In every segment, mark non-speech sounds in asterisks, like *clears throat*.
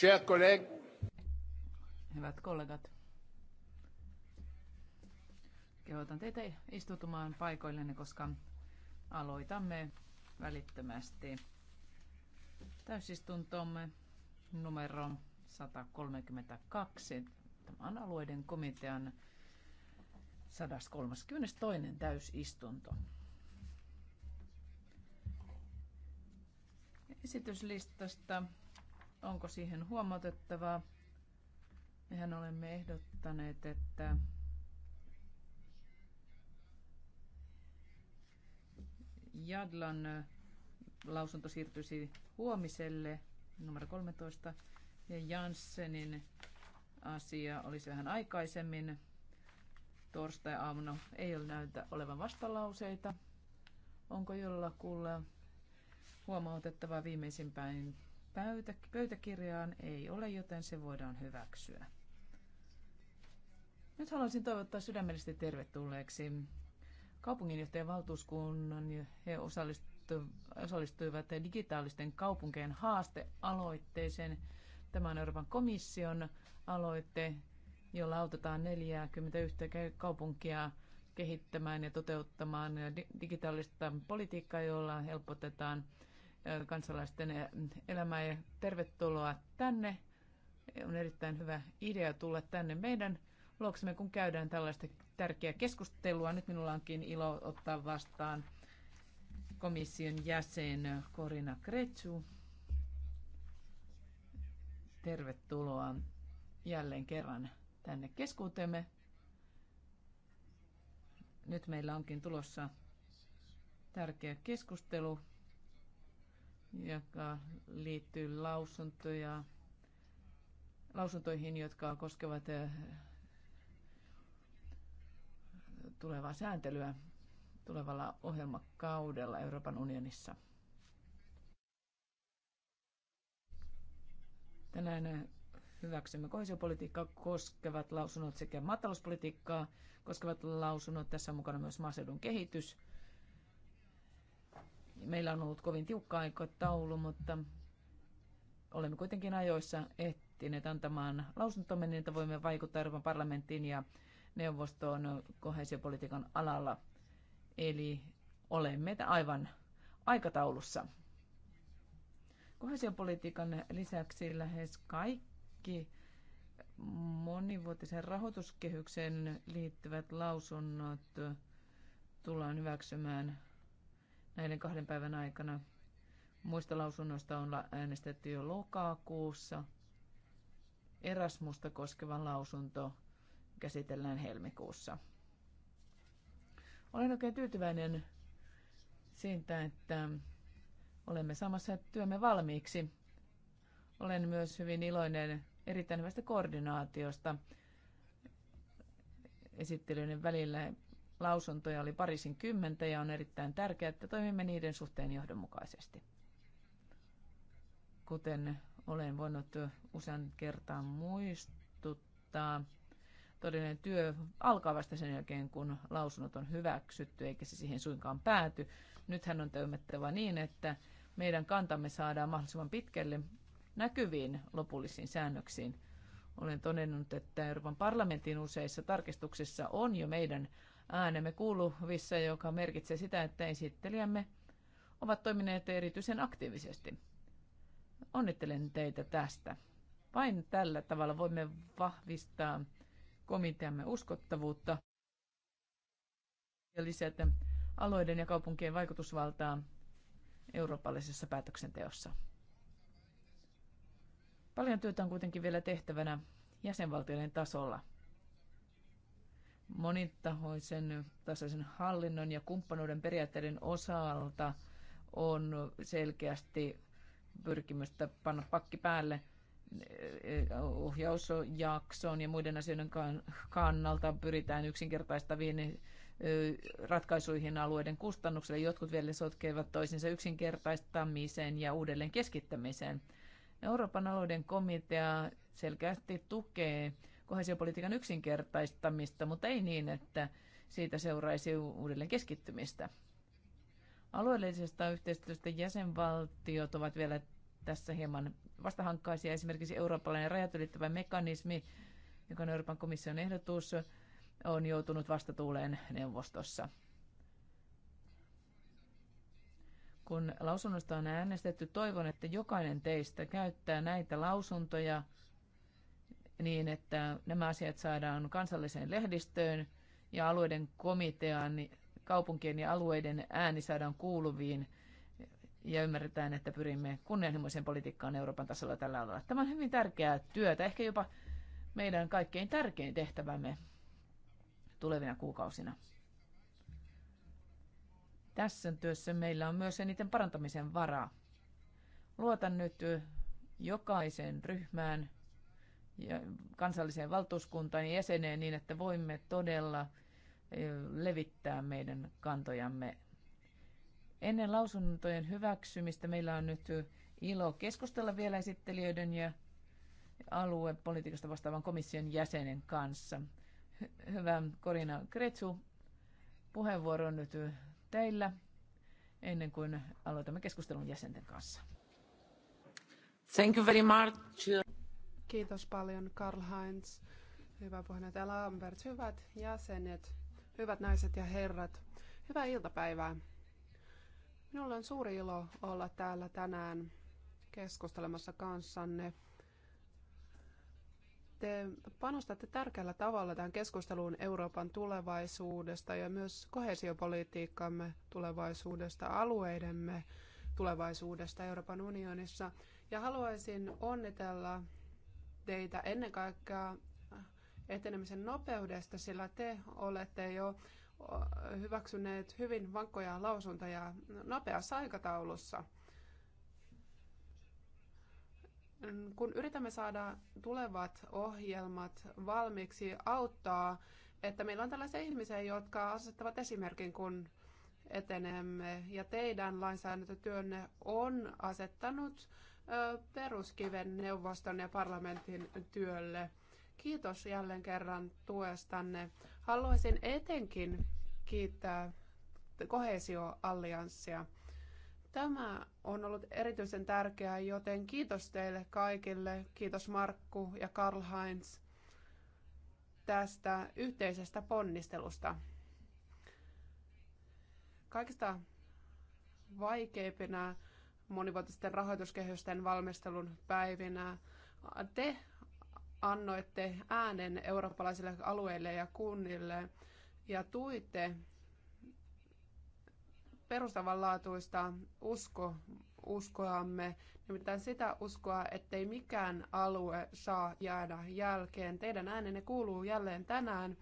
Chers collègues. Hyvät kollegat. Kehotan teitä istutumaan paikoillenne, koska aloitamme välittömästi täysistuntomme numero 132. Tämä on alueiden komitean 132. täysistunto. Esityslistasta Onko siihen huomautettavaa? Mehän olemme ehdottaneet, että Jadlan lausunto siirtyisi huomiselle numero 13 ja Janssenin asia olisi vähän aikaisemmin. Torstai-aamuna ei ole näytä olevan vastalauseita. Onko jollakulla huomautettavaa viimeisimpään Päytä, pöytäkirjaan ei ole, joten se voidaan hyväksyä. Nyt haluaisin toivottaa sydämellisesti tervetulleeksi kaupunginjohtajan valtuuskunnan. He osallistuivat digitaalisten kaupunkien haastealoitteeseen. Tämä on Euroopan komission aloite, jolla autetaan 41 kaupunkia kehittämään ja toteuttamaan digitaalista politiikkaa, jolla helpotetaan kansalaisten elämää ja tervetuloa tänne. On erittäin hyvä idea tulla tänne meidän luoksemme, kun käydään tällaista tärkeää keskustelua. Nyt minulla onkin ilo ottaa vastaan komission jäsen Korina Kretsu. Tervetuloa jälleen kerran tänne keskuuteemme. Nyt meillä onkin tulossa tärkeä keskustelu joka liittyy lausuntoja, lausuntoihin, jotka koskevat eh, tulevaa sääntelyä tulevalla ohjelmakaudella Euroopan unionissa. Tänään eh, hyväksymme kohesiopolitiikkaa koskevat lausunnot sekä maatalouspolitiikkaa koskevat lausunnot. Tässä on mukana myös maaseudun kehitys Meillä on ollut kovin tiukka aikataulu, mutta olemme kuitenkin ajoissa ehtineet antamaan lausuntomme niin, että voimme vaikuttaa Euroopan parlamenttiin ja neuvostoon kohesiopolitiikan alalla. Eli olemme aivan aikataulussa. Kohesiopolitiikan lisäksi lähes kaikki monivuotisen rahoituskehykseen liittyvät lausunnot tullaan hyväksymään näiden kahden päivän aikana. Muista lausunnoista on äänestetty jo lokakuussa. Erasmusta koskeva lausunto käsitellään helmikuussa. Olen oikein tyytyväinen siitä, että olemme samassa työmme valmiiksi. Olen myös hyvin iloinen erittäin hyvästä koordinaatiosta esittelyiden välillä lausuntoja oli parisin kymmentä ja on erittäin tärkeää, että toimimme niiden suhteen johdonmukaisesti. Kuten olen voinut usean kertaan muistuttaa, todellinen työ alkaa vasta sen jälkeen, kun lausunnot on hyväksytty, eikä se siihen suinkaan pääty. Nythän on toimittava niin, että meidän kantamme saadaan mahdollisimman pitkälle näkyviin lopullisiin säännöksiin. Olen todennut, että Euroopan parlamentin useissa tarkistuksissa on jo meidän äänemme kuuluvissa, joka merkitsee sitä, että esittelijämme ovat toimineet erityisen aktiivisesti. Onnittelen teitä tästä. Vain tällä tavalla voimme vahvistaa komiteamme uskottavuutta ja lisätä alueiden ja kaupunkien vaikutusvaltaa eurooppalaisessa päätöksenteossa. Paljon työtä on kuitenkin vielä tehtävänä jäsenvaltioiden tasolla – monitahoisen tasaisen hallinnon ja kumppanuuden periaatteiden osalta on selkeästi pyrkimystä panna pakki päälle eh, ohjausjakson ja muiden asioiden kannalta pyritään yksinkertaistaviin eh, ratkaisuihin alueiden kustannukselle. Jotkut vielä sotkevat toisinsa yksinkertaistamiseen ja uudelleen keskittämiseen. Euroopan alueiden komitea selkeästi tukee kohesiopolitiikan yksinkertaistamista, mutta ei niin, että siitä seuraisi uudelleen keskittymistä. Alueellisesta yhteistyöstä jäsenvaltiot ovat vielä tässä hieman vastahankkaisia. Esimerkiksi eurooppalainen rajat ylittävä mekanismi, joka on Euroopan komission ehdotus, on joutunut vastatuuleen neuvostossa. Kun lausunnosta on äänestetty, toivon, että jokainen teistä käyttää näitä lausuntoja – niin, että nämä asiat saadaan kansalliseen lehdistöön ja alueiden komitean, niin kaupunkien ja alueiden ääni saadaan kuuluviin ja ymmärretään, että pyrimme kunnianhimoiseen politiikkaan Euroopan tasolla tällä alalla. Tämä on hyvin tärkeää työtä, ehkä jopa meidän kaikkein tärkein tehtävämme tulevina kuukausina. Tässä työssä meillä on myös eniten parantamisen varaa. Luotan nyt jokaisen ryhmään ja kansalliseen valtuuskuntaan ja jäseneen niin, että voimme todella levittää meidän kantojamme. Ennen lausuntojen hyväksymistä meillä on nyt ilo keskustella vielä esittelijöiden ja aluepolitiikasta vastaavan komission jäsenen kanssa. hyvä Korina Kretsu, puheenvuoro on nyt teillä ennen kuin aloitamme keskustelun jäsenten kanssa. Thank you very much. Kiitos paljon Karl Heinz, hyvä puheenjohtaja Lambert, hyvät jäsenet, hyvät naiset ja herrat, hyvää iltapäivää. Minulla on suuri ilo olla täällä tänään keskustelemassa kanssanne. Te panostatte tärkeällä tavalla tähän keskusteluun Euroopan tulevaisuudesta ja myös kohesiopolitiikkamme tulevaisuudesta, alueidemme tulevaisuudesta Euroopan unionissa. Ja haluaisin onnitella teitä ennen kaikkea etenemisen nopeudesta, sillä te olette jo hyväksyneet hyvin vankkoja lausuntoja nopeassa aikataulussa. Kun yritämme saada tulevat ohjelmat valmiiksi, auttaa, että meillä on tällaisia ihmisiä, jotka asettavat esimerkin, kun etenemme. Ja teidän lainsäädäntötyönne on asettanut peruskiven neuvoston ja parlamentin työlle. Kiitos jälleen kerran tuestanne. Haluaisin etenkin kiittää kohesioallianssia. Tämä on ollut erityisen tärkeää, joten kiitos teille kaikille. Kiitos Markku ja Karl-Heinz tästä yhteisestä ponnistelusta. Kaikista vaikeimpina monivuotisten rahoituskehysten valmistelun päivinä te annoitte äänen eurooppalaisille alueille ja kunnille ja tuitte perustavanlaatuista usko, uskoamme, nimittäin sitä uskoa, ettei mikään alue saa jäädä jälkeen. Teidän äänenne kuuluu jälleen tänään.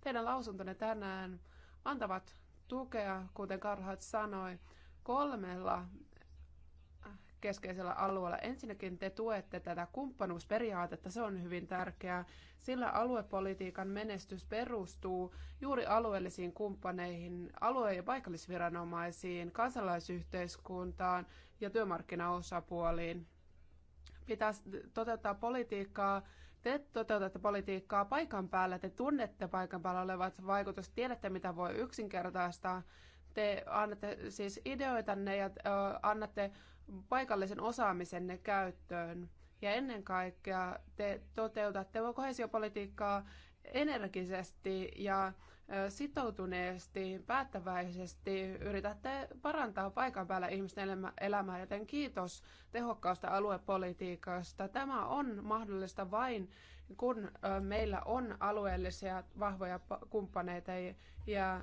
Teidän lausuntonne tänään antavat tukea, kuten Karhat sanoi, kolmella keskeisellä alueella. Ensinnäkin te tuette tätä kumppanuusperiaatetta, se on hyvin tärkeää, sillä aluepolitiikan menestys perustuu juuri alueellisiin kumppaneihin, alue- ja paikallisviranomaisiin, kansalaisyhteiskuntaan ja työmarkkinaosapuoliin. Pitää toteuttaa politiikkaa te toteutatte politiikkaa paikan päällä, te tunnette paikan päällä olevat vaikutukset, tiedätte mitä voi yksinkertaistaa, te annatte siis ideoitanne ja ö, annatte paikallisen osaamisenne käyttöön. Ja ennen kaikkea te toteutatte kohesiopolitiikkaa energisesti ja sitoutuneesti, päättäväisesti yritätte parantaa paikan päällä ihmisten elämää, joten kiitos tehokkaasta aluepolitiikasta. Tämä on mahdollista vain, kun meillä on alueellisia vahvoja kumppaneita. Ja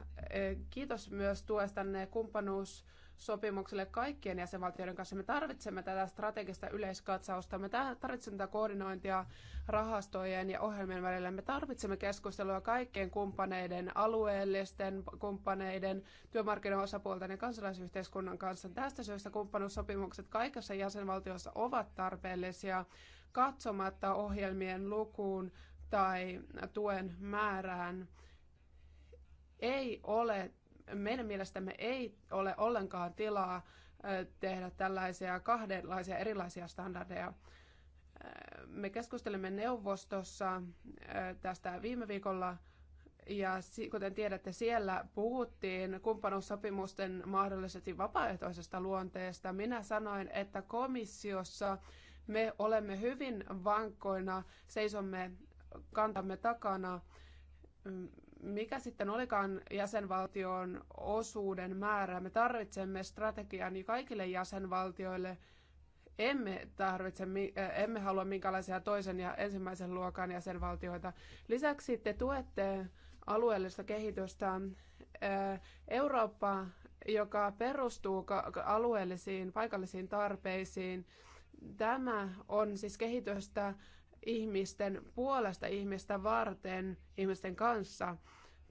kiitos myös tuestanne kumppanuus sopimukselle kaikkien jäsenvaltioiden kanssa. Me tarvitsemme tätä strategista yleiskatsausta, me tarvitsemme tätä koordinointia rahastojen ja ohjelmien välillä. Me tarvitsemme keskustelua kaikkien kumppaneiden, alueellisten kumppaneiden, osapuolten ja kansalaisyhteiskunnan kanssa. Tästä syystä kumppanuussopimukset kaikissa jäsenvaltioissa ovat tarpeellisia katsomatta ohjelmien lukuun tai tuen määrään ei ole meidän mielestämme ei ole ollenkaan tilaa tehdä tällaisia kahdenlaisia erilaisia standardeja. Me keskustelimme neuvostossa tästä viime viikolla ja kuten tiedätte, siellä puhuttiin kumppanuussopimusten mahdollisesti vapaaehtoisesta luonteesta. Minä sanoin, että komissiossa me olemme hyvin vankkoina, seisomme kantamme takana mikä sitten olikaan jäsenvaltion osuuden määrä. Me tarvitsemme strategian kaikille jäsenvaltioille. Emme, tarvitse, eh, emme halua minkälaisia toisen ja ensimmäisen luokan jäsenvaltioita. Lisäksi te tuette alueellista kehitystä. Eh, Eurooppa, joka perustuu alueellisiin, paikallisiin tarpeisiin, tämä on siis kehitystä ihmisten puolesta, ihmistä varten, ihmisten kanssa.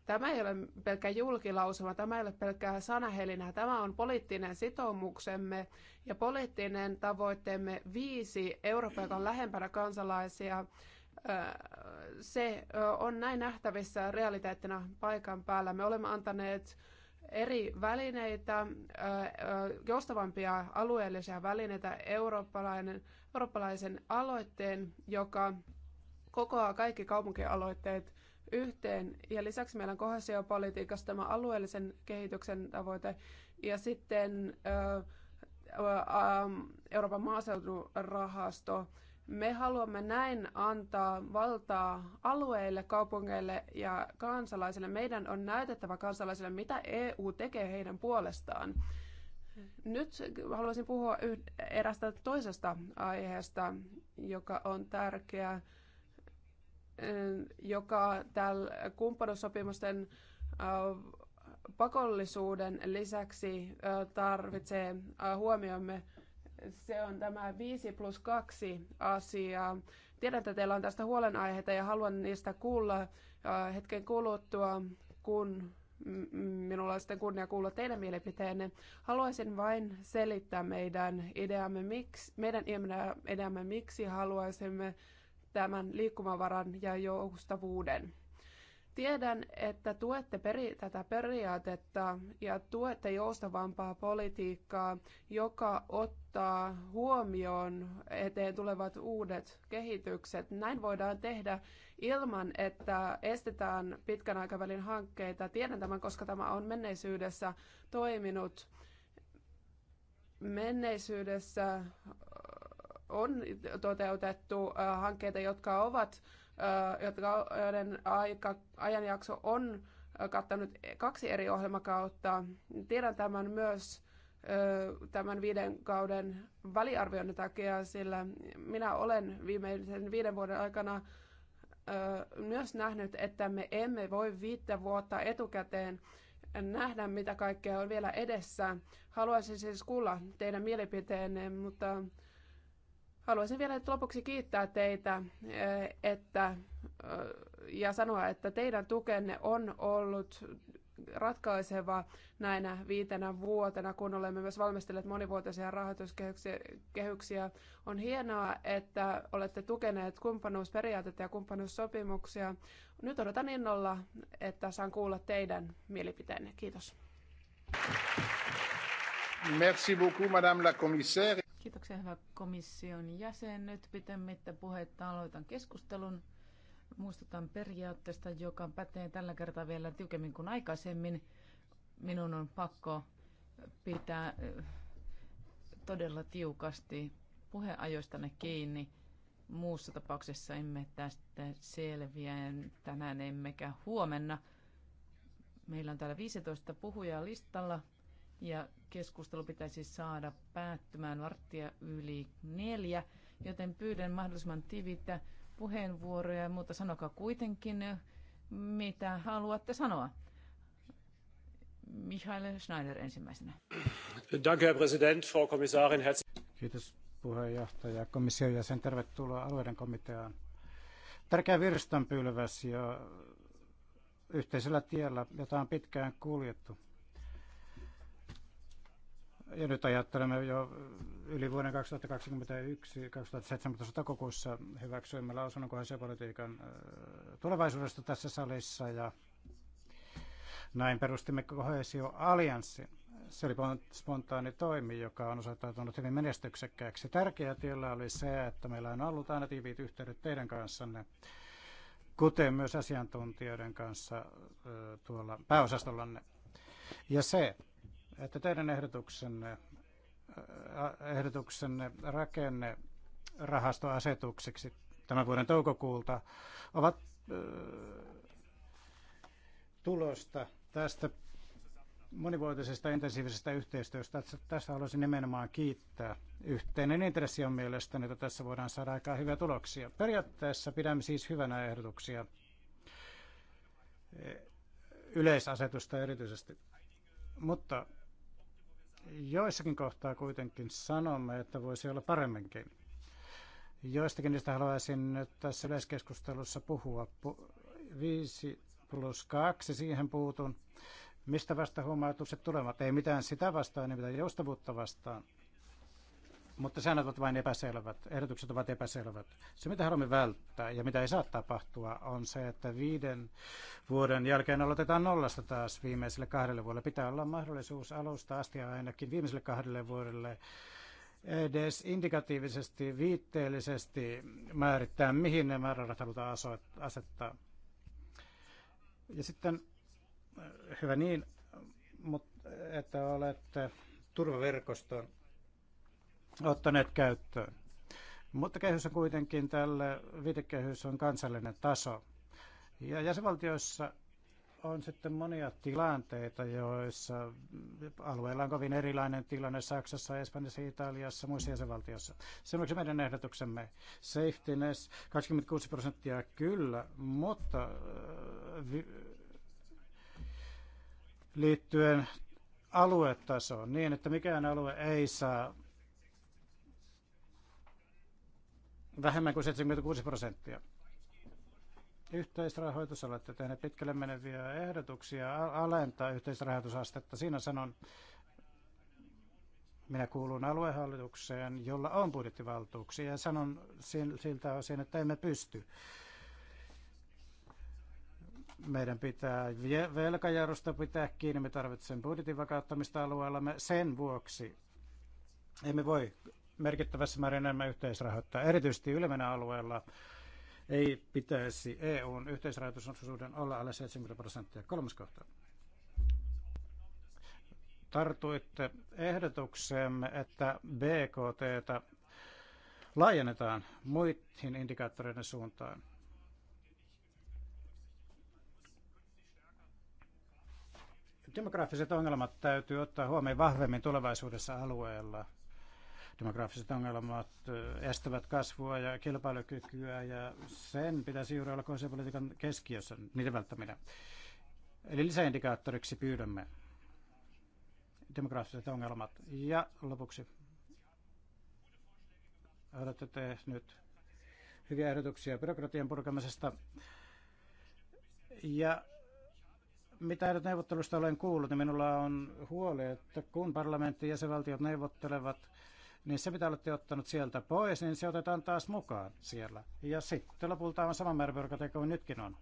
Tämä ei ole pelkkä julkilausuma, tämä ei ole pelkkää sanahelinä, tämä on poliittinen sitoumuksemme ja poliittinen tavoitteemme viisi Euroopan, lähempänä kansalaisia. Se on näin nähtävissä realiteettina paikan päällä. Me olemme antaneet eri välineitä, joustavampia alueellisia välineitä, eurooppalainen eurooppalaisen aloitteen, joka kokoaa kaikki kaupunkialoitteet yhteen. Ja lisäksi meillä on kohesiopolitiikassa tämä alueellisen kehityksen tavoite ja sitten Euroopan maaseuturahasto. Me haluamme näin antaa valtaa alueille, kaupungeille ja kansalaisille. Meidän on näytettävä kansalaisille, mitä EU tekee heidän puolestaan. Nyt haluaisin puhua erästä toisesta aiheesta, joka on tärkeä, joka tällä kumppanuussopimusten pakollisuuden lisäksi tarvitsee huomiomme. Se on tämä 5 plus 2 asia. Tiedän, että teillä on tästä huolenaiheita ja haluan niistä kuulla hetken kuluttua, kun Minulla on sitten kunnia kuulla teidän mielipiteenne. Haluaisin vain selittää meidän ideamme, miksi, meidän ideamme, miksi haluaisimme tämän liikkumavaran ja joustavuuden. Tiedän, että tuette peri- tätä periaatetta ja tuette joustavampaa politiikkaa, joka ottaa huomioon eteen tulevat uudet kehitykset. Näin voidaan tehdä ilman, että estetään pitkän aikavälin hankkeita. Tiedän tämän, koska tämä on menneisyydessä toiminut. Menneisyydessä on toteutettu hankkeita, jotka ovat jotka, joiden aika, ajanjakso on kattanut kaksi eri ohjelmakautta. Tiedän tämän myös tämän viiden kauden väliarvioinnin takia, sillä minä olen viimeisen viiden vuoden aikana myös nähnyt, että me emme voi viittä vuotta etukäteen nähdä, mitä kaikkea on vielä edessä. Haluaisin siis kuulla teidän mielipiteenne, mutta Haluaisin vielä lopuksi kiittää teitä e, että, ja sanoa, että teidän tukenne on ollut ratkaiseva näinä viitenä vuotena, kun olemme myös valmistelleet monivuotisia rahoituskehyksiä. On hienoa, että olette tukeneet kumppanuusperiaatetta ja kumppanuussopimuksia. Nyt odotan innolla, että saan kuulla teidän mielipiteenne. Kiitos. Merci beaucoup, madame la commissaire. Kiitoksia hyvä komission jäsen. Nyt pitemmittä puhetta aloitan keskustelun. Muistutan periaatteesta, joka pätee tällä kertaa vielä tiukemmin kuin aikaisemmin. Minun on pakko pitää todella tiukasti puheajoistanne kiinni. Muussa tapauksessa emme tästä selviä tänään emmekä huomenna. Meillä on täällä 15 puhujaa listalla ja keskustelu pitäisi saada päättymään varttia yli neljä, joten pyydän mahdollisimman tiivitä puheenvuoroja, mutta sanokaa kuitenkin, mitä haluatte sanoa. Michael Schneider ensimmäisenä. Danke, Herr Präsident, Frau Kommissarin. Kiitos puheenjohtaja, komission jäsen. Tervetuloa alueiden komiteaan. Tärkeä virstanpylväs ja yhteisellä tiellä, jota on pitkään kuljettu. Ja nyt ajattelemme jo yli vuoden 2021-2017 toukokuussa hyväksyimme lausunnon kohesiopolitiikan äh, tulevaisuudesta tässä salissa ja näin perustimme kohesioallianssin. Se oli spontaani toimi, joka on osoittautunut hyvin menestyksekkääksi. tärkeä tiellä oli se, että meillä on ollut aina tiiviit yhteydet teidän kanssanne, kuten myös asiantuntijoiden kanssa äh, tuolla pääosastollanne. Ja se, että teidän ehdotuksenne, ehdotuksenne rakenne rahastoasetukseksi tämän vuoden toukokuulta ovat tulosta tästä monivuotisesta intensiivisestä yhteistyöstä. Tässä haluaisin nimenomaan kiittää. Yhteinen intressi on mielestäni, että tässä voidaan saada aika hyviä tuloksia. Periaatteessa pidämme siis hyvänä ehdotuksia yleisasetusta erityisesti. Mutta Joissakin kohtaa kuitenkin sanomme, että voisi olla paremminkin. Joistakin niistä haluaisin nyt tässä yleiskeskustelussa puhua. Pu- 5 plus 2, siihen puutun. Mistä vasta huomautukset tulevat? Ei mitään sitä vastaan, ei mitään joustavuutta vastaan mutta säännöt ovat vain epäselvät, ehdotukset ovat epäselvät. Se, mitä haluamme välttää ja mitä ei saa tapahtua, on se, että viiden vuoden jälkeen aloitetaan nollasta taas viimeiselle kahdelle vuodelle. Pitää olla mahdollisuus alusta asti ainakin viimeiselle kahdelle vuodelle edes indikatiivisesti, viitteellisesti määrittää, mihin ne määrärahat halutaan asettaa. Ja sitten, hyvä niin, mutta että olette turvaverkoston ottaneet käyttöön. Mutta kehys on kuitenkin tälle, viitekehys on kansallinen taso. Ja jäsenvaltioissa on sitten monia tilanteita, joissa alueella on kovin erilainen tilanne Saksassa, Espanjassa, Italiassa, muissa jäsenvaltioissa. Semmoiksi meidän ehdotuksemme safetyness 26 prosenttia kyllä, mutta äh, liittyen aluetasoon niin, että mikään alue ei saa vähemmän kuin 76 prosenttia. Yhteisrahoitus, olette tehneet pitkälle meneviä ehdotuksia alentaa yhteisrahoitusastetta. Siinä sanon, minä kuulun aluehallitukseen, jolla on budjettivaltuuksia ja sanon siltä osin, että emme pysty. Meidän pitää velkajarusta pitää kiinni, me tarvitsemme budjetin vakauttamista alueellamme sen vuoksi. Emme voi merkittävässä määrin enemmän yhteisrahoittaa. Erityisesti ylemmänä alueella ei pitäisi EUn yhteisrahoitusosuuden olla alle 70 prosenttia. Kolmas kohta. Tartuitte ehdotukseemme, että BKTtä laajennetaan muihin indikaattoreiden suuntaan. Demografiset ongelmat täytyy ottaa huomioon vahvemmin tulevaisuudessa alueella – demografiset ongelmat estävät kasvua ja kilpailukykyä ja sen pitäisi juuri olla kohdallisen keskiössä, niiden välttäminen. Eli lisäindikaattoriksi pyydämme demografiset ongelmat. Ja lopuksi olette tehnyt hyviä ehdotuksia byrokratian purkamisesta. Ja mitä nyt neuvottelusta olen kuullut, niin minulla on huoli, että kun parlamentti ja jäsenvaltiot neuvottelevat niin se mitä olette ottanut sieltä pois, niin se otetaan taas mukaan siellä. Ja sitten lopulta on sama byrokratiaa kuin nytkin on,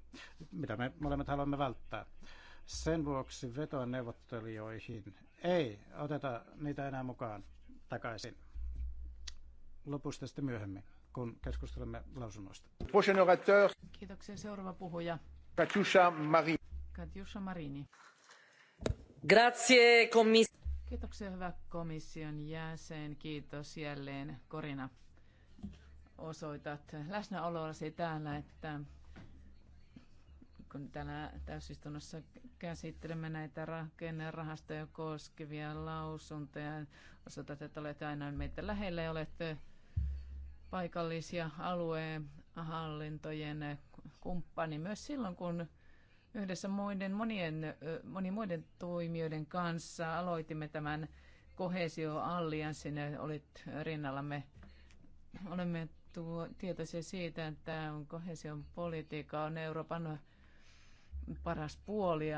mitä me molemmat haluamme välttää. Sen vuoksi vetoan neuvottelijoihin. Ei oteta niitä enää mukaan takaisin. Lopusta sitten myöhemmin, kun keskustelemme lausunnoista. Kiitoksia. Seuraava puhuja. Katjusha Marini. Katjusha Marini. Grazie, komissio. Kiitoksia hyvä komission jäsen. Kiitos jälleen Korina. Osoitat läsnäolollasi täällä, että kun täällä täysistunnossa käsittelemme näitä rakennerahastoja koskevia lausuntoja, osoitat, että olet aina meitä lähellä ja olet paikallisia alueen hallintojen kumppani myös silloin, kun Yhdessä muiden, monien, monien muiden toimijoiden kanssa aloitimme tämän Allianssin ja olit rinnallamme. Olemme tuo, tietoisia siitä, että kohesion politiikka on Euroopan paras puoli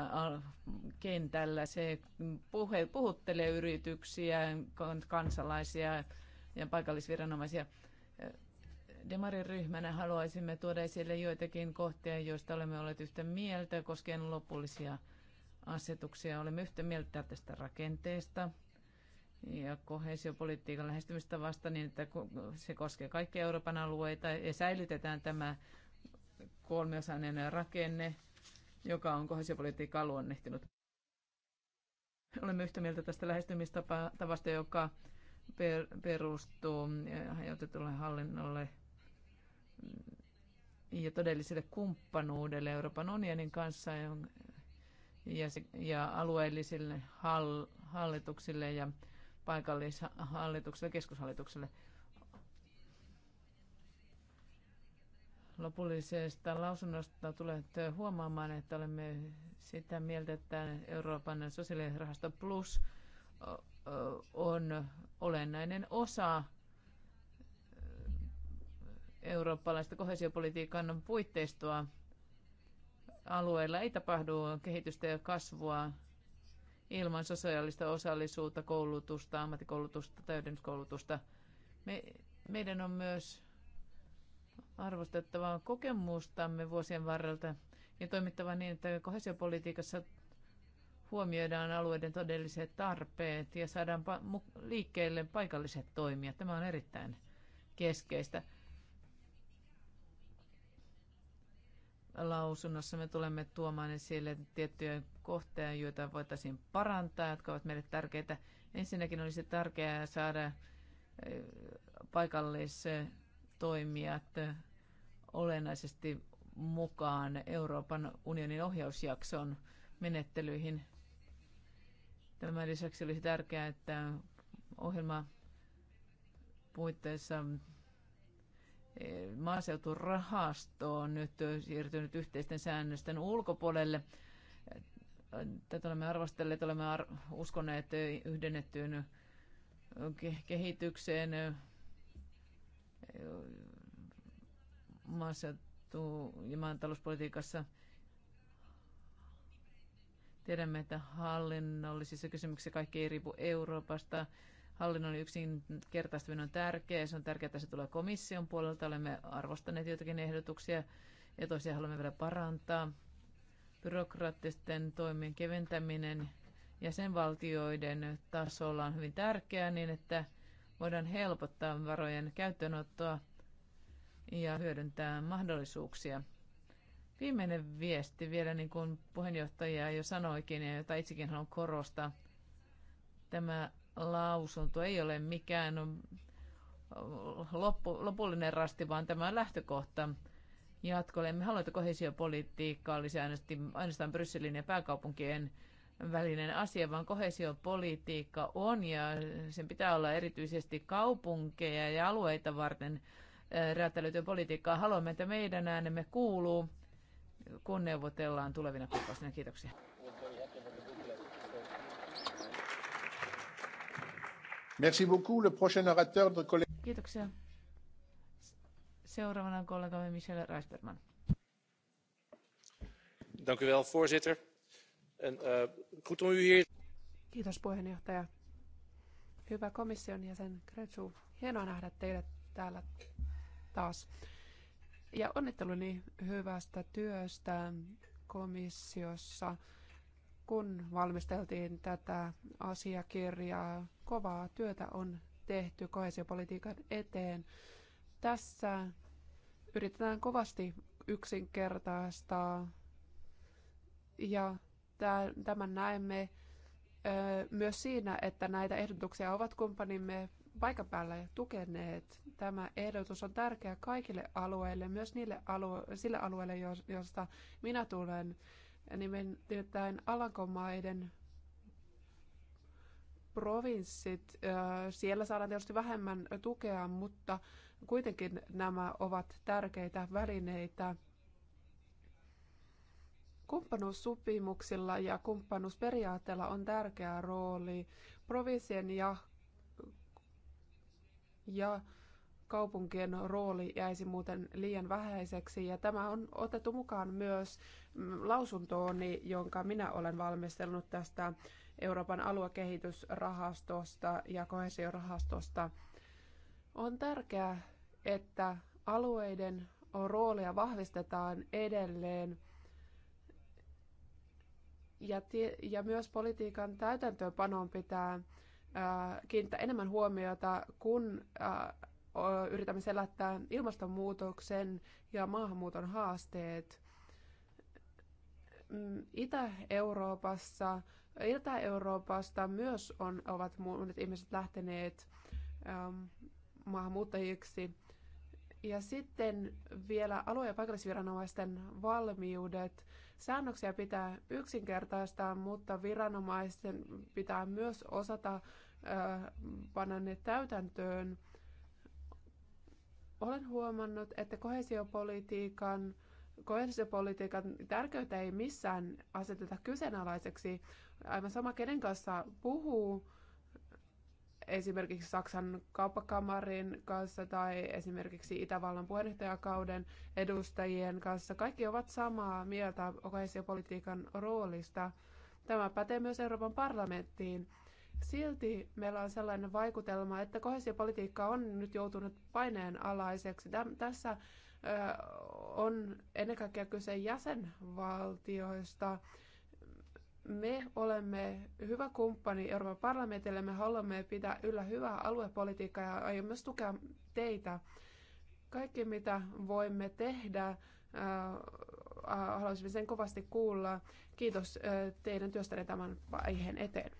kentällä. Se puhe, puhuttelee yrityksiä, kansalaisia ja paikallisviranomaisia – Demarin ryhmänä haluaisimme tuoda esille joitakin kohtia, joista olemme olleet yhtä mieltä koskien lopullisia asetuksia. Olemme yhtä mieltä tästä rakenteesta ja kohesiopolitiikan lähestymistavasta niin, että se koskee kaikkia Euroopan alueita ja säilytetään tämä kolmiosainen rakenne, joka on kohesiopolitiikkaa luonnehtinut. Olemme yhtä mieltä tästä lähestymistavasta, joka perustuu eh, hajautetulle hallinnolle – ja todelliselle kumppanuudelle Euroopan unionin kanssa ja, ja, ja alueellisille hall, hallituksille ja paikallishallitukselle keskushallitukselle. Lopullisesta lausunnosta tulette huomaamaan, että olemme sitä mieltä, että Euroopan sosiaalirahasto Plus on olennainen osa eurooppalaista kohesiopolitiikan puitteistoa alueilla ei tapahdu kehitystä ja kasvua ilman sosiaalista osallisuutta, koulutusta, ammattikoulutusta, täydennyskoulutusta. Me, meidän on myös arvostettavaa kokemustamme vuosien varrelta ja toimittava niin, että kohesiopolitiikassa huomioidaan alueiden todelliset tarpeet ja saadaan liikkeelle paikalliset toimijat. Tämä on erittäin keskeistä. lausunnossa me tulemme tuomaan esille tiettyjä kohteja, joita voitaisiin parantaa, jotka ovat meille tärkeitä. Ensinnäkin olisi tärkeää saada eh, paikallistoimijat eh, olennaisesti mukaan Euroopan unionin ohjausjakson menettelyihin. Tämän lisäksi olisi tärkeää, että ohjelma puitteissa maaseuturahasto on nyt siirtynyt yhteisten säännösten ulkopuolelle. Tätä olemme arvostelleet, olemme ar- uskoneet yhdennettyyn kehitykseen maaseutu- ja maantalouspolitiikassa. Tiedämme, että hallinnollisissa kysymyksissä kaikki ei riipu Euroopasta hallinnon yksinkertaistaminen on tärkeää. Se on tärkeää, että se tulee komission puolelta. Olemme arvostaneet joitakin ehdotuksia ja toisia haluamme vielä parantaa. Byrokraattisten toimien keventäminen jäsenvaltioiden tasolla on hyvin tärkeää niin, että voidaan helpottaa varojen käyttöönottoa ja hyödyntää mahdollisuuksia. Viimeinen viesti vielä, niin kuin puheenjohtaja jo sanoikin ja jota itsekin haluan korostaa. Tämä lausunto ei ole mikään loppu, lopullinen rasti, vaan tämä on lähtökohta jatkolle. Emme että kohesiopolitiikkaa olisi ainoastaan Brysselin ja pääkaupunkien välinen asia, vaan kohesiopolitiikka on ja sen pitää olla erityisesti kaupunkeja ja alueita varten räätälöityä politiikkaa. Haluamme, että meidän äänemme kuuluu, kun neuvotellaan tulevina kuukausina. Kiitoksia. Merci beaucoup. Le prochain orateur, notre collègue... Kiitoksia. Seuraavana kollegamme Michel Reisberman. Dank u wel, voorzitter. En, uh, goed om u hier... Kiitos puheenjohtaja. Hyvä komission jäsen Kretsu, hienoa nähdä teidät täällä taas. Ja onnitteluni hyvästä työstä komissiossa kun valmisteltiin tätä asiakirjaa. Kovaa työtä on tehty kohesiopolitiikan eteen. Tässä yritetään kovasti yksinkertaistaa ja tämän näemme myös siinä, että näitä ehdotuksia ovat kumppanimme paikan päällä tukeneet. Tämä ehdotus on tärkeä kaikille alueille, myös niille alue- sille alueelle, josta minä tulen. Nimittäin Alankomaiden provinssit, äh, siellä saadaan tietysti vähemmän tukea, mutta kuitenkin nämä ovat tärkeitä välineitä. Kumppanuussopimuksilla ja kumppanuusperiaatteella on tärkeä rooli provinssien ja, ja kaupunkien rooli jäisi muuten liian vähäiseksi ja tämä on otettu mukaan myös mm, lausuntooni, jonka minä olen valmistellut tästä Euroopan aluekehitysrahastosta ja kohesiorahastosta. On tärkeää, että alueiden roolia vahvistetaan edelleen ja, ja myös politiikan täytäntöönpanoon pitää kiinnittää enemmän huomiota, kun yritämme selättää ilmastonmuutoksen ja maahanmuuton haasteet. Mm, Itä-Euroopassa, Itä-Euroopasta myös on, ovat monet ihmiset lähteneet ähm, maahanmuuttajiksi. Ja sitten vielä alue- ja paikallisviranomaisten valmiudet. Säännöksiä pitää yksinkertaistaa, mutta viranomaisten pitää myös osata äh, panna ne täytäntöön olen huomannut, että kohesiopolitiikan, kohesiopolitiikan tärkeyttä ei missään aseteta kyseenalaiseksi. Aivan sama, kenen kanssa puhuu, esimerkiksi Saksan kauppakamarin kanssa tai esimerkiksi Itävallan puheenjohtajakauden edustajien kanssa. Kaikki ovat samaa mieltä kohesiopolitiikan roolista. Tämä pätee myös Euroopan parlamenttiin. Silti meillä on sellainen vaikutelma, että kohesiopolitiikka on nyt joutunut paineen alaiseksi. Tässä on ennen kaikkea kyse jäsenvaltioista. Me olemme hyvä kumppani Euroopan parlamentille, me haluamme pitää yllä hyvää aluepolitiikkaa ja aion myös tukea teitä. Kaikki mitä voimme tehdä, haluaisimme sen kovasti kuulla. Kiitos teidän työstänne tämän aiheen eteen.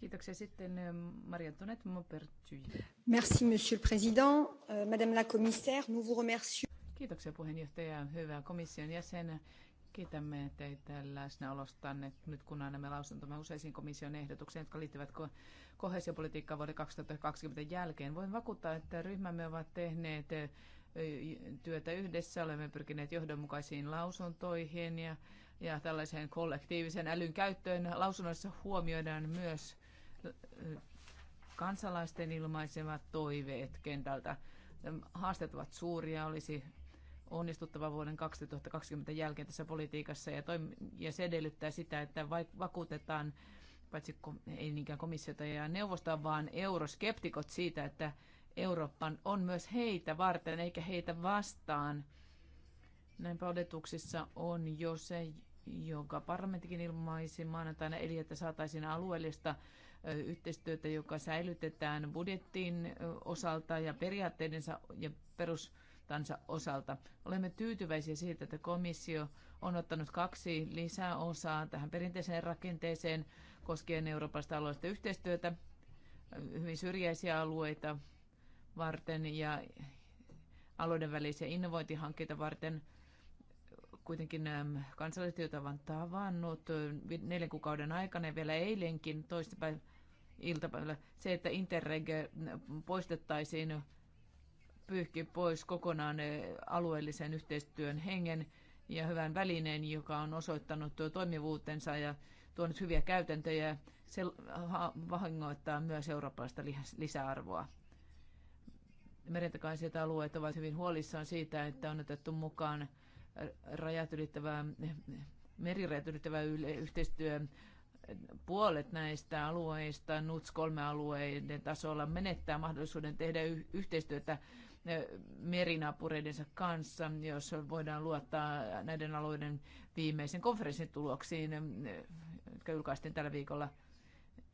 Kiitoksia sitten eh, Maria Antoinette Maupertuy. Merci monsieur le président, euh, madame la commissaire, nous vous remercions. Kiitoksia puheenjohtaja, hyvä komission jäsen. Kiitämme teitä läsnäolostanne nyt kun annamme lausuntomme useisiin komission ehdotuksiin, jotka liittyvät ko- kohesiopolitiikkaan vuoden 2020 jälkeen. Voin vakuuttaa, että ryhmämme ovat tehneet eh, työtä yhdessä. Olemme pyrkineet johdonmukaisiin lausuntoihin ja ja tällaiseen kollektiivisen älyn käyttöön. Lausunnoissa huomioidaan myös kansalaisten ilmaisemat toiveet kentältä. Haasteet ovat suuria, olisi onnistuttava vuoden 2020 jälkeen tässä politiikassa ja, toim- ja se edellyttää sitä, että vakuutetaan paitsi ei niinkään komissiota ja neuvostoa, vaan euroskeptikot siitä, että Euroopan on myös heitä varten eikä heitä vastaan. Näinpä odotuksissa on jo se, jonka parlamenttikin ilmaisi maanantaina, eli että saataisiin alueellista yhteistyötä, joka säilytetään budjettiin osalta ja periaatteidensa ja perustansa osalta. Olemme tyytyväisiä siitä, että komissio on ottanut kaksi lisää osaa tähän perinteiseen rakenteeseen koskien Euroopasta alueellista yhteistyötä, hyvin syrjäisiä alueita varten ja alueiden välisiä innovointihankkeita varten – kuitenkin nämä kansalaiset, joita olen tavannut äh, neljän kuukauden aikana ja vielä eilenkin toistapäivä iltapäivällä, se, että Interreg äh, poistettaisiin, pyyhki pois kokonaan äh, alueellisen yhteistyön hengen ja hyvän välineen, joka on osoittanut tuo toimivuutensa ja tuonut hyviä käytäntöjä. Se vahingoittaa myös eurooppalaista lisäarvoa merentakaiset alueet ovat hyvin huolissaan siitä, että on otettu mukaan rajat ylittävää, merirajat ylittävää yhteistyö puolet näistä alueista, NUTS 3 alueiden tasolla menettää mahdollisuuden tehdä yhteistyötä eh, merinapureidensa kanssa, jos voidaan luottaa näiden alueiden viimeisen konferenssin tuloksiin, eh, jotka julkaistiin tällä viikolla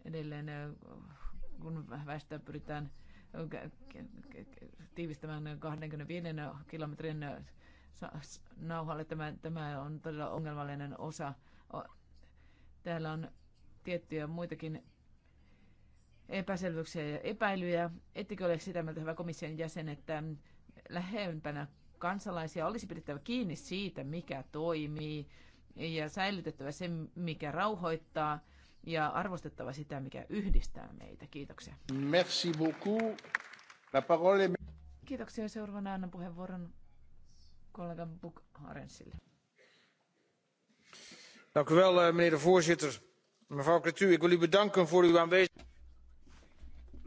edelleen, eh, kun väestöä pyritään tiivistämään 25 kilometrin nauhalle. Tämä, tämä on todella ongelmallinen osa. Täällä on tiettyjä muitakin epäselvyyksiä ja epäilyjä. Ettekö ole sitä mieltä, hyvä komission jäsen, että lähempänä kansalaisia olisi pidettävä kiinni siitä, mikä toimii ja säilytettävä se, mikä rauhoittaa ja arvostettava sitä, mikä yhdistää meitä. Kiitoksia. Merci beaucoup. La parole... Kiitoksia. Seuraavana annan puheenvuoron Collega Boek Bukharensille. Dank u wel, eh, meneer de voorzitter. Mevrouw Cretu, ik wil u bedanken voor uw aanwezigheid.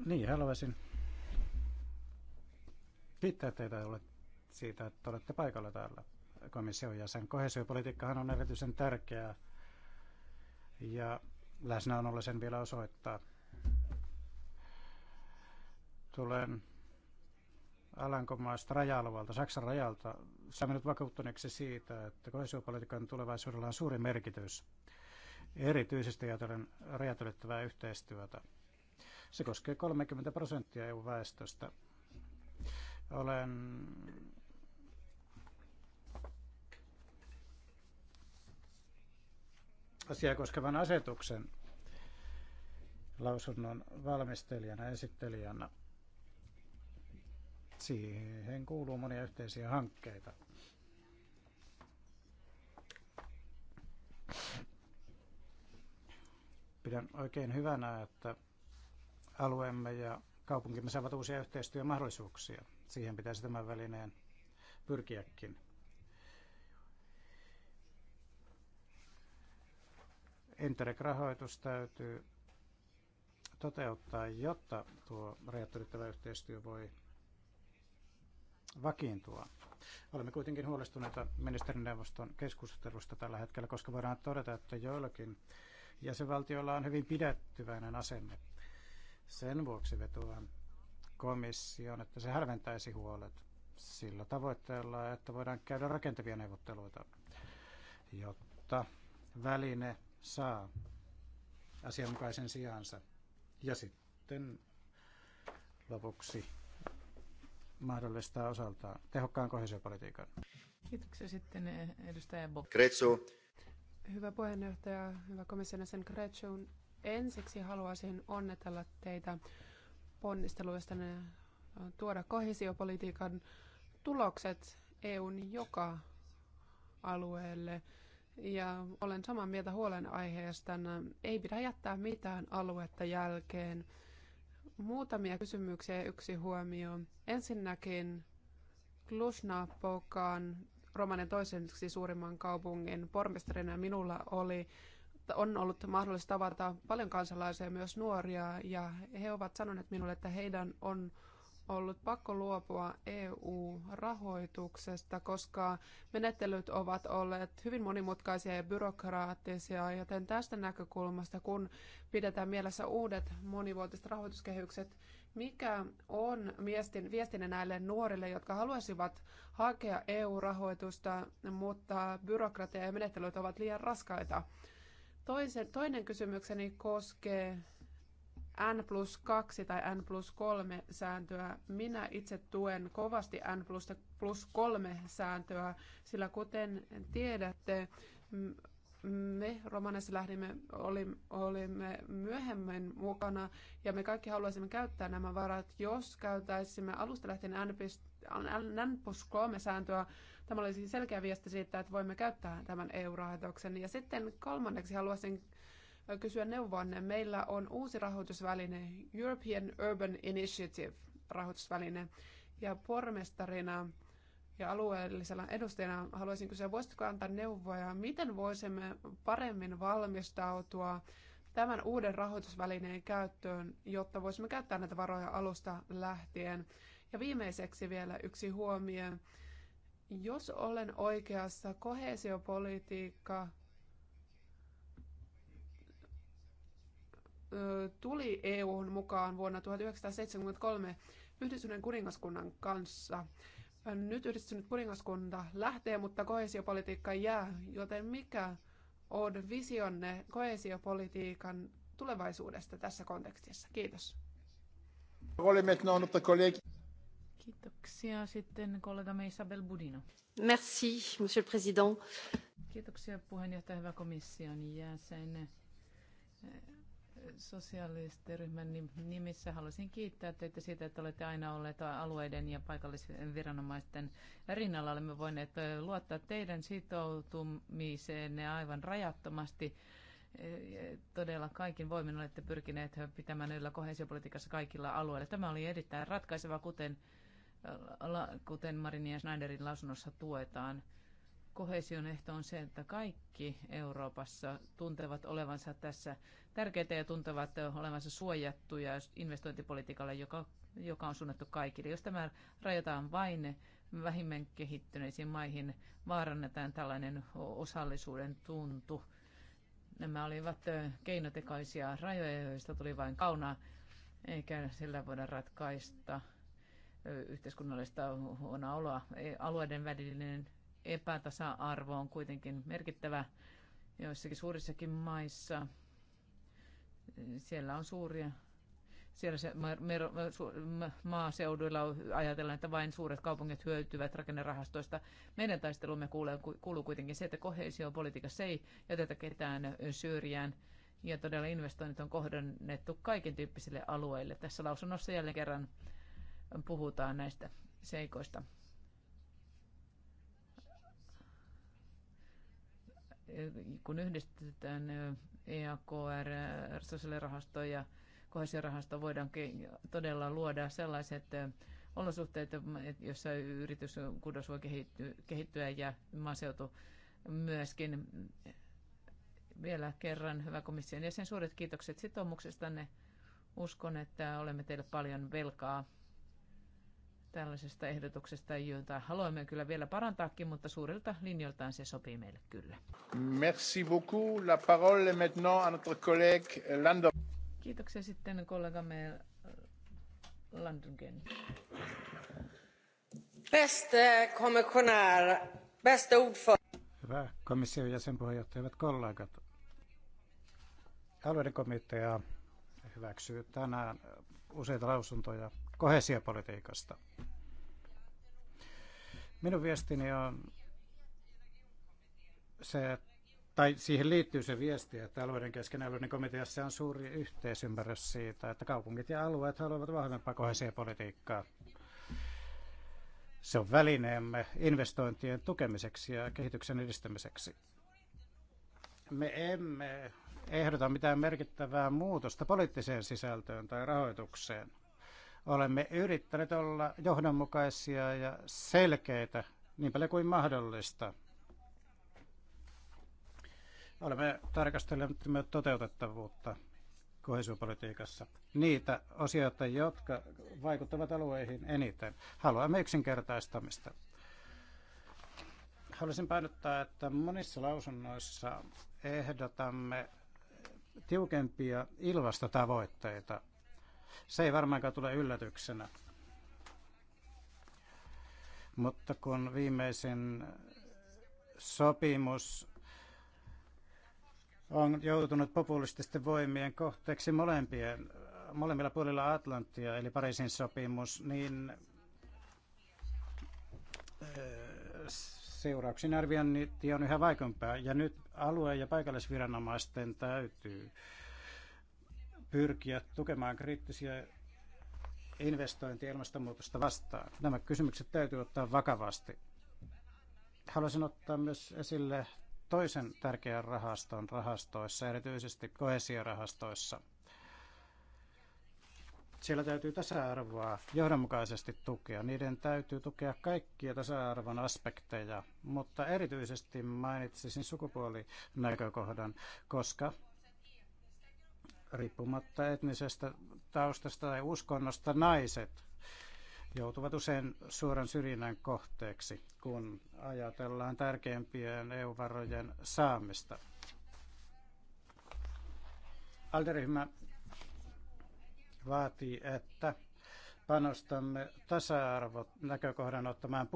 Niin, haluaisin kiittää teitä siitä, että olette paikalla täällä komission jäsen. Kohesiopolitiikkahan on erityisen tärkeää ja läsnä on sen vielä osoittaa. Tulen Alankomaasta raja-alueelta, Saksan rajalta, saamme nyt vakuuttuneeksi siitä, että koesiopolitiikan tulevaisuudella on suuri merkitys, erityisesti ajatellen rajat yhteistyötä. Se koskee 30 prosenttia EU-väestöstä. Olen asiaa koskevan asetuksen lausunnon valmistelijana, esittelijänä – siihen kuuluu monia yhteisiä hankkeita. Pidän oikein hyvänä, että alueemme ja kaupunkimme saavat uusia yhteistyömahdollisuuksia. Siihen pitäisi tämän välineen pyrkiäkin. Interreg-rahoitus täytyy toteuttaa, jotta tuo rajat yhteistyö voi vakiintua. Olemme kuitenkin huolestuneita ministerineuvoston keskustelusta tällä hetkellä, koska voidaan todeta, että joillakin jäsenvaltioilla on hyvin pidättyväinen asenne. Sen vuoksi vetoan komission, että se hälventäisi huolet sillä tavoitteella, että voidaan käydä rakentavia neuvotteluita, jotta väline saa asianmukaisen sijansa. Ja sitten lopuksi mahdollistaa osaltaan tehokkaan kohesiopolitiikan. Kiitoksia sitten eh, edustaja Bob. Kretsu. Hyvä puheenjohtaja, hyvä komission sen Kretsu. Ensiksi haluaisin onnitella teitä ponnisteluista eh, tuoda kohesiopolitiikan tulokset EUn joka alueelle. Ja olen samaa mieltä huolenaiheesta, ei pidä jättää mitään aluetta jälkeen. Muutamia kysymyksiä ja yksi huomio. Ensinnäkin Klusnapokan, Romanen toiseksi suurimman kaupungin pormestarina minulla oli on ollut mahdollista tavata paljon kansalaisia, myös nuoria, ja he ovat sanoneet minulle, että heidän on ollut pakko luopua EU-rahoituksesta, koska menettelyt ovat olleet hyvin monimutkaisia ja byrokraattisia, joten tästä näkökulmasta, kun pidetään mielessä uudet monivuotiset rahoituskehykset, mikä on viestin, viestinne näille nuorille, jotka haluaisivat hakea EU-rahoitusta, mutta byrokratia ja menettelyt ovat liian raskaita? Toisen, toinen kysymykseni koskee N plus 2 tai N plus 3 sääntöä. Minä itse tuen kovasti N plus, 3 sääntöä, sillä kuten tiedätte, me romaneissa lähdimme, olimme, myöhemmin mukana ja me kaikki haluaisimme käyttää nämä varat. Jos käyttäisimme alusta lähtien N plus 3 sääntöä, tämä olisi selkeä viesti siitä, että voimme käyttää tämän EU-rahoituksen. Ja sitten kolmanneksi haluaisin kysyä neuvonne. Meillä on uusi rahoitusväline, European Urban Initiative rahoitusväline, ja pormestarina ja alueellisena edustajana haluaisin kysyä, voisitko antaa neuvoja, miten voisimme paremmin valmistautua tämän uuden rahoitusvälineen käyttöön, jotta voisimme käyttää näitä varoja alusta lähtien. Ja viimeiseksi vielä yksi huomio. Jos olen oikeassa, kohesiopolitiikka tuli EU:hun mukaan vuonna 1973 Yhdistyneen kuningaskunnan kanssa. Nyt yhdistynyt kuningaskunta lähtee, mutta koesiopolitiikka jää, joten mikä on visionne koesiopolitiikan tulevaisuudesta tässä kontekstissa? Kiitos. Kiitoksia. Sitten kollegamme Isabel Budino. Merci, monsieur le président. Kiitoksia puheenjohtaja, hyvä komission jäsen. Sosiaalisteryhmän nimissä haluaisin kiittää teitä siitä, että olette aina olleet alueiden ja viranomaisten rinnalla. Olemme voineet luottaa teidän sitoutumiseen aivan rajattomasti. E, e, todella kaikin voimin olette pyrkineet pitämään yllä kohesiopolitiikassa kaikilla alueilla. Tämä oli erittäin ratkaiseva, kuten, kuten Marin ja Schneiderin lausunnossa tuetaan. Kohesion ehto on se, että kaikki Euroopassa tuntevat olevansa tässä tärkeitä ja tuntevat olevansa suojattuja investointipolitiikalle, joka, joka on suunnattu kaikille. Jos tämä rajataan vain vähimmän kehittyneisiin maihin, vaarannetaan tällainen osallisuuden tuntu. Nämä olivat keinotekoisia rajoja, joista tuli vain kaunaa, eikä sillä voida ratkaista yhteiskunnallista huonoa oloa. Alueiden välinen epätasa-arvo on kuitenkin merkittävä joissakin suurissakin maissa. Siellä on suuria siellä se maaseuduilla ajatellaan, että vain suuret kaupungit hyötyvät rakennerahastoista. Meidän taistelumme kuuluu kuitenkin se, että kohesiopolitiikassa ei jätetä ketään syrjään ja todella investoinnit on kohdennettu kaiken tyyppisille alueille. Tässä lausunnossa jälleen kerran puhutaan näistä seikoista. kun yhdistetään EAKR, sosiaalirahasto ja kohesiorahasto, voidaan todella luoda sellaiset olosuhteet, joissa yrityskudos voi kehittyä ja maaseutu myöskin. Vielä kerran, hyvä komission jäsen, suuret kiitokset sitoumuksestanne. Uskon, että olemme teille paljon velkaa tällaisesta ehdotuksesta, jota haluamme kyllä vielä parantaakin, mutta suurilta linjoiltaan se sopii meille kyllä. Merci beaucoup. La parole est maintenant à notre collègue Landon. Kiitoksia sitten kollegamme äh, Landongen. Beste kommissionär, beste ordförande. Hyvä komission jäsenpuheenjohtaja, hyvät kollegat. Alueiden komitea hyväksyy tänään useita lausuntoja kohesiopolitiikasta. Minun viestini on se, tai siihen liittyy se viesti, että alueiden kesken alueiden komiteassa on suuri yhteisymmärrys siitä, että kaupungit ja alueet haluavat vahvempaa kohesiopolitiikkaa. Se on välineemme investointien tukemiseksi ja kehityksen edistämiseksi. Me emme ehdota mitään merkittävää muutosta poliittiseen sisältöön tai rahoitukseen – Olemme yrittäneet olla johdonmukaisia ja selkeitä niin paljon kuin mahdollista. Olemme tarkastelleet myös toteutettavuutta kohesiopolitiikassa. Niitä osioita, jotka vaikuttavat alueihin eniten. Haluamme yksinkertaistamista. Haluaisin painottaa, että monissa lausunnoissa ehdotamme tiukempia ilmastotavoitteita se ei varmaankaan tule yllätyksenä. Mutta kun viimeisin sopimus on joutunut populististen voimien kohteeksi molempien, molemmilla puolilla Atlantia, eli Pariisin sopimus, niin seurauksin arviointi on yhä vaikeampaa. Ja nyt alue- ja paikallisviranomaisten täytyy pyrkiä tukemaan kriittisiä investointia ilmastonmuutosta vastaan. Nämä kysymykset täytyy ottaa vakavasti. Haluaisin ottaa myös esille toisen tärkeän rahaston rahastoissa, erityisesti kohesiorahastoissa. Siellä täytyy tasa-arvoa johdonmukaisesti tukea. Niiden täytyy tukea kaikkia tasa-arvon aspekteja, mutta erityisesti mainitsisin sukupuolinäkökohdan, koska riippumatta etnisestä taustasta tai uskonnosta naiset joutuvat usein suoran syrjinnän kohteeksi, kun ajatellaan tärkeimpien EU-varojen saamista. Alderyhmä vaatii, että panostamme tasa arvot näkökohdan ottamaan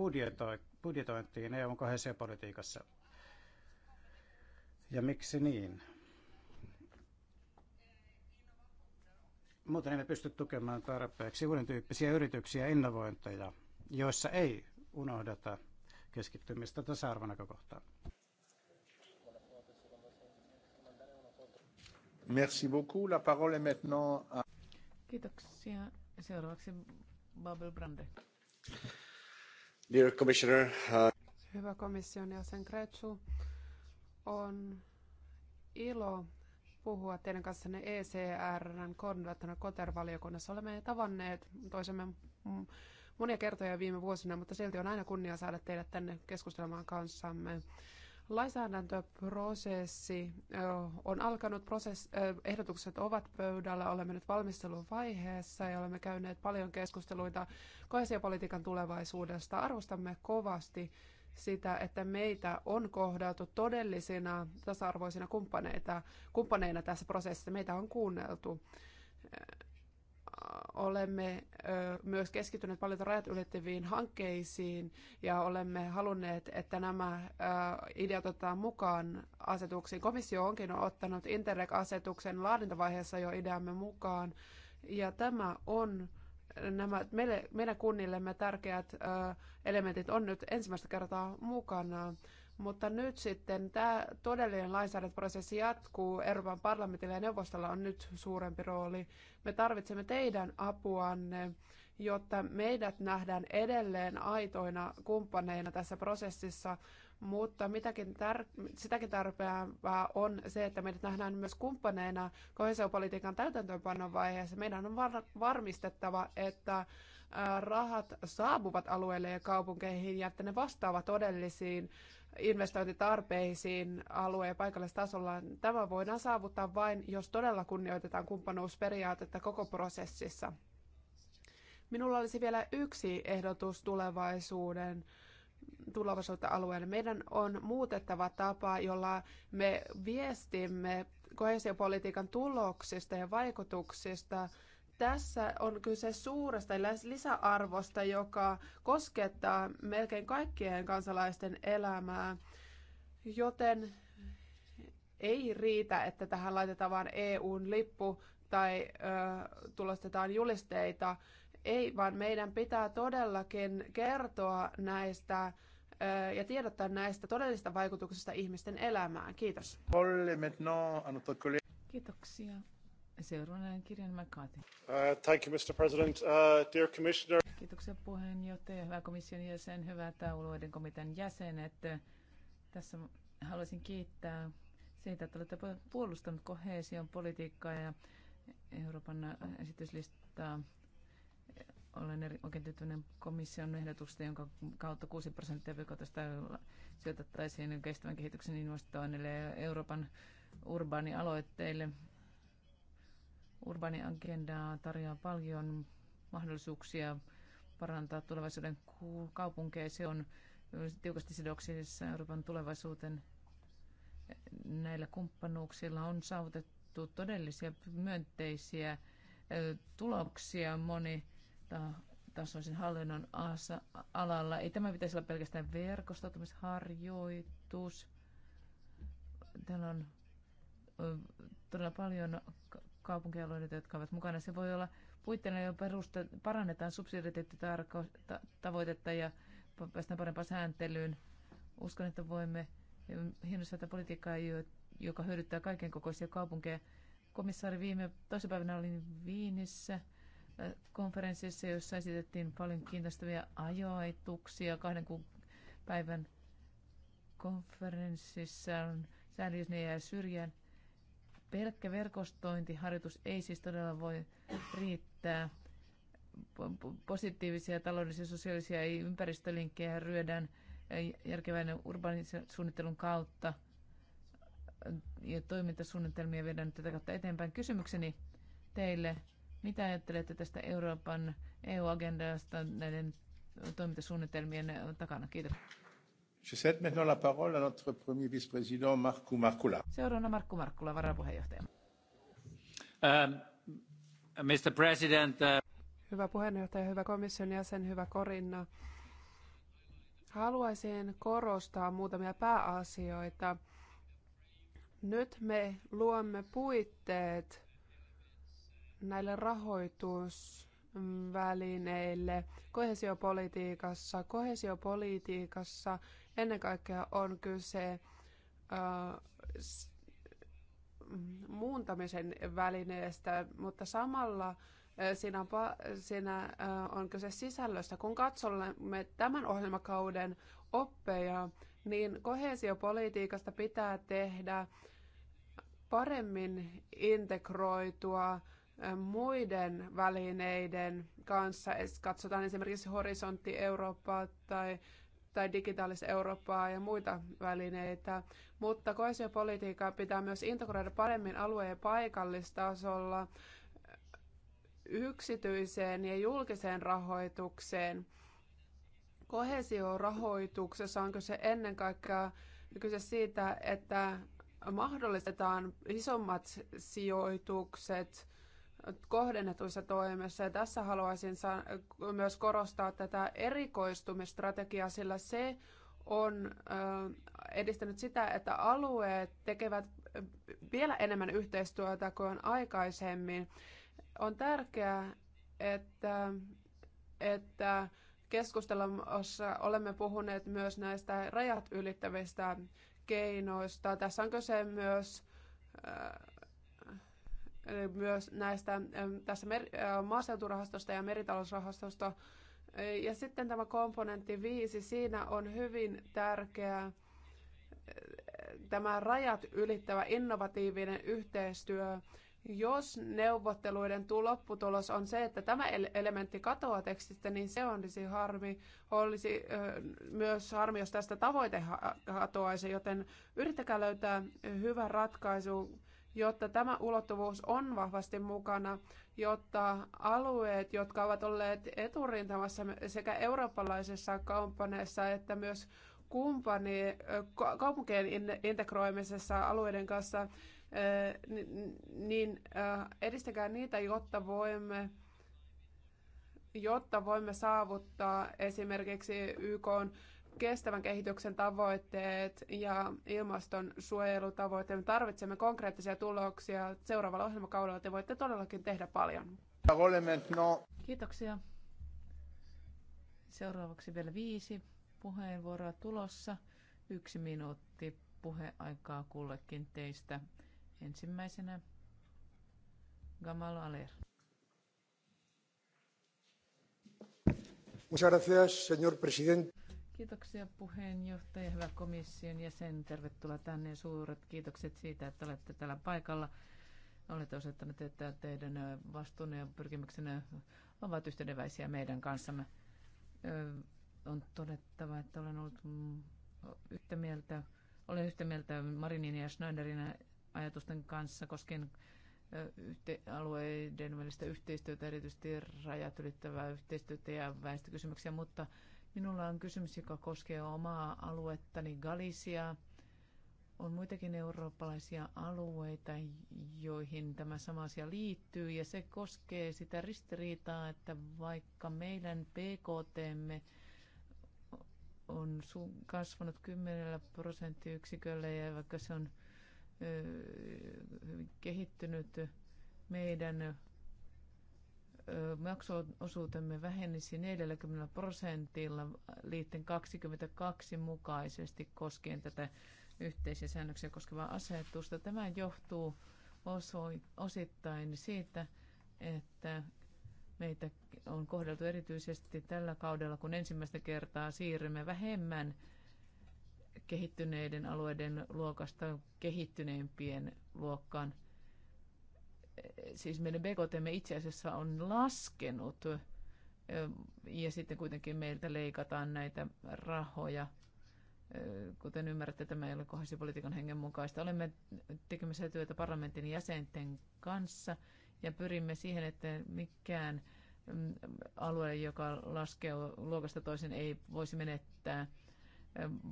budjetointiin eu kohesiopolitiikassa. Ja miksi niin? Muuten emme pysty tukemaan tarpeeksi uuden tyyppisiä yrityksiä ja innovointeja, joissa ei unohdeta keskittymistä tasa-arvonäkökohtaan. Merci beaucoup. La parole est maintenant à... Kiitoksia. Seuraavaksi Babel Brande. Dear Commissioner, uh... Hyvä komission jäsen Kretsu, on ilo puhua teidän kanssanne ECRn koordinaattorina Koter-valiokunnassa. Olemme tavanneet toisemme mm, monia kertoja viime vuosina, mutta silti on aina kunnia saada teidät tänne keskustelemaan kanssamme. Lainsäädäntöprosessi on alkanut, prosess, ehdotukset ovat pöydällä, olemme nyt valmistelun vaiheessa ja olemme käyneet paljon keskusteluita kohesiopolitiikan tulevaisuudesta. Arvostamme kovasti sitä, että meitä on kohdeltu todellisina tasa-arvoisina kumppaneita, kumppaneina tässä prosessissa. Meitä on kuunneltu. Olemme myös keskittyneet paljon rajat ylittäviin hankkeisiin ja olemme halunneet, että nämä ideat otetaan mukaan asetuksiin. Komissio onkin ottanut Interreg-asetuksen laadintavaiheessa jo ideamme mukaan ja tämä on nämä meille, meidän kunnillemme tärkeät elementit on nyt ensimmäistä kertaa mukana. Mutta nyt sitten tämä todellinen lainsäädäntöprosessi jatkuu. Euroopan parlamentilla ja neuvostolla on nyt suurempi rooli. Me tarvitsemme teidän apuanne, jotta meidät nähdään edelleen aitoina kumppaneina tässä prosessissa, mutta mitäkin tar- sitäkin tarpeempaa on se, että meidät nähdään myös kumppaneina kohesiopolitiikan täytäntöönpannon vaiheessa. Meidän on var- varmistettava, että rahat saapuvat alueille ja kaupunkeihin ja että ne vastaavat todellisiin investointitarpeisiin alue- ja paikallistasolla. Tämä voidaan saavuttaa vain, jos todella kunnioitetaan kumppanuusperiaatetta koko prosessissa. Minulla olisi vielä yksi ehdotus tulevaisuuden tulevaisuutta alueelle. Meidän on muutettava tapa, jolla me viestimme koheesiopolitiikan tuloksista ja vaikutuksista. Tässä on kyse suuresta lisäarvosta, joka koskettaa melkein kaikkien kansalaisten elämää. Joten ei riitä, että tähän laitetaan vain EUn lippu tai ö, tulostetaan julisteita ei, vaan meidän pitää todellakin kertoa näistä ja tiedottaa näistä todellista vaikutuksista ihmisten elämään. Kiitos. Kiitoksia. Seuraavana kirjan McCarthy. Uh, thank you, Mr. President. Uh, dear Commissioner. Kiitoksia puheenjohtaja, hyvä komission jäsen, hyvät tauluiden komitean jäsenet. Tässä haluaisin kiittää siitä, että olette puolustaneet kohesion politiikkaa ja Euroopan esityslistaa olen eri, oikein tyytyväinen komission ehdotusta, jonka kautta 6 prosenttia vekotosta sijoitettaisiin kestävän kehityksen investoinnille ja Euroopan urbaanialoitteille. Urbaani agenda tarjoaa paljon mahdollisuuksia parantaa tulevaisuuden kaupunkeja. Se on tiukasti sidoksissa Euroopan tulevaisuuteen. Näillä kumppanuuksilla on saavutettu todellisia myönteisiä tuloksia. Moni tasoisen hallinnon alalla. Ei tämä pitäisi olla pelkästään verkostoitumisharjoitus. Täällä on todella paljon kaupunkialueita, jotka ovat mukana. Se voi olla puitteena, jo perusta, parannetaan subsidiariteettitavoitetta ja päästään parempaan sääntelyyn. Uskon, että voimme hienosäätä politiikkaa, joka hyödyttää kaiken kokoisia kaupunkeja. Komissaari viime toisen päivänä oli Viinissä – konferenssissa, jossa esitettiin paljon kiinnostavia ajoituksia kahden päivän konferenssissa on säännöllisyyden ja syrjään. Pelkkä verkostointiharjoitus ei siis todella voi riittää. Positiivisia taloudellisia, sosiaalisia ympäristölinkkejä ryödään eh, järkevän urbanisuunnittelun kautta ja toimintasuunnitelmia viedään tätä kautta eteenpäin. Kysymykseni teille mitä ajattelette tästä Euroopan EU-agendasta näiden toimintasuunnitelmien takana? Kiitos. Je cède maintenant la parole à notre premier vice-président Markku Markkula. Seuraavana Markku Markkula, varapuheenjohtaja. Um, ähm, Mr. President, uh... Hyvä puheenjohtaja, hyvä komission jäsen, hyvä Korinna. Haluaisin korostaa muutamia pääasioita. Nyt me luomme puitteet näille rahoitusvälineille kohesiopolitiikassa. Kohesiopolitiikassa ennen kaikkea on kyse äh, muuntamisen välineestä, mutta samalla äh, siinä, siinä äh, on kyse sisällöstä. Kun katsomme tämän ohjelmakauden oppeja, niin kohesiopolitiikasta pitää tehdä paremmin integroitua muiden välineiden kanssa. Katsotaan esimerkiksi Horisontti Eurooppaa tai, tai Digitaalista Eurooppaa ja muita välineitä. Mutta koesiopolitiikkaa pitää myös integroida paremmin alue- ja paikallistasolla yksityiseen ja julkiseen rahoitukseen. Kohesiorahoituksessa on kyse ennen kaikkea kyse siitä, että mahdollistetaan isommat sijoitukset – kohdennetuissa toimissa. Ja tässä haluaisin myös korostaa tätä erikoistumistrategiaa, sillä se on edistänyt sitä, että alueet tekevät vielä enemmän yhteistyötä kuin aikaisemmin. On tärkeää, että, että keskustelussa olemme puhuneet myös näistä rajat ylittävistä keinoista. Tässä on kyse myös myös näistä tässä maaseuturahastosta ja meritalousrahastosta. Ja sitten tämä komponentti 5, siinä on hyvin tärkeää tämä rajat ylittävä innovatiivinen yhteistyö. Jos neuvotteluiden lopputulos on se, että tämä elementti katoaa tekstistä, niin se olisi harmi. Olisi myös harmi, jos tästä tavoite katoaisi, joten yrittäkää löytää hyvä ratkaisu jotta tämä ulottuvuus on vahvasti mukana, jotta alueet, jotka ovat olleet eturintamassa sekä eurooppalaisessa kampanjassa että myös kumppani, kaupunkien integroimisessa alueiden kanssa, eh, niin eh, edistäkää niitä, jotta voimme jotta voimme saavuttaa esimerkiksi YK kestävän kehityksen tavoitteet ja ilmastonsuojelutavoitteet. Me tarvitsemme konkreettisia tuloksia. Seuraavalla ohjelmakaudella te voitte todellakin tehdä paljon. Kiitoksia. Seuraavaksi vielä viisi puheenvuoroa tulossa. Yksi minuutti puheaikaa kullekin teistä. Ensimmäisenä Gamal Aler. Muchas gracias, señor presidente. Kiitoksia puheenjohtaja, hyvä komission jäsen. Tervetuloa tänne. Suuret kiitokset siitä, että olette täällä paikalla. Olette osoittaneet, että teidän vastuunne ja pyrkimyksenne ovat yhteneväisiä meidän kanssamme. On todettava, että olen ollut mm, yhtä mieltä, olen yhtä mieltä Marinin ja Schneiderin ajatusten kanssa koskien alueiden välistä yhteistyötä, erityisesti rajat ylittävää yhteistyötä ja väestökysymyksiä, mutta Minulla on kysymys, joka koskee omaa aluettani Galisia. On muitakin eurooppalaisia alueita, joihin tämä sama asia liittyy, ja se koskee sitä ristiriitaa, että vaikka meidän PKTmme on kasvanut 10 prosenttiyksiköllä ja vaikka se on kehittynyt meidän maksuosuutemme vähenisi 40 prosentilla liitteen 22 mukaisesti koskien tätä yhteisiä säännöksiä koskevaa asetusta. Tämä johtuu osittain siitä, että meitä on kohdeltu erityisesti tällä kaudella, kun ensimmäistä kertaa siirrymme vähemmän kehittyneiden alueiden luokasta kehittyneempien luokkaan – siis meidän BKTmme itse asiassa on laskenut ja sitten kuitenkin meiltä leikataan näitä rahoja. Kuten ymmärrätte, tämä ei ole politiikan hengen mukaista. Olemme tekemässä työtä parlamentin jäsenten kanssa ja pyrimme siihen, että mikään mm, alue, joka laskee luokasta toisen, ei voisi menettää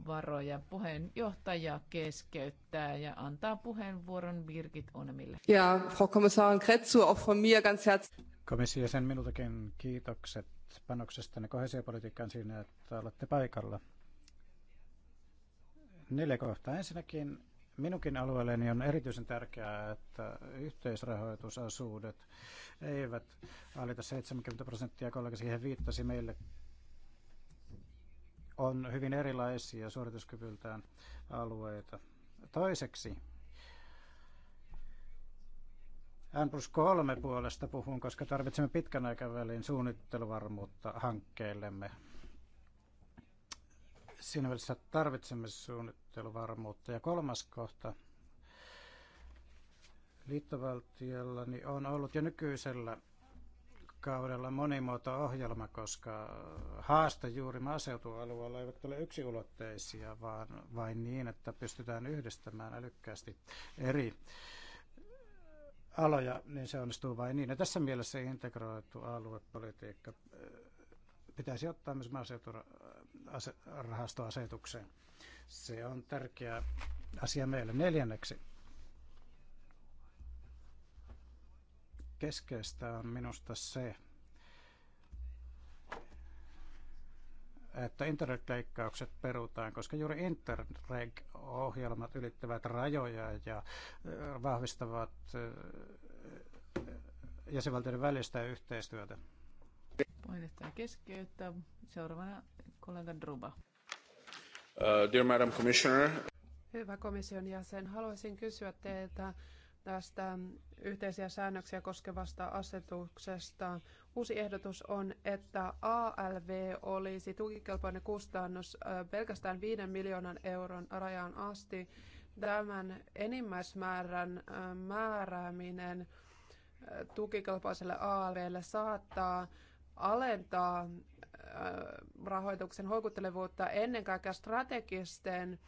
varoja. Puheenjohtaja keskeyttää ja antaa puheenvuoron Birgit Onemille. Ja Frau Kommissarin Kretsu, auch von mir ganz herzlich. Komissio sen minultakin kiitokset panoksestanne kohesiopolitiikkaan siinä, että olette paikalla. Neljä kohtaa. Ensinnäkin minunkin alueelleni on erityisen tärkeää, että yhteisrahoitusosuudet eivät alita 70 prosenttia, kollega siihen viittasi meille on hyvin erilaisia suorituskyvyltään alueita. Toiseksi N plus kolme puolesta puhun, koska tarvitsemme pitkän aikavälin suunnitteluvarmuutta hankkeillemme. Siinä välissä tarvitsemme suunnitteluvarmuutta. Ja kolmas kohta liittovaltiolla niin on ollut jo nykyisellä kaudella monimuoto-ohjelma, koska haaste juuri maaseutualueella eivät ole yksiulotteisia, vaan vain niin, että pystytään yhdistämään älykkäästi eri aloja, niin se onnistuu vain niin. Ja tässä mielessä integroitu aluepolitiikka eh, pitäisi ottaa myös maaseuturahastoasetukseen. Se on tärkeä asia meille. Neljänneksi Keskeistä on minusta se, että internetleikkaukset perutaan, koska juuri internet ohjelmat ylittävät rajoja ja äh, vahvistavat äh, jäsenvaltioiden välistä yhteistyötä. Puheenjohtaja keskeyttää. Seuraavana kollega Druba. Uh, dear Madam Commissioner. Hyvä komission jäsen, haluaisin kysyä teiltä, tästä yhteisiä säännöksiä koskevasta asetuksesta. Uusi ehdotus on, että ALV olisi tukikelpoinen kustannus pelkästään 5 miljoonan euron rajaan asti. Tämän enimmäismäärän määrääminen tukikelpoiselle ALVlle saattaa alentaa rahoituksen houkuttelevuutta ennen kaikkea strategisten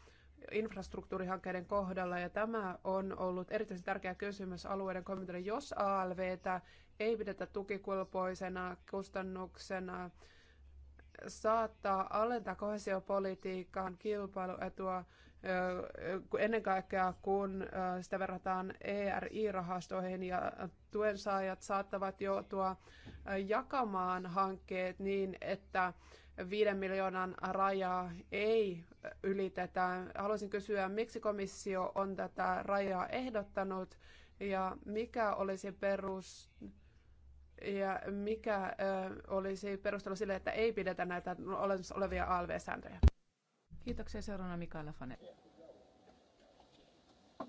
infrastruktuurihankkeiden kohdalla, ja tämä on ollut erityisen tärkeä kysymys alueiden komitealle, jos ALVtä ei pidetä tukikulpoisena kustannuksena, saattaa alentaa kohesiopolitiikan kilpailuetua ennen kaikkea, kun sitä verrataan ERI-rahastoihin ja tuen saajat saattavat joutua jakamaan hankkeet niin, että 5 miljoonan rajaa ei ylitetä. Haluaisin kysyä, miksi komissio on tätä rajaa ehdottanut ja mikä olisi perus ja mikä ö, olisi perustelu sille, että ei pidetä näitä olemassa olevia ALV-sääntöjä? Kiitoksia seuraavana Mikaela Fane.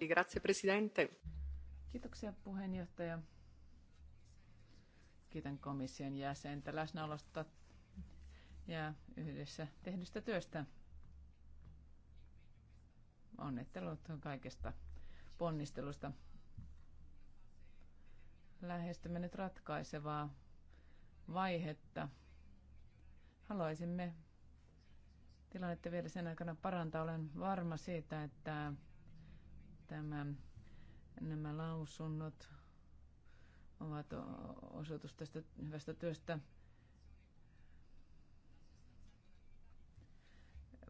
Grazie Presidente. Kiitoksia puheenjohtaja. Kiitän komission jäsentä läsnäolosta ja yhdessä tehdystä työstä. Onnittelut kaikesta ponnistelusta. Lähestymme nyt ratkaisevaa vaihetta. Haluaisimme tilannetta vielä sen aikana parantaa. Olen varma siitä, että tämä, nämä lausunnot ovat osoitus tästä hyvästä työstä.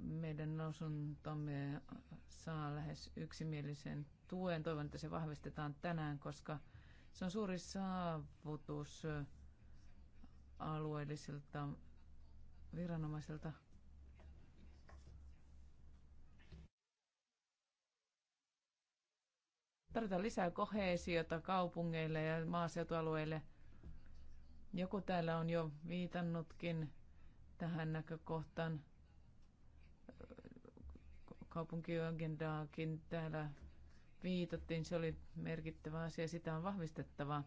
meidän lausuntomme saa lähes yksimielisen tuen. Toivon, että se vahvistetaan tänään, koska se on suuri saavutus alueellisilta viranomaisilta. Tarvitaan lisää koheesiota kaupungeille ja maaseutualueille. Joku täällä on jo viitannutkin tähän näkökohtaan kaupunkiagendaakin täällä viitattiin. Se oli merkittävä asia. Sitä on vahvistettava.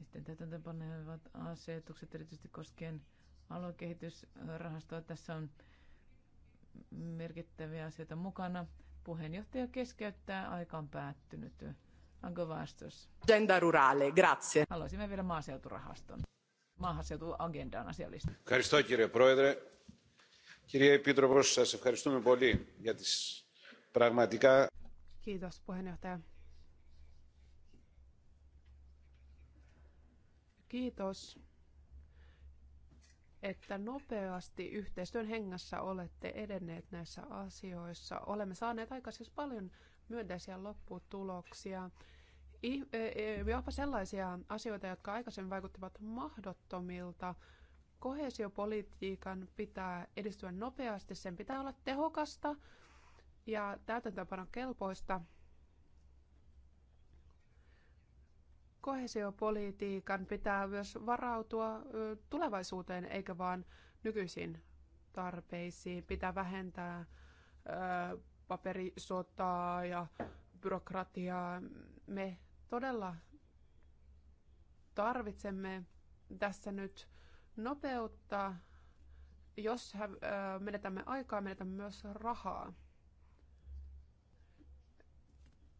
Sitten täytäntöönpanevat asetukset erityisesti koskien aluekehitysrahastoa. Tässä on merkittäviä asioita mukana. Puheenjohtaja keskeyttää, aika on päättynyt. vastus? Agenda rurale, grazie. Haluaisimme vielä maaseuturahaston maaseutuagendaan asiallista. Ευχαριστώ κύριε Πρόεδρε. Κύριε Επίτροπος, σας ευχαριστούμε πολύ για τις πραγματικά... Kiitos puheenjohtaja. Kiitos, että nopeasti yhteistyön hengessä olette edenneet näissä asioissa. Olemme saaneet aika siis paljon myönteisiä lopputuloksia. E, e, jopa sellaisia asioita, jotka aikaisemmin vaikuttivat mahdottomilta. Kohesiopolitiikan pitää edistyä nopeasti, sen pitää olla tehokasta ja täytäntöönpanon kelpoista. Kohesiopolitiikan pitää myös varautua tulevaisuuteen eikä vain nykyisiin tarpeisiin. Pitää vähentää paperisotaa ja byrokratiaa. Me todella tarvitsemme tässä nyt nopeutta. Jos menetämme aikaa, menetämme myös rahaa.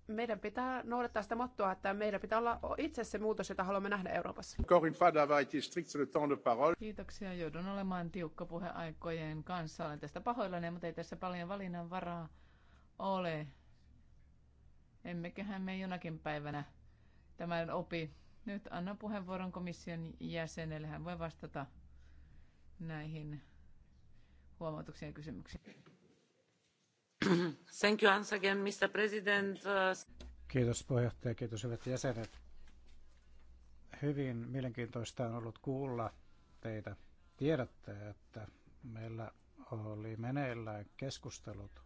Meidän pitää noudattaa sitä mottoa, että meidän pitää olla itse se muutos, jota haluamme nähdä Euroopassa. Kiitoksia. Joudun olemaan tiukka puheaikojen kanssa. Olen tästä pahoillani, mutta ei tässä paljon valinnanvaraa ole. Emmeköhän me jonakin päivänä tämän opi. Nyt annan puheenvuoron komission jäsenelle. Hän voi vastata näihin huomautuksiin ja kysymyksiin. Thank you once again, Mr. President. Kiitos puheenjohtaja, kiitos hyvät jäsenet. Hyvin mielenkiintoista on ollut kuulla teitä. Tiedätte, että meillä oli meneillään keskustelut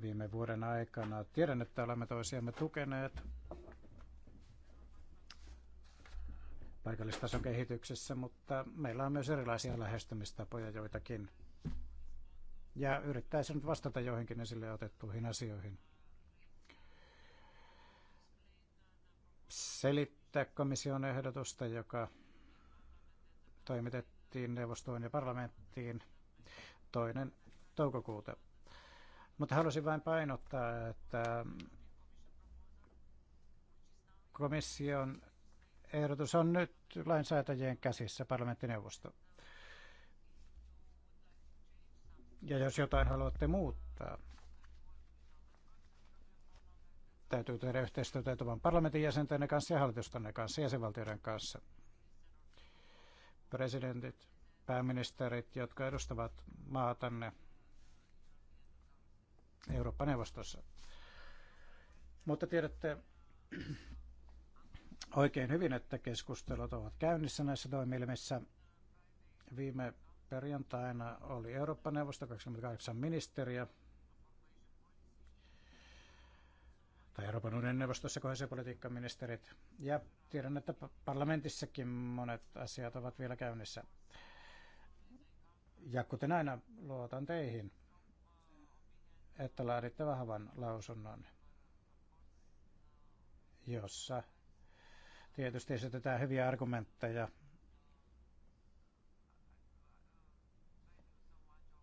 viime vuoden aikana. Tiedän, että olemme toisiamme tukeneet paikallistason kehityksessä, mutta meillä on myös erilaisia lähestymistapoja joitakin. Ja yrittäisin nyt vastata joihinkin esille otettuihin asioihin. Selittää komission ehdotusta, joka toimitettiin neuvostoon ja parlamenttiin toinen toukokuuta mutta halusin vain painottaa, että komission ehdotus on nyt lainsäätäjien käsissä parlamenttineuvosto. Ja jos jotain haluatte muuttaa, täytyy tehdä yhteistyötä etuvan parlamentin jäsenten kanssa ja hallitustanne kanssa ja jäsenvaltioiden kanssa. Presidentit, pääministerit, jotka edustavat maatanne, Eurooppa-neuvostossa. Mutta tiedätte oikein hyvin, että keskustelut ovat käynnissä näissä toimielimissä. Viime perjantaina oli Eurooppa-neuvosto 28 ministeriä tai Euroopan unionin neuvostossa kohesiopolitiikkaministerit. Ja tiedän, että parlamentissakin monet asiat ovat vielä käynnissä. Ja kuten aina, luotan teihin että laaditte vahvan lausunnon, jossa tietysti esitetään hyviä argumentteja.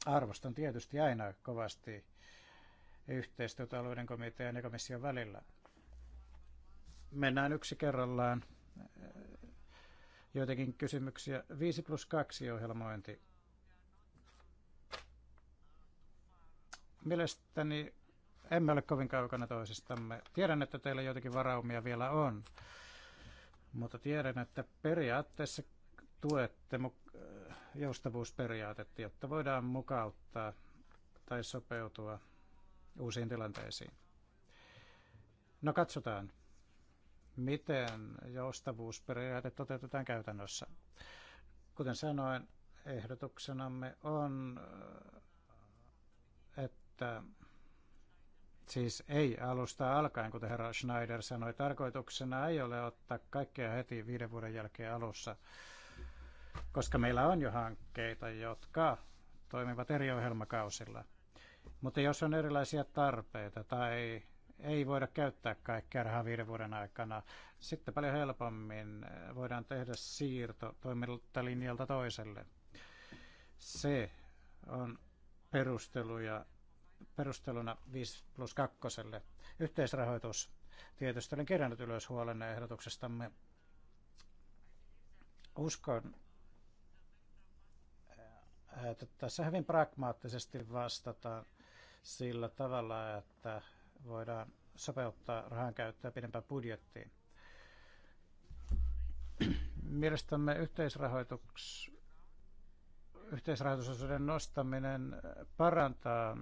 Arvostan tietysti aina kovasti yhteistyötä alueiden komitean ja komission välillä. Mennään yksi kerrallaan joitakin kysymyksiä. 5 plus 2 ohjelmointi. Mielestäni emme ole kovin kaukana toisistamme. Tiedän, että teillä joitakin varaumia vielä on, mutta tiedän, että periaatteessa tuette joustavuusperiaatetta, jotta voidaan mukauttaa tai sopeutua uusiin tilanteisiin. No katsotaan, miten joustavuusperiaate toteutetaan käytännössä. Kuten sanoin, ehdotuksenamme on että siis ei alusta alkaen, kuten herra Schneider sanoi, tarkoituksena ei ole ottaa kaikkea heti viiden vuoden jälkeen alussa, koska meillä on jo hankkeita, jotka toimivat eri ohjelmakausilla. Mutta jos on erilaisia tarpeita tai ei voida käyttää kaikkea rahaa viiden vuoden aikana, sitten paljon helpommin voidaan tehdä siirto toimintalinjalta toiselle. Se on perusteluja perusteluna 5 plus 2. Yhteisrahoitus. Tietysti olen kerännyt ylös huolenne ehdotuksestamme. Uskon, että tässä hyvin pragmaattisesti vastataan sillä tavalla, että voidaan sopeuttaa rahan käyttöä pidempään budjettiin. Mielestämme yhteisrahoitus, yhteisrahoitusosuuden nostaminen parantaa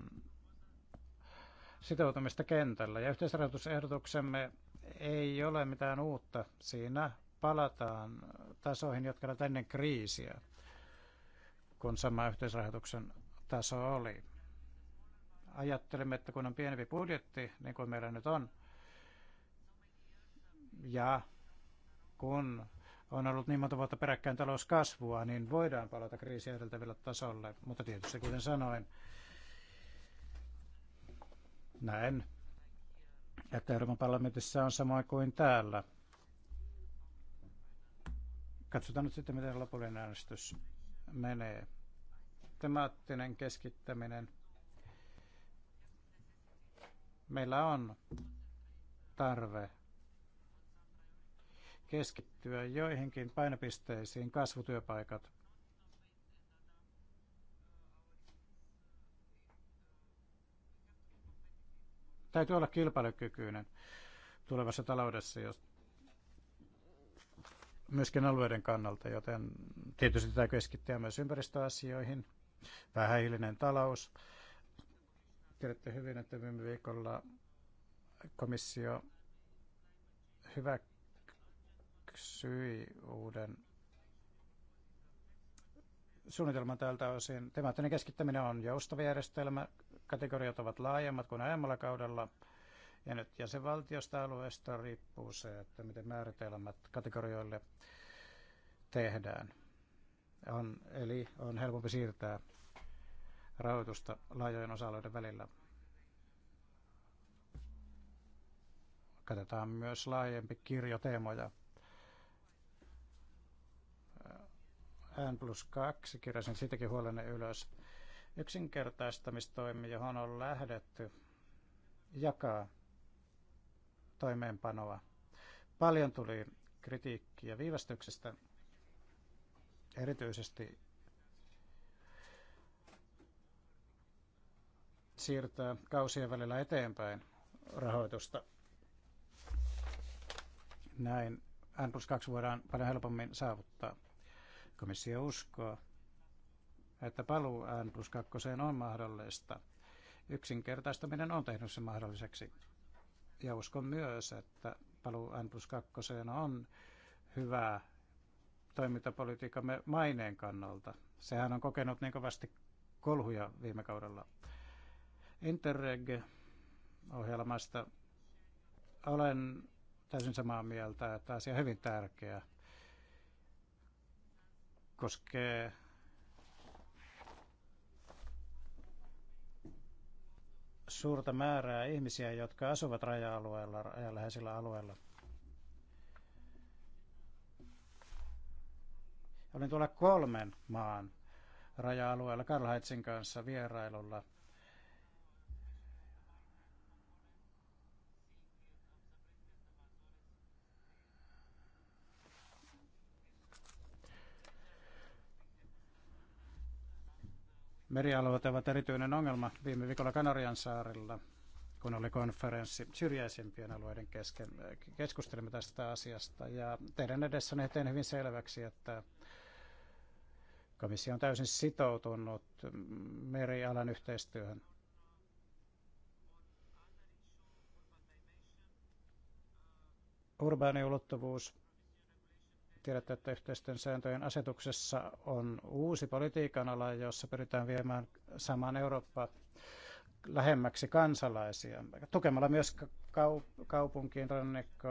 sitoutumista kentällä. Ja yhteisrahoitusehdotuksemme ei ole mitään uutta. Siinä palataan tasoihin, jotka ovat ennen kriisiä, kun sama yhteisrahoituksen taso oli. Ajattelimme, että kun on pienempi budjetti, niin kuin meillä nyt on, ja kun on ollut niin monta vuotta peräkkäin talouskasvua, niin voidaan palata kriisiä edeltävillä tasolle. Mutta tietysti, kuten sanoin, näen, että Euroopan parlamentissa on sama kuin täällä. Katsotaan nyt sitten, miten lopullinen äänestys menee. Temaattinen keskittäminen. Meillä on tarve keskittyä joihinkin painopisteisiin, kasvutyöpaikat, Täytyy olla kilpailukykyinen tulevassa taloudessa, jos myöskin alueiden kannalta, joten tietysti täytyy keskittyy myös ympäristöasioihin. Vähähiilinen talous. Tiedätte hyvin, että viime viikolla komissio hyväksyi uuden suunnitelman tältä osin. Temaattinen keskittäminen on joustava järjestelmä, kategoriat ovat laajemmat kuin aiemmalla kaudella. Ja nyt jäsenvaltiosta alueesta riippuu se, että miten määritelmät kategorioille tehdään. On, eli on helpompi siirtää rahoitusta laajojen osa-alueiden välillä. Katsotaan myös laajempi kirjo teemoja. N plus 2, kirjasin sitäkin huolenne ylös yksinkertaistamistoimi, johon on lähdetty, jakaa toimeenpanoa. Paljon tuli kritiikkiä viivästyksestä, erityisesti siirtää kausien välillä eteenpäin rahoitusta. Näin N plus 2 voidaan paljon helpommin saavuttaa. Komissio uskoo, että paluu N plus 2 on mahdollista. Yksinkertaistaminen on tehnyt sen mahdolliseksi. Ja uskon myös, että paluu N plus 2 on hyvä toimintapolitiikamme maineen kannalta. Sehän on kokenut niin kovasti kolhuja viime kaudella. Interreg-ohjelmasta olen täysin samaa mieltä, että asia on hyvin tärkeä. Koskee suurta määrää ihmisiä, jotka asuvat raja-alueella, rajaläheisillä alueilla. Olin tuolla kolmen maan raja-alueella Karl Heitzin kanssa vierailulla – Merialueet ovat erityinen ongelma viime viikolla Kanarian saarilla, kun oli konferenssi syrjäisimpien alueiden kesken. Keskustelimme tästä asiasta ja teidän edessänne eteen hyvin selväksi, että komissio on täysin sitoutunut merialan yhteistyöhön. Urbaani ulottuvuus Tiedätte, että yhteisten sääntöjen asetuksessa on uusi politiikan ala, jossa pyritään viemään samaan Eurooppaa lähemmäksi kansalaisia, tukemalla myös kaupunkiin, rannikko,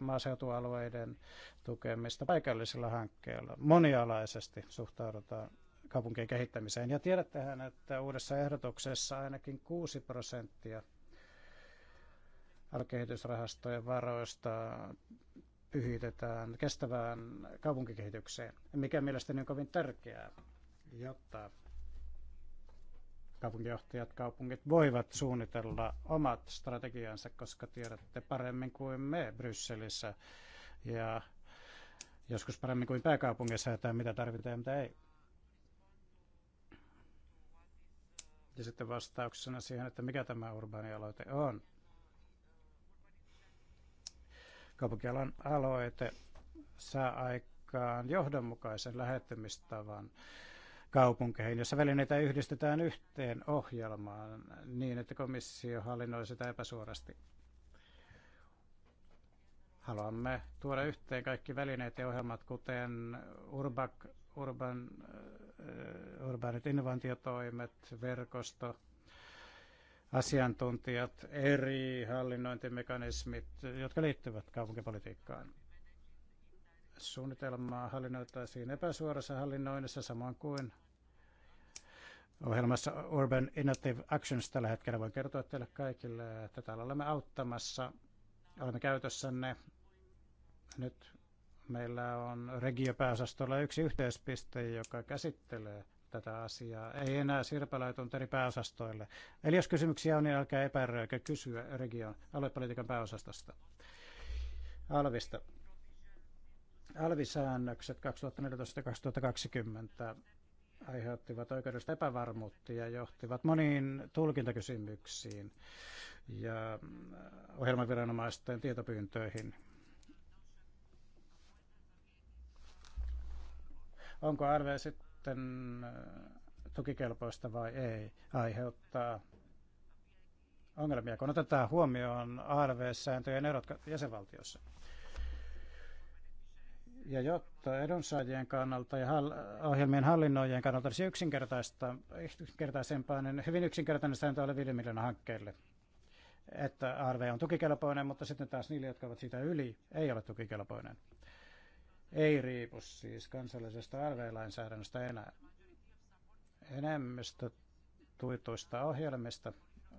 maaseutualueiden tukemista paikallisilla hankkeilla. Monialaisesti suhtaudutaan kaupunkien kehittämiseen. Ja tiedättehän, että uudessa ehdotuksessa ainakin 6 prosenttia alkehitysrahastojen varoista pyhitetään kestävään kaupunkikehitykseen, mikä mielestäni on kovin tärkeää, jotta kaupunkijohtajat, kaupungit voivat suunnitella omat strategiansa, koska tiedätte paremmin kuin me Brysselissä ja joskus paremmin kuin pääkaupungissa, että mitä tarvitaan ja mitä ei. Ja sitten vastauksena siihen, että mikä tämä urbaanialoite on. Kaupunkialan aloite saa aikaan johdonmukaisen lähettämistavan kaupunkeihin, jossa välineitä yhdistetään yhteen ohjelmaan niin, että komissio hallinnoi sitä epäsuorasti. Haluamme tuoda yhteen kaikki välineet ja ohjelmat, kuten Urbak, Urban, äh, Urbanit innovaatiotoimet, verkosto, asiantuntijat, eri hallinnointimekanismit, jotka liittyvät kaupunkipolitiikkaan. Suunnitelmaa hallinnoitaisiin epäsuorassa hallinnoinnissa samoin kuin ohjelmassa Urban Innovative Actions tällä hetkellä. Voin kertoa teille kaikille, että täällä olemme auttamassa, olemme käytössänne. Nyt meillä on regiopääosastolla yksi yhteispiste, joka käsittelee tätä asiaa. Ei enää sirpaloitunut eri pääosastoille. Eli jos kysymyksiä on, niin älkää epäröikö kysyä region aluepolitiikan pääosastosta. Alvista. Alvisäännökset 2014-2020 aiheuttivat oikeudellista epävarmuutta ja johtivat moniin tulkintakysymyksiin ja äh, ohjelmaviranomaisten tietopyyntöihin. Onko RV sitten sitten äh, tukikelpoista vai ei, aiheuttaa ongelmia, kun otetaan huomioon ARV-sääntöjen erot jäsenvaltiossa. Ja jotta edunsaajien kannalta ja ohjelmien hallinnoijien kannalta olisi yksinkertaista, yksinkertaisempaa, niin hyvin yksinkertainen sääntö oli 5 miljoonan hankkeelle. Että ARV on tukikelpoinen, mutta sitten taas niille, jotka ovat siitä yli, ei ole tukikelpoinen ei riipu siis kansallisesta LV-lainsäädännöstä enää. Enemmistö tuituista ohjelmista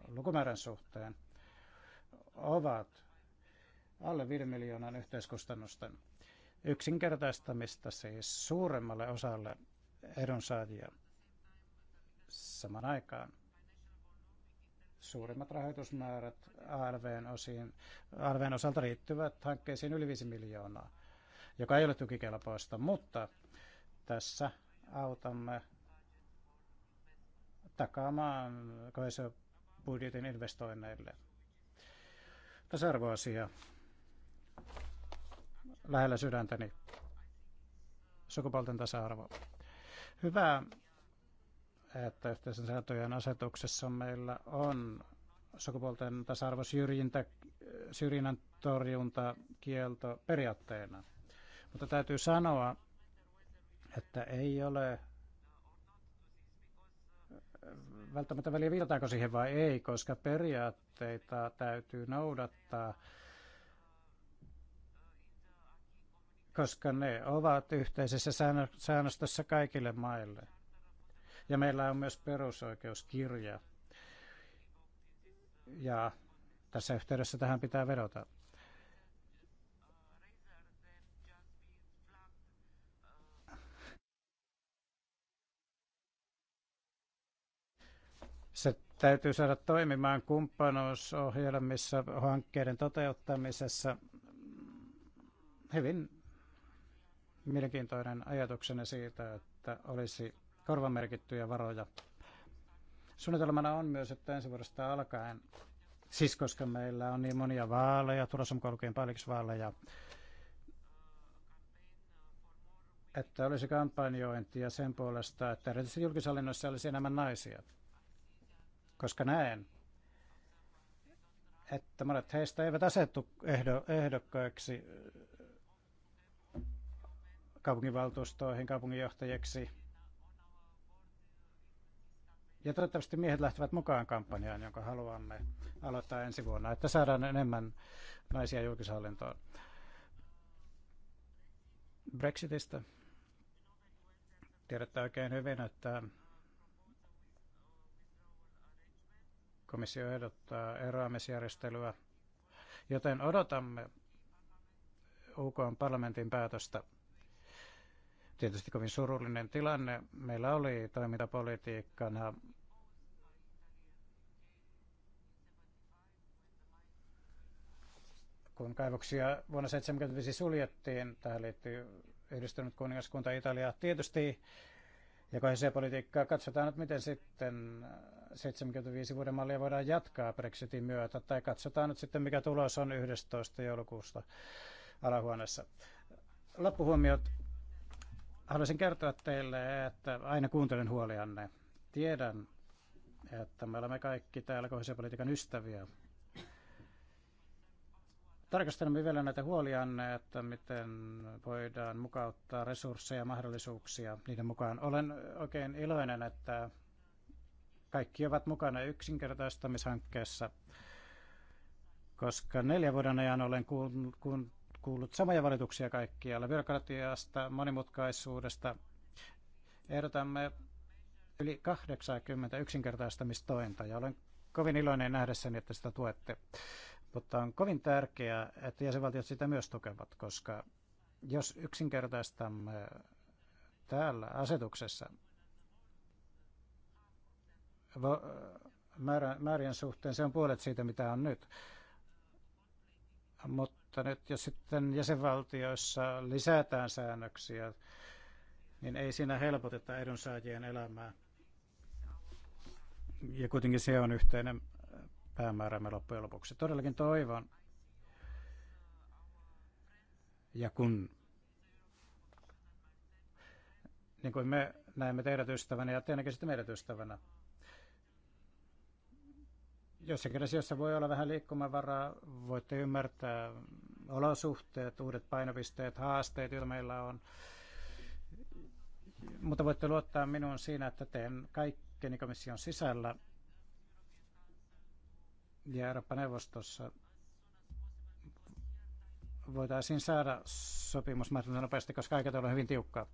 lukumäärän suhteen ovat alle 5 miljoonan yhteiskustannusten yksinkertaistamista siis suuremmalle osalle edunsaajia saman aikaan. Suurimmat rahoitusmäärät ARVn, osiin, ARVn osalta riittyvät hankkeisiin yli 5 miljoonaa joka ei ole tukikelpoista, mutta tässä autamme takaamaan budjetin investoinneille. Tässä arvoasia lähellä sydäntäni. Sukupuolten tasa-arvo. Hyvä, että yhteisen sääntöjen asetuksessa meillä on sukupuolten tasa-arvo syrjintä, syrjinnän torjunta kielto periaatteena. Mutta täytyy sanoa, että ei ole välttämättä väliä viitataanko siihen vai ei, koska periaatteita täytyy noudattaa, koska ne ovat yhteisessä säännöstössä kaikille maille. Ja meillä on myös perusoikeuskirja. Ja tässä yhteydessä tähän pitää vedota. Se täytyy saada toimimaan kumppanuusohjelmissa, hankkeiden toteuttamisessa. Hyvin mielenkiintoinen ajatuksena siitä, että olisi korvamerkittyjä varoja. Suunnitelmana on myös, että ensi vuodesta alkaen, siis koska meillä on niin monia vaaleja, tulossa mukaan lukien vaaleja, että olisi kampanjointia sen puolesta, että erityisesti julkisallinnoissa olisi enemmän naisia koska näen, että monet heistä eivät asettu ehdo, ehdokkaiksi äh, kaupunginvaltuustoihin, kaupunginjohtajiksi. Ja toivottavasti miehet lähtevät mukaan kampanjaan, jonka haluamme aloittaa ensi vuonna, että saadaan enemmän naisia julkishallintoon. Brexitistä tiedätte oikein hyvin, että Komissio ehdottaa eroamisjärjestelyä, joten odotamme UK parlamentin päätöstä. Tietysti kovin surullinen tilanne. Meillä oli toimintapolitiikkana kun kaivoksia vuonna 1975 suljettiin, tähän liittyy yhdistynyt kuningaskunta Italia tietysti, ja politiikkaa katsotaan että miten sitten 75 vuoden mallia voidaan jatkaa Brexitin myötä, tai katsotaan nyt sitten mikä tulos on 11. joulukuusta alahuoneessa. Loppuhuomiot. Haluaisin kertoa teille, että aina kuuntelen huolianne. Tiedän, että me olemme kaikki täällä kohdallisen ystäviä, tarkastelemme vielä näitä huolianne, että miten voidaan mukauttaa resursseja ja mahdollisuuksia niiden mukaan. Olen oikein iloinen, että kaikki ovat mukana yksinkertaistamishankkeessa, koska neljän vuoden ajan olen kuullut samoja valituksia kaikkialla byrokratiasta, monimutkaisuudesta. Ehdotamme yli 80 yksinkertaistamistointa ja olen kovin iloinen nähdessäni, että sitä tuette. Mutta on kovin tärkeää, että jäsenvaltiot sitä myös tukevat, koska jos yksinkertaistamme täällä asetuksessa, Äh, määrien suhteen, se on puolet siitä, mitä on nyt. Mutta nyt jos sitten jäsenvaltioissa lisätään säännöksiä, niin ei siinä helpoteta edunsaajien elämää. Ja kuitenkin se on yhteinen päämäärämme loppujen lopuksi. Todellakin toivon, ja kun niin kuin me näemme teidät ystävänä ja te näkisitte meidät ystävänä, jossakin asioissa voi olla vähän liikkumavaraa. Voitte ymmärtää olosuhteet, uudet painopisteet, haasteet, joita meillä on. Mutta voitte luottaa minuun siinä, että teen kaikkeni komission sisällä ja Euroopan neuvostossa voitaisiin saada sopimus mahdollisimman nopeasti, koska aika on hyvin tiukka.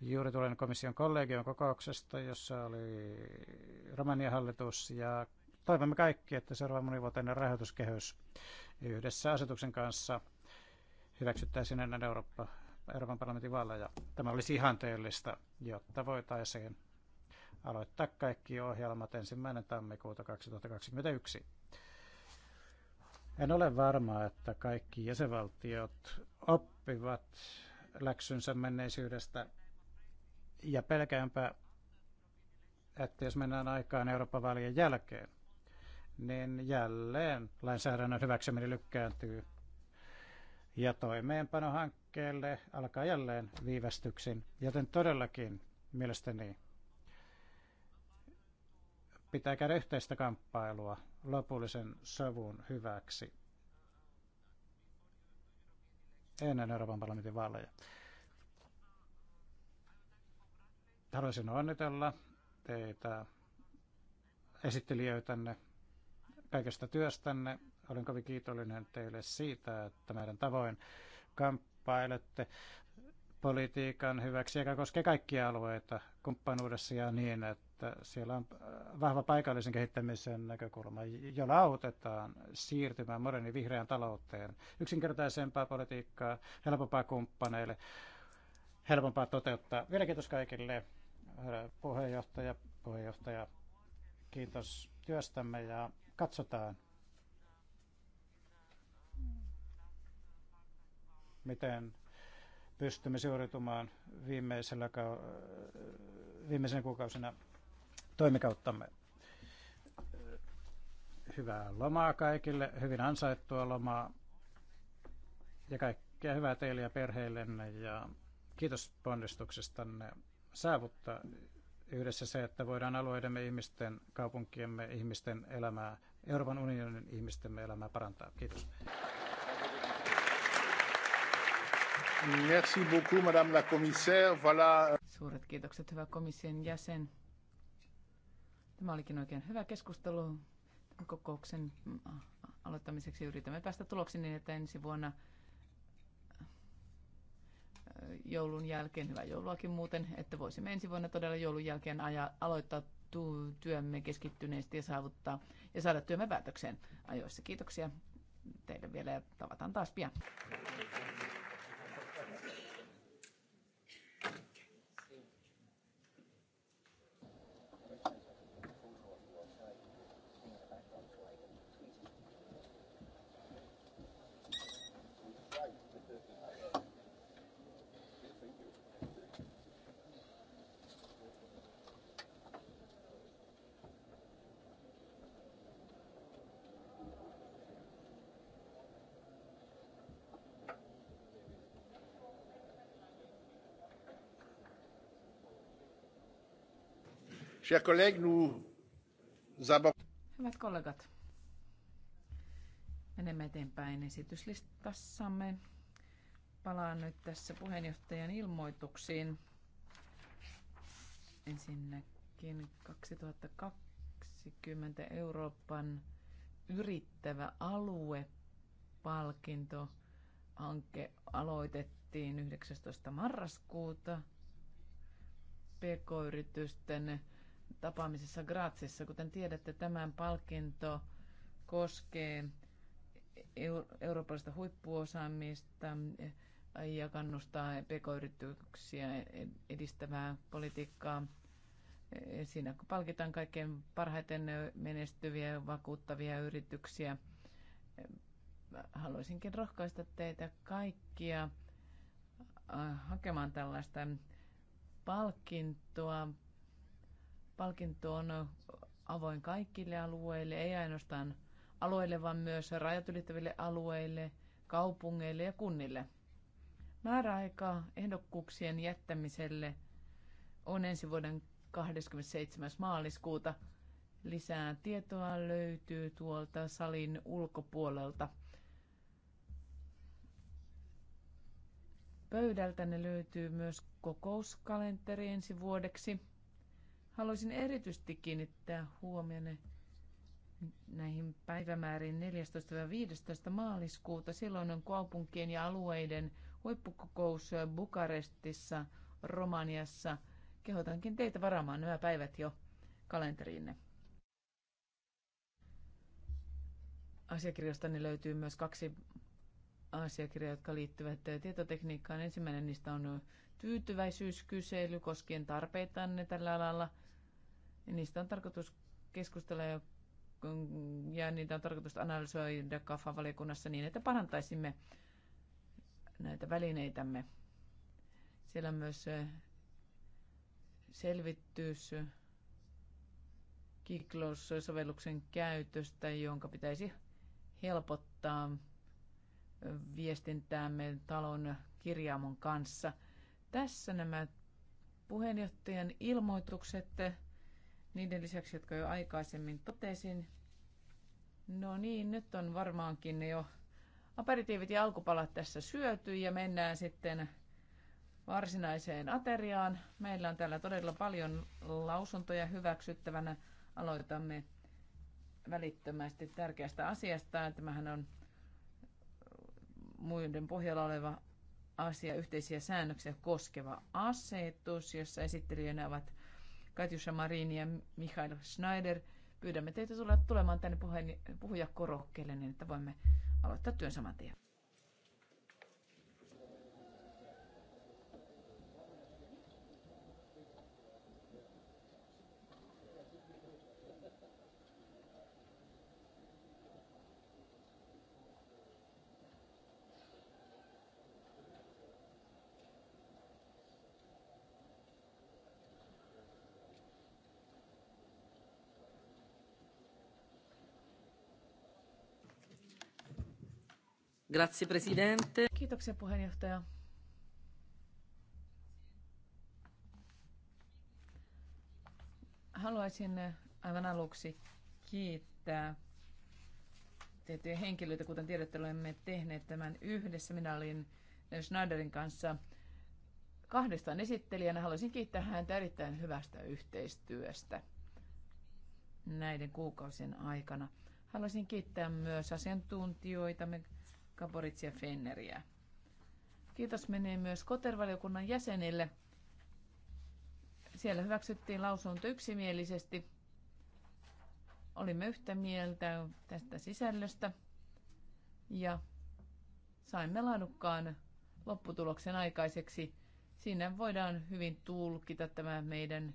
Juuri tulen komission kollegion kokouksesta, jossa oli Romanian hallitus ja Toivomme kaikki, että seuraava monivuotinen rahoituskehys yhdessä asetuksen kanssa hyväksyttäisiin ennen Eurooppa, Euroopan parlamentin vaaleja. Tämä olisi ihanteellista, jotta voitaisiin aloittaa kaikki ohjelmat ensimmäinen tammikuuta 2021. En ole varma, että kaikki jäsenvaltiot oppivat läksynsä menneisyydestä ja pelkäänpä, että jos mennään aikaan Euroopan vaalien jälkeen, niin jälleen lainsäädännön hyväksyminen lykkääntyy. Ja toimeenpanohankkeelle alkaa jälleen viivästyksin, joten todellakin mielestäni pitää käydä yhteistä kamppailua lopullisen sovun hyväksi ennen Euroopan parlamentin vaaleja. Haluaisin onnitella teitä esittelijöitänne kaikesta työstänne. Olen kovin kiitollinen teille siitä, että meidän tavoin kamppailette politiikan hyväksi, joka koskee kaikkia alueita kumppanuudessa ja niin, että siellä on äh, vahva paikallisen kehittämisen näkökulma, jolla autetaan siirtymään moderni vihreään talouteen, yksinkertaisempaa politiikkaa, helpompaa kumppaneille, helpompaa toteuttaa. Vielä kiitos kaikille puheenjohtaja, puheenjohtaja. Kiitos työstämme ja Katsotaan, miten pystymme suoritumaan viimeisellä viimeisenä kuukausina toimikauttamme. Hyvää lomaa kaikille, hyvin ansaittua lomaa ja kaikkea hyvää teille ja perheillenne ja kiitos ponnistuksestanne saavuttaa yhdessä se, että voidaan alueidemme ihmisten, kaupunkiemme ihmisten elämää Euroopan unionin ihmisten elämää parantaa. Kiitos. Merci beaucoup, madame la commissaire. Voilà. Suuret kiitokset, hyvä komission jäsen. Tämä olikin oikein hyvä keskustelu kokouksen mm, aloittamiseksi. Yritämme päästä tuloksiin niin, että ensi vuonna joulun jälkeen, hyvää jouluakin muuten, että voisimme ensi vuonna todella joulun jälkeen aja, aloittaa työmme keskittyneesti ja saavuttaa ja saada työmme päätökseen ajoissa. Kiitoksia teille vielä ja tavataan taas pian. Hyvät kollegat, menemme eteenpäin esityslistassamme. Palaan nyt tässä puheenjohtajan ilmoituksiin. Ensinnäkin 2020 Euroopan yrittävä aluepalkinto hanke aloitettiin 19. marraskuuta pk-yritysten tapaamisessa Grazissa. Kuten tiedätte, tämän palkinto koskee eurooppalaista huippuosaamista ja kannustaa pk-yrityksiä edistävää politiikkaa. Siinä palkitaan kaikkein parhaiten menestyviä, vakuuttavia yrityksiä. Haluaisinkin rohkaista teitä kaikkia äh, hakemaan tällaista palkintoa Palkinto on avoin kaikille alueille, ei ainoastaan alueille, vaan myös rajat ylittäville alueille, kaupungeille ja kunnille. Määräaika ehdokkuuksien jättämiselle on ensi vuoden 27. maaliskuuta. Lisää tietoa löytyy tuolta salin ulkopuolelta. Pöydältä ne löytyy myös kokouskalenteri ensi vuodeksi. Haluaisin erityisesti kiinnittää huomioon näihin päivämääriin 14. ja 15. maaliskuuta. Silloin on kaupunkien ja alueiden huippukokous Bukarestissa, Romaniassa. Kehotankin teitä varaamaan nämä päivät jo kalenteriinne. Asiakirjastani niin löytyy myös kaksi asiakirjaa, jotka liittyvät tietotekniikkaan. Ensimmäinen niistä on tyytyväisyyskysely koskien tarpeitanne tällä alalla – Niistä on tarkoitus keskustella ja, ja niitä on tarkoitus analysoida kaffa valiokunnassa niin, että parantaisimme näitä välineitämme. Siellä on myös selvitys Kiklos-sovelluksen käytöstä, jonka pitäisi helpottaa viestintäämme talon kirjaamon kanssa. Tässä nämä puheenjohtajan ilmoitukset niiden lisäksi, jotka jo aikaisemmin totesin. No niin, nyt on varmaankin jo aperitiivit ja alkupalat tässä syöty ja mennään sitten varsinaiseen ateriaan. Meillä on täällä todella paljon lausuntoja hyväksyttävänä. Aloitamme välittömästi tärkeästä asiasta. Tämähän on muiden pohjalla oleva asia, yhteisiä säännöksiä koskeva asetus, jossa esittelijöinä ovat Katjusha Marini ja Michael Schneider. Pyydämme teitä tulemaan tänne puhujakorokkeelle niin, että voimme aloittaa työn saman tien. Grazie presidente. Kiitoksia puheenjohtaja. Haluaisin eh, aivan aluksi kiittää tiettyjä henkilöitä. Kuten tiedätte, olemme tehneet tämän yhdessä. Minä olin Schneiderin kanssa kahdestaan esittelijänä. Haluaisin kiittää häntä erittäin hyvästä yhteistyöstä näiden kuukausien aikana. Haluaisin kiittää myös asiantuntijoita, ja Fenneriä. Kiitos menee myös kotervaliokunnan jäsenille. Siellä hyväksyttiin lausunto yksimielisesti. Olimme yhtä mieltä tästä sisällöstä ja saimme laadukkaan lopputuloksen aikaiseksi. Siinä voidaan hyvin tulkita tämä meidän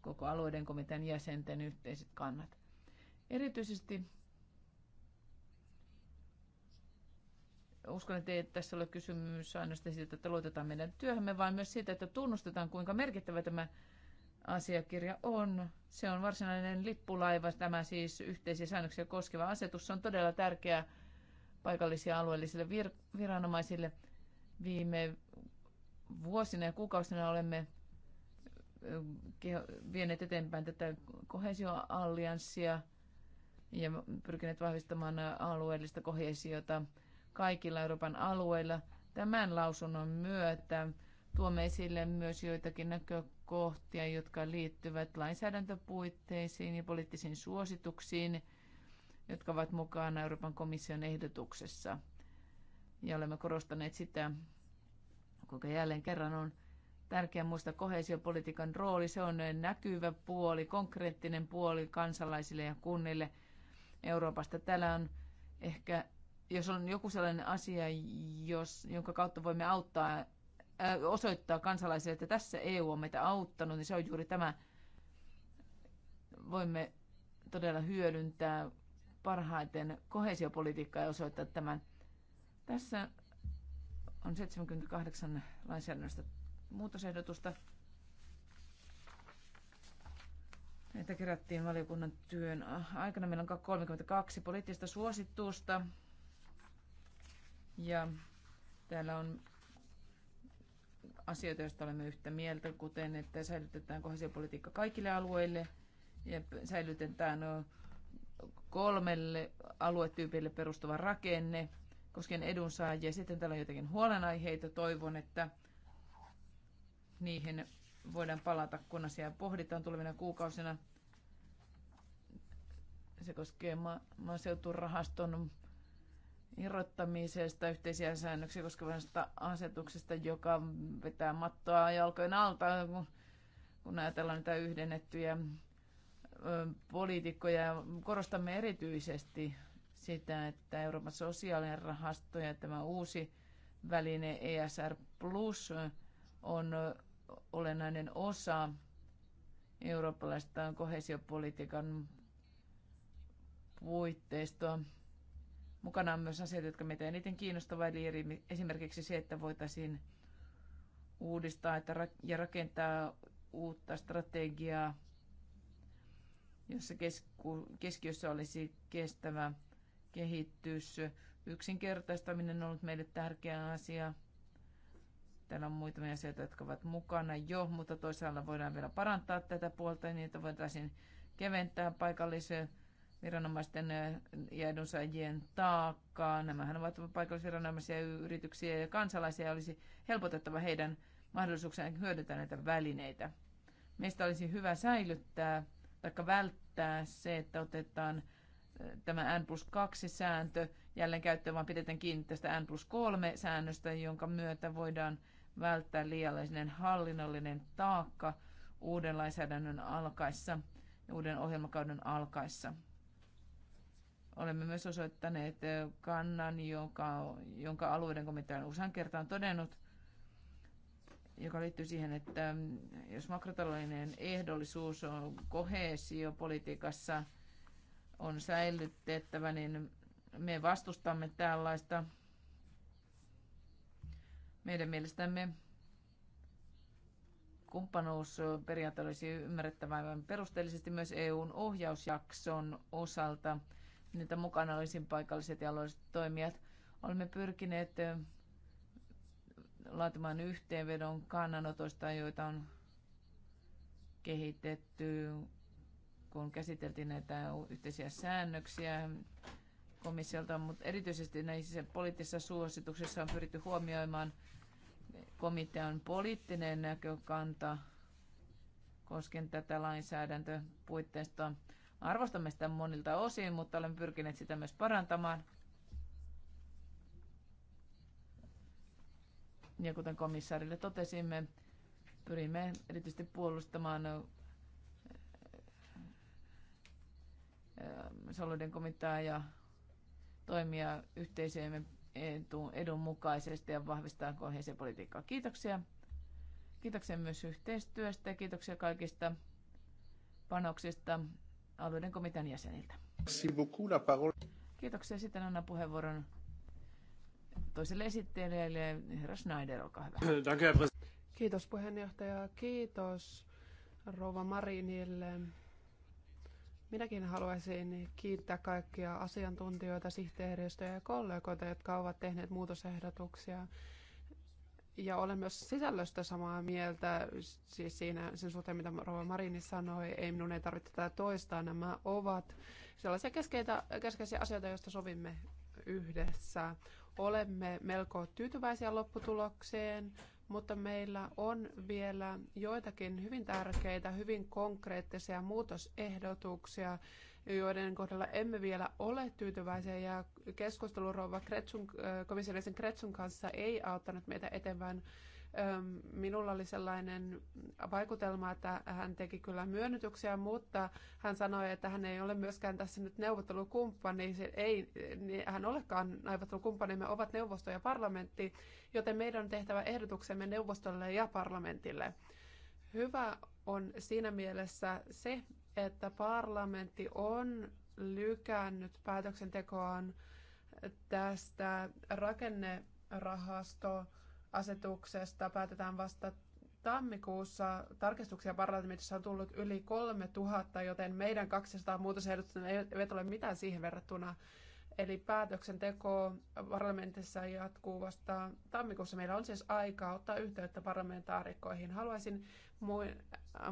koko alueiden komitean jäsenten yhteiset kannat. Erityisesti uskon, että ei tässä ole kysymys ainoastaan siitä, että luotetaan meidän työhömme, vaan myös siitä, että tunnustetaan, kuinka merkittävä tämä asiakirja on. Se on varsinainen lippulaiva, tämä siis yhteisiä säännöksiä koskeva asetus. Se on todella tärkeä paikallisia alueellisille vir- viranomaisille. Viime vuosina ja kuukausina olemme vieneet eteenpäin tätä kohesioallianssia ja pyrkineet vahvistamaan alueellista kohesiota kaikilla Euroopan alueilla. Tämän lausunnon myötä tuomme esille myös joitakin näkökohtia, jotka liittyvät lainsäädäntöpuitteisiin ja poliittisiin suosituksiin, jotka ovat mukana Euroopan komission ehdotuksessa. Ja olemme korostaneet sitä, kuinka jälleen kerran on tärkeää muistaa kohesiopolitiikan rooli. Se on näkyvä puoli, konkreettinen puoli kansalaisille ja kunnille Euroopasta. Täällä on ehkä jos on joku sellainen asia, jos, jonka kautta voimme auttaa, äh, osoittaa kansalaisille, että tässä EU on meitä auttanut, niin se on juuri tämä. Voimme todella hyödyntää parhaiten kohesiopolitiikkaa ja osoittaa tämän. Tässä on 78 lainsäädännöstä muutosehdotusta. Näitä kerättiin valiokunnan työn aikana. Meillä on 32 poliittista suositusta. Ja täällä on asioita, joista olemme yhtä mieltä, kuten että säilytetään kohesiopolitiikka kaikille alueille ja säilytetään kolmelle aluetyypille perustuva rakenne koskien edunsaajia. Sitten täällä on jotenkin huolenaiheita. Toivon, että niihin voidaan palata, kun asiaa pohditaan tulevina kuukausina. Se koskee ma- maaseuturahaston irrottamisesta yhteisiä säännöksiä koskevasta asetuksesta, joka vetää mattoa jalkojen alta, kun, kun ajatellaan näitä yhdennettyjä poliitikkoja. Korostamme erityisesti sitä, että Euroopan sosiaalinen rahasto ja tämä uusi väline ESR Plus on olennainen osa eurooppalaista kohesiopolitiikan puitteistoa. Mukana on myös asioita, jotka meitä eniten kiinnostavat, eli esimerkiksi se, että voitaisiin uudistaa ja rakentaa uutta strategiaa, jossa kesku, keskiössä olisi kestävä kehitys. Yksinkertaistaminen on ollut meille tärkeä asia. Täällä on muutamia asioita, jotka ovat mukana jo, mutta toisaalla voidaan vielä parantaa tätä puolta niin, että voitaisiin keventää paikallisen viranomaisten ja edunsaajien taakkaa. Nämähän ovat paikallisviranomaisia yrityksiä ja kansalaisia olisi helpotettava heidän mahdollisuuksiaan hyödyntää näitä välineitä. Meistä olisi hyvä säilyttää tai välttää se, että otetaan tämä N plus 2 sääntö jälleen käyttöön, vaan pidetään kiinni tästä N plus 3 säännöstä, jonka myötä voidaan välttää liiallinen hallinnollinen taakka uuden lainsäädännön alkaessa ja uuden ohjelmakauden alkaessa. Olemme myös osoittaneet eh, kannan, jonka, jonka alueiden komitea on usean kertaan todennut, joka liittyy siihen, että mm, jos makrotaloudellinen ehdollisuus on politiikassa on säilytettävä, niin me vastustamme tällaista. Meidän mielestämme kumppanuusperiaate olisi ymmärrettävä perusteellisesti myös EUn ohjausjakson osalta – niitä mukana olisin paikalliset ja alueelliset toimijat. Olemme pyrkineet laatimaan yhteenvedon kannanotoista, joita on kehitetty, kun käsiteltiin näitä yhteisiä säännöksiä komissiolta, mutta erityisesti näissä poliittisissa suosituksissa on pyritty huomioimaan komitean poliittinen näkökanta koskien tätä lainsäädäntöpuitteistoa. Arvostamme sitä monilta osin, mutta olemme pyrkineet sitä myös parantamaan. Ja kuten komissaarille totesimme, pyrimme erityisesti puolustamaan soluiden komitea ja toimia yhteisöjemme edun mukaisesti ja vahvistaa kohesiopolitiikkaa. Kiitoksia. Kiitoksia myös yhteistyöstä ja kiitoksia kaikista panoksista alueiden komitean jäseniltä. Kiitoksia. Sitten annan puheenvuoron toiselle esittelijälle, herra Schneider, olkaa hyvä. Kiitos puheenjohtaja. Kiitos rouva Marinille. Minäkin haluaisin kiittää kaikkia asiantuntijoita, sihteeristöjä ja kollegoita, jotka ovat tehneet muutosehdotuksia ja olen myös sisällöstä samaa mieltä, siis siinä sen suhteen, mitä Rova Marini sanoi, ei minun ei tarvitse tätä toistaa. Nämä ovat sellaisia keskeitä, keskeisiä asioita, joista sovimme yhdessä. Olemme melko tyytyväisiä lopputulokseen, mutta meillä on vielä joitakin hyvin tärkeitä, hyvin konkreettisia muutosehdotuksia, joiden kohdalla emme vielä ole tyytyväisiä ja keskustelu rouva Kretsun, äh, komissiolisen Kretsun kanssa ei auttanut meitä eteenpäin. Ähm, minulla oli sellainen vaikutelma, että hän teki kyllä myönnytyksiä, mutta hän sanoi, että hän ei ole myöskään tässä nyt neuvottelukumppani. Ei niin hän olekaan neuvottelukumppani, me ovat neuvosto ja parlamentti, joten meidän on tehtävä ehdotuksemme neuvostolle ja parlamentille. Hyvä on siinä mielessä se, että parlamentti on lykännyt päätöksentekoaan tästä rakennerahastoasetuksesta. Päätetään vasta tammikuussa. Tarkistuksia parlamentissa on tullut yli 3000, joten meidän 200 muutosehdotusta eivät ole mitään siihen verrattuna. Eli päätöksenteko parlamentissa jatkuu vasta tammikuussa. Meillä on siis aikaa ottaa yhteyttä parlamentaarikkoihin. Haluaisin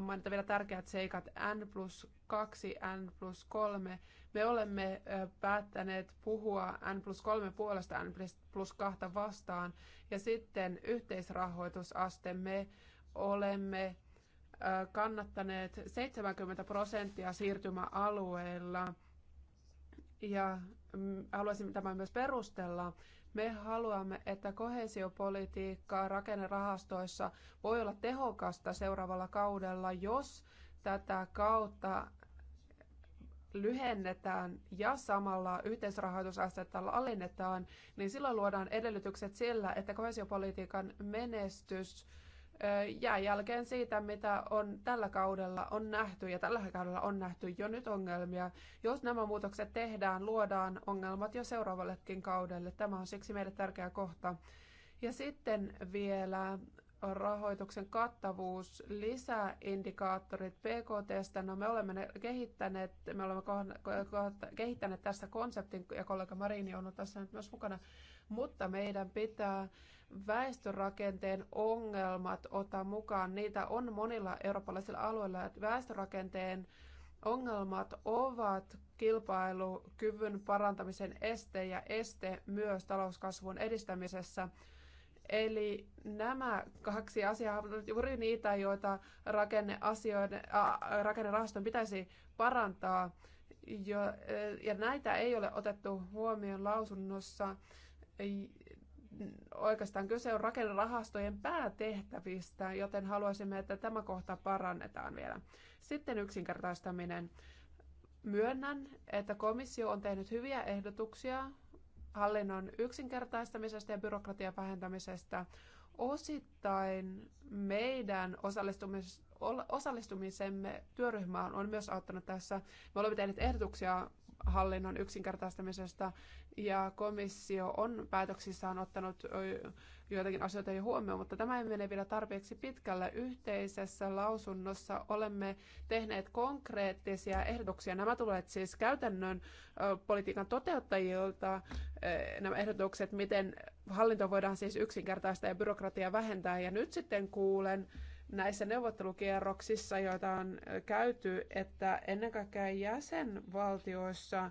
mainita vielä tärkeät seikat. N plus 2, N plus 3. Me olemme päättäneet puhua N plus 3 puolesta N plus 2 vastaan. Ja sitten yhteisrahoitusaste. Me olemme kannattaneet 70 prosenttia siirtymäalueella. Ja mm, haluaisin tämän myös perustella. Me haluamme, että kohesiopolitiikkaa rakennerahastoissa voi olla tehokasta seuraavalla kaudella, jos tätä kautta lyhennetään ja samalla yhteisrahoitusastetta alennetaan, niin silloin luodaan edellytykset sillä, että kohesiopolitiikan menestys jää jälkeen siitä, mitä on tällä kaudella on nähty, ja tällä kaudella on nähty jo nyt ongelmia. Jos nämä muutokset tehdään, luodaan ongelmat jo seuraavallekin kaudelle. Tämä on siksi meille tärkeä kohta. Ja sitten vielä rahoituksen kattavuus, lisäindikaattorit PKTstä. No me olemme ne kehittäneet, me olemme kehittäneet tässä konseptin ja kollega Marini on ollut tässä nyt myös mukana, mutta meidän pitää väestörakenteen ongelmat ottaa mukaan. Niitä on monilla eurooppalaisilla alueilla. Että väestörakenteen ongelmat ovat kilpailukyvyn parantamisen este ja este myös talouskasvun edistämisessä. Eli nämä kaksi asiaa ovat juuri niitä, joita rakennerahaston pitäisi parantaa. E, ja näitä ei ole otettu huomioon lausunnossa oikeastaan kyse on rakennerahastojen päätehtävistä, joten haluaisimme, että tämä kohta parannetaan vielä. Sitten yksinkertaistaminen. Myönnän, että komissio on tehnyt hyviä ehdotuksia hallinnon yksinkertaistamisesta ja byrokratian vähentämisestä. Osittain meidän osallistumis, osallistumisemme työryhmään on myös auttanut tässä. Me olemme tehneet ehdotuksia hallinnon yksinkertaistamisesta ja komissio on päätöksissään ottanut joitakin asioita jo huomioon, mutta tämä ei mene vielä tarpeeksi pitkällä Yhteisessä lausunnossa olemme tehneet konkreettisia ehdotuksia. Nämä tulevat siis käytännön politiikan toteuttajilta, nämä ehdotukset, miten hallinto voidaan siis yksinkertaistaa ja byrokratiaa vähentää. Ja nyt sitten kuulen näissä neuvottelukierroksissa, joita on käyty, että ennen kaikkea jäsenvaltioissa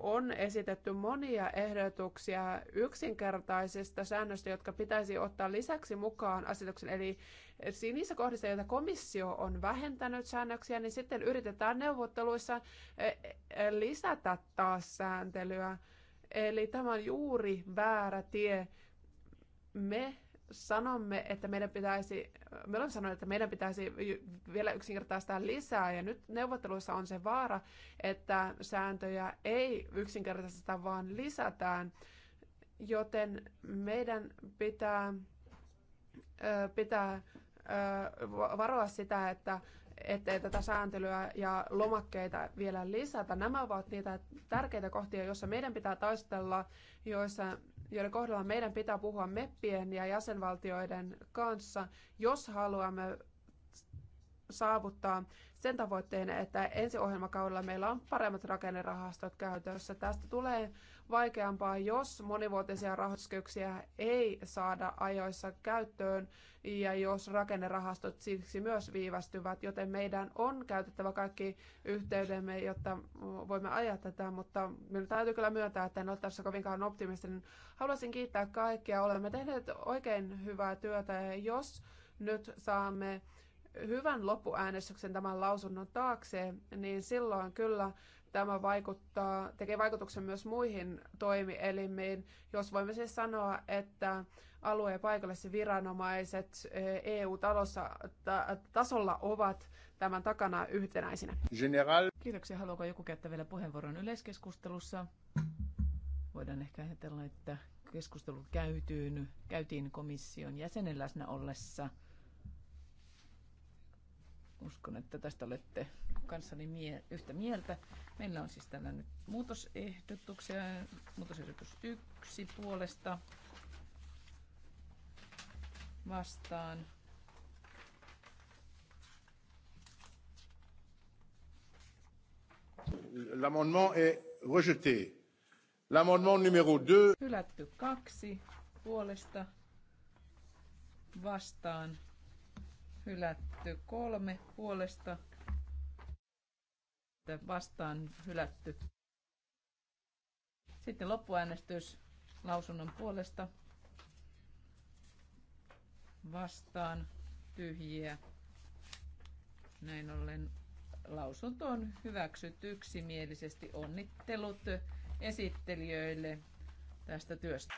on esitetty monia ehdotuksia yksinkertaisista säännöistä, jotka pitäisi ottaa lisäksi mukaan asetuksen. Eli niissä kohdissa, joita komissio on vähentänyt säännöksiä, niin sitten yritetään neuvotteluissa lisätä taas sääntelyä. Eli tämä on juuri väärä tie. Me sanomme, että meidän pitäisi, me olemme sanoneet, että meidän pitäisi vielä yksinkertaistaa lisää, ja nyt neuvotteluissa on se vaara, että sääntöjä ei yksinkertaisesta vaan lisätään, joten meidän pitää, pitää varoa sitä, että ettei tätä sääntelyä ja lomakkeita vielä lisätä. Nämä ovat niitä tärkeitä kohtia, joissa meidän pitää taistella, joissa joiden kohdalla meidän pitää puhua meppien ja jäsenvaltioiden kanssa, jos haluamme saavuttaa sen tavoitteen, että ensi ohjelmakaudella meillä on paremmat rakennerahastot käytössä. Tästä tulee vaikeampaa, jos monivuotisia rahoituskyksiä ei saada ajoissa käyttöön ja jos rakennerahastot siksi myös viivästyvät, joten meidän on käytettävä kaikki yhteydemme, jotta voimme ajaa tätä, mutta minun täytyy kyllä myöntää, että en ole tässä kovinkaan optimistinen. Haluaisin kiittää kaikkia, olemme tehneet oikein hyvää työtä ja jos nyt saamme hyvän loppuäänestyksen tämän lausunnon taakse, niin silloin kyllä tämä vaikuttaa, tekee vaikutuksen myös muihin toimielimiin, jos voimme siis sanoa, että alue- ja viranomaiset EU-tasolla eh, e ovat tämän takana yhtenäisinä. General. Kiitoksia. Haluaako joku käyttää vielä puheenvuoron yleiskeskustelussa? Voidaan ehkä ajatella, että keskustelu käytyyn, käytiin komission jäsenen läsnä ollessa – Uskon, että tästä olette kanssani mie- yhtä mieltä. Meillä on siis täällä nyt muutosehdotuksia. Muutosehdotus yksi puolesta vastaan. L'amendement est rejeté. L'amendement numéro 2. Hylätty kaksi puolesta vastaan hylätty. Kolme puolesta vastaan hylätty. Sitten loppuäänestys lausunnon puolesta vastaan tyhjiä. Näin ollen lausunto on hyväksytty yksimielisesti. Onnittelut esittelijöille tästä työstä.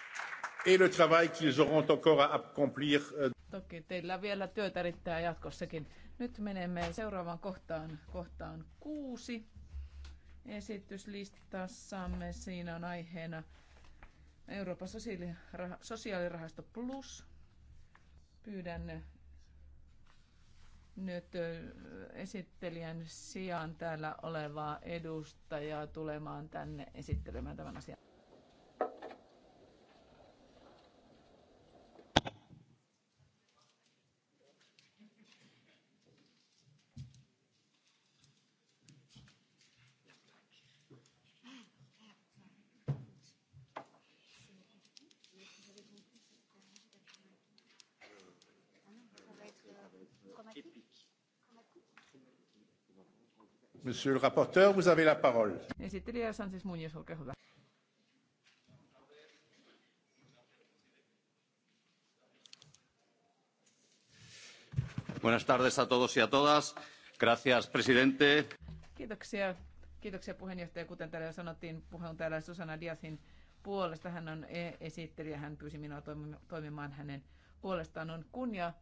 Et le travail qu'ils auront encore à accomplir euh, Toki teillä vielä työtä riittää jatkossakin. Nyt menemme seuraavaan kohtaan, kohtaan kuusi esityslistassamme. Siinä on aiheena Euroopan sosiaaliraha, sosiaalirahasto Plus. Pyydän nyt esittelijän sijaan täällä olevaa edustajaa tulemaan tänne esittelemään tämän asian. Monsieur le rapporteur, vous avez la parole. Esittelijä Sanchez Muñoz, olkaa hyvä. Buenas tardes a todos y a todas. Gracias, presidente. Kiitoksia. Kiitoksia puheenjohtaja. Kuten täällä sanottiin, puhe on täällä Susana Diasin puolesta. Hän on esittelijä. Hän pyysi minua toimimaan hänen puolestaan. On kunnia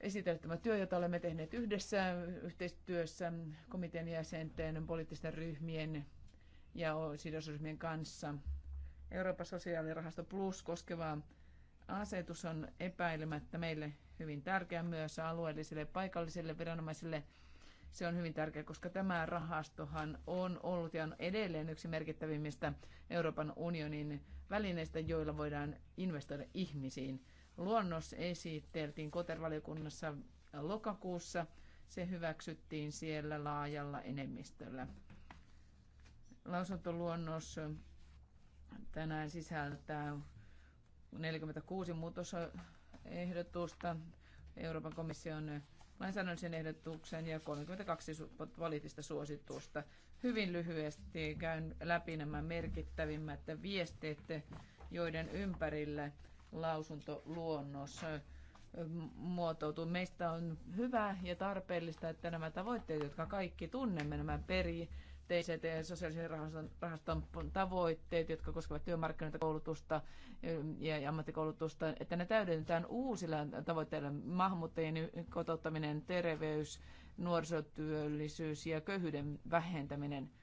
esitellä tämä työ, jota olemme tehneet yhdessä yhteistyössä komitean jäsenten, poliittisten ryhmien ja sidosryhmien kanssa. Euroopan sosiaalirahasto Plus koskeva asetus on epäilemättä meille hyvin tärkeä myös alueellisille ja paikallisille viranomaisille. Se on hyvin tärkeä, koska tämä rahastohan on ollut ja on edelleen yksi merkittävimmistä Euroopan unionin välineistä, joilla voidaan investoida ihmisiin – Luonnos esiteltiin kotervaliokunnassa lokakuussa. Se hyväksyttiin siellä laajalla enemmistöllä. Lausuntoluonnos tänään sisältää 46 muutosehdotusta Euroopan komission lainsäädännöllisen ehdotuksen ja 32 poliittista suositusta. Hyvin lyhyesti käyn läpi nämä merkittävimmät viesteet, joiden ympärille lausuntoluonnos muotoutuu. Meistä on hyvä ja tarpeellista, että nämä tavoitteet, jotka kaikki tunnemme, nämä TCT ja sosiaalisen rahaston, rahaston tavoitteet, jotka koskevat työmarkkinoita, koulutusta ja ammattikoulutusta, että ne täydennetään uusilla tavoitteilla. Maahanmuuttajien kotouttaminen, terveys, nuorisotyöllisyys ja köyhyyden vähentäminen –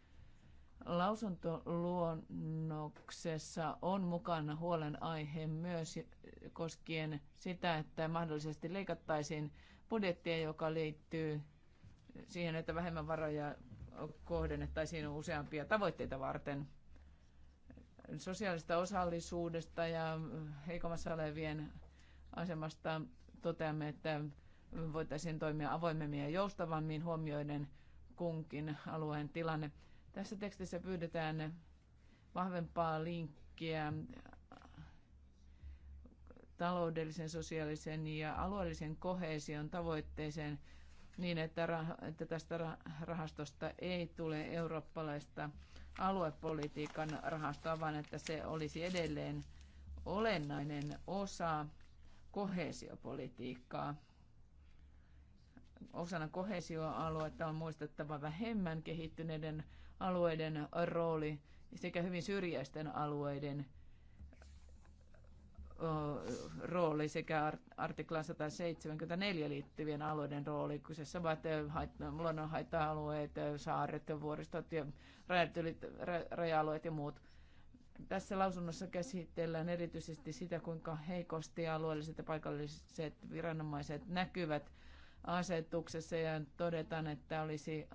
Lausuntoluonnoksessa on mukana huolenaihe myös koskien sitä, että mahdollisesti leikattaisiin budjettia, joka liittyy siihen, että vähemmän varoja kohdennettaisiin useampia tavoitteita varten. Sosiaalista osallisuudesta ja heikommassa olevien asemasta toteamme, että voitaisiin toimia avoimemmin ja joustavammin huomioiden kunkin alueen tilanne. Tässä tekstissä pyydetään vahvempaa linkkiä taloudellisen, sosiaalisen ja alueellisen kohesion tavoitteeseen niin, että, että tästä rahastosta ei tule eurooppalaista aluepolitiikan rahastoa, vaan että se olisi edelleen olennainen osa kohesiopolitiikkaa. Osana kohesioaluetta on muistettava vähemmän kehittyneiden alueiden rooli sekä hyvin syrjäisten alueiden rooli sekä artikla 174 liittyvien alueiden rooli. Kyseessä ovat luonnonhaitta-alueet, saaret, vuoristot ja raja-alueet ja muut. Tässä lausunnossa käsitellään erityisesti sitä, kuinka heikosti alueelliset ja paikalliset viranomaiset näkyvät asetuksessa ja todetaan, että olisi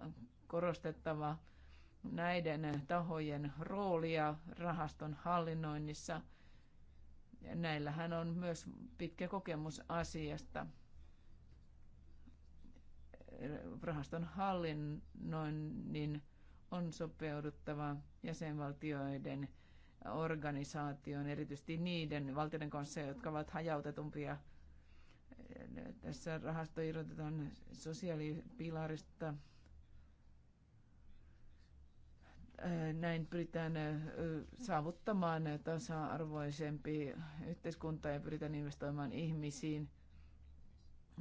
korostettava näiden tahojen roolia rahaston hallinnoinnissa. Näillähän on myös pitkä kokemus asiasta. Rahaston hallinnoinnin on sopeuduttava jäsenvaltioiden organisaation, erityisesti niiden valtioiden kanssa, jotka ovat hajautetumpia. Tässä rahasto irrotetaan sosiaalipilarista Näin pyritään saavuttamaan tasa-arvoisempi yhteiskunta ja pyritään investoimaan ihmisiin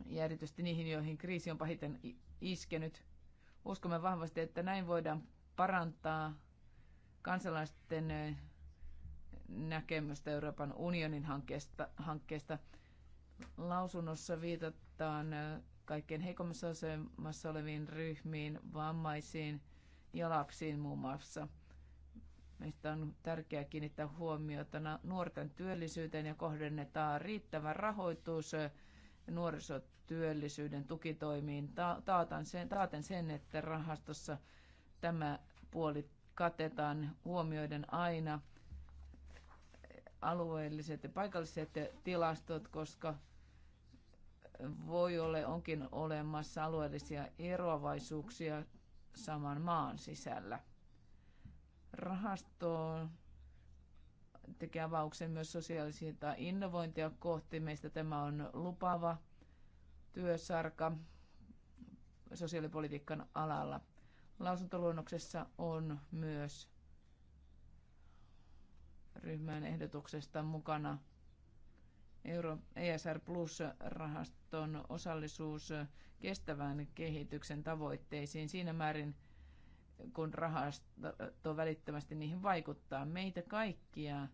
ja erityisesti niihin, joihin kriisi on pahiten iskenyt. Uskomme vahvasti, että näin voidaan parantaa kansalaisten näkemystä Euroopan unionin hankkeesta. hankkeesta. Lausunnossa viitataan kaikkein heikommassa asemassa oleviin ryhmiin, vammaisiin, ja lapsiin muun muassa. Meistä on tärkeää kiinnittää huomiota nuorten työllisyyteen ja kohdennetaan riittävä rahoitus nuorisotyöllisyyden tukitoimiin. taatan sen, taaten sen, että rahastossa tämä puoli katetaan huomioiden aina alueelliset ja paikalliset tilastot, koska voi olla onkin olemassa alueellisia eroavaisuuksia saman maan sisällä. Rahasto tekee avauksen myös sosiaalisia innovointia kohti. Meistä tämä on lupava työsarka sosiaalipolitiikan alalla. Lausuntoluonnoksessa on myös ryhmän ehdotuksesta mukana Euro ESR Plus-rahaston osallisuus kestävän kehityksen tavoitteisiin siinä määrin, kun rahasto välittömästi niihin vaikuttaa. Meitä kaikkia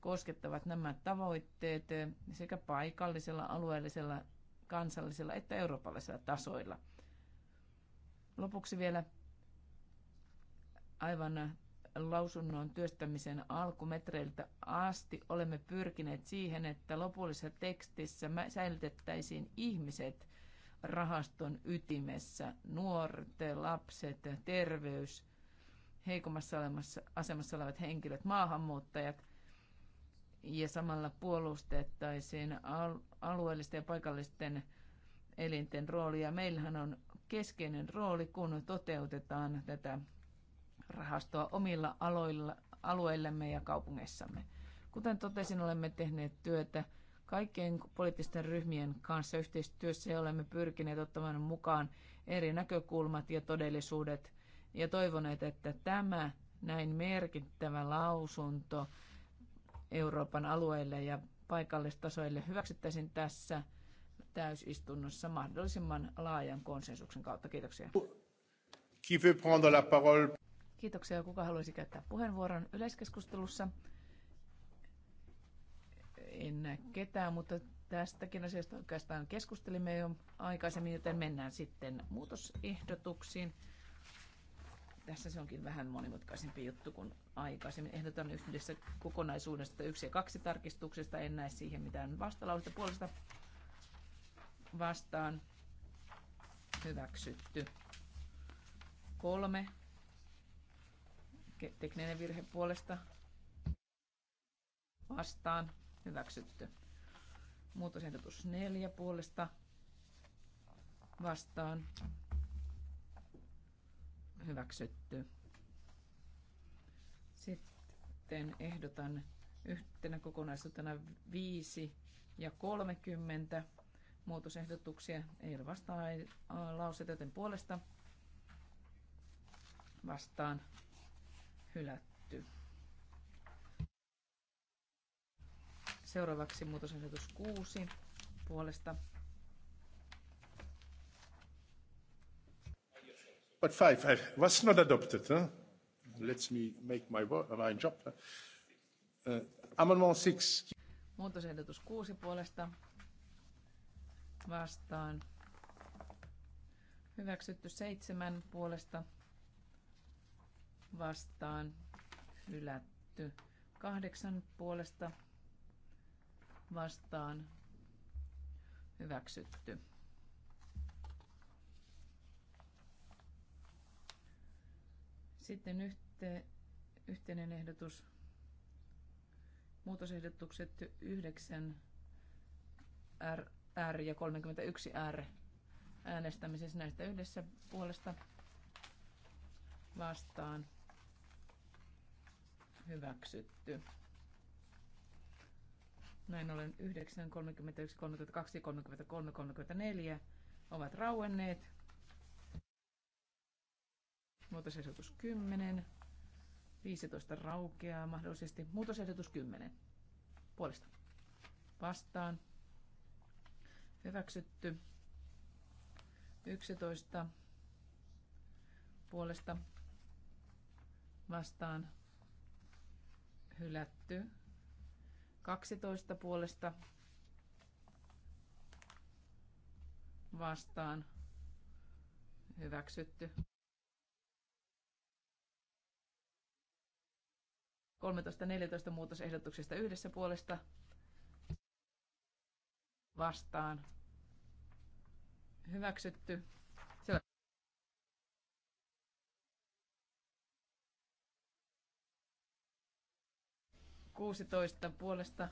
koskettavat nämä tavoitteet sekä paikallisella, alueellisella, kansallisella että eurooppalaisella tasoilla. Lopuksi vielä aivan lausunnon työstämisen alkumetreiltä asti olemme pyrkineet siihen, että lopullisessa tekstissä säilytettäisiin ihmiset rahaston ytimessä, nuoret, lapset, terveys, heikommassa asemassa olevat henkilöt, maahanmuuttajat, ja samalla puolustettaisiin alueellisten ja paikallisten elinten roolia. Meillähän on keskeinen rooli, kun toteutetaan tätä rahastoa omilla aloilla, alueillemme ja kaupungeissamme. Kuten totesin, olemme tehneet työtä kaikkien poliittisten ryhmien kanssa yhteistyössä ja olemme pyrkineet ottamaan mukaan eri näkökulmat ja todellisuudet ja toivoneet, että tämä näin merkittävä lausunto Euroopan alueille ja paikallistasoille hyväksyttäisiin tässä täysistunnossa mahdollisimman laajan konsensuksen kautta. Kiitoksia. Kiitoksia, kuka haluaisi käyttää puheenvuoron yleiskeskustelussa. En näe ketään, mutta tästäkin asiasta oikeastaan keskustelimme jo aikaisemmin, joten mennään sitten muutosehdotuksiin. Tässä se onkin vähän monimutkaisempi juttu kuin aikaisemmin. Ehdotan yhdessä kokonaisuudesta yksi ja kaksi tarkistuksesta. En näe siihen mitään vastalausta puolesta vastaan. Hyväksytty. Kolme Tekninen virhe puolesta vastaan hyväksytty. Muutosehdotus 4 puolesta vastaan hyväksytty. Sitten ehdotan yhtenä kokonaisuutena 5 ja 30 muutosehdotuksia. Ei ole vastaan lauseet, joten puolesta vastaan hylätty. Seuraavaksi muutosehdotus 6 puolesta. But five, five was not adopted. Huh? Let me make my my job. Uh, amendment six. Muutosehdotus kuusi puolesta vastaan. Hyväksytty seitsemän puolesta vastaan hylätty. Kahdeksan puolesta vastaan hyväksytty. Sitten yhte, yhteinen ehdotus. Muutosehdotukset 9 R, R ja 31 R äänestämisessä näistä yhdessä puolesta vastaan hyväksytty. Näin ollen 9, 31, 32, 33, 34 ovat rauenneet. Muutosehdotus 10. 15 raukeaa mahdollisesti. Muutosehdotus 10. Puolesta. Vastaan. Hyväksytty. 11. Puolesta. Vastaan hylätty. 12 puolesta vastaan hyväksytty. 13-14 muutosehdotuksesta yhdessä puolesta vastaan hyväksytty. 16 puolesta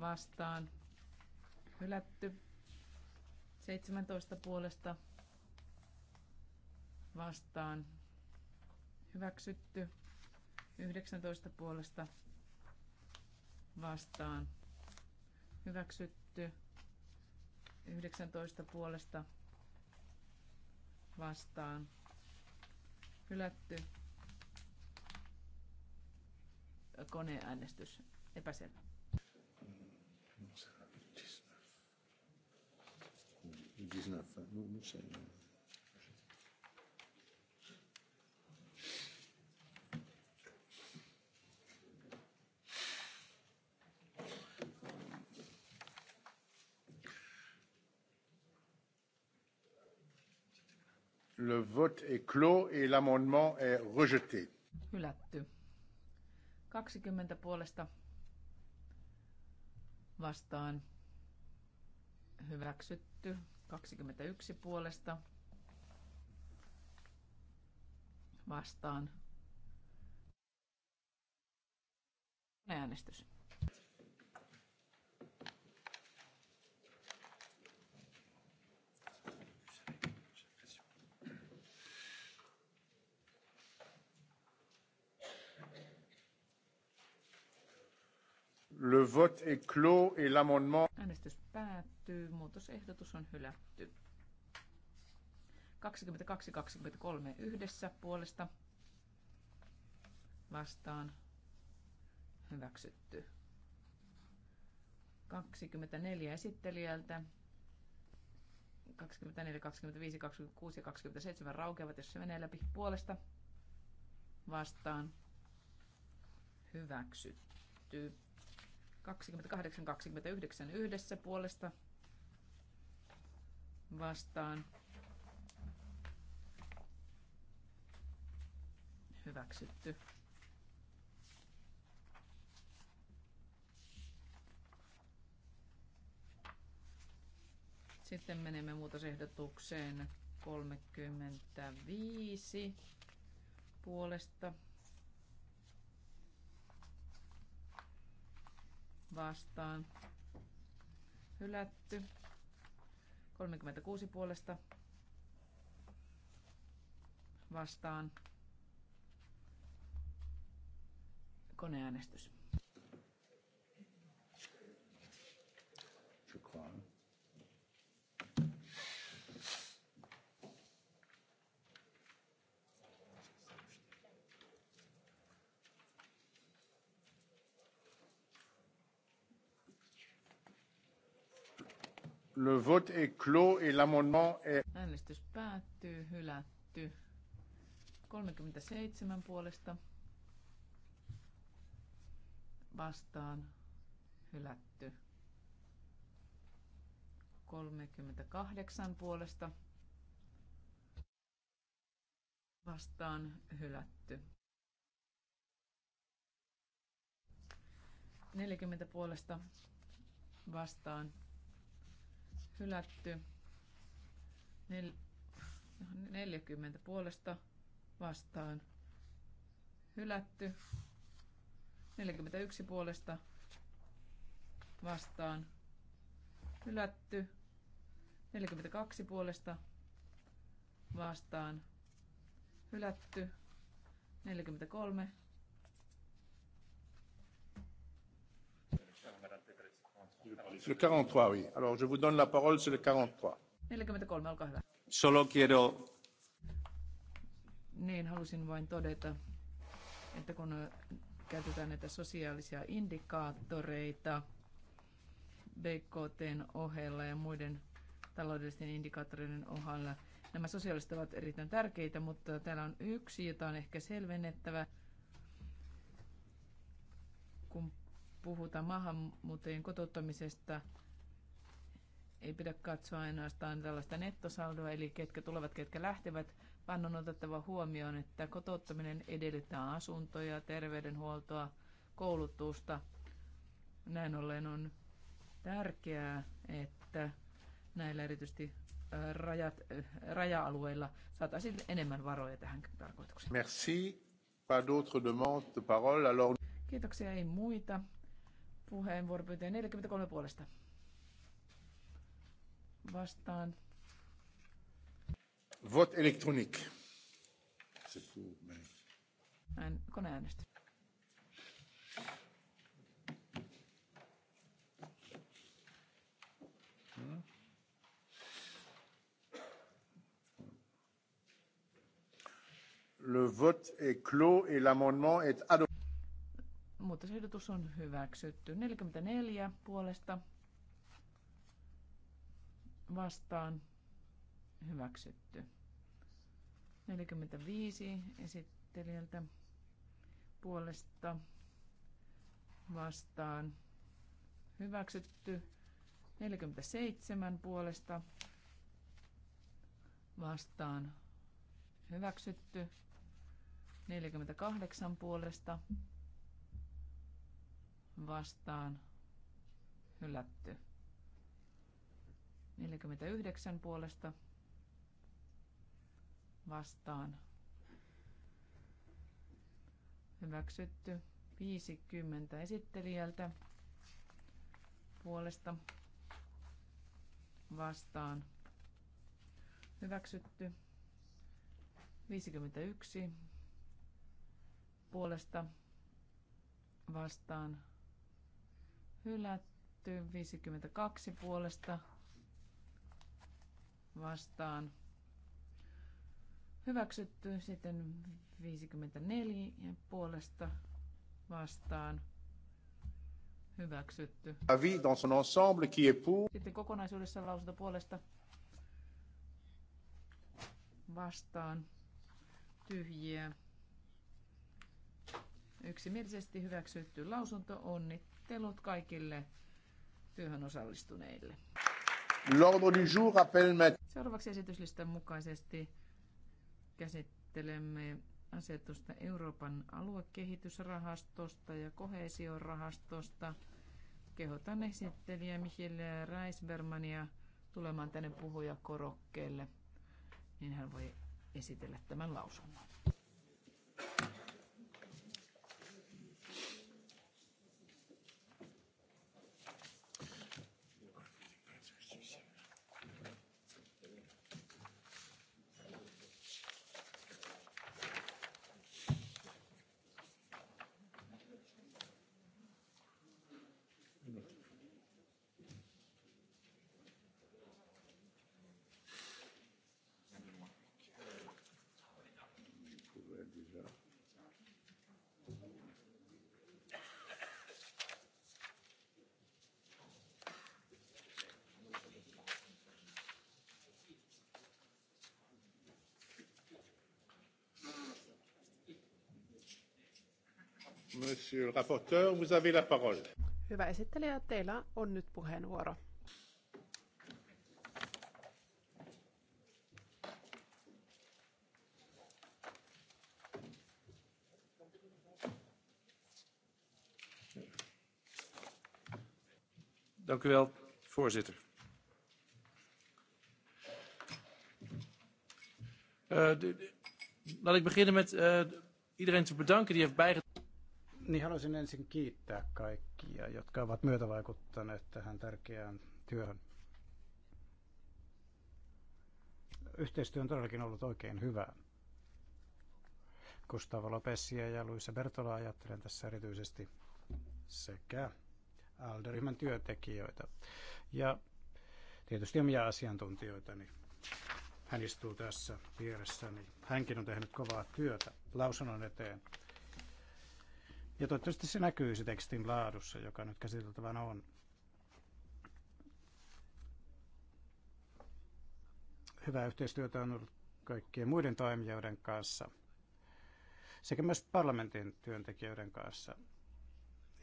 vastaan hylätty. 17 puolesta vastaan hyväksytty. 19 puolesta vastaan hyväksytty. 19 puolesta vastaan hylätty koneäänestys. Epäselvä. Le vote est clos et l'amendement est rejeté. Hylätty. 20 puolesta vastaan hyväksytty. 21 puolesta vastaan äänestys. Le vote est clos et l'amendement... Äänestys päättyy. Muutosehdotus on hylätty. 22-23 yhdessä puolesta vastaan hyväksytty. 24 esittelijältä. 24, 25, 26 ja 27 raukeavat, jos se menee läpi puolesta vastaan hyväksytty. 28-29 yhdessä puolesta vastaan. Hyväksytty. Sitten menemme muutosehdotukseen 35 puolesta vastaan hylätty. 36 puolesta vastaan koneäänestys. Le vote est clos et l'amendement est... Äänestys päättyy, hylätty. 37 puolesta vastaan hylätty. 38 puolesta vastaan hylätty. 40 puolesta vastaan hylätty. Nel, 40 puolesta vastaan hylätty. 41 puolesta vastaan hylätty. 42 puolesta vastaan hylätty. 43 Le 43, oui. Alors, je vous donne la parole sur le 43. 43, olkaa hyvä. Solo quiero... Niin, halusin vain todeta, että kun käytetään näitä sosiaalisia indikaattoreita BKTn ohella ja muiden taloudellisten indikaattoreiden ohella, nämä sosiaaliset ovat erittäin tärkeitä, mutta täällä on yksi, jota on ehkä selvennettävä, kun puhutaan maahanmuuttajien kotouttamisesta, ei pidä katsoa ainoastaan tällaista nettosaldoa, eli ketkä tulevat, ketkä lähtevät, vaan on otettava huomioon, että kotouttaminen edellyttää asuntoja, terveydenhuoltoa, koulutusta. Näin ollen on tärkeää, että näillä erityisesti rajat, raja-alueilla saataisiin enemmän varoja tähän tarkoitukseen. Merci. Pas d'autres demandes de parole. Alors... Kiitoksia, ei muita puheenvuoropyyntöjä 43 puolesta. Vastaan. Vot elektronik. Se Ään, koneäänestys. Le vote est clos et l'amendement est adopté. Mutta se ehdotus on hyväksytty. 44 puolesta vastaan hyväksytty. 45 esittelijältä puolesta vastaan hyväksytty. 47 puolesta vastaan hyväksytty. 48 puolesta vastaan hylätty. 49 puolesta vastaan hyväksytty. 50 esittelijältä puolesta vastaan hyväksytty. 51 puolesta vastaan hylätty 52 puolesta vastaan hyväksytty sitten 54 puolesta vastaan hyväksytty. dans son ensemble qui est pour. Sitten kokonaisuudessaan lausunto puolesta vastaan tyhjiä. Yksimielisesti hyväksytty lausunto onnit Onnittelut kaikille työhön osallistuneille. L'ordre du jour appelle Seuraavaksi esityslistan mukaisesti käsittelemme asetusta Euroopan aluekehitysrahastosta ja kohesiorahastosta. Kehotan esittelijä Michel Reisbermania tulemaan tänne puhujakorokkeelle, niin hän voi esitellä tämän lausunnon. Monsieur le rapporteur, vous avez la parole. Hyvä esittelijä, teillä on nyt puheenvuoro. Dank u wel, voorzitter. Uh, de, de, laat ik beginnen met uh, iedereen te bedanken die heeft bijgedragen. Niin haluaisin ensin kiittää kaikkia, jotka ovat myötävaikuttaneet tähän tärkeään työhön. Yhteistyö on todellakin ollut oikein hyvää. Gustavo Lopessia ja Luisa Bertola ajattelen tässä erityisesti sekä Alderyhmän työntekijöitä ja tietysti omia asiantuntijoitani. Hän istuu tässä vieressäni. Hänkin on tehnyt kovaa työtä lausunnon eteen ja toivottavasti se näkyy se tekstin laadussa, joka nyt käsiteltävänä on. Hyvää yhteistyötä on ollut kaikkien muiden toimijoiden kanssa sekä myös parlamentin työntekijöiden kanssa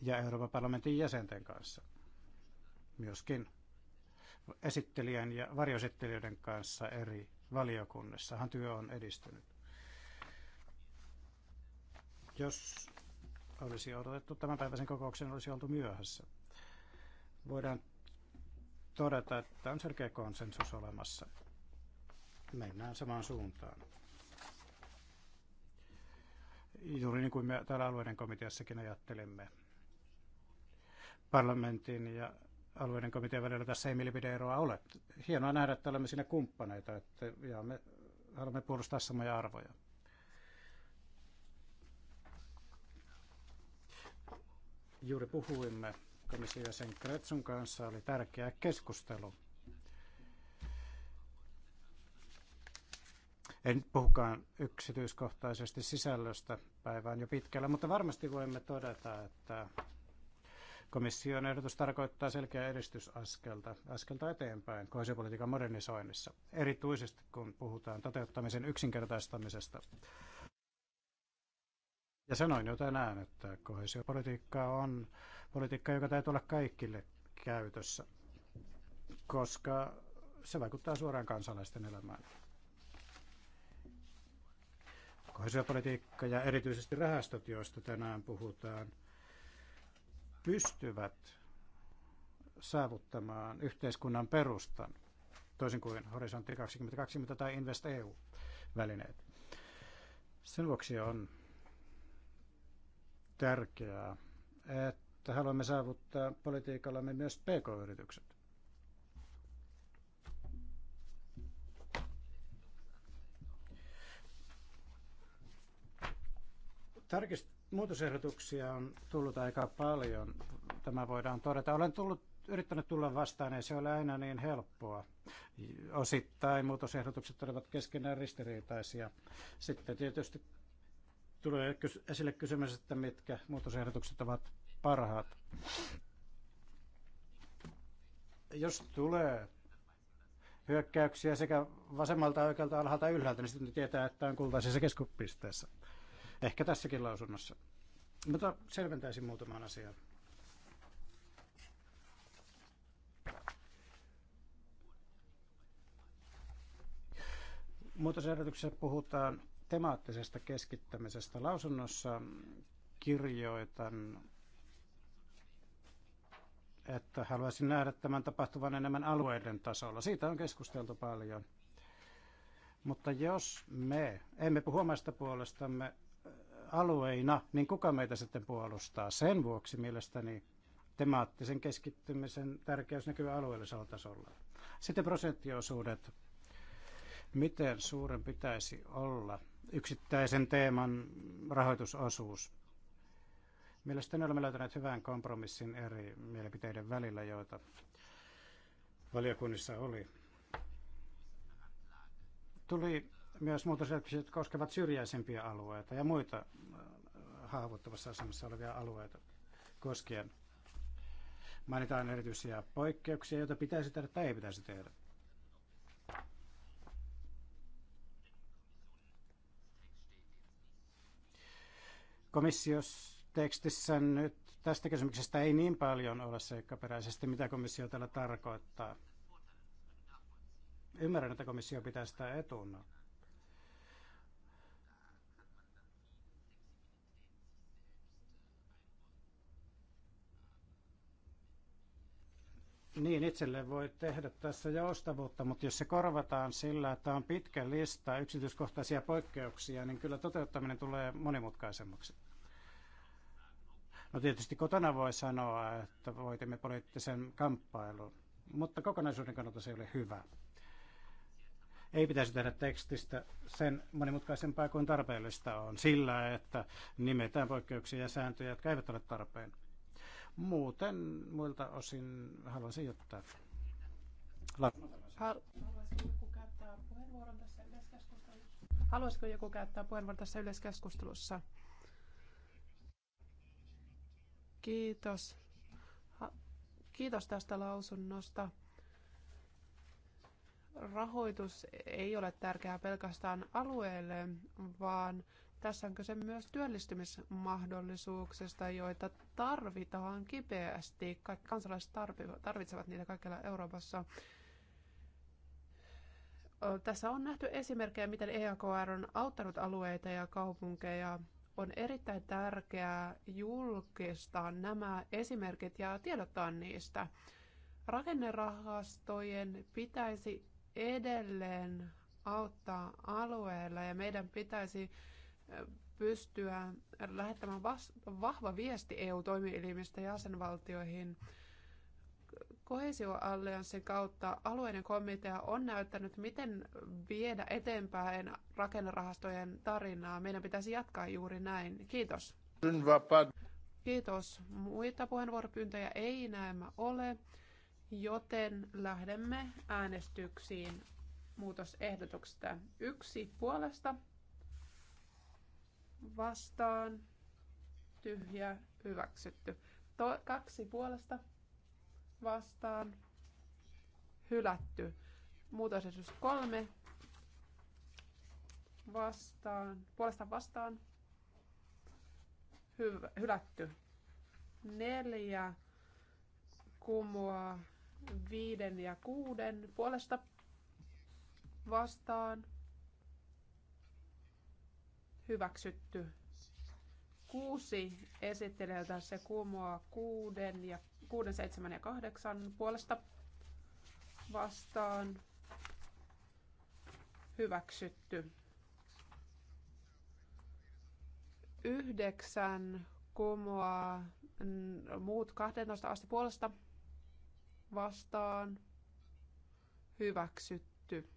ja Euroopan parlamentin jäsenten kanssa. Myöskin esittelijän ja varjoesittelijöiden kanssa eri valiokunnissahan työ on edistynyt. Jos olisi odotettu tämän päiväisen kokouksen, olisi oltu myöhässä. Voidaan todeta, että on selkeä konsensus olemassa. Mennään samaan suuntaan. Juuri niin kuin me täällä alueiden komiteassakin ajattelimme. Parlamentin ja alueiden komitean välillä tässä ei mielipideeroa ole. Hienoa nähdä, että olemme siinä kumppaneita, että me haluamme puolustaa samoja arvoja. Juuri puhuimme komissiojäsen Kretsun kanssa, oli tärkeä keskustelu. En nyt puhukaan yksityiskohtaisesti sisällöstä päivään jo pitkällä, mutta varmasti voimme todeta, että komission ehdotus tarkoittaa selkeää edistysaskelta askelta eteenpäin kohesiopolitiikan modernisoinnissa, erityisesti kun puhutaan toteuttamisen yksinkertaistamisesta ja sanoin jo tänään, että kohesiopolitiikka on politiikka, joka täytyy olla kaikille käytössä, koska se vaikuttaa suoraan kansalaisten elämään. Kohesiopolitiikka ja erityisesti rahastot, joista tänään puhutaan, pystyvät saavuttamaan yhteiskunnan perustan, toisin kuin Horisontti 2020 tai Invest EU-välineet. Sen vuoksi on tärkeää, että haluamme saavuttaa politiikallamme myös pk-yritykset. Tarkist- muutosehdotuksia on tullut aika paljon. Tämä voidaan todeta. Olen tullut, yrittänyt tulla vastaan, ei se ole aina niin helppoa. Osittain muutosehdotukset olivat keskenään ristiriitaisia. Sitten tietysti tulee esille kysymys, että mitkä muutosehdotukset ovat parhaat. Jos tulee hyökkäyksiä sekä vasemmalta, oikealta, alhaalta ylhäältä, niin sitten tietää, että on kultaisessa keskupisteessä. Ehkä tässäkin lausunnossa. Mutta selventäisin muutaman asian. Muutosehdotuksessa puhutaan temaattisesta keskittämisestä. Lausunnossa kirjoitan, että haluaisin nähdä tämän tapahtuvan enemmän alueiden tasolla. Siitä on keskusteltu paljon. Mutta jos me emme puhu omasta puolestamme äh, alueina, niin kuka meitä sitten puolustaa? Sen vuoksi mielestäni temaattisen keskittymisen tärkeys näkyy alueellisella tasolla. Sitten prosenttiosuudet. Miten suuren pitäisi olla yksittäisen teeman rahoitusosuus. Mielestäni olemme löytäneet hyvän kompromissin eri mielipiteiden välillä, joita valiokunnissa oli. Tuli myös muutosehdotukset, jotka koskevat syrjäisempiä alueita ja muita äh, haavoittuvassa asemassa olevia alueita koskien. Mainitaan erityisiä poikkeuksia, joita pitäisi tehdä tai ei pitäisi tehdä. komissiostekstissä nyt tästä kysymyksestä ei niin paljon ole seikkaperäisesti, mitä komissio tällä tarkoittaa. Ymmärrän, että komissio pitää sitä etuna. Niin, itselle voi tehdä tässä joustavuutta, mutta jos se korvataan sillä, että on pitkä lista yksityiskohtaisia poikkeuksia, niin kyllä toteuttaminen tulee monimutkaisemmaksi. No tietysti kotona voi sanoa, että voitimme poliittisen kamppailun, mutta kokonaisuuden kannalta se ei ole hyvä. Ei pitäisi tehdä tekstistä sen monimutkaisempaa kuin tarpeellista on sillä, että nimetään poikkeuksia ja sääntöjä, jotka eivät ole tarpeen. Muuten muilta osin haluaisin jättää. Haluaisiko joku käyttää puheenvuoron tässä yleiskeskustelussa? Kiitos. Kiitos tästä lausunnosta. Rahoitus ei ole tärkeää pelkästään alueelle, vaan tässä on kyse myös työllistymismahdollisuuksista, joita tarvitaan kipeästi. Kaikki kansalaiset tarvitsevat niitä kaikilla Euroopassa. Tässä on nähty esimerkkejä, miten EAKR on auttanut alueita ja kaupunkeja on erittäin tärkeää julkistaa nämä esimerkit ja tiedottaa niistä. Rakennerahastojen pitäisi edelleen auttaa alueella ja meidän pitäisi pystyä lähettämään vahva viesti EU-toimielimistä jäsenvaltioihin – Kohesioallianssin kautta alueiden komitea on näyttänyt, miten viedä eteenpäin rakennerahastojen tarinaa. Meidän pitäisi jatkaa juuri näin. Kiitos. Kiitos. Muita puheenvuoropyyntöjä ei näemmä ole, joten lähdemme äänestyksiin muutosehdotuksesta. Yksi puolesta vastaan tyhjä hyväksytty. To- kaksi puolesta vastaan hylätty. Muutosesitys kolme vastaan, puolesta vastaan Hy- hylätty. Neljä kumoa viiden ja kuuden puolesta vastaan hyväksytty. Kuusi esittelijältä se kumoaa kuuden ja 6, 7 ja 8 puolesta vastaan hyväksytty. 9 kumoaa muut 12 asti puolesta vastaan hyväksytty.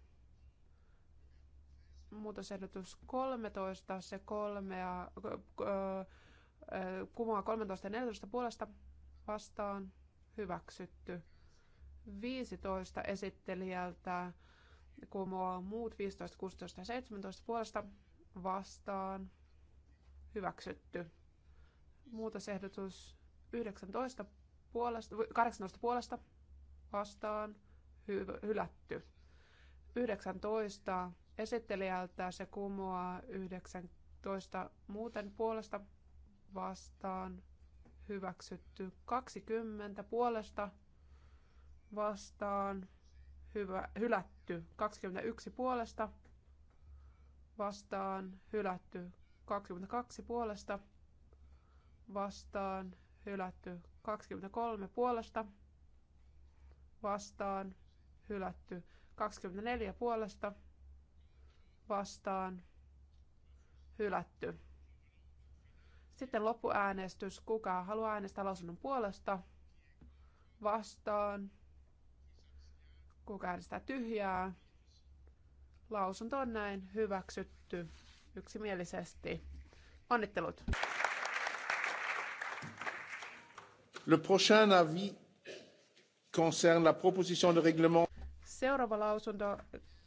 Muutosehdotus 13, se kolmea, kumoaa 13 ja 14 puolesta vastaan hyväksytty. 15 esittelijältä kumoaa muut 15, 16 ja 17 puolesta vastaan hyväksytty. Muutosehdotus 19 puolesta, 18 puolesta vastaan hy- hylätty. 19 esittelijältä se kumoaa 19 muuten puolesta vastaan hyväksytty 20 puolesta vastaan hyvä, hylätty 21 puolesta vastaan hylätty 22 puolesta vastaan hylätty 23 puolesta vastaan hylätty 24 puolesta vastaan hylätty sitten loppuäänestys. Kuka haluaa äänestää lausunnon puolesta? Vastaan. Kuka äänestää tyhjää? Lausunto on näin hyväksytty yksimielisesti. Onnittelut. Le prochain avis concerne la proposition de règlement. Seuraava lausunto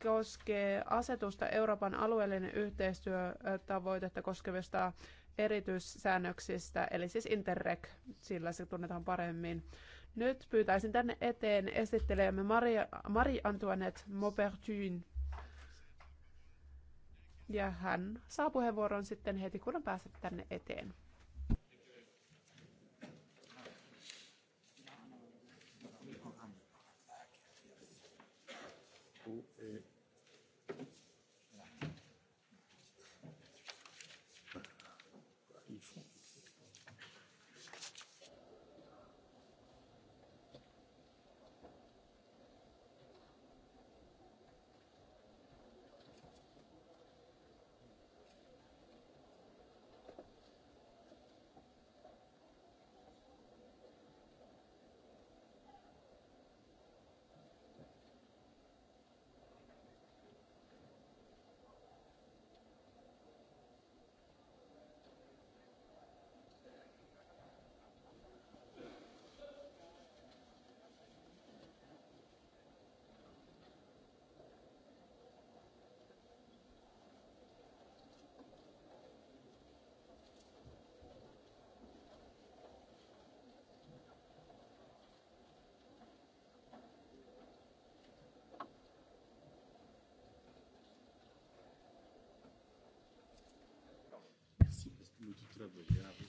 koskee asetusta Euroopan alueellinen yhteistyötavoitetta koskevista erityissäännöksistä, eli siis Interreg, sillä se tunnetaan paremmin. Nyt pyytäisin tänne eteen esittelemme Marie, Marie Antoinette Maupertyn. Ja hän saa puheenvuoron sitten heti, kun on päässyt tänne eteen.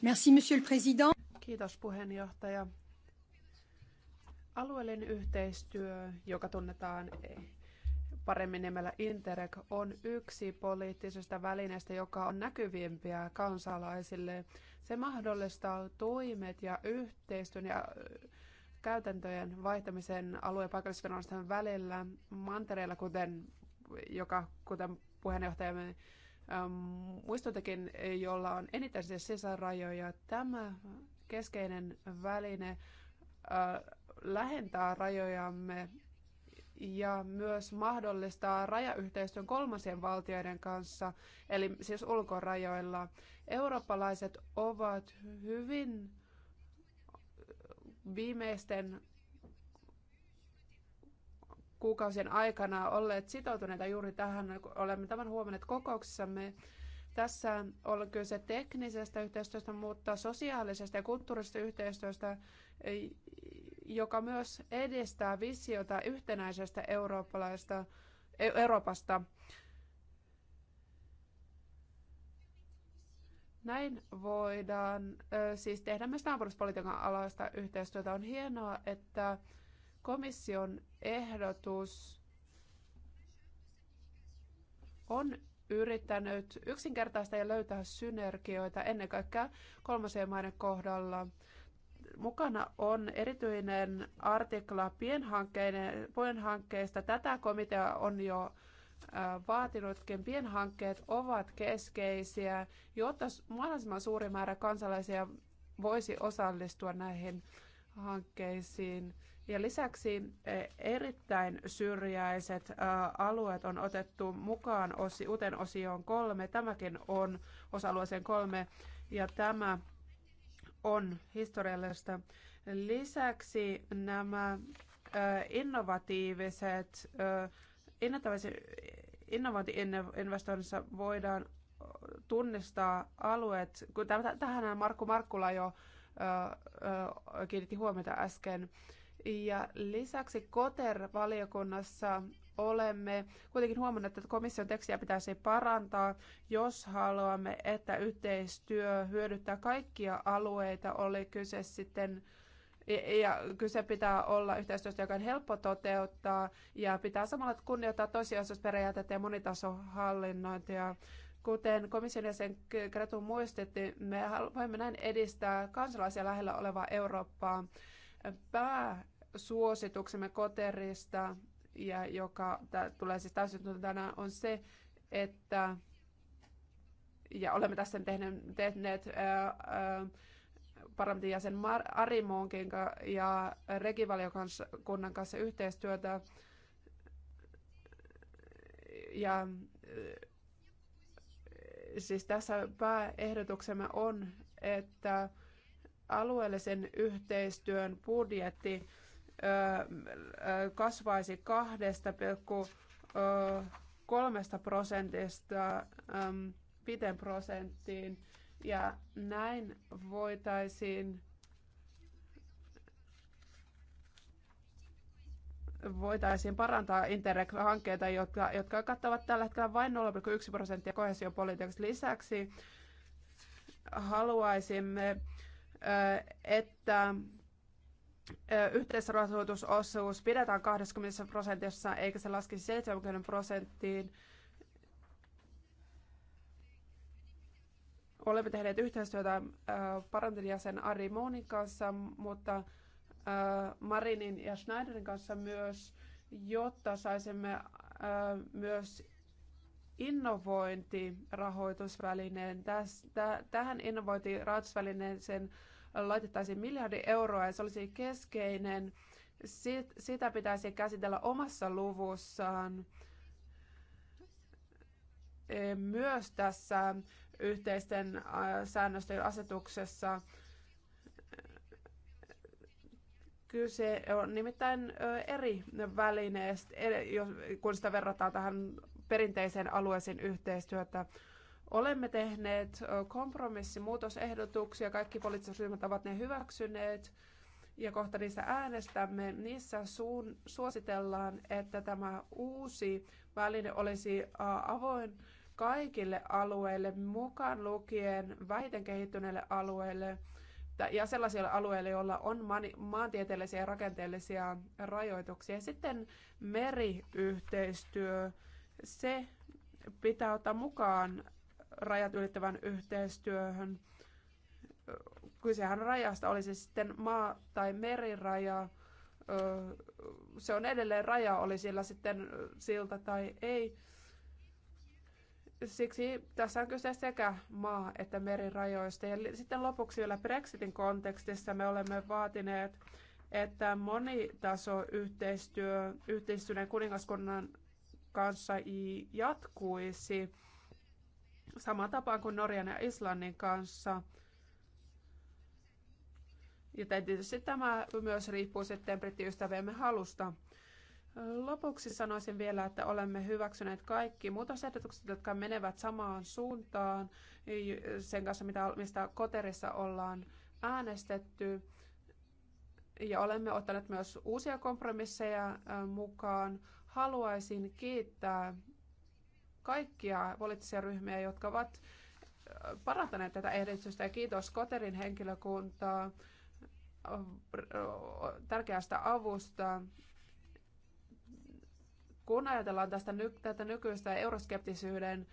Merci, monsieur le président. Kiitos puheenjohtaja. Alueellinen yhteistyö, joka tunnetaan paremmin nimellä Interreg, on yksi poliittisesta välineestä, joka on näkyvimpiä kansalaisille. Se mahdollistaa toimet ja yhteistyön ja käytäntöjen vaihtamisen alue- ja välillä mantereilla, kuten, joka, kuten puheenjohtajamme muistotakin, jolla on eniten siis sisärajoja. Tämä keskeinen väline lähentää rajojamme ja myös mahdollistaa rajayhteistyön kolmansien valtioiden kanssa, eli siis ulkorajoilla. Eurooppalaiset ovat hyvin viimeisten kuukausien aikana olleet sitoutuneita juuri tähän. Olemme tämän huomanneet kokouksissamme. Tässä on kyse teknisestä yhteistyöstä, mutta sosiaalisesta ja kulttuurisesta yhteistyöstä, joka myös edistää visiota yhtenäisestä eurooppalaista, e- Euroopasta. Näin voidaan siis tehdä myös naapuruspolitiikan alaista yhteistyötä. On hienoa, että Komission ehdotus on yrittänyt yksinkertaista ja löytää synergioita ennen kaikkea kolmasien maiden kohdalla. Mukana on erityinen artikla pienhankkeista. Tätä komitea on jo vaatinutkin. Pienhankkeet ovat keskeisiä, jotta mahdollisimman suuri määrä kansalaisia voisi osallistua näihin hankkeisiin. Ja lisäksi eh, erittäin syrjäiset eh, alueet on otettu mukaan osi, uuteen osioon kolme. Tämäkin on osa-alueeseen kolme ja tämä on historiallista. Lisäksi nämä eh, innovatiiviset innovointiinvestoinnissa voidaan tunnistaa alueet, kun tähän Markku Markkula jo kiinnitti huomiota äsken, ja lisäksi Koter-valiokunnassa olemme kuitenkin huomanneet, että komission tekstiä pitäisi parantaa, jos haluamme, että yhteistyö hyödyttää kaikkia alueita, oli kyse sitten ja kyse pitää olla yhteistyöstä, joka on helppo toteuttaa ja pitää samalla kunnioittaa tosiasiallisuusperiaatetta ja monitasohallinnointia. Kuten komission jäsen Kretu muistetti, me voimme näin edistää kansalaisia lähellä olevaa Eurooppaa. Pää suosituksemme Koterista, ja joka tulee siis täysin tänään, on se, että ja olemme tässä tehneet, tehneet ää, ää, parlamentin jäsen Mar- Arimoonkin ja regivaliokunnan kanssa yhteistyötä. Ja siis tässä pääehdotuksemme on, että alueellisen yhteistyön budjetti kasvaisi kahdesta kolmesta prosentista 5 prosenttiin. Ja näin voitaisiin voitaisiin parantaa Interreg-hankkeita, jotka, jotka kattavat tällä hetkellä vain 0,1 prosenttia kohesiopolitiikasta. Lisäksi haluaisimme, että yhteisrahoitusosuus pidetään 20 prosentissa eikä se laskisi 70 prosenttiin. Olemme tehneet yhteistyötä parantin jäsen Ari Moonin kanssa, mutta Marinin ja Schneiderin kanssa myös, jotta saisimme myös innovointirahoitusvälineen. Tähän innovointirahoitusvälineeseen laitettaisiin miljardi euroa ja se olisi keskeinen, sit, sitä pitäisi käsitellä omassa luvussaan e, myös tässä yhteisten säännösten asetuksessa. Kyse on nimittäin eri välineestä, kun sitä verrataan tähän perinteiseen alueeseen yhteistyötä. Olemme tehneet kompromissimuutosehdotuksia, kaikki poliittiset ryhmät ovat ne hyväksyneet ja kohta niistä äänestämme. Niissä suun, suositellaan, että tämä uusi väline olisi avoin kaikille alueille, mukaan lukien vähiten kehittyneille alueille ja sellaisille alueille, joilla on maantieteellisiä ja rakenteellisia rajoituksia. Sitten meriyhteistyö, se pitää ottaa mukaan rajat ylittävän yhteistyöhön. Kysehän rajasta olisi siis sitten maa- tai meriraja. Se on edelleen raja, oli sillä sitten silta tai ei. Siksi tässä on kyse sekä maa- että merirajoista. Ja sitten lopuksi vielä Brexitin kontekstissa me olemme vaatineet, että monitaso yhteistyö yhteistyön kuningaskunnan kanssa jatkuisi sama tapaan kuin Norjan ja Islannin kanssa. Joten tietysti tämä myös riippuu sitten brittiystäviemme halusta. Lopuksi sanoisin vielä, että olemme hyväksyneet kaikki muutosehdotukset, jotka menevät samaan suuntaan sen kanssa, mitä, mistä koterissa ollaan äänestetty. Ja olemme ottaneet myös uusia kompromisseja äh, mukaan. Haluaisin kiittää kaikkia poliittisia ryhmiä, jotka ovat parantaneet tätä ehdotusta ja kiitos Koterin henkilökuntaa tärkeästä avusta. Kun ajatellaan tästä, tätä nykyistä euroskeptisyyden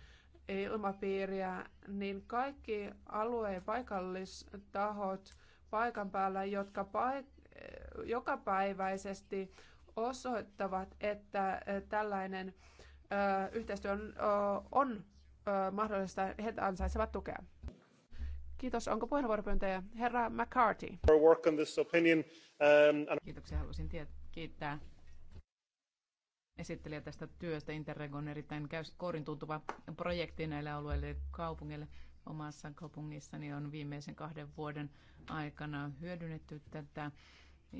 ilmapiiriä, niin kaikki alue- paikallistahot paikan päällä, jotka paik- jokapäiväisesti osoittavat, että tällainen yhteistyö on, on mahdollista, he ansaitsevat tukea. Kiitos. Onko puheenvuoropyyntöjä? Herra McCarthy. Um, Kiitoksia. Haluaisin kiittää esittelijä tästä työstä. Interreg on erittäin kourin tuntuva projekti näille alueille ja kaupungeille. Omassa kaupungissani on viimeisen kahden vuoden aikana hyödynnetty tätä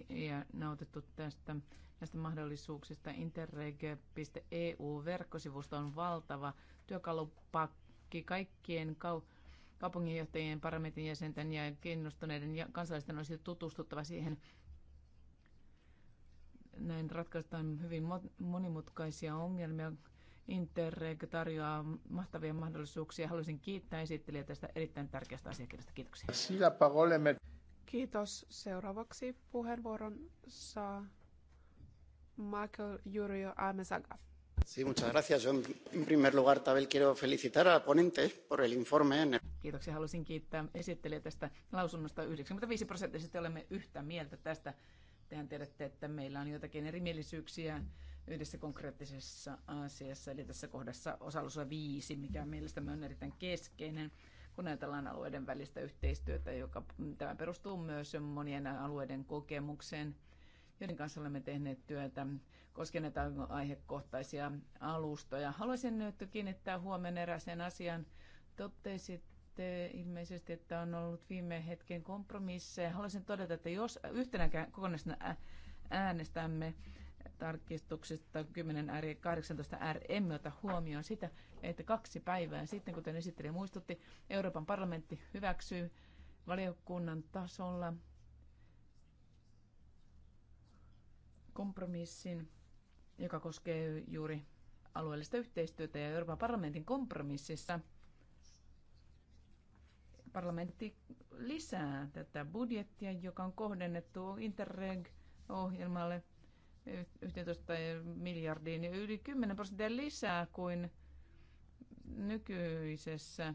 ja nautittu tästä näistä mahdollisuuksista. Interreg.eu-verkkosivusto on valtava työkalupakki kaikkien kau- kaupunginjohtajien, parlamentin jäsenten ja kiinnostuneiden ja kansalaisten olisi tutustuttava siihen. Näin ratkaistaan hyvin monimutkaisia ongelmia. Interreg tarjoaa mahtavia mahdollisuuksia. Haluaisin kiittää esittelijä tästä erittäin tärkeästä asiakirjasta. Kiitoksia. Kiitos. Seuraavaksi puheenvuoron saa Marco Yurio Amezaga. Sí, muchas gracias. Yo, en primer lugar, Tabel, quiero felicitar al ponente por el informe. Kiitoksia. Haluaisin kiittää esittelijä tästä lausunnosta. 95 prosenttisesti olemme yhtä mieltä tästä. Tehän tiedätte, että meillä on jotakin erimielisyyksiä yhdessä konkreettisessa asiassa, eli tässä kohdassa osallisuus 5, mikä mielestämme on erittäin keskeinen, kun ajatellaan alueiden välistä yhteistyötä, joka tämä perustuu myös monien alueiden kokemukseen – joiden kanssa olemme tehneet työtä koskien näitä aihekohtaisia alustoja. Haluaisin nyt kiinnittää huomenna eräseen asian. Totesitte ilmeisesti, että on ollut viime hetken kompromisseja. Haluaisin todeta, että jos yhtenäkään kokonaisena äänestämme tarkistuksista 10 R 18 R emme ota huomioon sitä, että kaksi päivää sitten, kuten esittelijä muistutti, Euroopan parlamentti hyväksyy valiokunnan tasolla kompromissin, joka koskee juuri alueellista yhteistyötä ja Euroopan parlamentin kompromississa parlamentti lisää tätä budjettia, joka on kohdennettu Interreg-ohjelmalle 11 miljardiin niin yli 10 prosenttia lisää kuin nykyisessä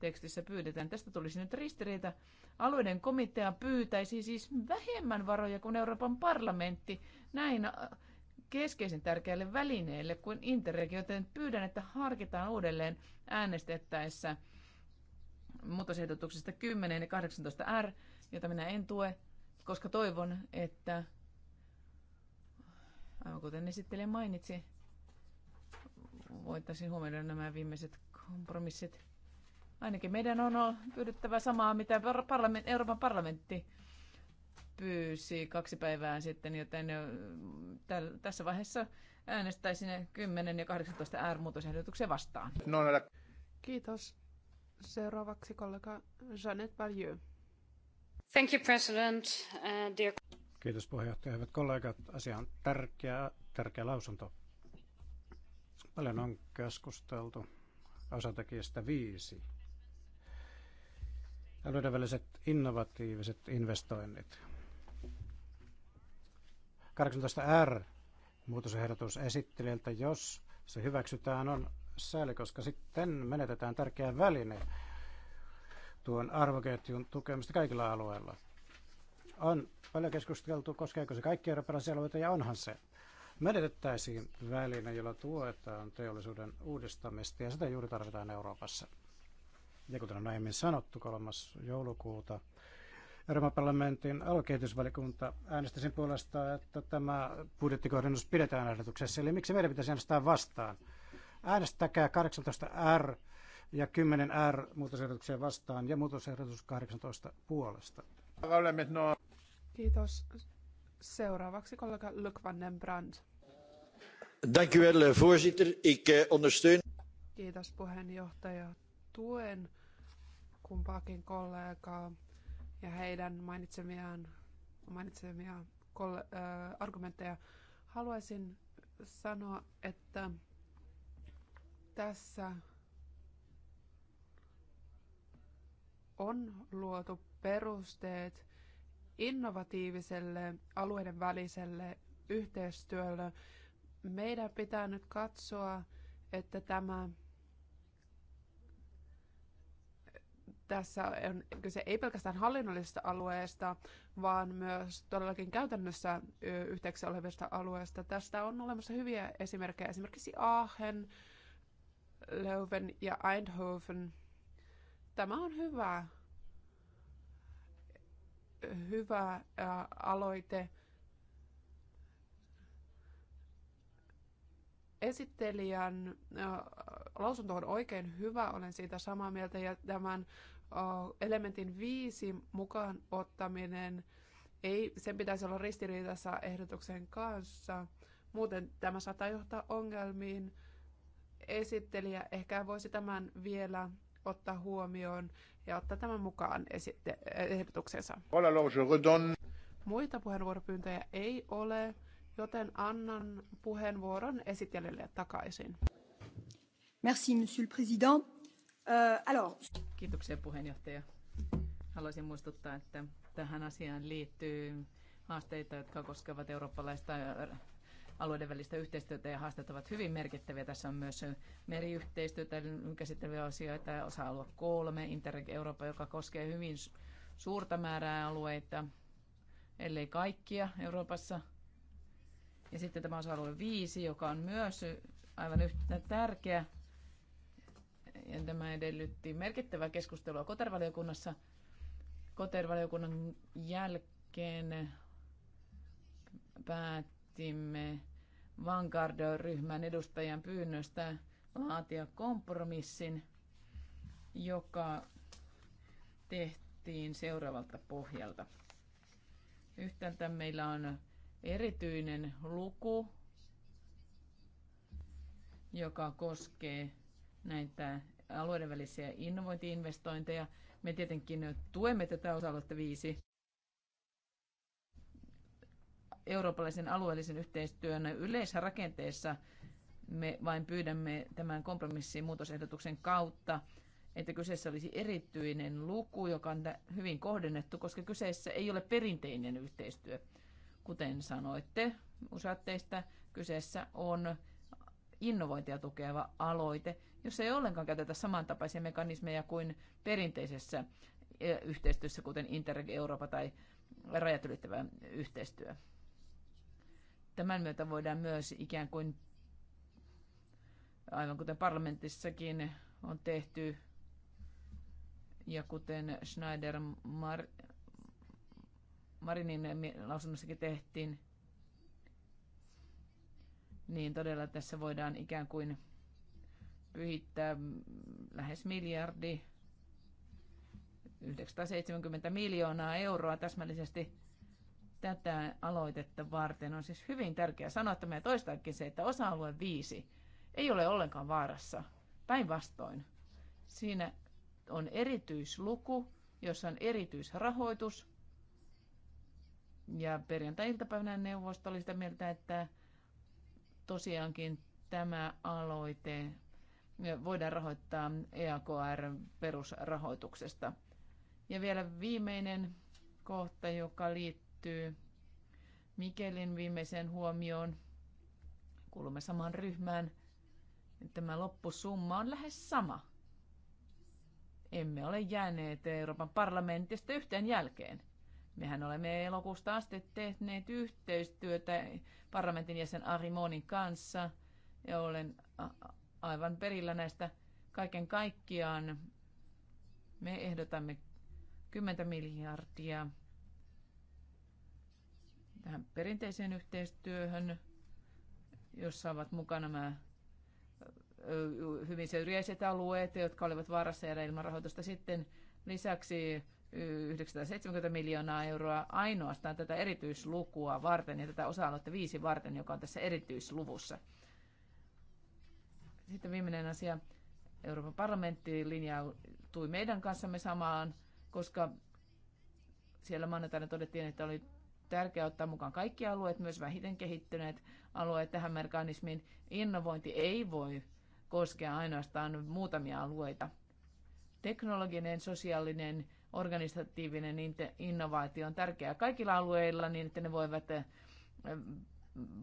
tekstissä pyydetään. Tästä tulisi nyt ristiriita. Alueiden komitea pyytäisi siis vähemmän varoja kuin Euroopan parlamentti näin äh, keskeisen tärkeälle välineelle kuin Interreg, joten pyydän, että harkitaan uudelleen äänestettäessä muutosehdotuksista 10 ja 18 R, jota minä en tue, koska toivon, että aivan kuten esittelijä mainitsi, voitaisiin huomioida nämä viimeiset kompromissit. Ainakin meidän on pyydettävä samaa, mitä parlament, Euroopan parlamentti pyysi kaksi päivää sitten, joten tässä vaiheessa äänestäisin 10 ja 18 R-muutosehdotuksen vastaan. No, Kiitos. Seuraavaksi kollega Janet Valieu. Thank you, President. Uh, dear... Kiitos puheenjohtaja. Hyvät kollegat, asia on tärkeä, tärkeä lausunto. Paljon on keskusteltu osatekijästä viisi. Alueiden väliset innovatiiviset investoinnit. 18R muutosehdotus esittelijältä, jos se hyväksytään, on sääli, koska sitten menetetään tärkeä väline tuon arvoketjun tukemista kaikilla alueilla. On paljon keskusteltu, koskeeko se kaikkia eurooppalaisia alueita, ja onhan se. Menetettäisiin väline, jolla tuetaan teollisuuden uudistamista, ja sitä juuri tarvitaan Euroopassa. Ja kuten on aiemmin sanottu, 3. joulukuuta Euroopan parlamentin äänesti sen puolesta, että tämä budjettikohdennus pidetään ehdotuksessa. Eli miksi meidän pitäisi äänestää vastaan? Äänestäkää 18R ja 10R muutosehdotuksia vastaan ja muutosehdotus 18 puolesta. Kiitos. Seuraavaksi kollega Luc van den Brand. Dank u wel, eh, voorzitter. Ik eh, ondersteun. Kiitos puheenjohtaja. Tuen kumpaakin kollegaa ja heidän mainitsemiaan, mainitsemia argumentteja. Haluaisin sanoa, että tässä on luotu perusteet innovatiiviselle alueiden väliselle yhteistyölle. Meidän pitää nyt katsoa, että tämä tässä on kyse ei pelkästään hallinnollisesta alueesta, vaan myös todellakin käytännössä yhteyksissä olevista alueista. Tästä on olemassa hyviä esimerkkejä, esimerkiksi Aachen, Leuven ja Eindhoven. Tämä on hyvä, hyvä ää, aloite. Esittelijän äh, lausunto on oikein hyvä, olen siitä samaa mieltä, ja tämän Äh, elementin viisi mukaan ottaminen, ei, sen pitäisi olla ristiriidassa ehdotuksen kanssa. Muuten tämä saattaa johtaa ongelmiin. Esittelijä ehkä voisi tämän vielä ottaa huomioon ja ottaa tämän mukaan esitte- ehdotuksensa. Muita puheenvuoropyyntöjä ei ole, joten annan puheenvuoron esittelijälle takaisin. Merci, monsieur le président alors... Kiitoksia puheenjohtaja. Haluaisin muistuttaa, että tähän asiaan liittyy haasteita, jotka koskevat eurooppalaista alueiden välistä yhteistyötä ja haasteet ovat hyvin merkittäviä. Tässä on myös meriyhteistyötä käsitteleviä asioita, osa-alue kolme, Interreg Eurooppa, joka koskee hyvin suurta määrää alueita, ellei kaikkia Euroopassa. Ja sitten tämä osa-alue viisi, joka on myös aivan yhtä tärkeä ja tämä edellytti merkittävää keskustelua kotervaliokunnassa. Kotervaliokunnan jälkeen päätimme Vanguard-ryhmän edustajan pyynnöstä laatia kompromissin, joka tehtiin seuraavalta pohjalta. Yhtäältä meillä on erityinen luku, joka koskee näitä alueiden välisiä innovointiinvestointeja. Me tietenkin tuemme tätä osa-aluetta viisi eurooppalaisen alueellisen yhteistyön yleisrakenteessa me vain pyydämme tämän kompromissin muutosehdotuksen kautta, että kyseessä olisi erityinen luku, joka on hyvin kohdennettu, koska kyseessä ei ole perinteinen yhteistyö. Kuten sanoitte, useat teistä kyseessä on innovointia tukeva aloite, jossa ei ollenkaan käytetä samantapaisia mekanismeja kuin perinteisessä e, yhteistyössä, kuten Interreg Eurooppa tai rajat ylittävä yhteistyö. Tämän myötä voidaan myös ikään kuin, aivan kuten parlamentissakin on tehty, ja kuten Schneider Mar- Marinin lausunnossakin tehtiin, niin todella tässä voidaan ikään kuin pyhittää lähes miljardi, 970 miljoonaa euroa täsmällisesti tätä aloitetta varten. On siis hyvin tärkeää sanoa, että me toistaakin se, että osa-alue 5 ei ole ollenkaan vaarassa. Päinvastoin. Siinä on erityisluku, jossa on erityisrahoitus. Ja perjantai-iltapäivänä neuvosto oli sitä mieltä, että tosiaankin tämä aloite voidaan rahoittaa EAKR-perusrahoituksesta. Ja vielä viimeinen kohta, joka liittyy Mikelin viimeiseen huomioon. Kuulumme samaan ryhmään. Tämä loppusumma on lähes sama. Emme ole jääneet Euroopan parlamentista yhteen jälkeen. Mehän olemme elokuusta asti tehneet yhteistyötä parlamentin jäsen Arimonin kanssa ja olen aivan perillä näistä kaiken kaikkiaan. Me ehdotamme 10 miljardia tähän perinteiseen yhteistyöhön, jossa ovat mukana nämä hyvin syrjäiset alueet, jotka olivat vaarassa jäädä ilman rahoitusta. Sitten lisäksi 970 miljoonaa euroa ainoastaan tätä erityislukua varten ja tätä osa-aluetta viisi varten, joka on tässä erityisluvussa. Sitten viimeinen asia. Euroopan parlamentti linjautui meidän kanssamme samaan, koska siellä maanantaina todettiin, että oli tärkeää ottaa mukaan kaikki alueet, myös vähiten kehittyneet alueet tähän mekanismiin. Innovointi ei voi koskea ainoastaan muutamia alueita. Teknologinen, sosiaalinen organisatiivinen innovaatio on tärkeää kaikilla alueilla niin, että ne voivat,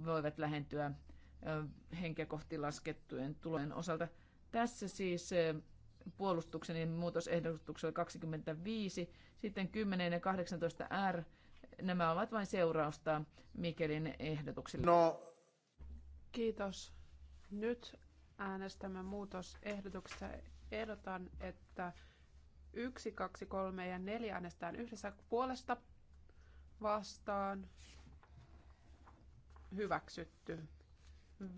voivat lähentyä henkeä kohti laskettujen tulojen osalta. Tässä siis puolustukseni muutosehdotuksella 25, sitten 10 ja 18 R. Nämä ovat vain seurausta Mikelin ehdotuksille. No. Kiitos. Nyt äänestämme muutosehdotuksesta. Ehdotan, että 1, 2, 3 ja 4 äänestetään yhdessä puolesta vastaan. Hyväksytty.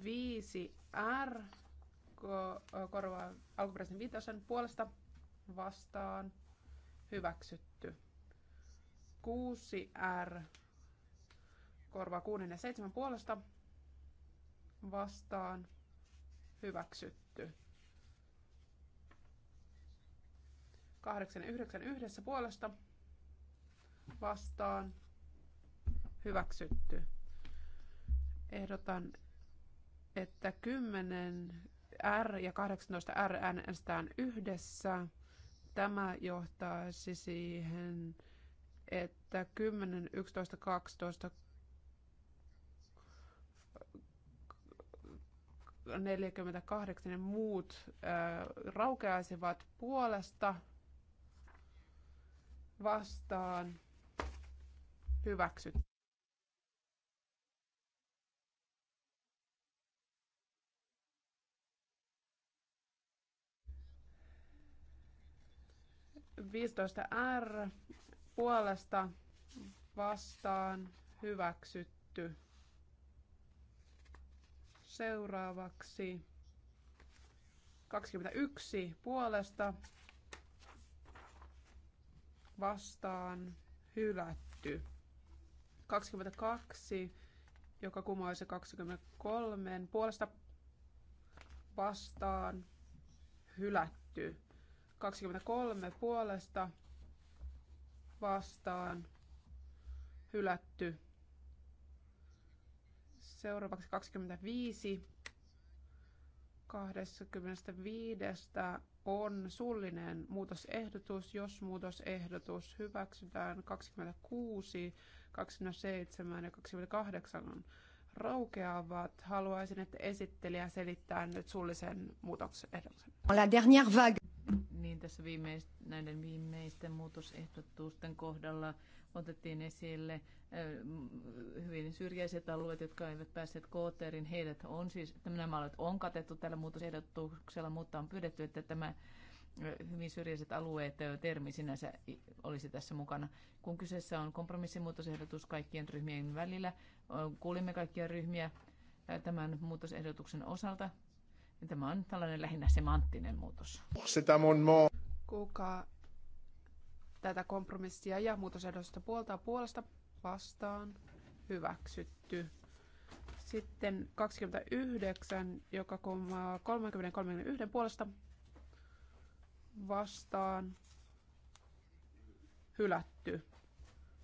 5 R korvaa alkuperäisen viitosen puolesta vastaan. Hyväksytty. 6 R korvaa 6 ja 7 puolesta vastaan. Hyväksytty. 8 ja 9 yhdessä puolesta vastaan hyväksytty. Ehdotan, että 10 R ja 18 R äänestään yhdessä. Tämä johtaisi siihen, että 10, 11, 12, 48 ja muut ää, raukeaisivat puolesta vastaan hyväksyt. Viisitoista R puolesta vastaan hyväksytty. Seuraavaksi 21 puolesta vastaan hylätty. 22, joka se 23, puolesta vastaan hylätty. 23 puolesta vastaan hylätty. Seuraavaksi 25. 25 on suullinen muutosehdotus, jos muutosehdotus hyväksytään 26, 27 ja 28 on raukeavat. Haluaisin, että esittelijä selittää nyt suullisen muutosehdotuksen. La dernière vague. Niin tässä viimeist, näiden viimeisten muutosehdotusten kohdalla otettiin esille hyvin syrjäiset alueet, jotka eivät päässeet kooterin. Heidät on siis, nämä alueet on katettu tällä muutosehdotuksella, mutta on pyydetty, että tämä hyvin syrjäiset alueet termi sinänsä olisi tässä mukana. Kun kyseessä on kompromissimuutosehdotus kaikkien ryhmien välillä, kuulimme kaikkia ryhmiä tämän muutosehdotuksen osalta. Tämä on tällainen lähinnä semanttinen muutos. Sitä mun Kuka tätä kompromissia ja muutosehdotusta puoltaa puolesta vastaan hyväksytty. Sitten 29, joka 30-31 puolesta vastaan hylätty.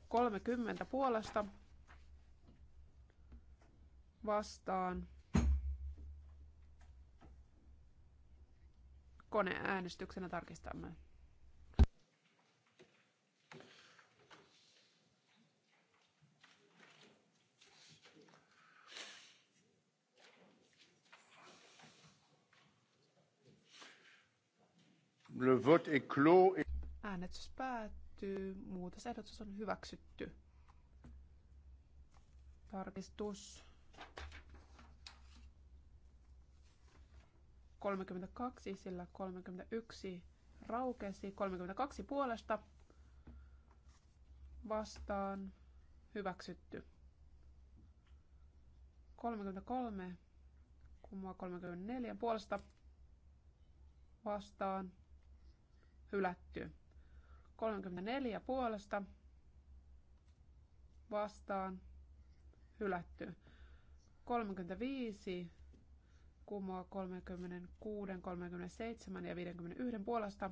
30 puolesta vastaan koneäänestyksenä tarkistamme. Le vote est clos. Äänestys päättyy. Muutosehdotus on hyväksytty. Tarkistus 32, sillä 31 raukesi. 32 puolesta vastaan hyväksytty. 33 kummaa 34 puolesta vastaan hylätty. 34 puolesta vastaan hylätty. 35 kumoa 36, 37 ja 51 puolesta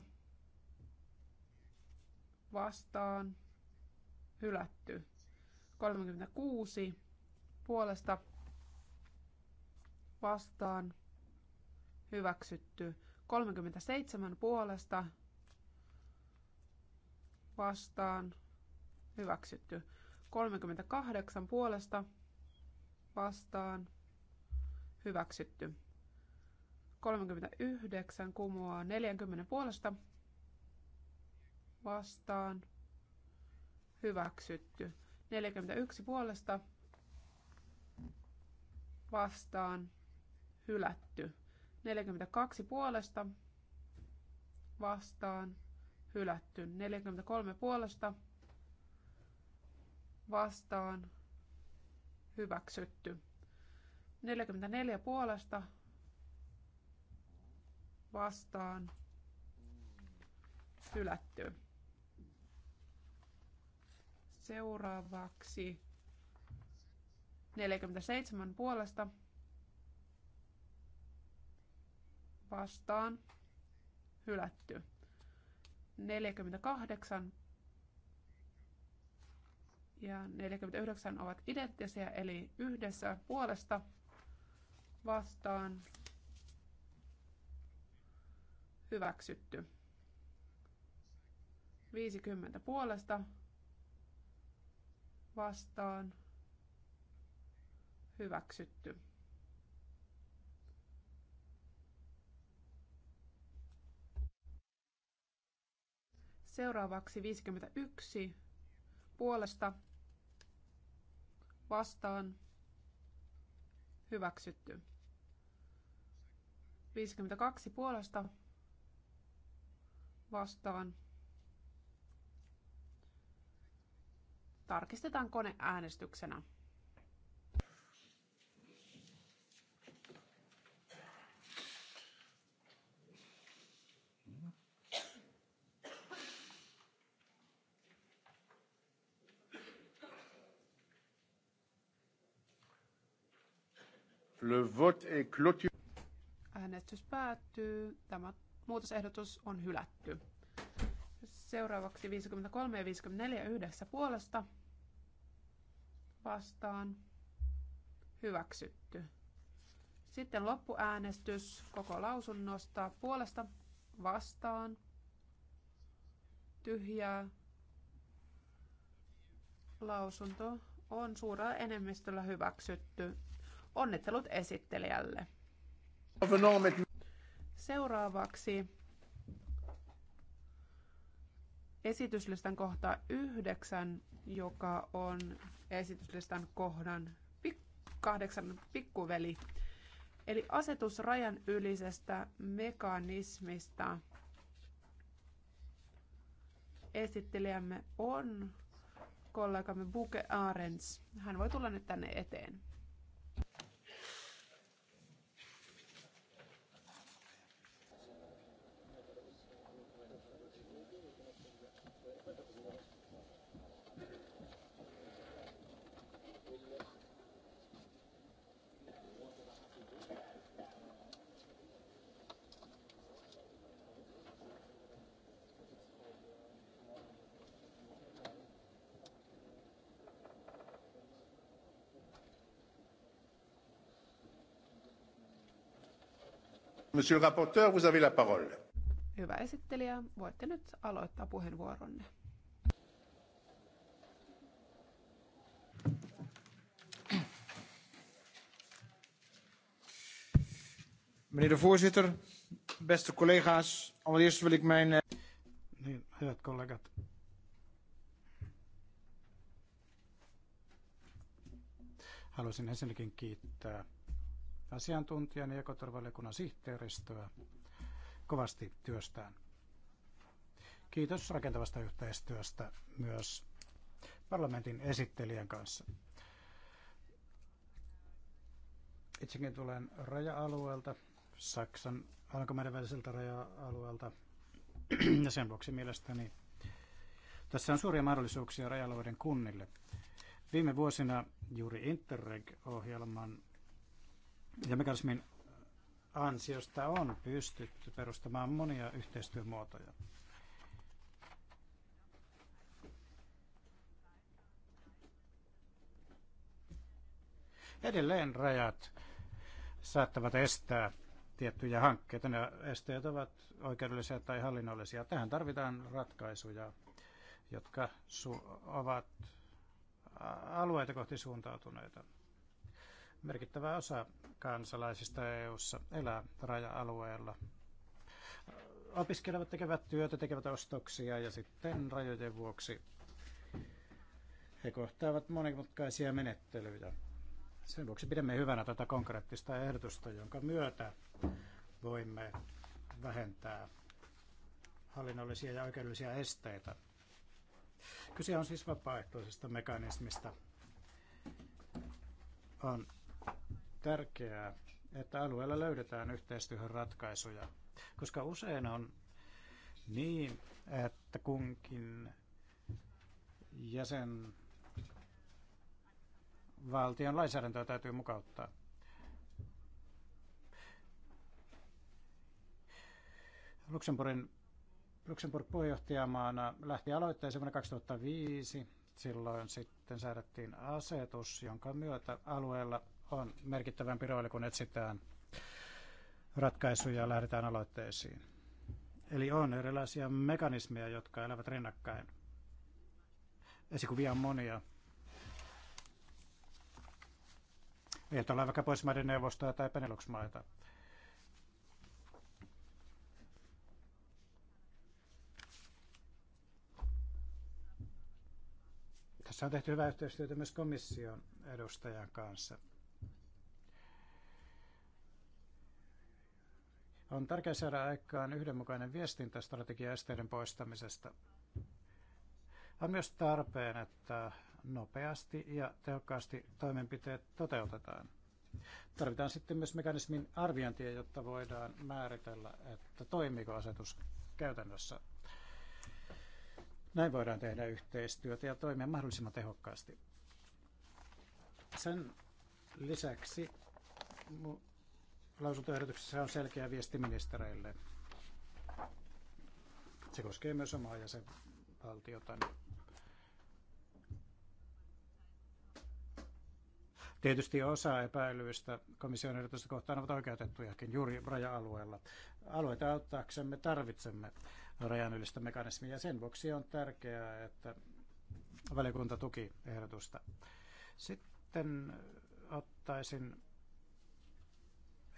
vastaan hylätty. 36 puolesta vastaan hyväksytty. 37 puolesta vastaan hyväksytty. 38 puolesta vastaan hyväksytty. 39 kumoaa 40 puolesta vastaan hyväksytty. 41 puolesta vastaan hylätty. 42 puolesta vastaan hylätty. 43 puolesta vastaan hyväksytty. 44 puolesta vastaan hylätty. Seuraavaksi 47 puolesta vastaan hylätty. 48 ja 49 ovat identtisiä, eli yhdessä puolesta vastaan Hyväksytty. 50 puolesta. Vastaan. Hyväksytty. Seuraavaksi 51 puolesta vastaan hyväksytty. 52 puolesta vastaan. Tarkistetaan koneäänestyksenä. Le vote est clôturé. Äänestys päättyy. Tämä Muutosehdotus on hylätty. Seuraavaksi 53 ja 54 yhdessä puolesta vastaan hyväksytty. Sitten loppuäänestys koko lausunnosta puolesta vastaan tyhjää. Lausunto on suurella enemmistöllä hyväksytty. Onnittelut esittelijälle. Seuraavaksi esityslistan kohta yhdeksän, joka on esityslistan kohdan pik- kahdeksan pikkuveli, eli asetus rajan ylisestä mekanismista. Esittelijämme on kollegamme Buke Arens. Hän voi tulla nyt tänne eteen. Monsieur le rapporteur, vous avez la parole. Hyvä esittelijä, voitte nyt aloittaa puheenvuoronne. Meneer de voorzitter, beste collega's, allereerst wil ik mijn... Eh, niin, hyvät kollegat. Haluaisin ensinnäkin kiittää asiantuntijan ja ekoturvallikunnan sihteeristöä kovasti työstään. Kiitos rakentavasta yhteistyöstä myös parlamentin esittelijän kanssa. Itsekin tulen raja-alueelta, Saksan alkomaiden väliseltä raja-alueelta, *clears throat* ja sen vuoksi mielestäni tässä on suuria mahdollisuuksia raja kunnille. Viime vuosina juuri Interreg-ohjelman ja mekanismin ansiosta on pystytty perustamaan monia yhteistyömuotoja. Edelleen rajat saattavat estää tiettyjä hankkeita. Ne esteet ovat oikeudellisia tai hallinnollisia. Tähän tarvitaan ratkaisuja, jotka ovat alueita kohti suuntautuneita. Merkittävä osa kansalaisista EU:ssa elää raja-alueella. Opiskelevat tekevät työtä, tekevät ostoksia ja sitten rajojen vuoksi he kohtaavat monimutkaisia menettelyjä. Sen vuoksi pidämme hyvänä tätä konkreettista ehdotusta, jonka myötä voimme vähentää hallinnollisia ja oikeudellisia esteitä. Kyse on siis vapaaehtoisesta mekanismista. On tärkeää, että alueella löydetään yhteistyöhön ratkaisuja, koska usein on niin, että kunkin jäsen valtion lainsäädäntöä täytyy mukauttaa. Luxemburgin, Luxemburg puheenjohtajamaana lähti aloitteeseen vuonna 2005. Silloin sitten säädettiin asetus, jonka myötä alueella on merkittävämpi rooli, kun etsitään ratkaisuja ja lähdetään aloitteisiin. Eli on erilaisia mekanismeja, jotka elävät rinnakkain. Esikuvia on monia. Ei ole vaikka poismaiden neuvostoa tai Peneluxmaita. Tässä on tehty hyvää yhteistyötä myös komission edustajan kanssa. On tärkeää saada aikaan yhdenmukainen viestintästrategia esteiden poistamisesta. On myös tarpeen, että nopeasti ja tehokkaasti toimenpiteet toteutetaan. Tarvitaan sitten myös mekanismin arviointia, jotta voidaan määritellä, että toimiko asetus käytännössä. Näin voidaan tehdä yhteistyötä ja toimia mahdollisimman tehokkaasti. Sen lisäksi lausuntoehdotuksessa on selkeä viesti ministereille. Se koskee myös omaa jäsenvaltiota. Tietysti osa epäilyistä komission ehdotusta kohtaan ovat oikeutettujakin juuri raja-alueella. Alueita auttaaksemme tarvitsemme rajan ylistä mekanismia ja sen vuoksi on tärkeää, että valiokunta tuki ehdotusta. Sitten ottaisin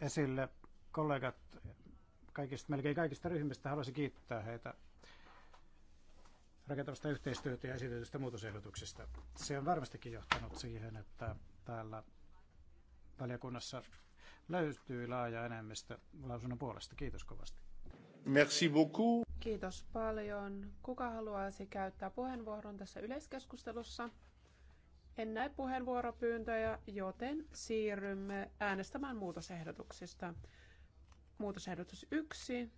esille. Kollegat kaikista, melkein kaikista ryhmistä haluaisin kiittää heitä rakentavasta yhteistyötä ja esitetystä muutosehdotuksista. Se on varmastikin johtanut siihen, että täällä valiokunnassa löytyy laaja enemmistö lausunnon puolesta. Kiitos kovasti. Merci beaucoup. Kiitos paljon. Kuka haluaisi käyttää puheenvuoron tässä yleiskeskustelussa? En näe puheenvuoropyyntöjä, joten siirrymme äänestämään muutosehdotuksista. Muutosehdotus 1.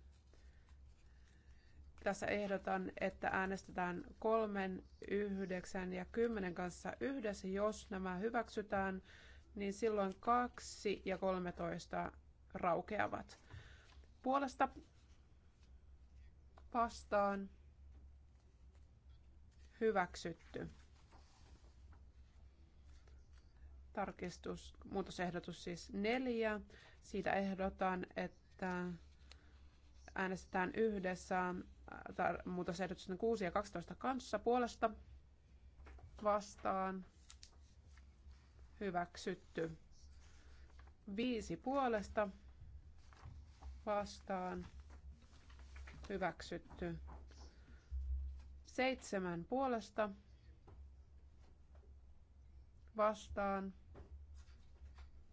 Tässä ehdotan, että äänestetään kolmen yhdeksän ja kymmenen kanssa yhdessä. Jos nämä hyväksytään, niin silloin 2 ja 13 raukeavat. Puolesta vastaan hyväksytty. Tarkistus, muutosehdotus siis neljä. Siitä ehdotan, että äänestetään yhdessä äh, muutosehdotus 6 ja 12 kanssa puolesta vastaan. Hyväksytty. viisi puolesta vastaan. Hyväksytty. seitsemän puolesta vastaan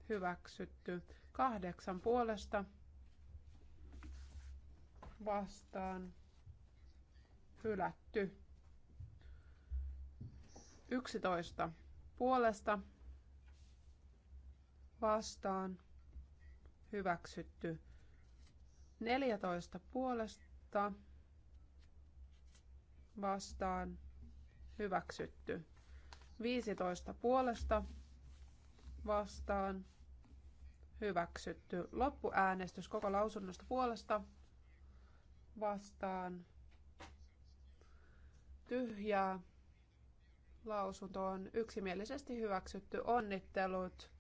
hyväksytty. Kahdeksan puolesta vastaan hylätty. 11 puolesta vastaan hyväksytty. 14 puolesta vastaan hyväksytty. 15 puolesta vastaan Hyväksytty. Loppuäänestys koko lausunnosta puolesta. Vastaan. Tyhjää. Lausunto on yksimielisesti hyväksytty. Onnittelut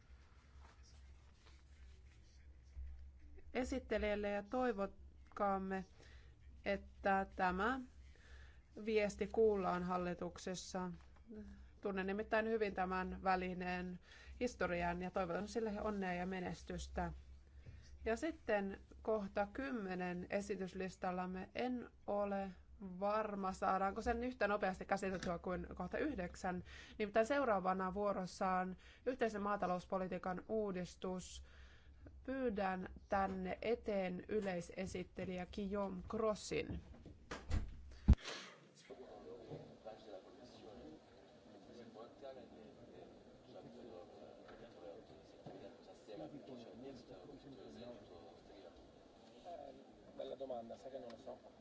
esittelijälle ja toivotkaamme, että tämä viesti kuullaan hallituksessa. Tunnen nimittäin hyvin tämän välineen historiaan ja toivotan sille onnea ja menestystä. Ja sitten kohta kymmenen esityslistallamme en ole varma, saadaanko sen yhtä nopeasti käsiteltyä kuin kohta yhdeksän. Nimittäin seuraavana vuorossa on yhteisen maatalouspolitiikan uudistus. Pyydän tänne eteen yleisesittelijä Kijom Crossin. andas, sáquenos los ojos.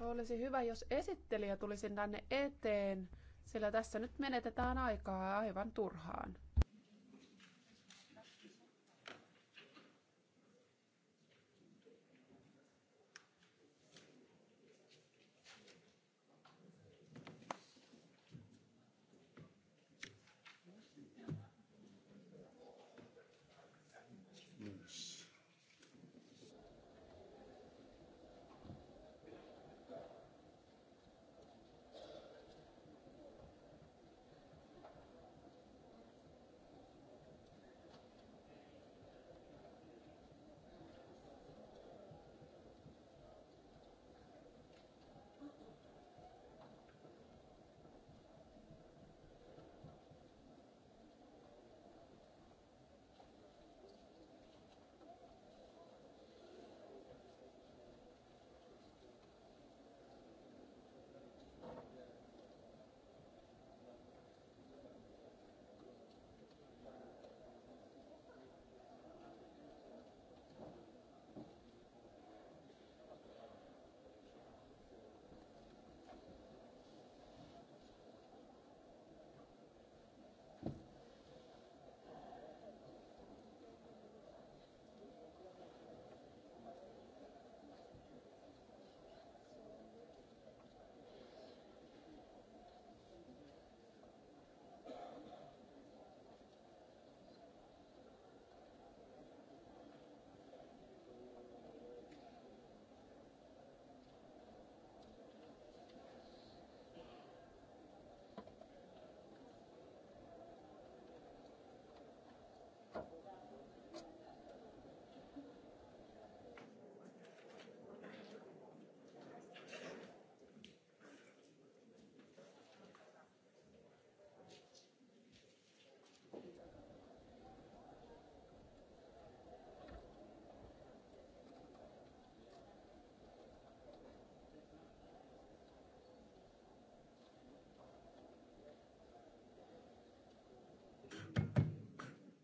Olisi hyvä, jos esittelijä tulisi tänne eteen, sillä tässä nyt menetetään aikaa aivan turhaan.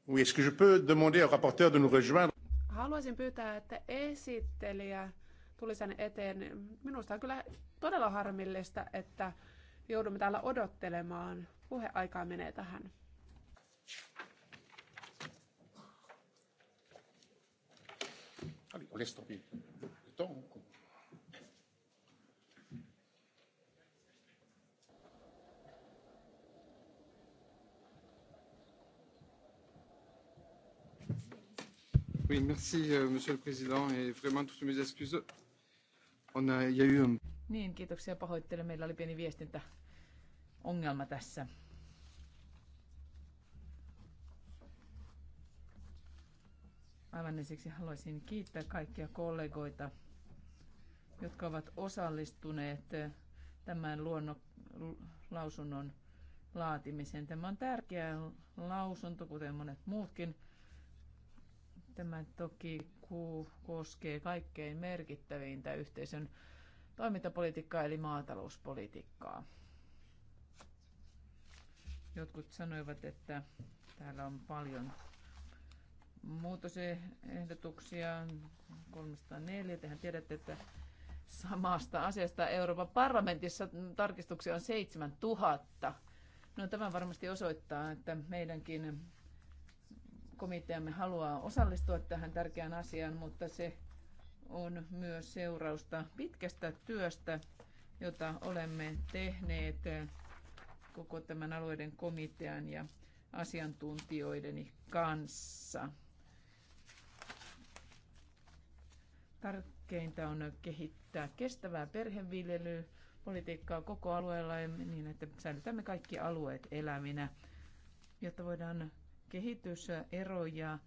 Oui, est-ce que je peux demander au rapporteur de nous rejoindre? Haluaisin pyytää, että esittelijä tulisi tänne eteen. Minusta on kyllä todella harmillista, että joudumme täällä odottelemaan. Puheaikaa menee tähän. Allez, on laisse tomber le temps. Euh, monsieur le président, et vraiment toutes mes excuses. On a, y a eu un... Niin, kiitoksia pahoittelen. Meillä oli pieni viestintä ongelma tässä. Aivan ensiksi haluaisin kiittää kaikkia kollegoita, jotka ovat osallistuneet tämän luonno, lausunnon laatimiseen. Tämä on tärkeä lausunto, kuten monet muutkin Tämä toki koskee kaikkein merkittävintä yhteisön toimintapolitiikkaa eli maatalouspolitiikkaa. Jotkut sanoivat, että täällä on paljon muutosehdotuksia, 304. Tehän tiedätte, että samasta asiasta Euroopan parlamentissa tarkistuksia on 7000. No tämä varmasti osoittaa, että meidänkin komiteamme haluaa osallistua tähän tärkeään asiaan, mutta se on myös seurausta pitkästä työstä, jota olemme tehneet koko tämän alueiden komitean ja asiantuntijoideni kanssa. Tärkeintä on kehittää kestävää perheviljelypolitiikkaa koko alueella niin, että säilytämme kaikki alueet elävinä, jotta voidaan kehityseroja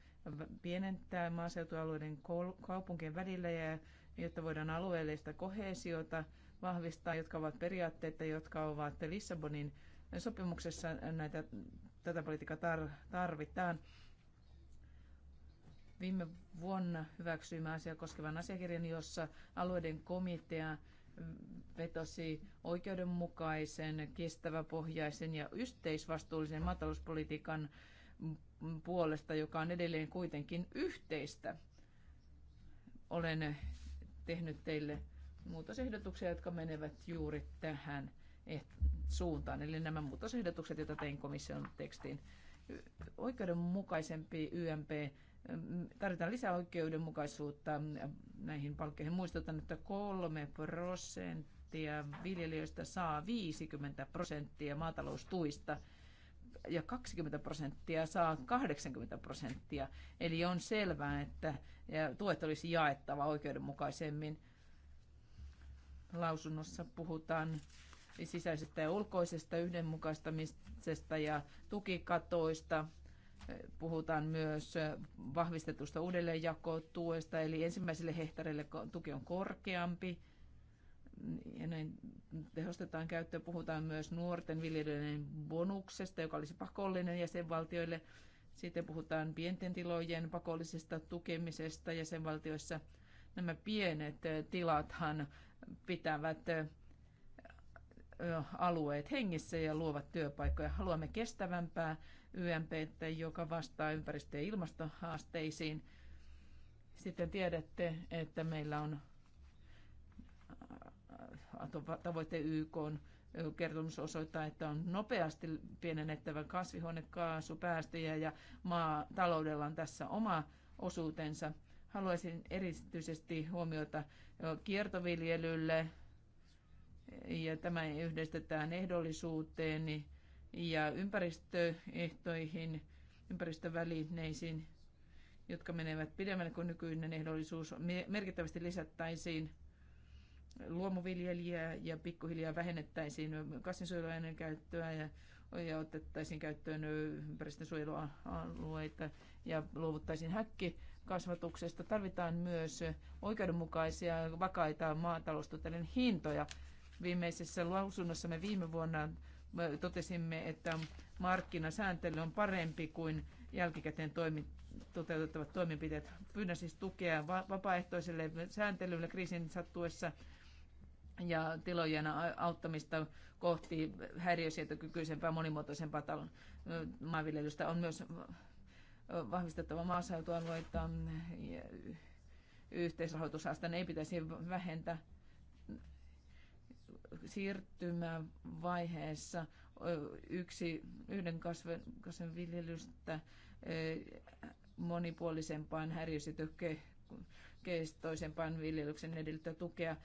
pienentää maaseutualueiden kaupunkien välillä ja jotta voidaan alueellista kohesiota vahvistaa, jotka ovat periaatteita, jotka ovat Lissabonin sopimuksessa näitä, tätä politiikkaa tar, tarvitaan. Viime vuonna hyväksyimme asiaa koskevan asiakirjan, jossa alueiden komitea vetosi oikeudenmukaisen, kestäväpohjaisen ja yhteisvastuullisen maatalouspolitiikan puolesta, joka on edelleen kuitenkin yhteistä. Olen tehnyt teille muutosehdotuksia, jotka menevät juuri tähän eh, suuntaan. Eli nämä muutosehdotukset, joita tein komission tekstiin. Oikeudenmukaisempi YMP. Tarvitaan lisää oikeudenmukaisuutta näihin palkkeihin. Muistutan, että kolme prosenttia viljelijöistä saa 50 prosenttia maataloustuista – ja 20 prosenttia saa 80 prosenttia. Eli on selvää, että tuet olisi jaettava oikeudenmukaisemmin. Lausunnossa puhutaan sisäisestä ja ulkoisesta yhdenmukaistamisesta ja tukikatoista. Puhutaan myös vahvistetusta uudelleenjakotuesta, eli ensimmäiselle hehtaarille tuki on korkeampi ja näin tehostetaan käyttöä. Puhutaan myös nuorten viljelijöiden bonuksesta, joka olisi pakollinen jäsenvaltioille. Sitten puhutaan pienten tilojen pakollisesta tukemisesta jäsenvaltioissa. Nämä pienet eh, tilathan pitävät eh, alueet hengissä ja luovat työpaikkoja. Haluamme kestävämpää YMPtä, joka vastaa ympäristö- ja ilmastohaasteisiin. Sitten tiedätte, että meillä on tavoite YK on kertomus osoittaa, että on nopeasti pienennettävä kasvihuonekaasupäästöjä ja maataloudella on tässä oma osuutensa. Haluaisin erityisesti huomiota kiertoviljelylle ja tämä yhdistetään ehdollisuuteen ja ympäristöehtoihin, ympäristövälineisiin, jotka menevät pidemmälle kuin nykyinen ehdollisuus. Merkittävästi lisättäisiin luomuviljelijää ja pikkuhiljaa vähennettäisiin kasvinsuojeluaineen käyttöä ja, ja otettaisiin käyttöön ympäristönsuojelualueita ja luovuttaisiin häkkikasvatuksesta. Tarvitaan myös oikeudenmukaisia, vakaita maataloustuotteiden hintoja. Viimeisessä me viime vuonna totesimme, että markkinasääntely on parempi kuin jälkikäteen toimi, toteutettavat toimenpiteet. Pyydän siis tukea vapaaehtoiselle sääntelylle kriisin sattuessa ja tilojen auttamista kohti häiriösietokykyisempää, monimuotoisempaa talon maanviljelystä on myös vahvistettava maaseutualueita. Yhteisrahoitusasteen ei pitäisi vähentää siirtymävaiheessa yksi, yhden kasven, kasven viljelystä monipuolisempaan häiriösietokykyisempään pitkäkestoisempaan viljelyksen edellyttää tukea.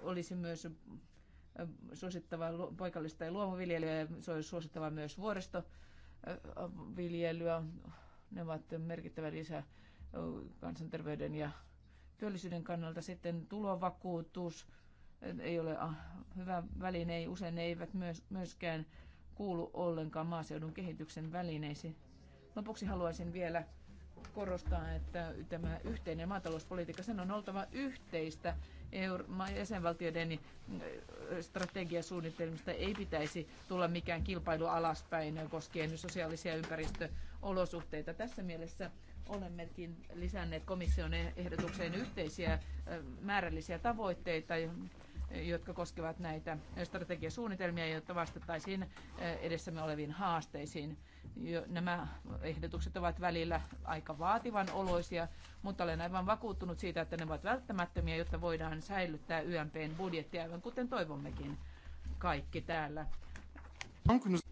Olisi myös suosittava paikallista ja luomuviljelyä ja se olisi suosittava myös vuoristoviljelyä. Ne ovat merkittävä lisä kansanterveyden ja työllisyyden kannalta. Sitten tulovakuutus ei ole hyvä väline, usein ne eivät myöskään kuulu ollenkaan maaseudun kehityksen välineisiin. Lopuksi haluaisin vielä korostaa, että tämä yhteinen maatalouspolitiikka, sen on oltava yhteistä Euro- jäsenvaltioiden äh, strategiasuunnitelmista. Ei pitäisi tulla mikään kilpailu alaspäin koskien sosiaalisia ympäristöolosuhteita. Tässä mielessä olemmekin lisänneet komission e- ehdotukseen yhteisiä äh, määrällisiä tavoitteita, jotka koskevat näitä strategiasuunnitelmia, jotta vastattaisiin äh, edessämme oleviin haasteisiin. Nämä ehdotukset ovat välillä aika vaativan oloisia, mutta olen aivan vakuuttunut siitä, että ne ovat välttämättömiä, jotta voidaan säilyttää YMPn budjetti, aivan kuten toivommekin kaikki täällä.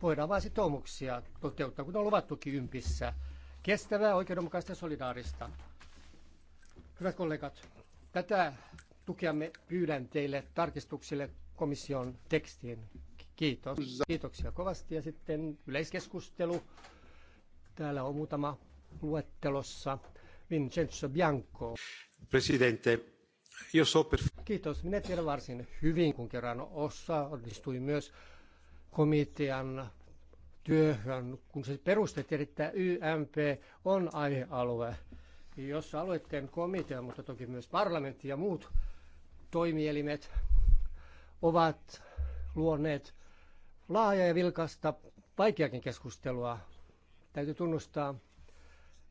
Voidaan vain sitoumuksia toteuttaa, kun on luvattukin ympissä. Kestävää, oikeudenmukaista ja solidaarista. Hyvät kollegat, tätä tukeamme pyydän teille tarkistuksille komission tekstiin. Kiitos. Kiitoksia kovasti. Ja sitten yleiskeskustelu. Täällä on muutama luettelossa. Vincenzo Bianco. Presidente, io so per... Kiitos. Minä tiedän varsin hyvin, kun kerran osa onnistui myös komitean työhön, kun se perustettiin, että YMP on aihealue, jossa alueiden komitea, mutta toki myös parlamentti ja muut toimielimet ovat luoneet laaja ja vilkasta, vaikeakin keskustelua. Täytyy tunnustaa,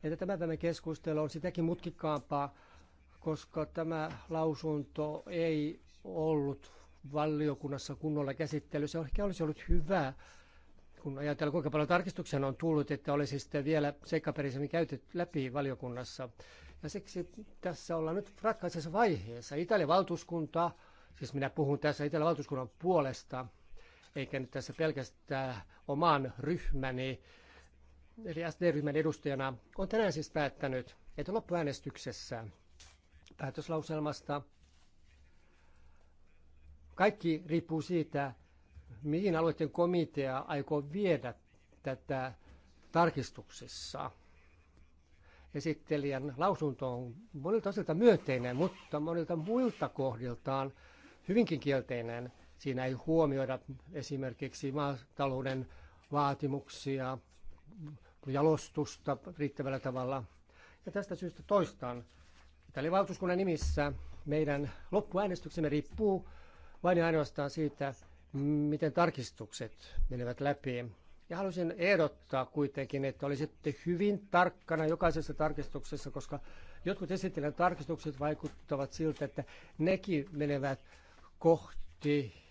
että tämä päivän keskustelu on sitäkin mutkikkaampaa, koska tämä lausunto ei ollut valiokunnassa kunnolla se Ehkä olisi ollut hyvä, kun ajatellaan kuinka paljon tarkistuksia on tullut, että olisi sitten vielä seikkaperäisemmin käyty läpi valiokunnassa. Ja siksi tässä ollaan nyt ratkaisessa vaiheessa. Italian valtuuskunta, siis minä puhun tässä Italian valtuuskunnan puolesta – eikä nyt tässä pelkästään oman ryhmäni, eli SD-ryhmän edustajana, on tänään siis päättänyt, että loppuäänestyksessä päätöslauselmasta kaikki riippuu siitä, mihin alueiden komitea aikoo viedä tätä tarkistuksissa. Esittelijän lausunto on monilta osilta myönteinen, mutta monilta muilta kohdiltaan hyvinkin kielteinen – Siinä ei huomioida esimerkiksi maatalouden vaatimuksia, jalostusta riittävällä tavalla. Ja tästä syystä toistan, että eli valtuuskunnan nimissä meidän loppuäänestyksemme riippuu vain ja ainoastaan siitä, miten tarkistukset menevät läpi. Ja halusin ehdottaa kuitenkin, että olisitte hyvin tarkkana jokaisessa tarkistuksessa, koska jotkut esittelijän tarkistukset vaikuttavat siltä, että nekin menevät kohti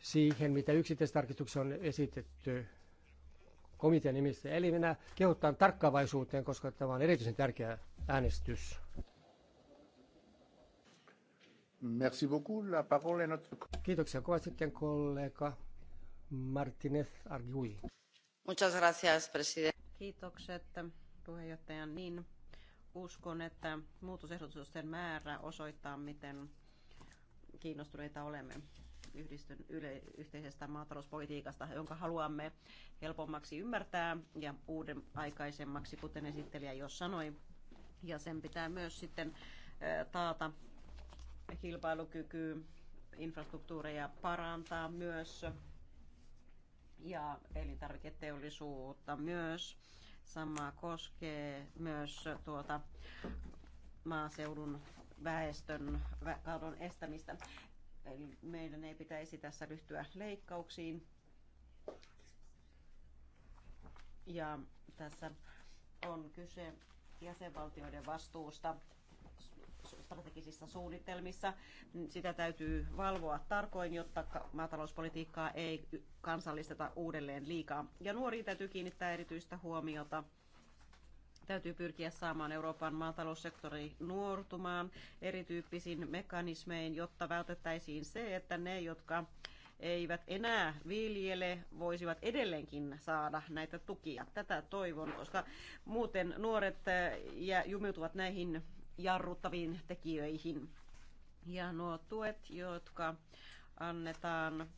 siihen, mitä yksittäistarkistuksessa on esitetty komitean nimissä. Eli minä kehotan tarkkaavaisuuteen, koska tämä on erityisen tärkeä äänestys. Merci beaucoup. La parole est notre... Kiitoksia kovasti sitten kollega Martinez Argui. Muchas gracias, president. Kiitokset puheenjohtajan. Niin uskon, että muutosehdotusten määrä osoittaa, miten kiinnostuneita olemme yhdistyn yle, yhteisestä maatalouspolitiikasta, jonka haluamme helpommaksi ymmärtää ja uuden aikaisemmaksi, kuten esittelijä jo sanoi. Ja sen pitää myös sitten taata kilpailukyky, infrastruktuureja parantaa myös ja elintarviketeollisuutta myös. Sama koskee myös tuota maaseudun väestön kaadon estämistä. Eli meidän ei pitäisi tässä ryhtyä leikkauksiin. Ja tässä on kyse jäsenvaltioiden vastuusta strategisissa suunnitelmissa. Sitä täytyy valvoa tarkoin, jotta maatalouspolitiikkaa ei kansallisteta uudelleen liikaa. Ja nuoriin täytyy kiinnittää erityistä huomiota Täytyy pyrkiä saamaan Euroopan maataloussektori nuortumaan erityyppisiin mekanismein, jotta vältettäisiin se, että ne, jotka eivät enää viljele, voisivat edelleenkin saada näitä tukia. Tätä toivon, koska muuten nuoret äh, jumiutuvat näihin jarruttaviin tekijöihin. Ja nuo tuet, jotka annetaan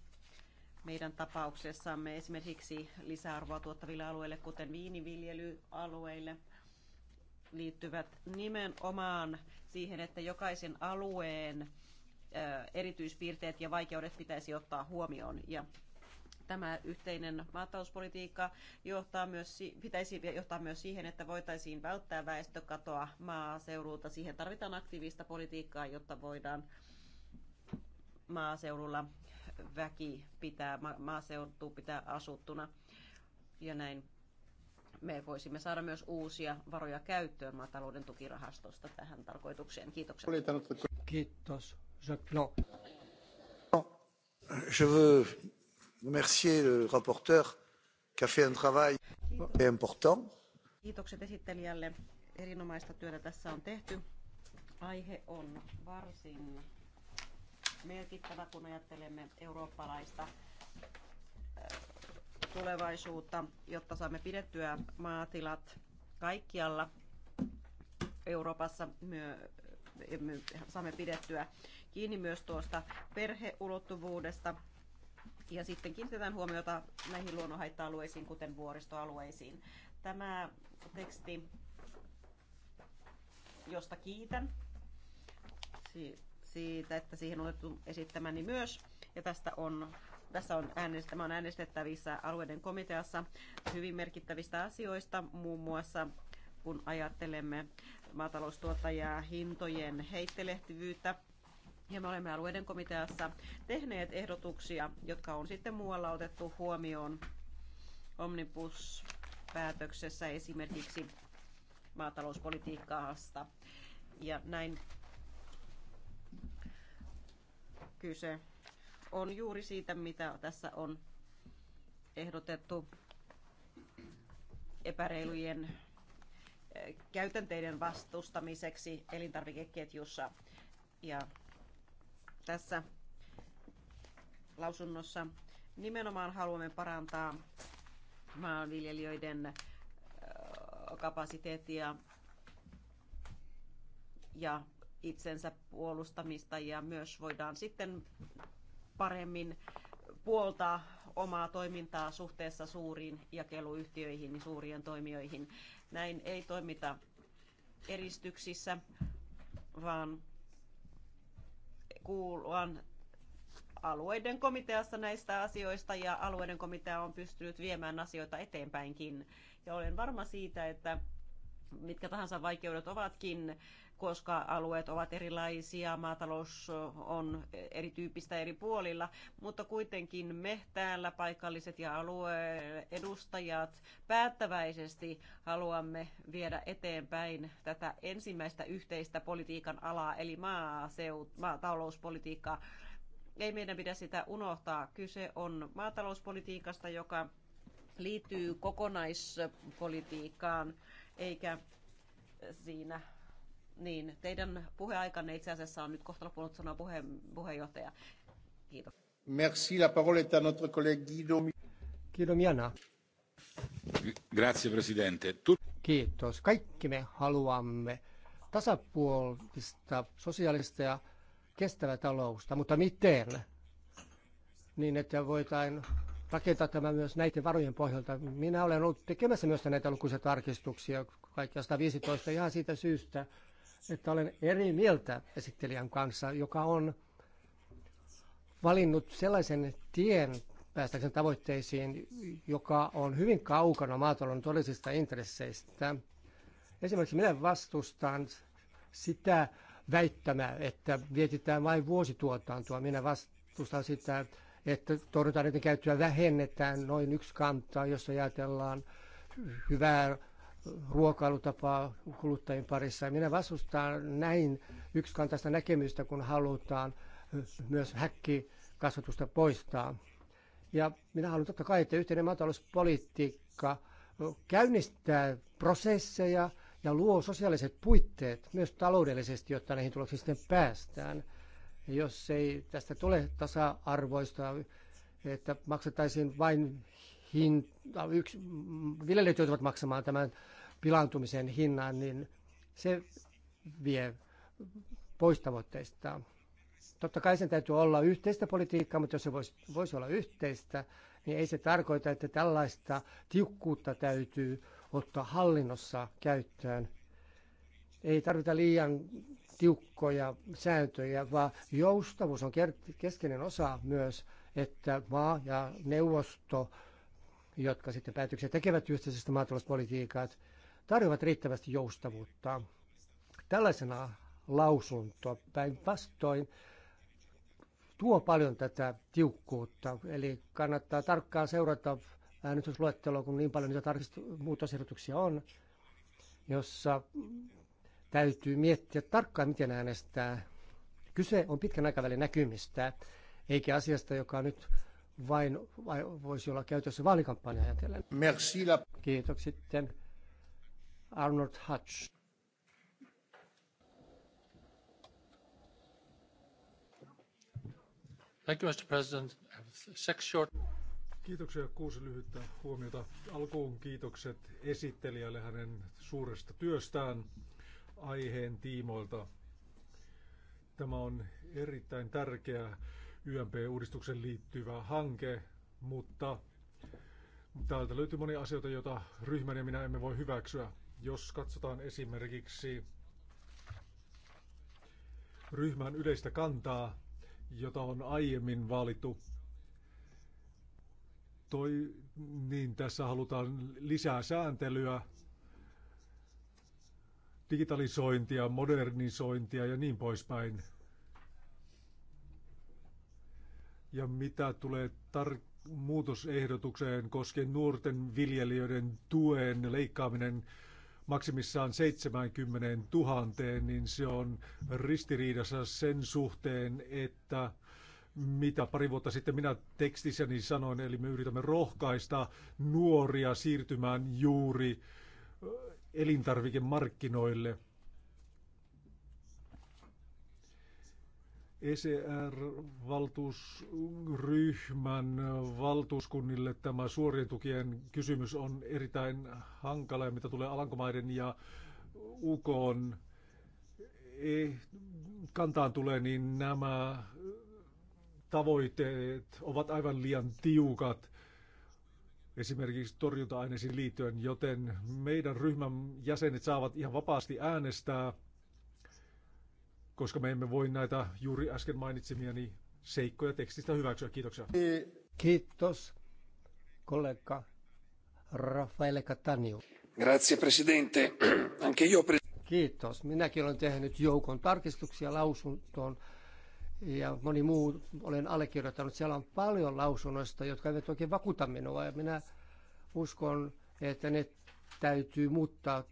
meidän tapauksessamme esimerkiksi lisäarvoa tuottaville alueille, kuten viiniviljelyalueille – liittyvät nimenomaan siihen, että jokaisen alueen erityispiirteet ja vaikeudet pitäisi ottaa huomioon. Ja tämä yhteinen maatalouspolitiikka johtaa myös, pitäisi johtaa myös siihen, että voitaisiin välttää väestökatoa maaseudulta. Siihen tarvitaan aktiivista politiikkaa, jotta voidaan maaseudulla väki pitää, maaseutu pitää asuttuna ja näin me voisimme saada myös uusia varoja käyttöön maatalouden tukirahastosta tähän tarkoitukseen. Kiitoksia. Kiitos. No, je veux remercier le rapporteur qui a fait un travail important. Kiitokset esittelijälle. Erinomaista työtä tässä on tehty. Aihe on varsin merkittävä, kun ajattelemme eurooppalaista tulevaisuutta, jotta saamme pidettyä maatilat kaikkialla Euroopassa myö, saamme pidettyä kiinni myös tuosta perheulottuvuudesta. Ja sitten kiinnitetään huomiota näihin luonnonhaitta-alueisiin, kuten vuoristoalueisiin. Tämä teksti, josta kiitän siitä, että siihen on otettu esittämäni myös, ja tästä on tässä on, äänestä, on äänestettävissä alueiden komiteassa hyvin merkittävistä asioista, muun muassa kun ajattelemme maataloustuottajia hintojen heittelehtivyyttä. Ja me olemme alueiden komiteassa tehneet ehdotuksia, jotka on sitten muualla otettu huomioon omnibus-päätöksessä esimerkiksi maatalouspolitiikkaasta. Ja näin kyse on juuri siitä, mitä tässä on ehdotettu epäreilujen eh, käytänteiden vastustamiseksi elintarvikeketjussa. Ja tässä lausunnossa nimenomaan haluamme parantaa maanviljelijöiden eh, kapasiteettia ja itsensä puolustamista ja myös voidaan sitten paremmin puoltaa omaa toimintaa suhteessa suuriin jakeluyhtiöihin ja niin suurien toimijoihin. Näin ei toimita eristyksissä, vaan kuuluan alueiden komiteassa näistä asioista ja alueiden komitea on pystynyt viemään asioita eteenpäinkin. Ja olen varma siitä, että mitkä tahansa vaikeudet ovatkin koska alueet ovat erilaisia, maatalous on erityyppistä eri puolilla, mutta kuitenkin me täällä paikalliset ja alueen edustajat päättäväisesti haluamme viedä eteenpäin tätä ensimmäistä yhteistä politiikan alaa, eli maaseut, maatalouspolitiikkaa. Ei meidän pidä sitä unohtaa. Kyse on maatalouspolitiikasta, joka liittyy kokonaispolitiikkaan, eikä siinä niin, teidän puheaikanne itse asiassa on nyt kohta loppunut sanoa puhe, puheenjohtaja. Kiitos. Merci, la parole est à notre collègue Guido. Guido Miana. Grazie, presidente. Tu... Kiitos. Kaikki me haluamme tasapuolista, sosiaalista ja kestävää talousta, mutta miten? Niin, että voitain rakentaa tämä myös näiden varojen pohjalta. Minä olen ollut tekemässä myös näitä lukuisia tarkistuksia, kaikkia 115, ihan siitä syystä, että olen eri mieltä esittelijän kanssa, joka on valinnut sellaisen tien päästäkseen tavoitteisiin, joka on hyvin kaukana maatalon todellisista intresseistä. Esimerkiksi minä vastustan sitä väittämää, että vietitään vain vuosituotantoa. Minä vastustan sitä, että torjunta käyttöä vähennetään noin yksi kantaa, jos ajatellaan hyvää ruokailutapaa kuluttajien parissa. Minä vastustan näin yksikantaista näkemystä, kun halutaan myös häkkikasvatusta poistaa. Ja minä haluan totta kai, että yhteinen maatalouspolitiikka käynnistää prosesseja ja luo sosiaaliset puitteet myös taloudellisesti, jotta näihin tuloksiin sitten päästään. Ja jos ei tästä tule tasa-arvoista, että maksettaisiin vain hinta, yksi, viljelijät joutuvat maksamaan tämän pilaantumisen hinnan, niin se vie pois tavoitteistaan. Totta kai sen täytyy olla yhteistä politiikkaa, mutta jos se voisi, voisi olla yhteistä, niin ei se tarkoita, että tällaista tiukkuutta täytyy ottaa hallinnossa käyttöön. Ei tarvita liian tiukkoja sääntöjä, vaan joustavuus on keskeinen osa myös, että maa ja neuvosto, jotka sitten päätöksiä tekevät yhteisestä maatalouspolitiikat, tarjoavat riittävästi joustavuutta. Tällaisena lausunto päinvastoin tuo paljon tätä tiukkuutta, eli kannattaa tarkkaan seurata äänestysluetteloa, kun niin paljon niitä tarkistu- muutosehdotuksia on, jossa täytyy miettiä tarkkaan, miten äänestää. Kyse on pitkän aikavälin näkymistä, eikä asiasta, joka nyt vain vai voisi olla käytössä vaalikampanja ajatellen. Merci la... Kiitos sitten. Arnold Hutch. Thank you, Mr. President. Six short... Kiitoksia kuusi lyhyttä huomiota. Alkuun kiitokset esittelijälle hänen suuresta työstään aiheen tiimoilta. Tämä on erittäin tärkeä YMP-uudistuksen liittyvä hanke, mutta täältä löytyy monia asioita, joita ryhmän ja minä emme voi hyväksyä. Jos katsotaan esimerkiksi ryhmän yleistä kantaa, jota on aiemmin valittu, toi, niin tässä halutaan lisää sääntelyä, digitalisointia, modernisointia ja niin poispäin. Ja mitä tulee tar- muutosehdotukseen koskien nuorten viljelijöiden tuen leikkaaminen maksimissaan 70 000, niin se on ristiriidassa sen suhteen, että mitä pari vuotta sitten minä tekstissäni sanoin, eli me yritämme rohkaista nuoria siirtymään juuri elintarvikemarkkinoille – ECR-valtuusryhmän valtuuskunnille tämä suorien tukien kysymys on erittäin hankala, mitä tulee Alankomaiden ja UK e, kantaan tulee, niin nämä tavoitteet ovat aivan liian tiukat esimerkiksi torjunta-aineisiin liittyen, joten meidän ryhmän jäsenet saavat ihan vapaasti äänestää – koska me emme voi näitä juuri äsken niin seikkoja tekstistä hyväksyä. Kiitoksia. Kiitos, kollega Raffaele Cataniu. Grazie, presidente. Anche io pre- Kiitos. Minäkin olen tehnyt joukon tarkistuksia lausuntoon ja moni muu olen allekirjoittanut. Siellä on paljon lausunnoista, jotka eivät oikein vakuuta minua ja minä uskon, että ne täytyy muuttaa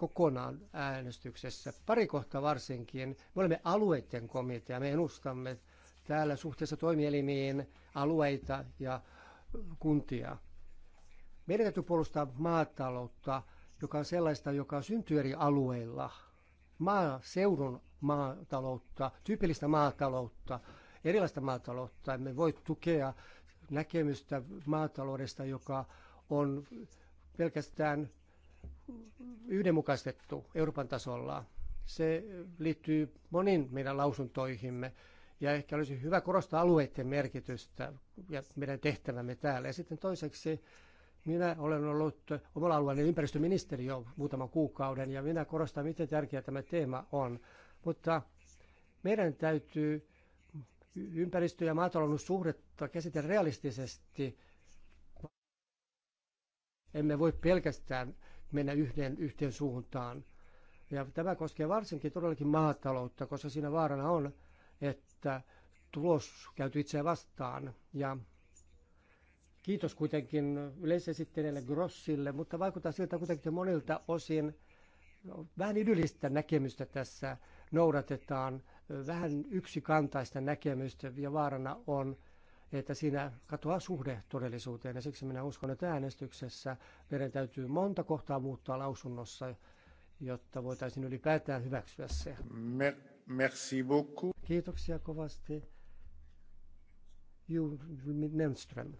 kokonaan äänestyksessä. Pari kohta varsinkin. Me olemme alueiden komitea. Me edustamme täällä suhteessa toimielimiin alueita ja kuntia. Meidän täytyy puolustaa maataloutta, joka on sellaista, joka syntyy eri alueilla. Maaseudun maataloutta, tyypillistä maataloutta, erilaista maataloutta. Me voi tukea näkemystä maataloudesta, joka on pelkästään yhdenmukaistettu Euroopan tasolla. Se liittyy monin meidän lausuntoihimme ja ehkä olisi hyvä korostaa alueiden merkitystä ja meidän tehtävämme täällä. Ja sitten toiseksi minä olen ollut omalla alueellani ympäristöministeri jo muutaman kuukauden ja minä korostan, miten tärkeä tämä teema on. Mutta meidän täytyy ympäristö- ja maatalouden suhdetta käsitellä realistisesti. Emme voi pelkästään mennä yhden, yhteen suuntaan. Ja tämä koskee varsinkin todellakin maataloutta, koska siinä vaarana on, että tulos käyty itseä vastaan. Ja kiitos kuitenkin yleisesittelijälle Grossille, mutta vaikuttaa siltä kuitenkin monilta osin vähän idyllistä näkemystä tässä noudatetaan, vähän yksikantaista näkemystä ja vaarana on, että siinä katoaa suhde todellisuuteen. Ja siksi minä uskon, että äänestyksessä meidän täytyy monta kohtaa muuttaa lausunnossa, jotta voitaisiin ylipäätään hyväksyä se. merci beaucoup. Kiitoksia kovasti. Ju Nemström.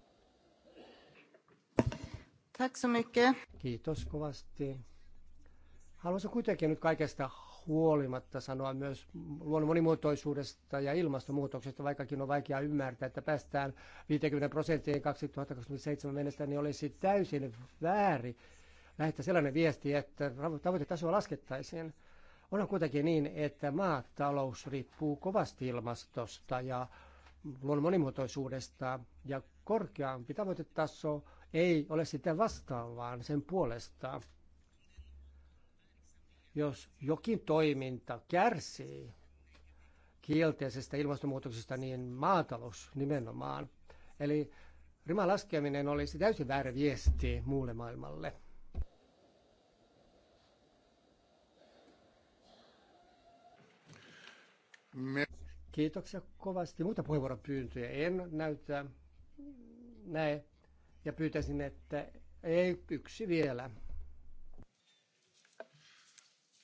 Tack så mycket. Kiitos kovasti. Haluaisin kuitenkin nyt kaikesta huolimatta sanoa myös luonnon monimuotoisuudesta ja ilmastonmuutoksesta, vaikkakin on vaikea ymmärtää, että päästään 50 prosenttiin 2027 mennessä, niin olisi täysin väärin lähettää sellainen viesti, että tavoitetasoa laskettaisiin. Onhan kuitenkin niin, että maatalous riippuu kovasti ilmastosta ja luonnon monimuotoisuudesta ja korkeampi tavoitetaso ei ole sitä vastaan, vaan sen puolesta. Jos jokin toiminta kärsii kielteisestä ilmastonmuutoksesta, niin maatalous nimenomaan. Eli riman laskeminen olisi täysin väärä viesti muulle maailmalle. Me... Kiitoksia kovasti. Muita puheenvuoropyyntöjä en näytä näe. Ja pyytäisin, että ei yksi vielä.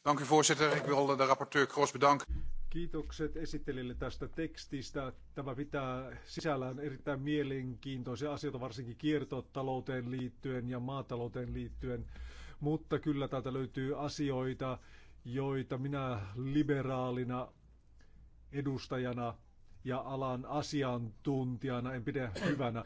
Dank u voorzitter. Ik wil de rapporteur bedanken. Kiitokset esittelijälle tästä tekstistä. Tämä pitää sisällään erittäin mielenkiintoisia asioita, varsinkin kiertotalouteen liittyen ja maatalouteen liittyen. Mutta kyllä täältä löytyy asioita, joita minä liberaalina edustajana ja alan asiantuntijana en pidä hyvänä.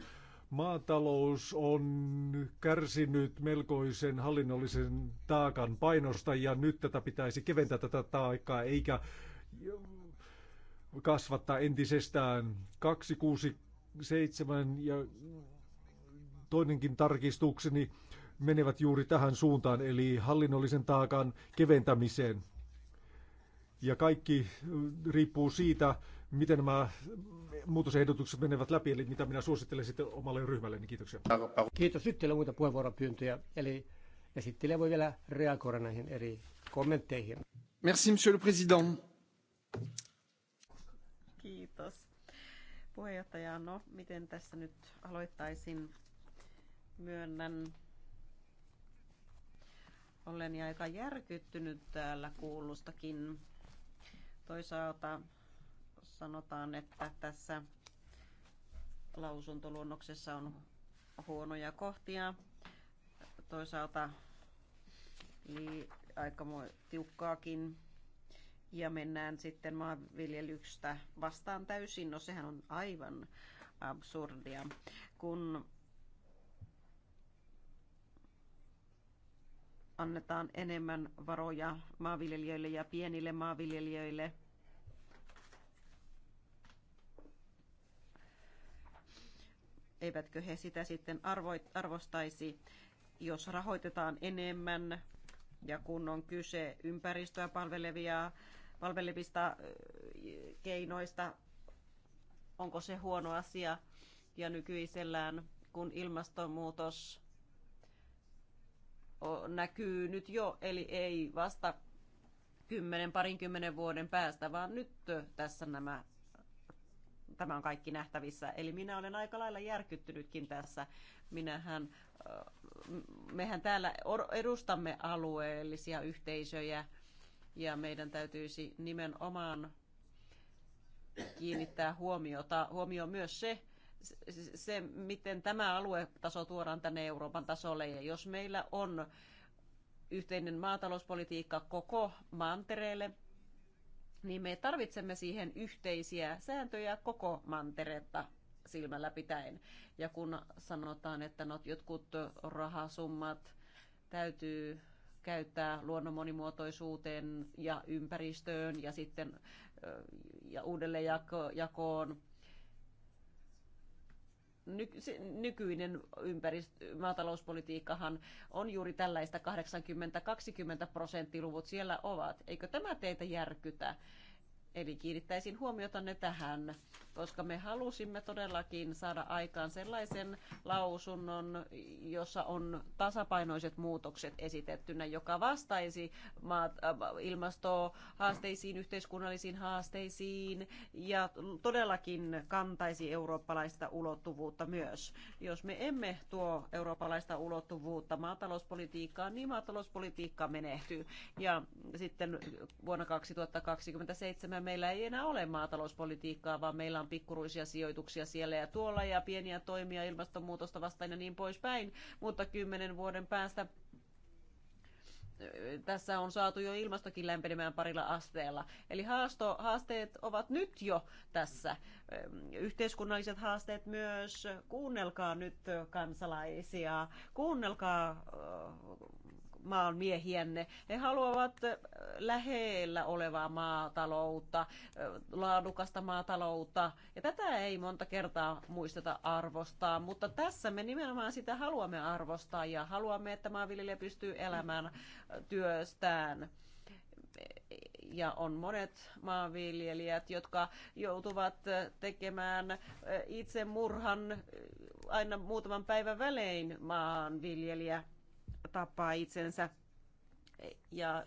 Maatalous on kärsinyt melkoisen hallinnollisen taakan painosta ja nyt tätä pitäisi keventää tätä taakkaa eikä kasvattaa entisestään 267 ja toinenkin tarkistukseni menevät juuri tähän suuntaan, eli hallinnollisen taakan keventämiseen. Ja kaikki riippuu siitä, miten nämä muutosehdotukset menevät läpi, eli mitä minä suosittelen sitten omalle ryhmälle, niin kiitoksia. Kiitos. Nyt teillä on muita puheenvuoropyyntöjä, eli esittelijä voi vielä reagoida näihin eri kommentteihin. Merci, monsieur le président. Kiitos. Puheenjohtaja, no miten tässä nyt aloittaisin? Myönnän olen aika järkyttynyt täällä kuulustakin. Toisaalta sanotaan, että tässä lausuntoluonnoksessa on huonoja kohtia. Toisaalta li- aika tiukkaakin. Ja mennään sitten maanviljelyksestä vastaan täysin. No sehän on aivan absurdia. Kun annetaan enemmän varoja maanviljelijöille ja pienille maanviljelijöille, eivätkö he sitä sitten arvoit, arvostaisi, jos rahoitetaan enemmän ja kun on kyse ympäristöä palvelevia, palvelevista keinoista, onko se huono asia ja nykyisellään, kun ilmastonmuutos näkyy nyt jo, eli ei vasta kymmenen, parinkymmenen vuoden päästä, vaan nyt tässä nämä tämä on kaikki nähtävissä. Eli minä olen aika lailla järkyttynytkin tässä. Minähän, mehän täällä edustamme alueellisia yhteisöjä ja meidän täytyisi nimenomaan kiinnittää huomiota, huomioon myös se, se, miten tämä aluetaso tuodaan tänne Euroopan tasolle. Ja jos meillä on yhteinen maatalouspolitiikka koko mantereelle, niin me tarvitsemme siihen yhteisiä sääntöjä koko manteretta silmällä pitäen. Ja kun sanotaan, että not jotkut rahasummat täytyy käyttää luonnon monimuotoisuuteen ja ympäristöön ja sitten ja uudelleenjakoon nykyinen ympäristö, maatalouspolitiikkahan on juuri tällaista 80-20 prosenttiluvut siellä ovat. Eikö tämä teitä järkytä? Eli kiinnittäisin huomiotanne tähän koska me halusimme todellakin saada aikaan sellaisen lausunnon, jossa on tasapainoiset muutokset esitettynä, joka vastaisi maat, äh, ilmastohaasteisiin, yhteiskunnallisiin haasteisiin ja todellakin kantaisi eurooppalaista ulottuvuutta myös. Jos me emme tuo eurooppalaista ulottuvuutta maatalouspolitiikkaan, niin maatalouspolitiikka menehtyy. Ja sitten vuonna 2027 meillä ei enää ole maatalouspolitiikkaa, vaan meillä tehdään pikkuruisia sijoituksia siellä ja tuolla ja pieniä toimia ilmastonmuutosta vastaan ja niin poispäin, mutta kymmenen vuoden päästä tässä on saatu jo ilmastokin lämpenemään parilla asteella. Eli haasto, haasteet ovat nyt jo tässä. Yhteiskunnalliset haasteet myös. Kuunnelkaa nyt kansalaisia. Kuunnelkaa maan miehiänne. He haluavat lähellä olevaa maataloutta, laadukasta maataloutta. Ja tätä ei monta kertaa muisteta arvostaa, mutta tässä me nimenomaan sitä haluamme arvostaa ja haluamme, että maanviljelijä pystyy elämään työstään ja on monet maanviljelijät, jotka joutuvat tekemään itse murhan aina muutaman päivän välein maanviljelijä tappaa itsensä ja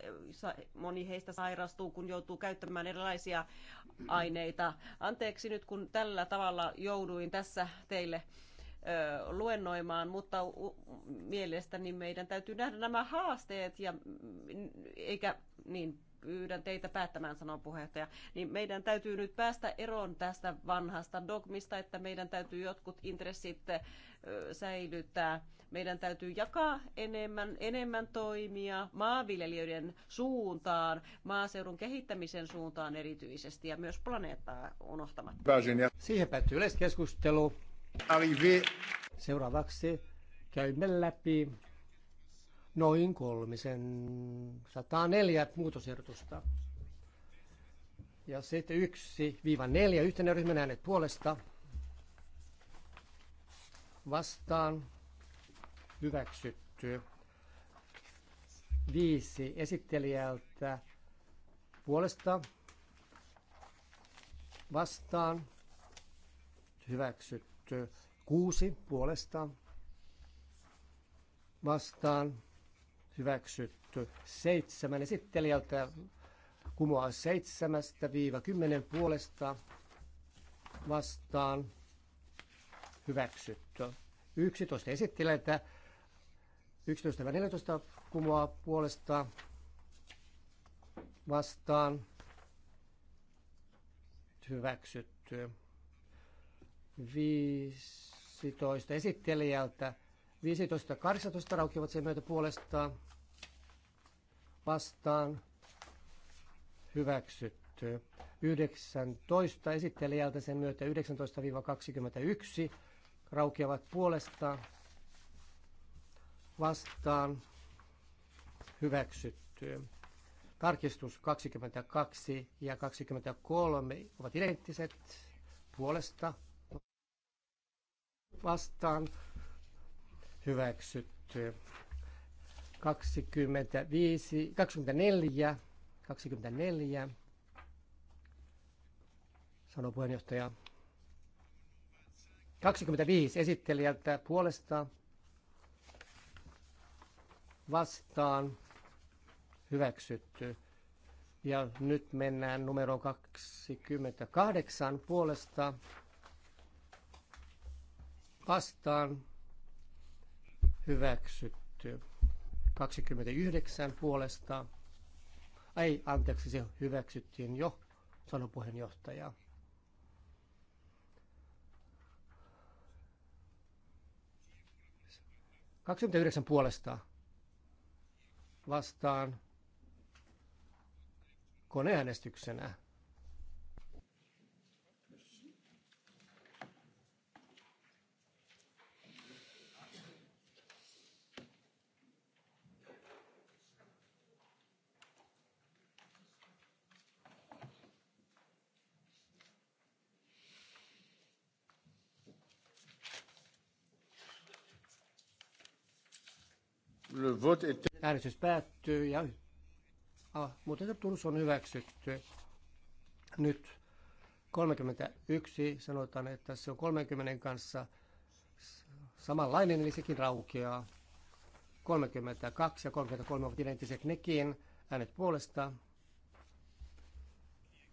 moni heistä sairastuu, kun joutuu käyttämään erilaisia aineita. Anteeksi nyt, kun tällä tavalla jouduin tässä teille luennoimaan, mutta mielestäni meidän täytyy nähdä nämä haasteet ja eikä niin pyydän teitä päättämään, sanoo puheenjohtaja, niin meidän täytyy nyt päästä eroon tästä vanhasta dogmista, että meidän täytyy jotkut intressit säilyttää. Meidän täytyy jakaa enemmän, enemmän toimia maanviljelijöiden suuntaan, maaseudun kehittämisen suuntaan erityisesti ja myös planeettaa unohtamatta. Siihen päättyy yleiskeskustelu. Seuraavaksi käymme läpi noin kolmisen 104 muutosehdotusta. Ja sitten 1-4 yhtenä ryhmän äänet puolesta vastaan hyväksytty. Viisi esittelijältä puolesta vastaan hyväksytty. Kuusi puolesta vastaan hyväksytty. Seitsemän esittelijältä kumoaa seitsemästä viiva kymmenen puolesta vastaan hyväksytty. 11 esittelijältä 11-14 kumoaa puolesta vastaan hyväksytty. 15 esittelijältä 15-18 raukeavat sen myötä puolestaan vastaan hyväksytty. 19 esittelijältä sen myötä 19-21 raukeavat puolestaan vastaan hyväksytty. Tarkistus 22 ja 23 ovat identtiset puolesta vastaan hyväksytty. 25, 24, 24, sanoo puheenjohtaja. 25 esittelijältä puolesta vastaan hyväksytty. Ja nyt mennään numero 28 puolesta vastaan hyväksytty. 29 puolesta. Ei, anteeksi, se hyväksyttiin jo, sanoi puheenjohtaja. yhdeksän puolesta vastaan koneäänestyksenä. Äänestys päättyy ja ah, muuten Turus on hyväksytty. Nyt 31, sanotaan, että se on 30 kanssa samanlainen, eli sekin raukeaa. 32 ja 33 ovat identtiset nekin. Äänet puolesta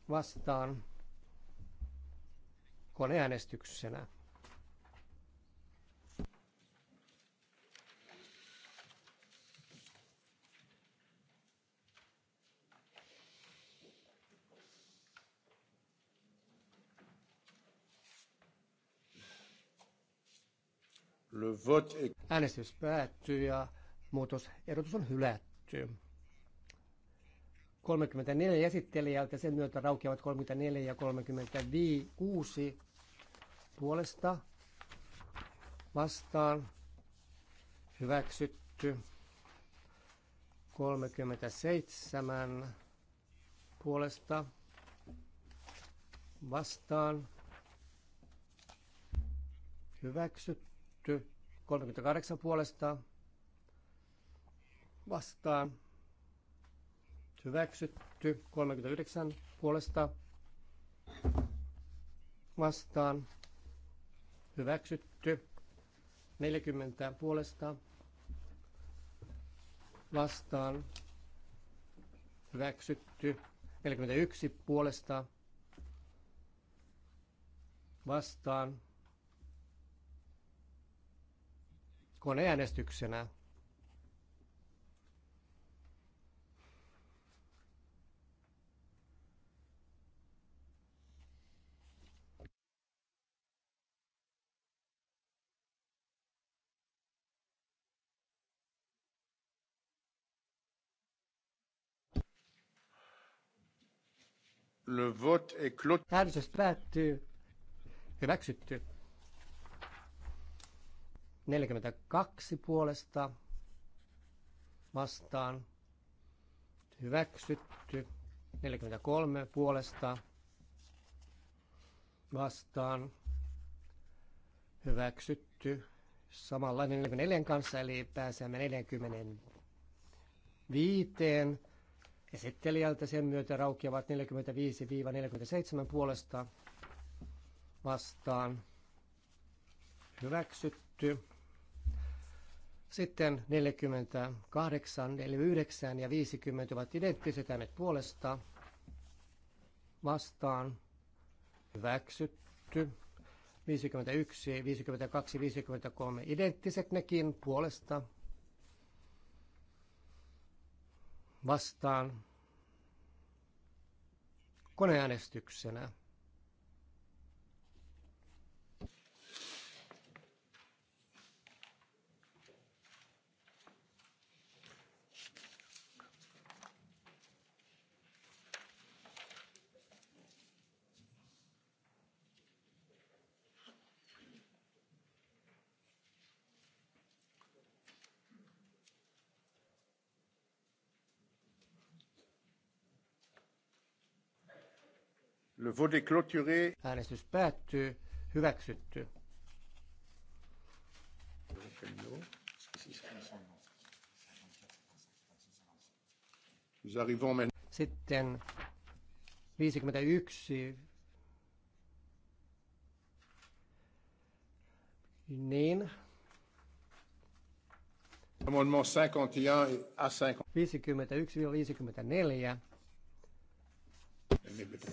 vastaan koneäänestyksenä. Äänestys päättyy ja muutosehdotus on hylätty. 34 esittelijältä, sen myötä raukeavat 34 ja 36 puolesta vastaan hyväksytty 37 puolesta vastaan hyväksytty 38 puolesta vastaan. Hyväksytty 39 puolesta vastaan. Hyväksytty 40 puolesta vastaan. Hyväksytty 41 puolesta vastaan koneäänestyksenä. Le vote est clos. Äänestys päättyy. Hyväksytty. 42 puolesta vastaan hyväksytty. 43 puolesta vastaan hyväksytty samalla 44 kanssa, eli pääsemme 45 esittelijältä. Sen myötä raukeavat 45-47 puolesta vastaan hyväksytty. Sitten 48, 49 ja 50 ovat identtiset äänet puolesta. Vastaan. Hyväksytty. 51, 52, 53 identtiset nekin puolesta. Vastaan. Koneäänestyksenä. vote clôturé. Äänestys päättyy. Hyväksytty. Sitten 51. Niin. 51-54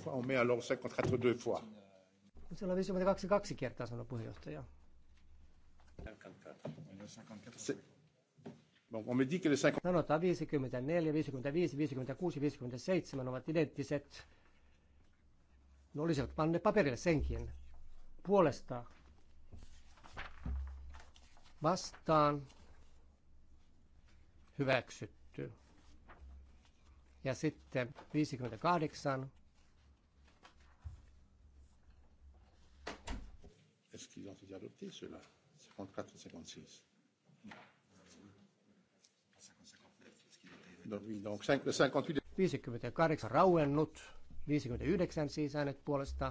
Omea lossa contratto due Mutta Siellä on 52 kaksi kertaa, sanoi puheenjohtaja. Sanotaan 54, 55, 56, 57 ovat identtiset. No olisivat panneet paperille senkin. Puolesta vastaan hyväksytty. Ja sitten 58 Est-ce qu'ils ont été adoptés, ceux-là 54 ou 56 58 rauennut, 59 siis äänet puolesta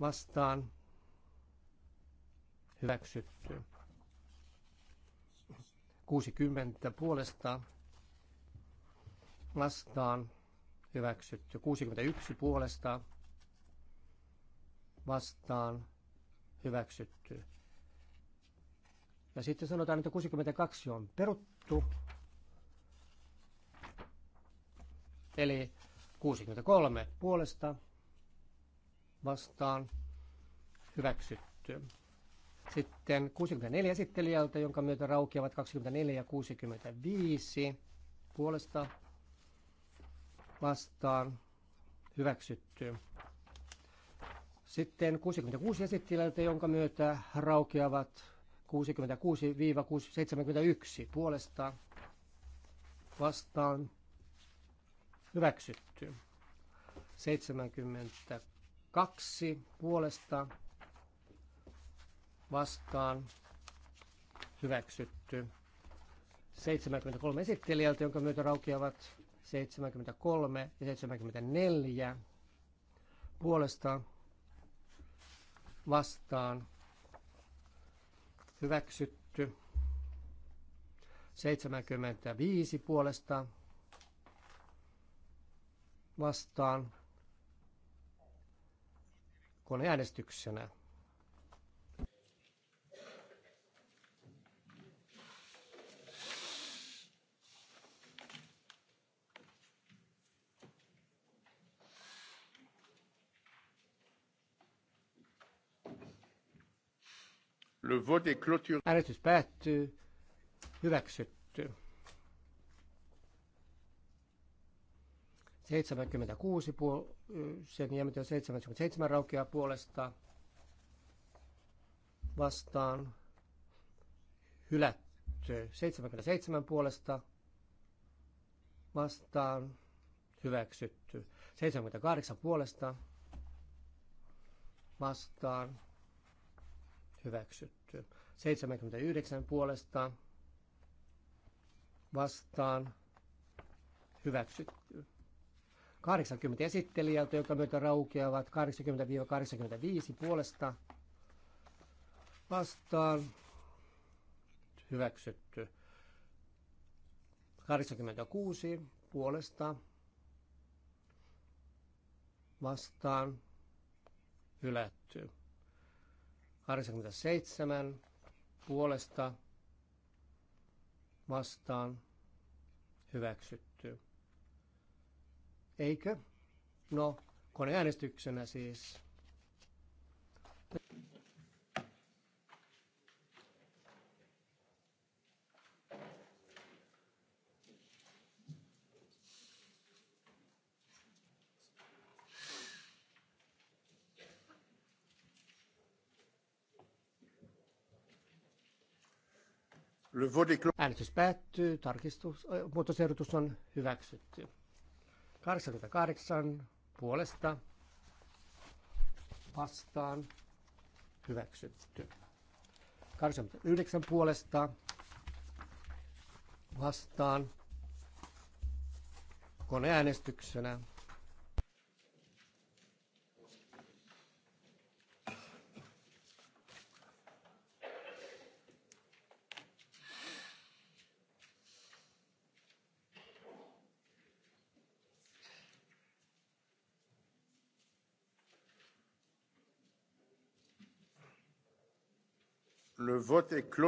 vastaan hyväksytty. 60 puolesta vastaan hyväksytty. 61 puolesta vastaan hyväksytty. Ja sitten sanotaan, että 62 on peruttu. Eli 63 puolesta vastaan hyväksytty. Sitten 64 esittelijältä, jonka myötä raukeavat 24 ja 65 puolesta vastaan hyväksytty. Sitten 66 esittilältä, jonka myötä raukeavat 66-71 puolesta vastaan hyväksytty. 72 puolesta vastaan hyväksytty. 73 esittelijältä, jonka myötä raukeavat 73 ja 74 puolesta vastaan hyväksytty. 75 puolesta vastaan koneäänestyksenä. vote est clôturé. Äänestys päättyy. Hyväksytty. 76 puol- sen jämätön 77 raukeaa puolesta vastaan hylätty 77 puolesta vastaan hyväksytty 78 puolesta vastaan hyväksytty. 79 puolesta vastaan hyväksytty. 80 esittelijältä, joka myötä raukeavat 80-85 puolesta vastaan hyväksytty. 86 puolesta vastaan hylätty. 87 puolesta vastaan hyväksytty. Eikö? No, koneäänestyksenä siis. Äänestys päättyy. Tarkistus, muutosehdotus on hyväksytty. 88 puolesta vastaan hyväksytty. 89 puolesta vastaan koneäänestyksenä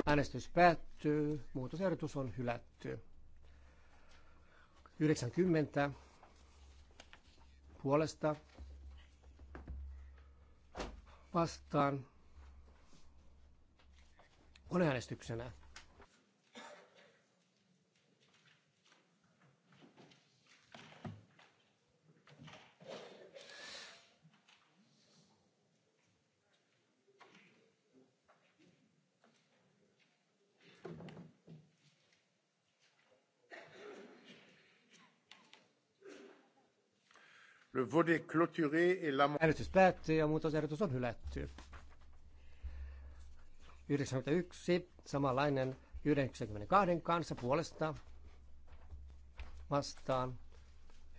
Äänestys päättyy. Muutosehdotus on hylätty. 90 puolesta vastaan äänestyksenä Le clôturé et l'amendement... Äänestys päättyy ja muutosehdotus on hylätty. 91, samanlainen 92 kanssa puolesta vastaan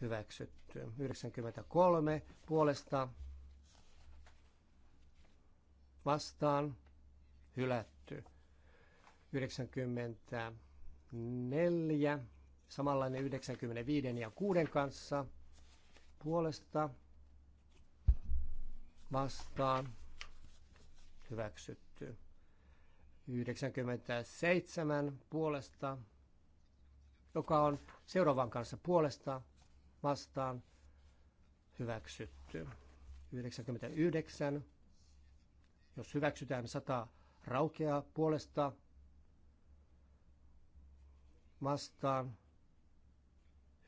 hyväksytty. 93 puolesta vastaan hylätty. 94 samanlainen 95 ja 6 kanssa puolesta vastaan hyväksytty. 97 puolesta, joka on seuraavan kanssa puolesta vastaan hyväksytty. 99, jos hyväksytään 100 raukeaa puolesta vastaan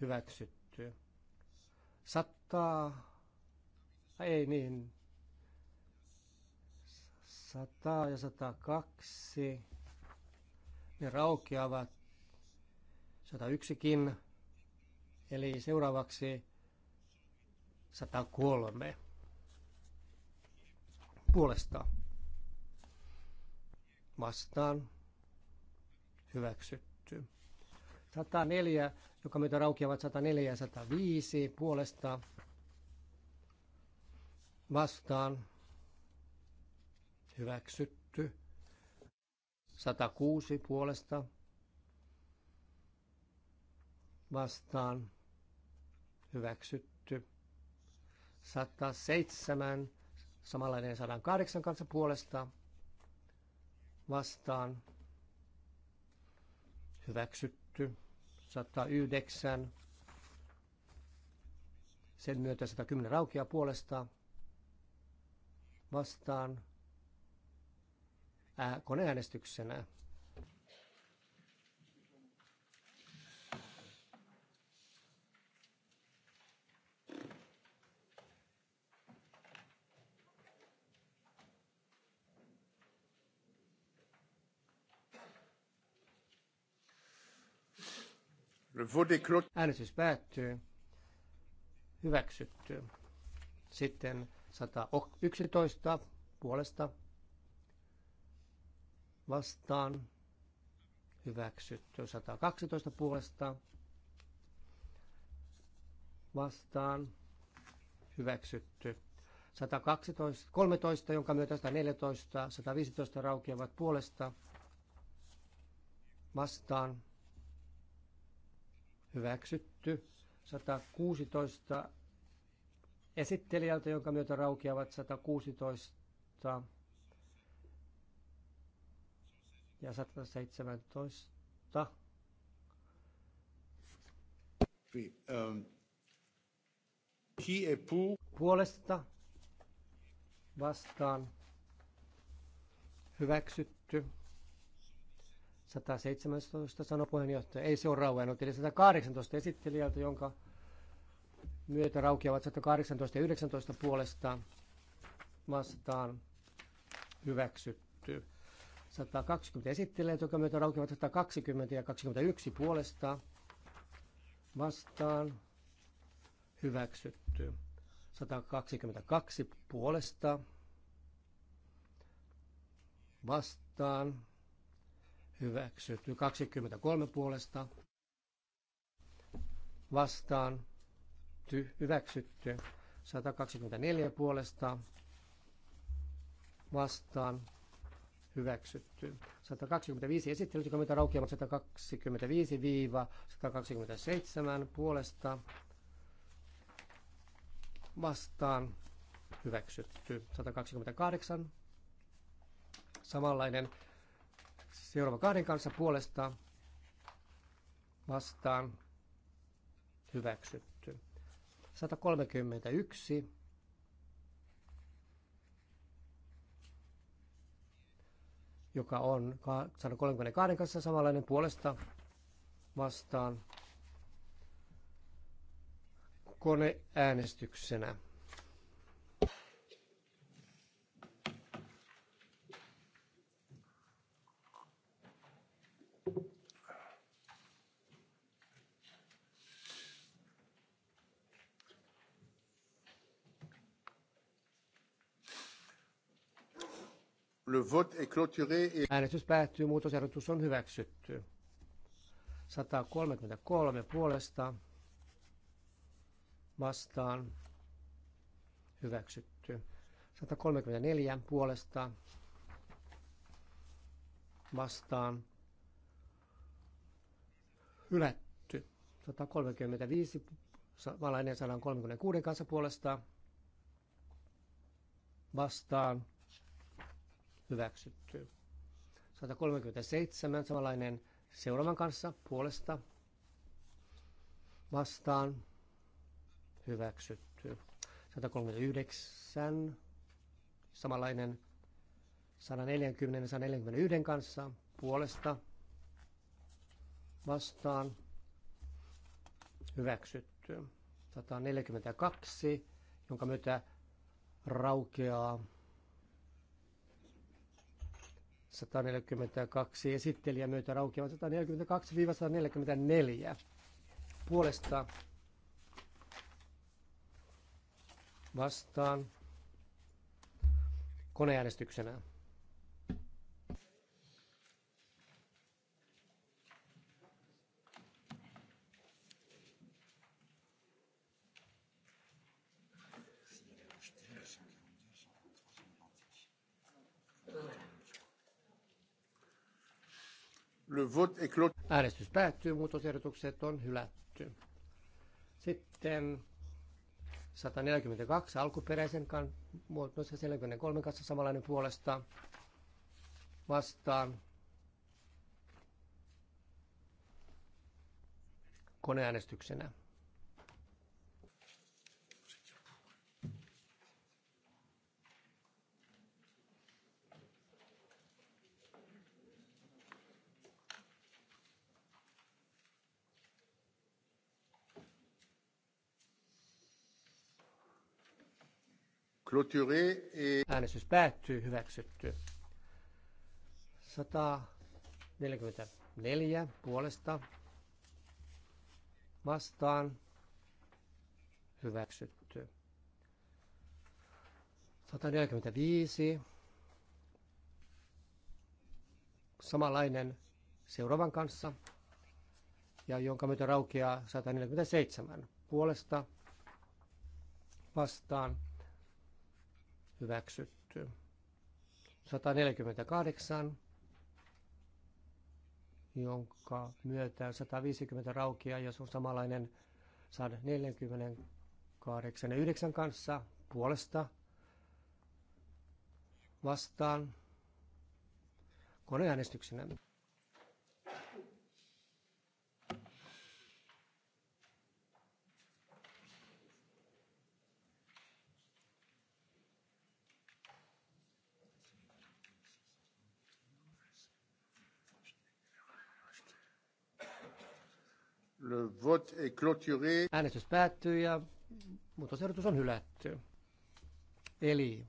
hyväksytty. Sataa, ei niin, sataa ja kaksi ne raukeavat sata yksikin eli seuraavaksi sata kolme puolesta vastaan hyväksytty. 104 joka myötä raukeavat 104 ja 105 puolesta vastaan hyväksytty. 106 puolesta vastaan hyväksytty. 107 samanlainen 108 kanssa puolesta vastaan hyväksytty. 109. Sen myötä 110 raukia puolesta vastaan ää, koneäänestyksenä. Äänestys päättyy. Hyväksytty. Sitten 111 puolesta vastaan. Hyväksytty. 112 puolesta vastaan. Hyväksytty. 112, 13, jonka myötä 114, 115 raukeavat puolesta vastaan hyväksytty. 116 esittelijältä, jonka myötä raukeavat 116 ja 117. Euh, Puolesta vastaan hyväksytty. 117 sanoi puheenjohtaja, ei se ole rauennut, eli 118 esittelijältä, jonka myötä raukeavat 118 ja 19 puolesta vastaan hyväksytty. 120 esittelijältä, jonka myötä raukeavat 120 ja 21 puolesta vastaan hyväksytty. 122 puolesta vastaan hyväksytty. 23 puolesta vastaan ty, hyväksytty. 124 puolesta vastaan hyväksytty. 125 komitea raukeamat 125-127 puolesta vastaan hyväksytty. 128 samanlainen Seuraava kahden kanssa puolesta vastaan hyväksytty. 131. joka on 132 kanssa samanlainen puolesta vastaan koneäänestyksenä. Le vote est clôturé et... Äänestys päättyy, muutosehdotus on hyväksytty. 133 puolesta vastaan hyväksytty. 134 puolesta vastaan hylätty. 135 valainen 136 kanssa puolesta vastaan hyväksytty. 137 samanlainen seuraavan kanssa puolesta vastaan hyväksytty. 139 samanlainen 140 ja 141 kanssa puolesta vastaan hyväksytty. 142, jonka myötä raukeaa 142 esittelijä myötä raukeavat 142-144 puolesta vastaan koneäänestyksenä. Äänestys päättyy, muutosehdotukset on hylätty. Sitten 142 alkuperäisen kan, muotoissa 43 kanssa samanlainen puolesta vastaan. Koneäänestyksenä. Äänestys päättyy, hyväksytty. 144 puolesta vastaan, hyväksytty. 145. Samanlainen seuraavan kanssa, ja jonka myötä raukeaa 147 puolesta vastaan, hyväksytty. 148, jonka myötä 150 raukia, jos on samanlainen 148 ja 9 kanssa puolesta vastaan koneäänestyksenä. Äänestys päättyy ja muutosehdotus on hylätty. Eli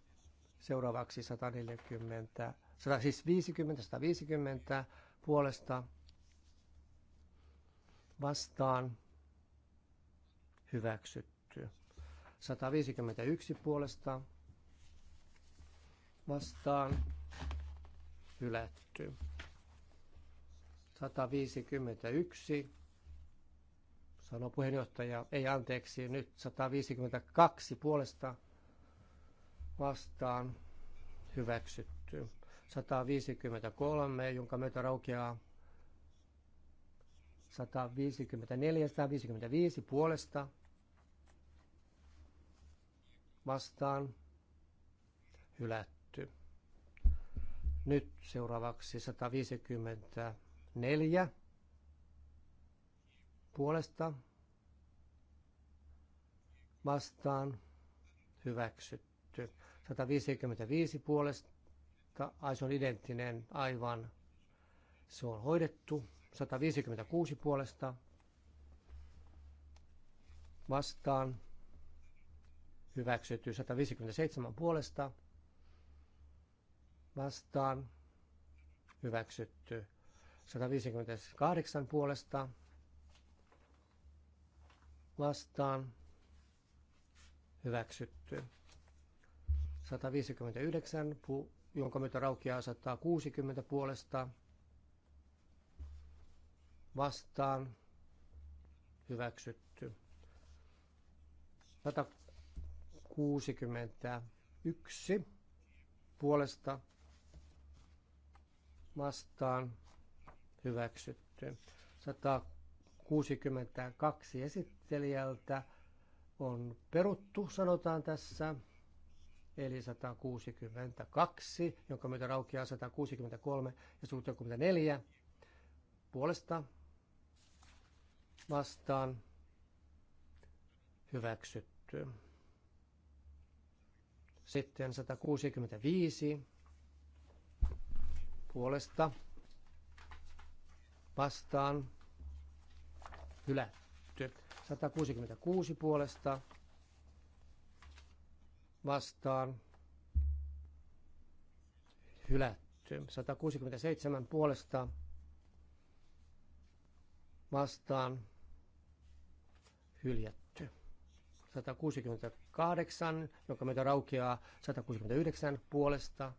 seuraavaksi 140, 100, siis 50, 150 puolesta vastaan hyväksytty. 151 puolesta vastaan hylätty. 151 sanoo puheenjohtaja, ei anteeksi, nyt 152 puolesta vastaan hyväksytty. 153, jonka myötä raukeaa 154, 155 puolesta vastaan hylätty. Nyt seuraavaksi 154 puolesta vastaan hyväksytty. 155 puolesta, ai se on identtinen aivan, se on hoidettu. 156 puolesta vastaan hyväksytty. 157 puolesta vastaan hyväksytty. 158 puolesta vastaan hyväksytty. 159, jonka myötä raukia 160 puolesta vastaan hyväksytty. 161 puolesta vastaan hyväksytty. 162 esittää esittelijältä on peruttu, sanotaan tässä, eli 162, jonka myötä raukeaa 163 ja 64 puolesta vastaan hyväksytty. Sitten 165 puolesta vastaan hylätty. 166 puolesta vastaan hylätty. 167 puolesta vastaan hyljätty. 168, joka meitä raukeaa 169 puolesta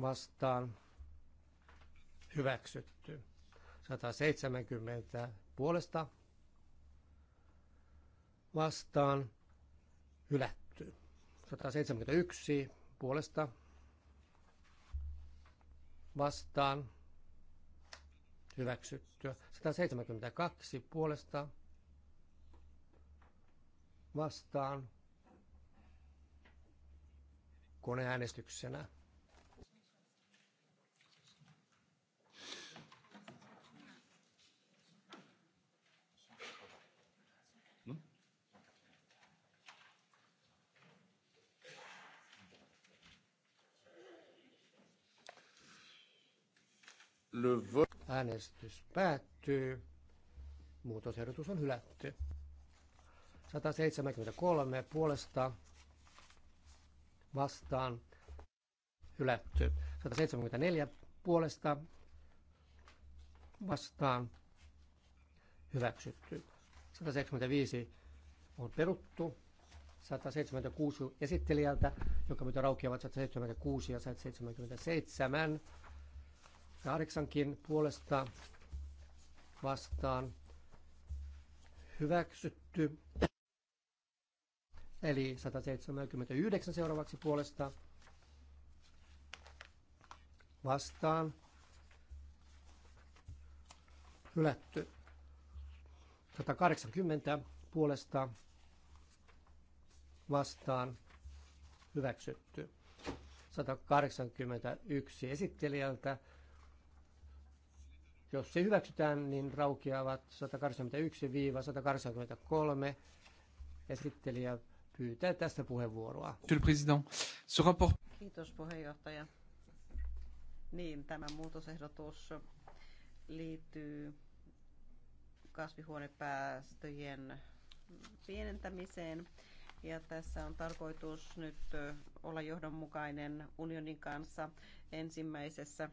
vastaan hyväksytty. 170 puolesta vastaan hylätty. 171 puolesta vastaan hyväksyttyä. 172 puolesta vastaan koneäänestyksenä. Äänestys päättyy. Muutosehdotus on hylätty. 173 puolesta vastaan hylätty. 174 puolesta vastaan hyväksytty. 175 on peruttu. 176 esittelijältä, joka myötä raukeavat 176 ja 177 Kahdeksankin puolesta vastaan hyväksytty. Eli 179 seuraavaksi puolesta vastaan hylätty. 180 puolesta vastaan hyväksytty. 181 esittelijältä jos se hyväksytään, niin raukeavat 181-183. Esittelijä pyytää tästä puheenvuoroa. Kiitos puheenjohtaja. Niin, tämä muutosehdotus liittyy kasvihuonepäästöjen pienentämiseen. Ja tässä on tarkoitus nyt olla johdonmukainen unionin kanssa ensimmäisessä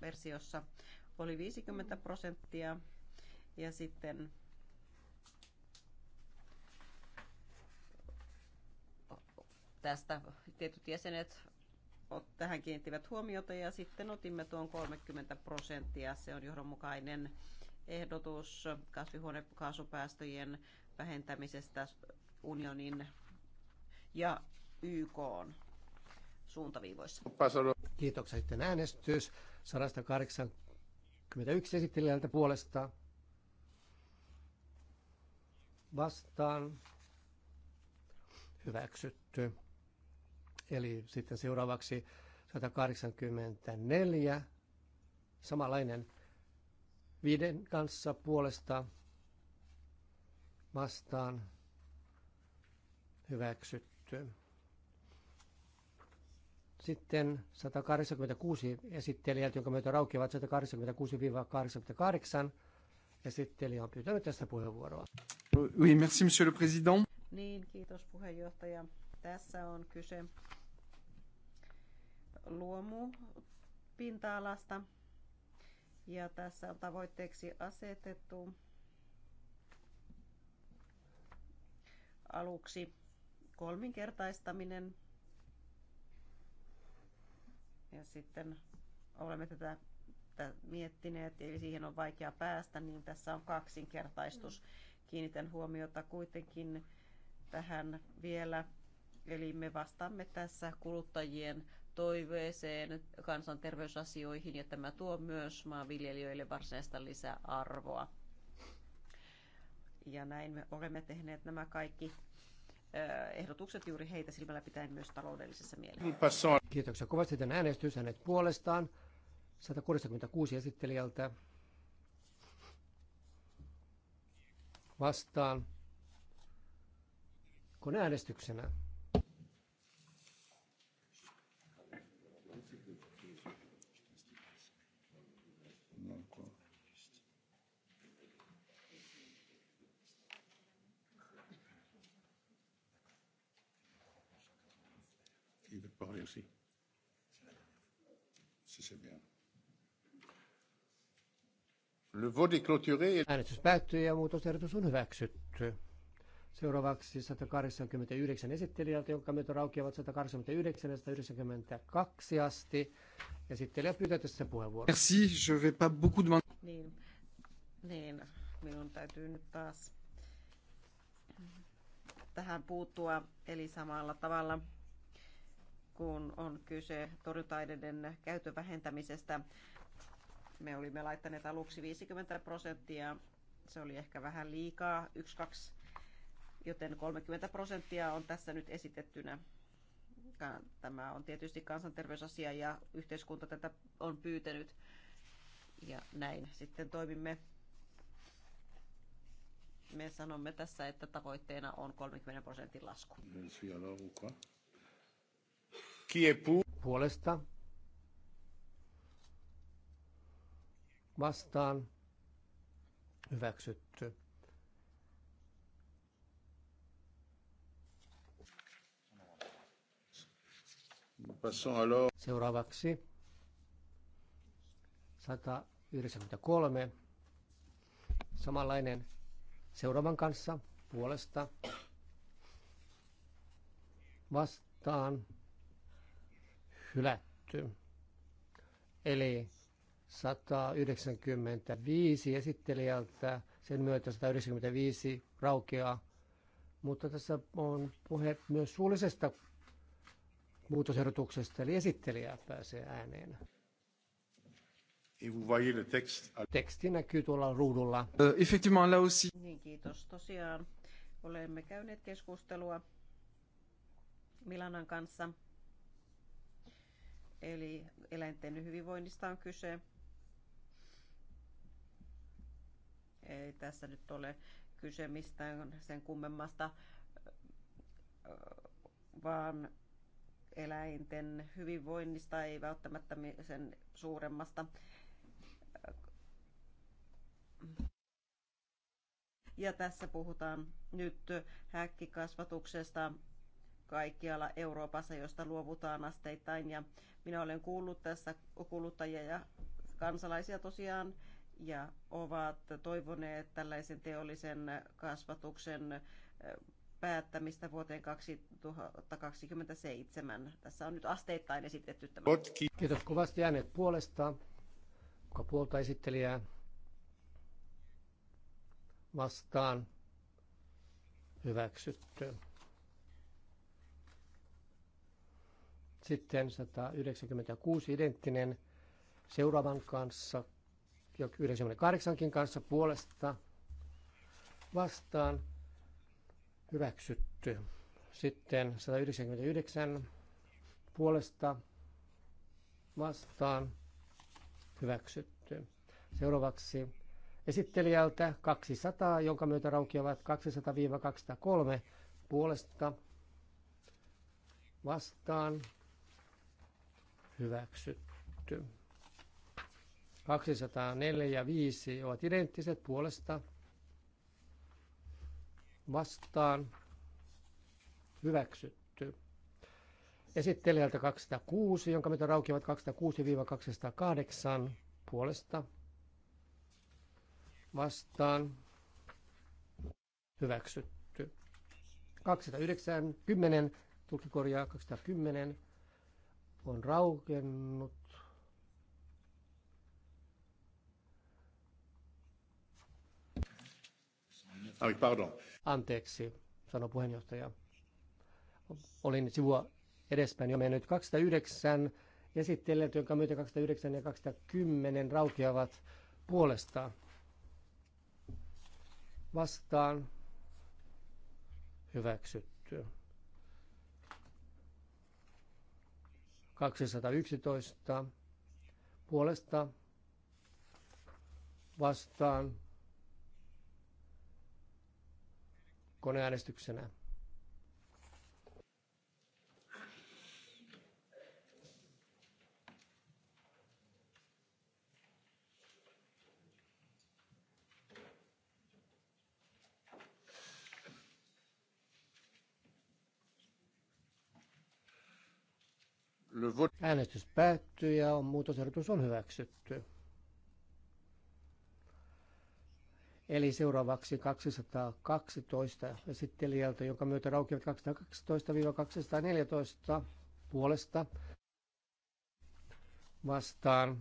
versiossa oli 50 prosenttia ja sitten tästä tietyt jäsenet tähän kiinnittivät huomiota ja sitten otimme tuon 30 prosenttia. Se on johdonmukainen ehdotus kasvihuonekaasupäästöjen vähentämisestä unionin ja YK suuntaviivoissa. Kiitoksia sitten äänestys. 181 esittelijältä puolesta vastaan hyväksytty. Eli sitten seuraavaksi 184, samanlainen viiden kanssa puolesta vastaan hyväksytty. Sitten 186 esittelijät, jonka myötä raukeavat 186-88. Esittelijä on pyytänyt tästä puheenvuoroa. Oui, merci, monsieur le président. Niin, kiitos puheenjohtaja. Tässä on kyse luomupinta-alasta. Ja tässä on tavoitteeksi asetettu aluksi kolminkertaistaminen ja sitten olemme tätä, tätä miettineet, eli siihen on vaikea päästä, niin tässä on kaksinkertaistus. Mm. Kiinnitän huomiota kuitenkin tähän vielä. Eli me vastaamme tässä kuluttajien toiveeseen kansanterveysasioihin ja tämä tuo myös maanviljelijöille varsinaista lisäarvoa. Ja näin me olemme tehneet nämä kaikki ehdotukset juuri heitä silmällä pitäen myös taloudellisessa mielessä. Kiitoksia kovasti tämän äänestys hänet puolestaan. 166 esittelijältä vastaan kun äänestyksenä. parler aussi. Si c'est bien. Le vote est clôturé. Äänestys päättyy ja muutosehdotus on hyväksytty. Seuraavaksi 189 esittelijältä, jonka myötä raukeavat 189 ja 192 asti. Esittelijä pyytää tässä puheenvuoron. Merci, je vais pas beaucoup de... Niin, niin, minun täytyy nyt taas tähän puuttua, eli samalla tavalla kun on kyse torjunta-aineiden käytön vähentämisestä. Me olimme laittaneet aluksi 50 prosenttia. Se oli ehkä vähän liikaa, 1/2, joten 30 prosenttia on tässä nyt esitettynä tämä on tietysti kansanterveysasia ja yhteiskunta tätä on pyytänyt. Ja näin sitten toimimme. Me sanomme tässä, että tavoitteena on 30 prosentin lasku. Kiepu puolesta vastaan hyväksytty. Seuraavaksi 193. Samanlainen seuraavan kanssa puolesta vastaan hylätty. Eli 195 esittelijältä, sen myötä 195 raukeaa. Mutta tässä on puhe myös suullisesta muutosehdotuksesta, eli esittelijä pääsee ääneen. Teksti näkyy tuolla ruudulla. Euh, effectivement, là aussi. Niin, kiitos. Tosiaan olemme käyneet keskustelua Milanan kanssa eli eläinten hyvinvoinnista on kyse. Ei tässä nyt ole kyse mistään sen kummemmasta, vaan eläinten hyvinvoinnista, ei välttämättä sen suuremmasta. Ja tässä puhutaan nyt häkkikasvatuksesta kaikkialla Euroopassa, josta luovutaan asteittain. Ja minä olen kuullut tässä kuluttajia ja kansalaisia tosiaan ja ovat toivoneet tällaisen teollisen kasvatuksen päättämistä vuoteen 2027. Tässä on nyt asteittain esitetty tämä. Kiitos kovasti äänet puolesta, kuka puolta esittelijää vastaan hyväksytty. Sitten 196 identtinen seuraavan kanssa jo 98kin kanssa puolesta vastaan hyväksytty. Sitten 199 puolesta vastaan hyväksytty. Seuraavaksi esittelijältä 200, jonka myötä raukeavat 200-203 puolesta vastaan hyväksytty. 204 ja 5 ovat identtiset puolesta vastaan hyväksytty. Esittelijältä 206, jonka myötä raukivat 206-208 puolesta vastaan hyväksytty. 209, 10, tulkikorjaa 210 on raukennut. Ah Anteeksi, sanoi puheenjohtaja. Olin sivua edespäin jo mennyt 209 esittelijät, jonka myötä 209 ja 210 raukeavat puolestaan vastaan hyväksytty. 211 puolesta vastaan koneäänestyksenä. Äänestys päättyy ja on muutosehdotus on hyväksytty. Eli seuraavaksi 212 esittelijältä, jonka myötä raukeavat 212-214 puolesta vastaan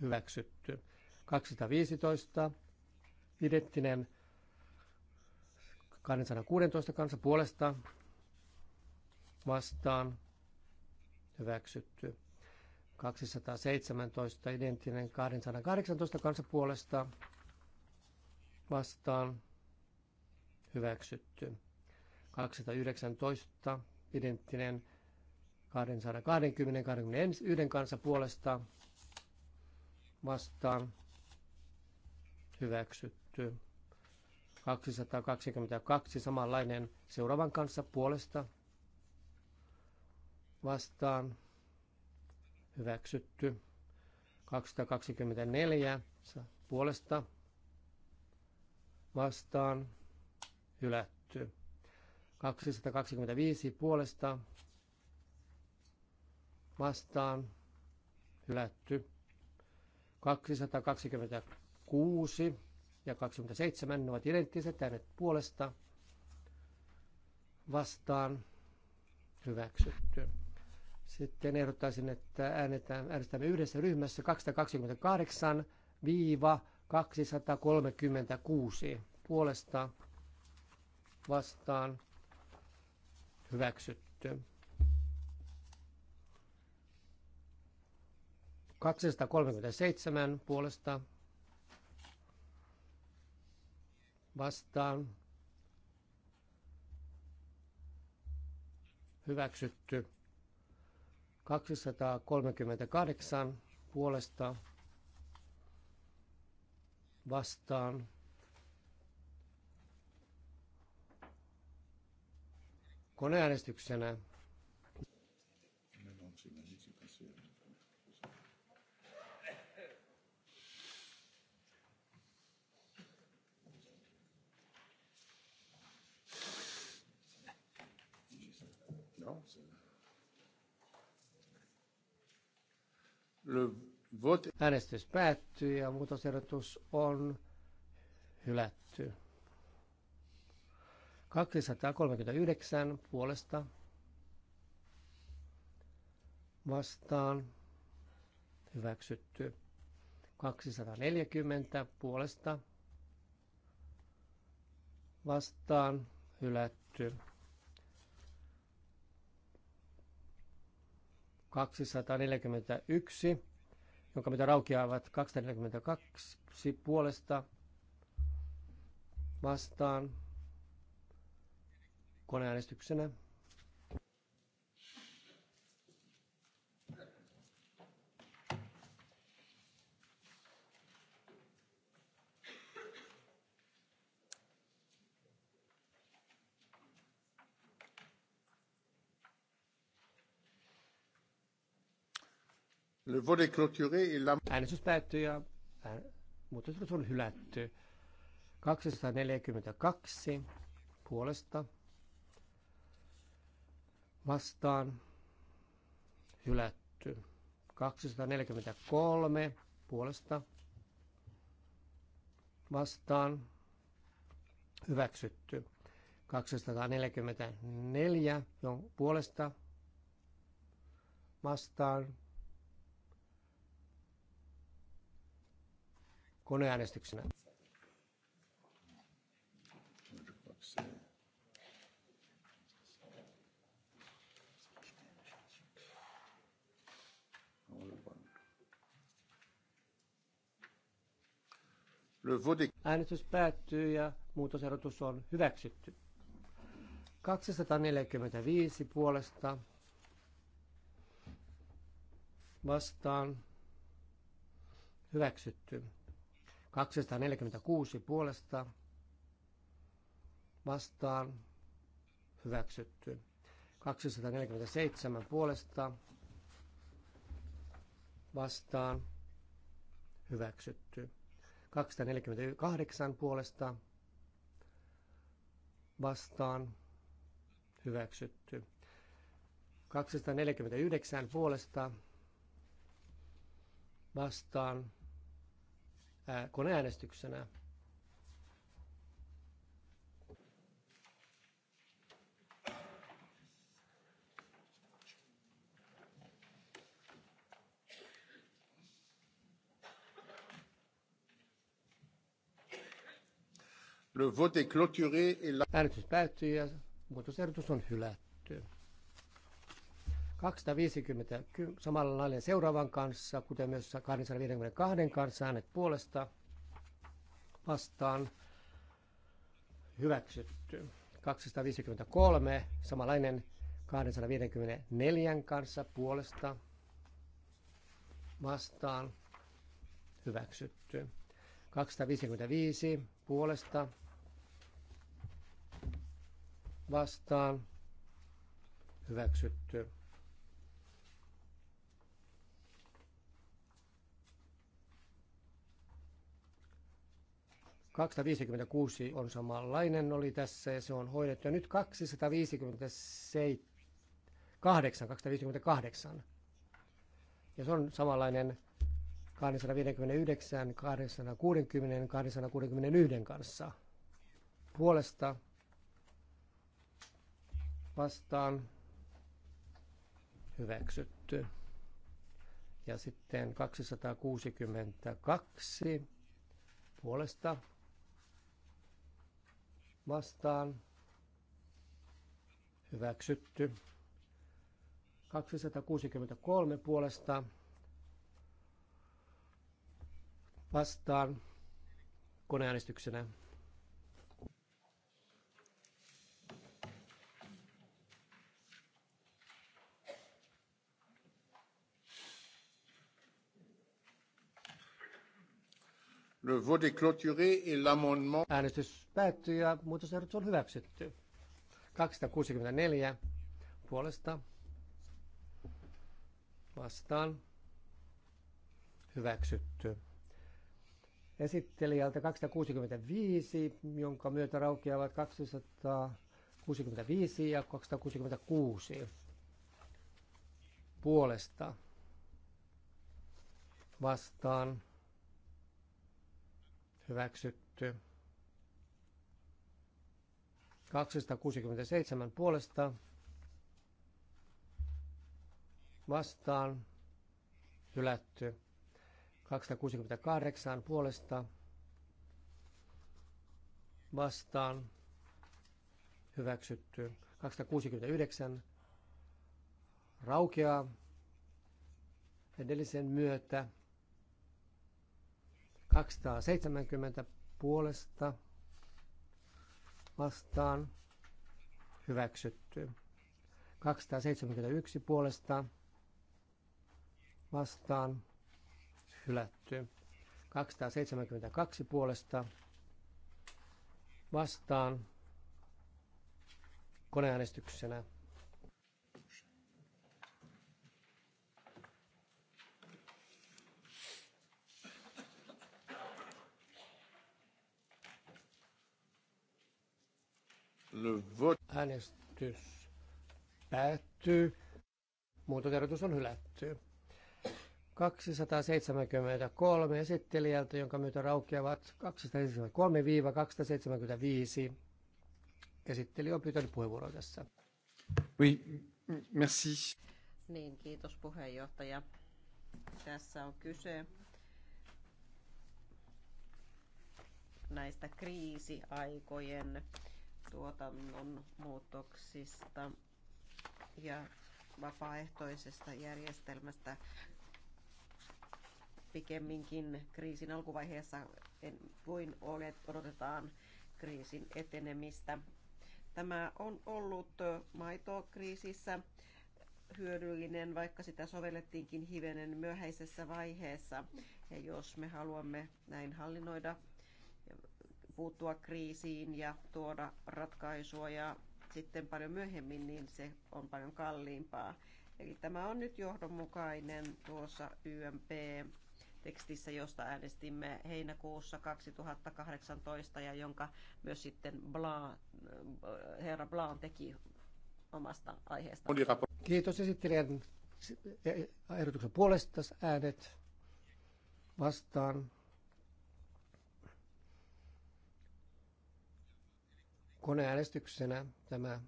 hyväksytty. 215 identtinen 216 kansa puolesta vastaan hyväksytty. 217 identtinen 218 kanssa puolesta vastaan hyväksytty. 219 identtinen 220 21 kanssa puolesta vastaan hyväksytty. 222 samanlainen seuraavan kanssa puolesta vastaan hyväksytty. 224 puolesta vastaan hylätty. 225 puolesta vastaan hylätty. 226 ja 27 ne ovat identtiset äänet puolesta vastaan hyväksytty. Sitten ehdottaisin, että äänetään, äänestämme yhdessä ryhmässä 228-236 puolesta vastaan hyväksytty. 237 puolesta vastaan hyväksytty. 238 puolesta vastaan. Koneäänestyksenä. Äänestys päättyy ja muutosehdotus on hylätty. 239 puolesta vastaan hyväksytty. 240 puolesta vastaan hylätty. 241, jonka mitä raukeavat 242 puolesta vastaan koneäänestyksenä. Le vote est clôturé et la... Äänestys päättyi ja ään... muutosehdotus on hylätty. 242 puolesta vastaan hylätty. 243 puolesta vastaan hyväksytty. 244 puolesta vastaan koneäänestyksenä. Äänestys päättyy ja muutosehdotus on hyväksytty. 245 puolesta vastaan hyväksytty. 246 puolesta vastaan hyväksytty. 247 puolesta vastaan hyväksytty. 248 puolesta vastaan hyväksytty. 249 puolesta vastaan koneäänestyksenä. Le vote est clôturé et la... Äänestys päättyy ja muutosehdotus on hylätty. 250 samalla lailla seuraavan kanssa, kuten myös 252 kanssa äänet puolesta vastaan hyväksytty. 253 samanlainen 254 kanssa puolesta vastaan hyväksytty. 255 puolesta vastaan hyväksytty. 256 on samanlainen oli tässä ja se on hoidettu. Ja nyt 257, 8, 258. Ja se on samanlainen 259, 260, 261 kanssa. Puolesta vastaan hyväksytty. Ja sitten 262 puolesta vastaan hyväksytty. 263 puolesta vastaan koneäänestyksenä Le vote est clôturé et l'amendement... Äänestys päättyy ja muutosehdotus on hyväksytty. 264 puolesta vastaan hyväksytty. Esittelijältä 265, jonka myötä raukeavat 265 ja 266 puolesta vastaan hyväksytty. 267 puolesta vastaan hylätty. 268 puolesta vastaan hyväksytty. 269 raukeaa edellisen myötä 270 puolesta vastaan hyväksytty. 271 puolesta vastaan hylätty. 272 puolesta vastaan koneäänestyksenä Äänestys päättyy. Muutokehdotus on hylätty. 273 esittelijältä, jonka myötä raukeavat 273-275. Esittelijä on pyytänyt puheenvuoroa tässä. Oui, merci. Niin, kiitos puheenjohtaja. Tässä on kyse näistä kriisiaikojen tuotannon muutoksista ja vapaaehtoisesta järjestelmästä pikemminkin kriisin alkuvaiheessa en, voin olet, odotetaan kriisin etenemistä. Tämä on ollut maitokriisissä hyödyllinen, vaikka sitä sovellettiinkin hivenen myöhäisessä vaiheessa. Ja jos me haluamme näin hallinnoida puuttua kriisiin ja tuoda ratkaisua ja sitten paljon myöhemmin, niin se on paljon kalliimpaa. Eli tämä on nyt johdonmukainen tuossa YMP tekstissä, josta äänestimme heinäkuussa 2018 ja jonka myös sitten Bla, herra Blaan teki omasta aiheesta. Kiitos esittelijän ehdotuksen puolesta äänet vastaan koneäänestyksenä tämä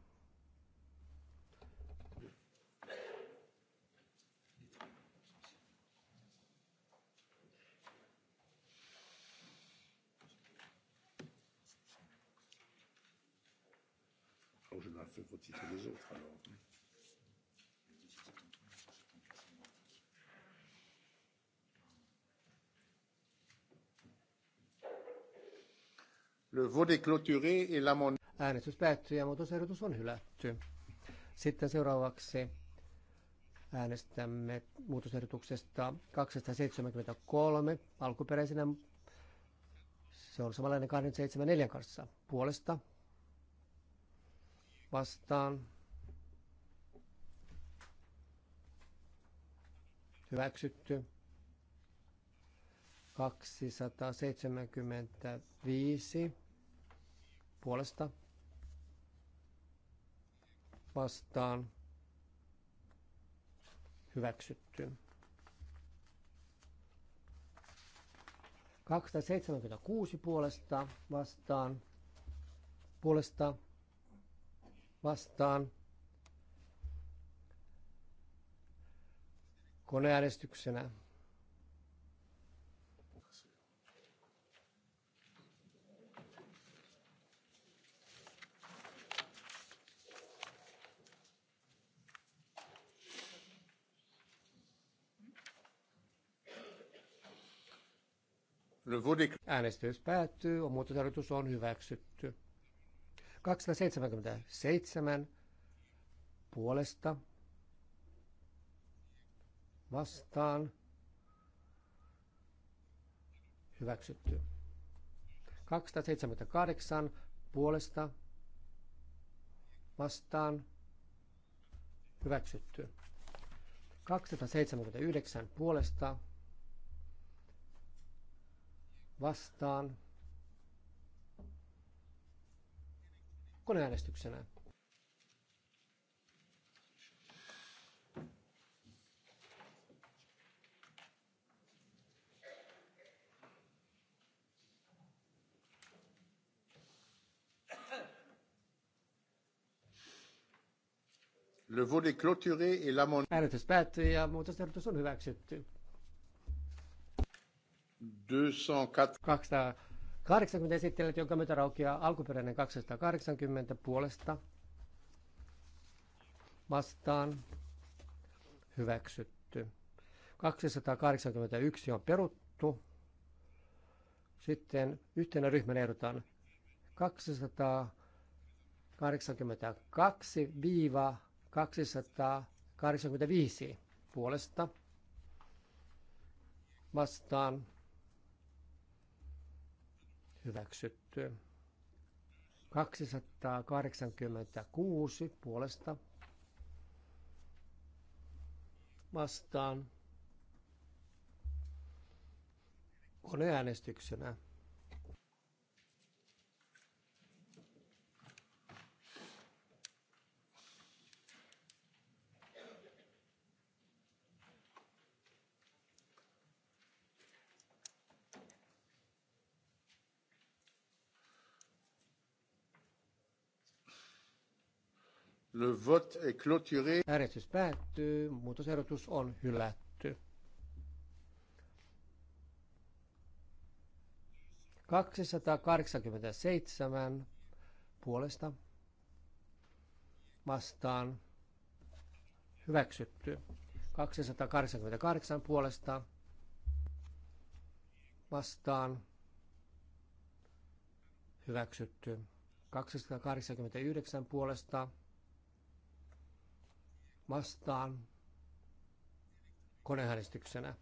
Le vote est clôturé et l'amendement. Äänestys päättyy ja muutosehdotus on hylätty. Sitten seuraavaksi äänestämme muutosehdotuksesta 273 alkuperäisenä. Se on samanlainen 274 kanssa. Puolesta vastaan. Hyväksytty. 275 puolesta vastaan hyväksytty. 276 puolesta vastaan puolesta vastaan koneäänestyksenä Äänestys päättyy, on muuttotarkoitus on hyväksytty. 277 puolesta vastaan hyväksytty. 278 puolesta vastaan hyväksytty. 279 puolesta vastaan koneäänestyksenä. Le vote est clôturé et l'amendement. Äänestys päättyi ja muutosehdotus on hyväksytty. 280 esittelijät, jonka myötä raukeaa alkuperäinen 280 puolesta vastaan hyväksytty. 281 on peruttu. Sitten yhtenä ryhmänä ehdotan 282-285 puolesta vastaan hyväksytty. 286 puolesta vastaan koneäänestyksenä. Le vote est clôturé. Äänestys päättyy. Muutosehdotus on hylätty. 287 puolesta vastaan hyväksytty. 288 puolesta vastaan hyväksytty. 289 puolesta vastaan koneäänestyksenä.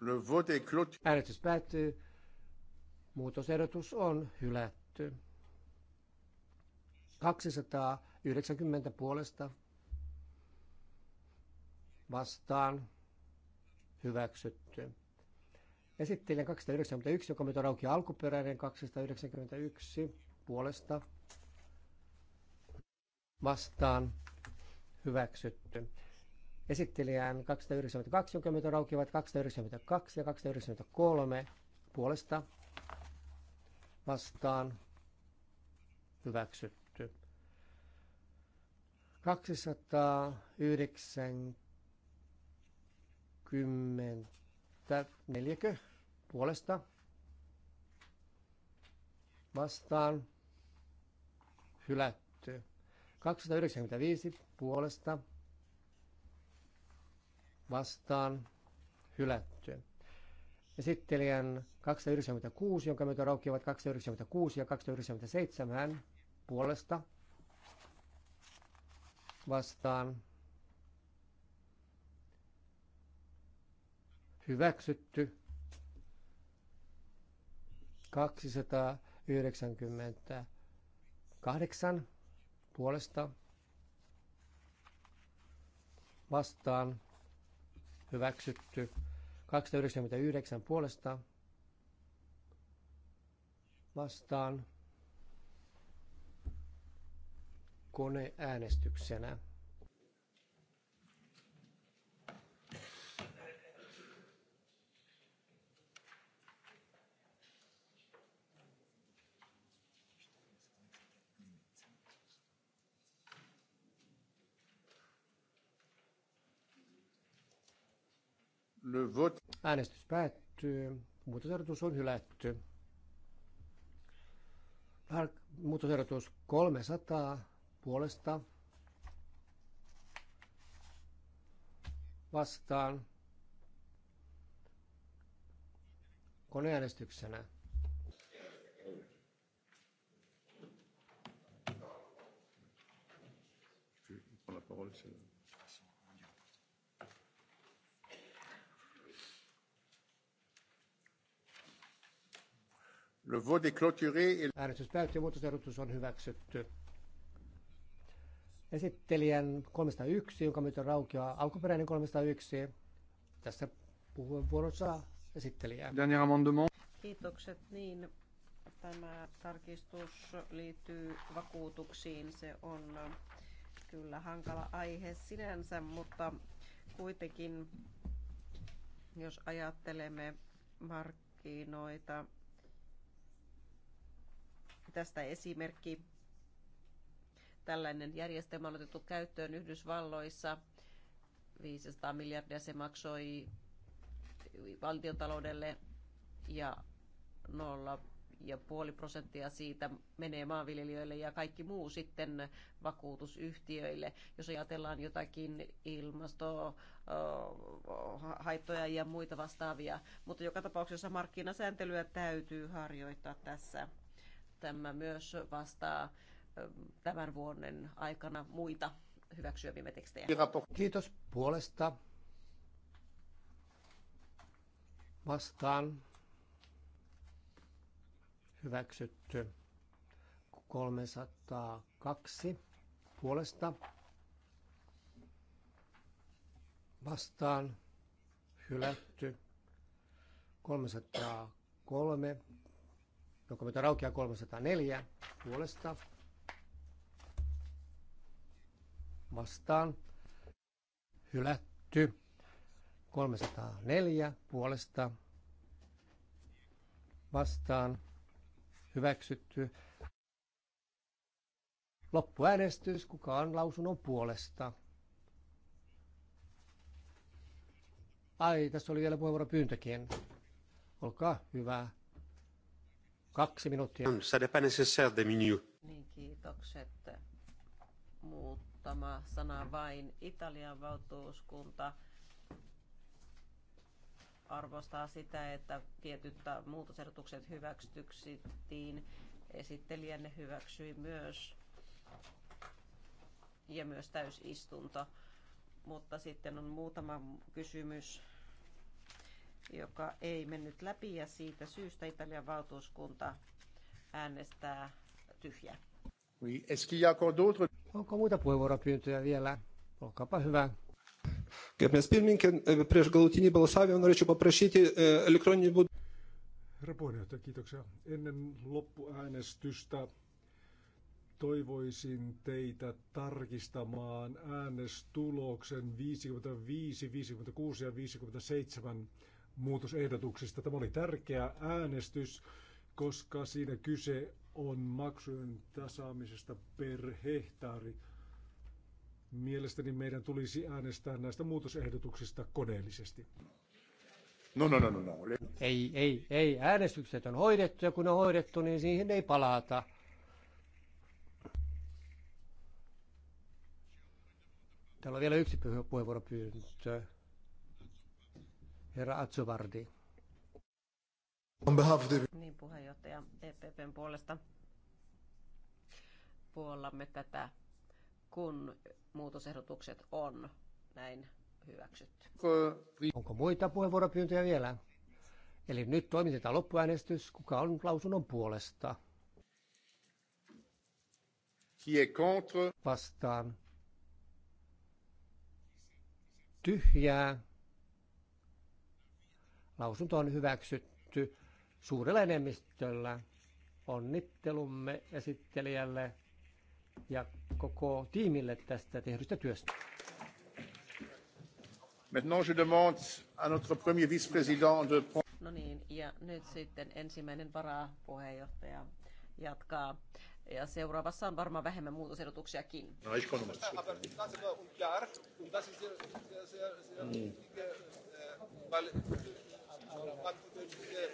Le vote est Äänestys päättyy. Muutosehdotus on hylätty. 290 puolesta vastaan hyväksytty. Esittelen 291, joka myötä rauki alkuperäinen 291 puolesta vastaan hyväksytty. Esittelijän 292, jonka myötä raukivat 292 ja 293 puolesta vastaan hyväksytty. 290 neljäkö puolesta vastaan hylätty. 295 puolesta vastaan hylätty. Esittelijän 296, jonka myötä raukeavat 296 ja 297 puolesta vastaan hyväksytty. 298 puolesta vastaan hyväksytty. 299 puolesta vastaan koneäänestyksenä. Le vote. Äänestys päättyy. Muutosehdotus on hylätty. Muutosehdotus 300 puolesta vastaan koneäänestyksenä. On la parole, c'est Le vote est clôturé. Äänestys päättyy, muutosehdotus on hyväksytty. Esittelijän 301, jonka myötä raukeaa alkuperäinen 301. Tässä puheenvuoron saa esittelijä. Dernier amendement. Kiitokset. Niin, tämä tarkistus liittyy vakuutuksiin. Se on kyllä hankala aihe sinänsä, mutta kuitenkin, jos ajattelemme markkinoita tästä esimerkki. Tällainen järjestelmä on otettu käyttöön Yhdysvalloissa. 500 miljardia se maksoi valtiotaloudelle ja nolla ja puoli prosenttia siitä menee maanviljelijöille ja kaikki muu sitten vakuutusyhtiöille. Jos ajatellaan jotakin ilmastohaittoja ja muita vastaavia, mutta joka tapauksessa markkinasääntelyä täytyy harjoittaa tässä Tämä myös vastaa tämän vuoden aikana muita hyväksyä viime tekstejä. Kiitos puolesta. Vastaan. Hyväksytty. 302 puolesta. Vastaan. Hylätty. 303 jonka raukia 304 puolesta vastaan hylätty 304 puolesta vastaan hyväksytty loppuäänestys, kuka on lausunnon puolesta. Ai, tässä oli vielä puheenvuoropyyntökin. Olkaa hyvä. Kaksi minuuttia. Ça n'est pas nécessaire des minutes. Niin, kiitokset. Muuttama sana vain. Italian valtuuskunta arvostaa sitä, että tietyt muutosehdotukset hyväksyttiin. Esittelijänne hyväksyi myös ja myös täysistunto. Mutta sitten on muutama kysymys joka ei mennyt läpi ja siitä syystä Italian valtuuskunta äänestää tyhjää. Oui. Onko muita puheenvuoropyyntöjä vielä? Olkaapa hyvä. Gerbiamas pirmininkė, e, prieš galutinį balsavimą norėčiau paprašyti e, elektroninį būdų. Herra puheenjohtaja, kiitoksia. Ennen loppuäänestystä toivoisin teitä tarkistamaan äänestuloksen 55, 56 ja 57 muutosehdotuksista. Tämä oli tärkeä äänestys, koska siinä kyse on maksujen tasaamisesta per hehtaari. Mielestäni meidän tulisi äänestää näistä muutosehdotuksista koneellisesti. No, no, no, no, no. Ei, ei, ei. Äänestykset on hoidettu ja kun on hoidettu, niin siihen ei palata. Täällä on vielä yksi puheenvuoropyyntö. Herra Atsovardi. On the... Niin puheenjohtaja EPPn puolesta puollamme tätä, kun muutosehdotukset on näin hyväksytty. Onko muita puheenvuoropyyntöjä vielä? Eli nyt toimitetaan loppuäänestys. Kuka on lausunnon puolesta? Qui est contre? Vastaan. Tyhjää. Lausunto on hyväksytty suurella enemmistöllä. Onnittelumme esittelijälle ja koko tiimille tästä tehdystä työstä. Maintenant je demande à notre premier vice-président de No niin, ja nyt sitten ensimmäinen varapuheenjohtaja jatkaa. Ja seuraavassa on varmaan vähemmän muutosehdotuksiakin. No, ich komme.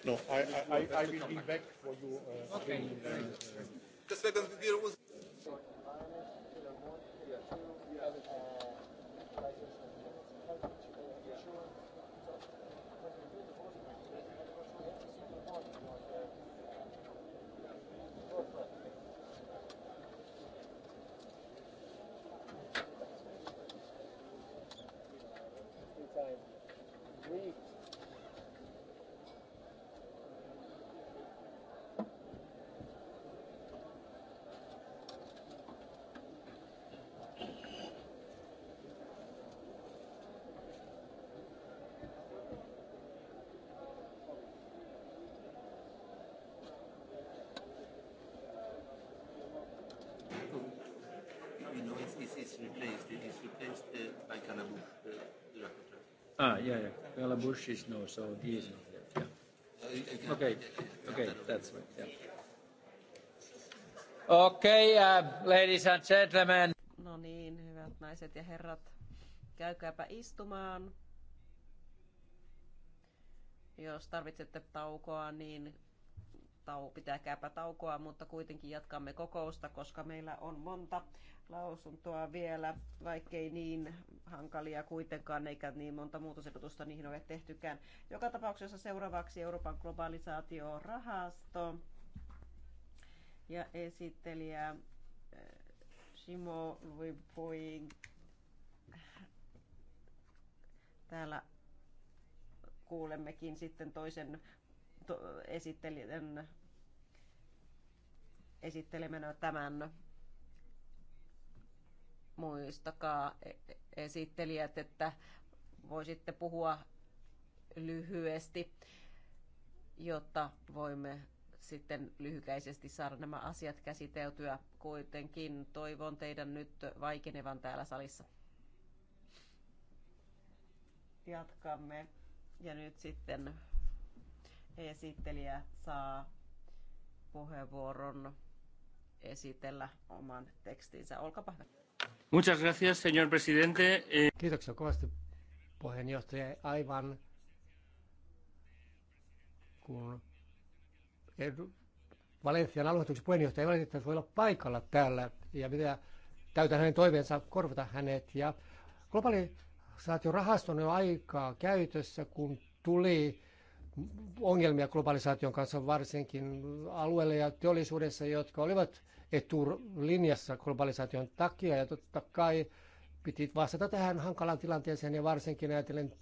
No, I, I, I I will be back for you. Uh, okay. Deswegen, wir uns Ah, yeah, yeah. Bella Bush is no, so he is not there. Yeah. Okay, okay, that's right. Yeah. Okay, uh, ladies and gentlemen. No niin, hyvät naiset ja herrat, käykääpä istumaan. Jos tarvitsette taukoa, niin tau, pitäkääpä taukoa, mutta kuitenkin jatkamme kokousta, koska meillä on monta lausuntoa vielä, vaikkei niin hankalia kuitenkaan, eikä niin monta muutosehdotusta niihin ole tehtykään. Joka tapauksessa seuraavaksi Euroopan globalisaatiorahasto ja esittelijä äh, Simo Vipoing täällä kuulemmekin sitten toisen esittelin, esittelemänä tämän muistakaa e, esittelijät, että voisitte puhua lyhyesti, jotta voimme sitten lyhykäisesti saada nämä asiat käsiteltyä. Kuitenkin toivon teidän nyt vaikenevan täällä salissa. Jatkamme. Ja nyt sitten esittelijä saa puheenvuoron esitellä oman tekstinsä. Olkapa hyvä. Muchas gracias, señor presidente. Eh, Kiitoksia kovasti puheenjohtaja. Aivan kun edu, Valensian aluehallituksen puheenjohtaja ei valitettavasti voi olla paikalla täällä ja mitä täytän hänen toiveensa korvata hänet. Ja globalisaation on jo aikaa käytössä, kun tuli ongelmia globalisaation kanssa varsinkin alueilla ja teollisuudessa, jotka olivat etulinjassa globalisaation takia. Ja totta kai piti vastata tähän hankalaan tilanteeseen ja varsinkin ajatellen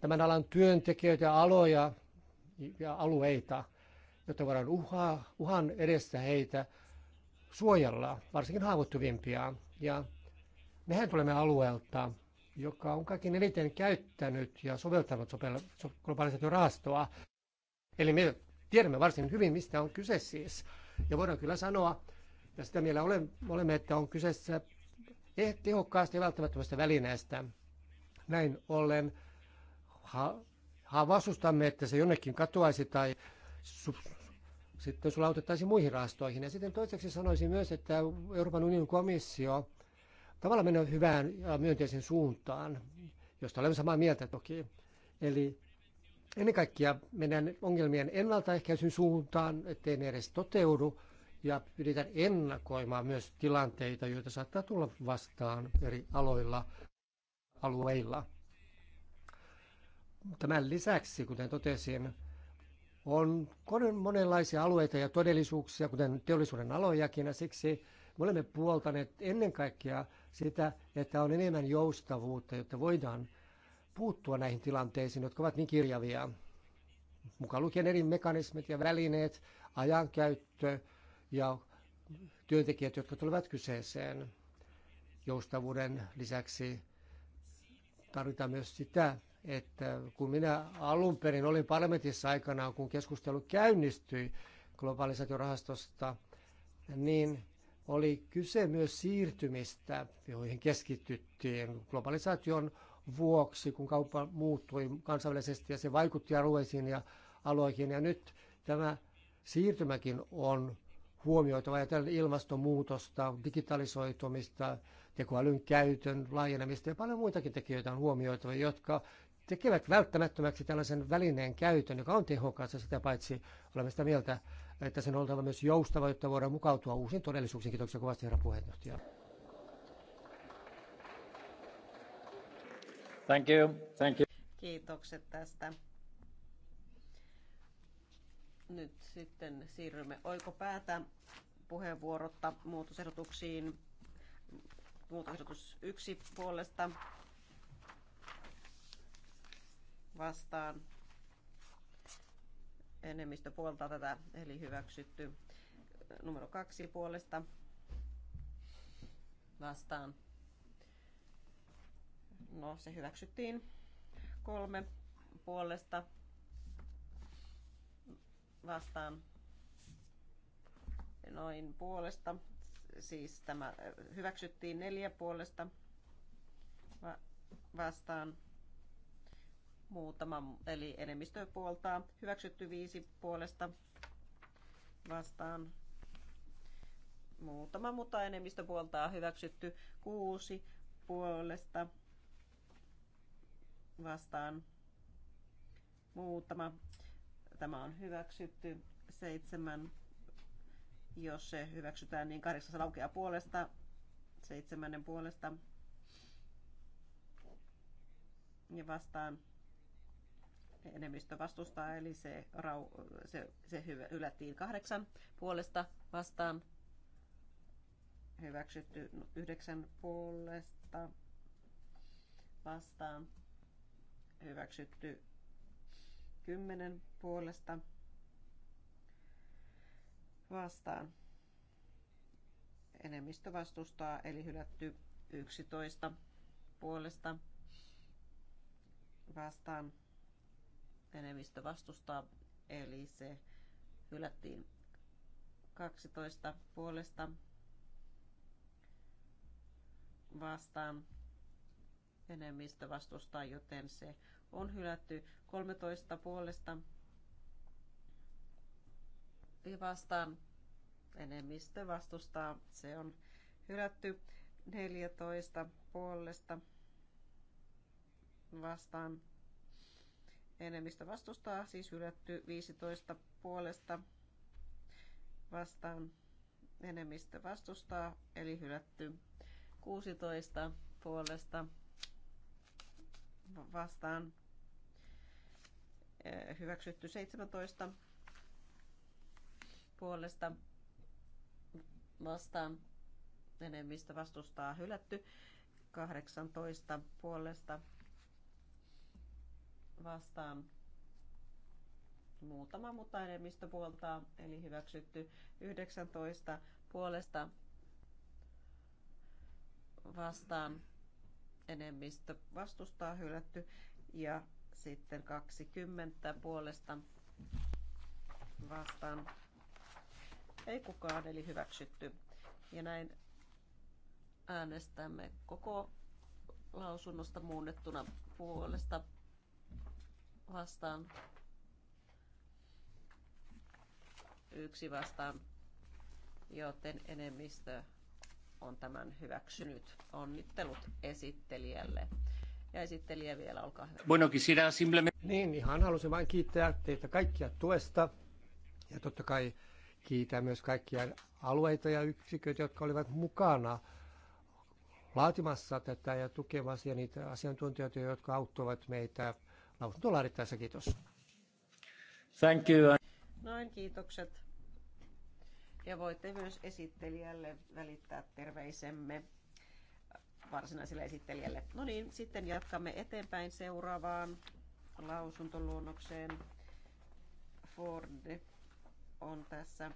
tämän alan työntekijöitä, aloja ja alueita, jotta voidaan uhaa, uhan edessä heitä suojella, varsinkin haavoittuvimpia. Ja mehän tulemme alueelta, joka on kaikkein eniten käyttänyt ja soveltanut sopel- globalisaatiorahastoa. Eli me tiedämme varsin hyvin, mistä on kyse siis. Ja voidaan kyllä sanoa, ja sitä mielellä olemme, että on kyseessä e- tehokkaasti ja välttämättömästä välineestä. Näin ollen ha- ha- vastustamme, että se jonnekin katoaisi tai sitten sulautettaisiin muihin rahastoihin. Ja sitten toiseksi sanoisin myös, että Euroopan unionin komissio tavallaan mennä hyvään ja myönteisen suuntaan, josta olen samaa mieltä toki. Eli ennen kaikkea mennään ongelmien ennaltaehkäisyn suuntaan, ettei ne edes toteudu, ja pyritään ennakoimaan myös tilanteita, joita saattaa tulla vastaan eri aloilla, alueilla. Tämän lisäksi, kuten totesin, on monenlaisia alueita ja todellisuuksia, kuten teollisuuden alojakin, ja siksi me olemme puoltaneet ennen kaikkea sitä, että on enemmän joustavuutta, jotta voidaan puuttua näihin tilanteisiin, jotka ovat niin kirjavia. Mukaan lukien eri mekanismit ja välineet, ajankäyttö ja työntekijät, jotka tulevat kyseeseen. Joustavuuden lisäksi tarvitaan myös sitä, että kun minä alun perin olin parlamentissa aikanaan, kun keskustelu käynnistyi globalisaatiorahastosta, niin oli kyse myös siirtymistä, joihin keskityttiin globalisaation vuoksi, kun kauppa muuttui kansainvälisesti ja se vaikutti alueisiin ja aloihin. Ja nyt tämä siirtymäkin on huomioitava ajatellen ilmastonmuutosta, digitalisoitumista, tekoälyn käytön laajenemista ja paljon muitakin tekijöitä on huomioitava, jotka tekevät välttämättömäksi tällaisen välineen käytön, joka on tehokas ja sitä paitsi olemme sitä mieltä, että sen on oltava myös joustava, jotta voidaan mukautua uusiin todellisuuksiin. Kiitoksia kovasti, herra puheenjohtaja. Thank you. Thank you. Kiitokset tästä. Nyt sitten siirrymme oikopäätä puheenvuorotta muutosehdotuksiin. Muutosehdotus yksi puolesta vastaan enemmistö puoltaa tätä, eli hyväksytty. Numero kaksi puolesta vastaan. No, se hyväksyttiin. Kolme puolesta vastaan noin puolesta. Siis tämä hyväksyttiin neljä puolesta vastaan muutama, eli enemmistö puoltaa. Hyväksytty viisi puolesta vastaan muutama, mutta enemmistö puoltaa. Hyväksytty kuusi puolesta vastaan muutama. Tämä on hyväksytty seitsemän. Jos se hyväksytään, niin kahdeksassa laukeaa puolesta, seitsemännen puolesta ja vastaan enemmistö vastustaa, eli se, rau, se, se hyvä, ylättiin kahdeksan puolesta vastaan. Hyväksytty yhdeksän puolesta vastaan. Hyväksytty kymmenen puolesta vastaan. Enemmistö vastustaa, eli hylätty yksitoista puolesta vastaan enemmistö vastustaa, eli se hylättiin 12 puolesta vastaan enemmistö vastustaa, joten se on hylätty 13 puolesta vastaan enemmistö vastustaa, se on hylätty 14 puolesta vastaan Enemmistö vastustaa, siis hylätty 15 puolesta vastaan. Enemmistö vastustaa, eli hylätty 16 puolesta vastaan. Hyväksytty 17 puolesta vastaan. Enemmistö vastustaa, hylätty 18 puolesta vastaan muutama, mutta enemmistö puoltaa, eli hyväksytty 19 puolesta vastaan enemmistö vastustaa hylätty ja sitten 20 puolesta vastaan ei kukaan, eli hyväksytty. Ja näin äänestämme koko lausunnosta muunnettuna puolesta vastaan. Yksi vastaan, joten enemmistö on tämän hyväksynyt. Onnittelut esittelijälle. Ja esittelijä vielä, olkaa hyvä. Bueno, quisiera simplemente... Niin, ihan halusin vain kiittää teitä kaikkia tuesta. Ja totta kai kiitää myös kaikkia alueita ja yksiköitä, jotka olivat mukana laatimassa tätä ja tukemassa ja niitä asiantuntijoita, jotka auttoivat meitä lausunto laadittaessa. Kiitos. Thank you. Noin, niin, kiitokset. Ja voitte myös esittelijälle välittää terveisemme varsinaiselle esittelijälle. No niin, sitten jatkamme eteenpäin seuraavaan lausuntoluonnokseen. Ford on tässä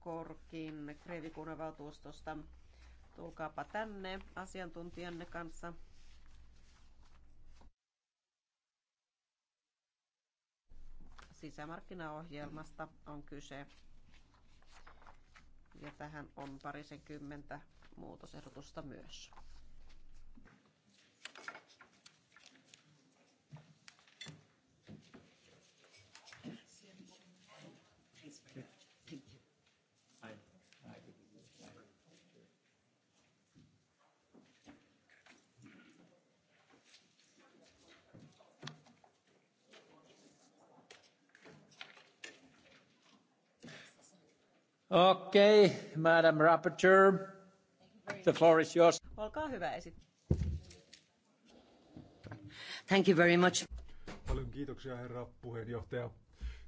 Korkin valtuustosta. Tulkaapa tänne asiantuntijanne kanssa sisämarkkinaohjelmasta on kyse. Ja tähän on parisenkymmentä muutosehdotusta myös. Okay, Madam Rapporteur, the floor is yours. Olkaa hyvä esit. Thank you very much. Paljon kiitoksia herra puheenjohtaja.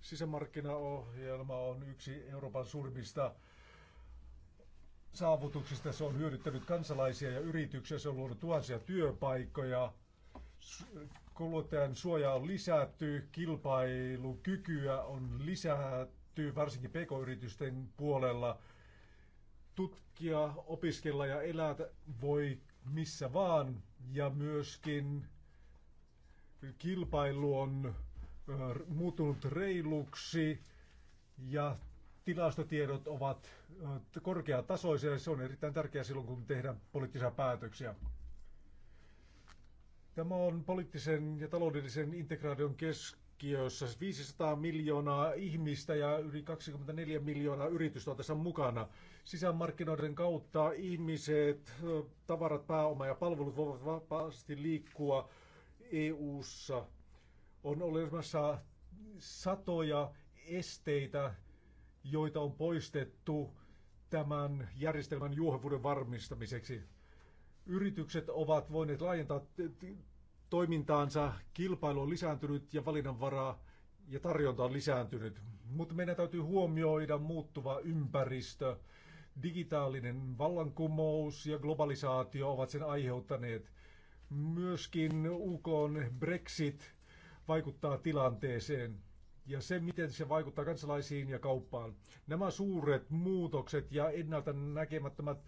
Sisämarkkinaohjelma on yksi Euroopan suurimmista saavutuksista. Se on hyödyttänyt kansalaisia ja yrityksiä. Se on luonut tuhansia työpaikkoja. Kuluttajan suoja on lisätty, kilpailukykyä on lisätty täytyy varsinkin pk-yritysten puolella tutkia, opiskella ja elää voi missä vaan. Ja myöskin kilpailu on muuttunut reiluksi ja tilastotiedot ovat korkeatasoisia ja se on erittäin tärkeää silloin, kun tehdään poliittisia päätöksiä. Tämä on poliittisen ja taloudellisen integraation kes- keskiössä 500 miljoonaa ihmistä ja yli 24 miljoonaa yritystä on tässä mukana. Sisämarkkinoiden kautta ihmiset, tavarat, pääoma ja palvelut voivat vapaasti liikkua EU-ssa. On olemassa satoja esteitä, joita on poistettu tämän järjestelmän juohevuuden varmistamiseksi. Yritykset ovat voineet laajentaa toimintaansa. Kilpailu on lisääntynyt ja valinnanvaraa ja tarjonta on lisääntynyt. Mutta meidän täytyy huomioida muuttuva ympäristö. Digitaalinen vallankumous ja globalisaatio ovat sen aiheuttaneet. Myöskin UK Brexit vaikuttaa tilanteeseen ja se, miten se vaikuttaa kansalaisiin ja kauppaan. Nämä suuret muutokset ja ennalta näkemättömät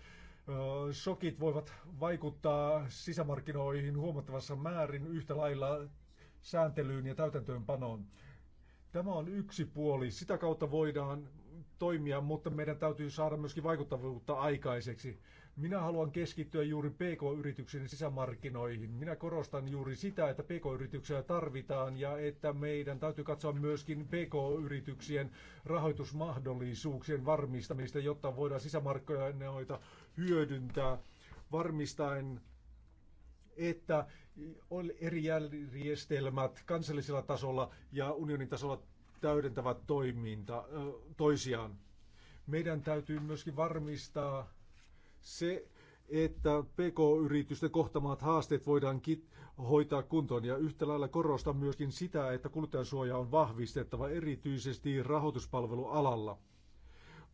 shokit voivat vaikuttaa sisämarkkinoihin huomattavassa määrin yhtä lailla sääntelyyn ja täytäntöönpanoon. Tämä on yksi puoli. Sitä kautta voidaan toimia, mutta meidän täytyy saada myöskin vaikuttavuutta aikaiseksi. Minä haluan keskittyä juuri pk yrityksen sisämarkkinoihin. Minä korostan juuri sitä, että PK-yrityksiä tarvitaan ja että meidän täytyy katsoa myöskin PK-yrityksien rahoitusmahdollisuuksien varmistamista, jotta voidaan sisämarkkinoita hyödyntää varmistaen, että on eri järjestelmät kansallisella tasolla ja unionin tasolla täydentävät toiminta, toisiaan. Meidän täytyy myöskin varmistaa se, että PK-yritysten kohtamat haasteet voidaan kit- hoitaa kuntoon. Ja yhtä lailla korostan myöskin sitä, että kuluttajansuoja on vahvistettava erityisesti rahoituspalvelualalla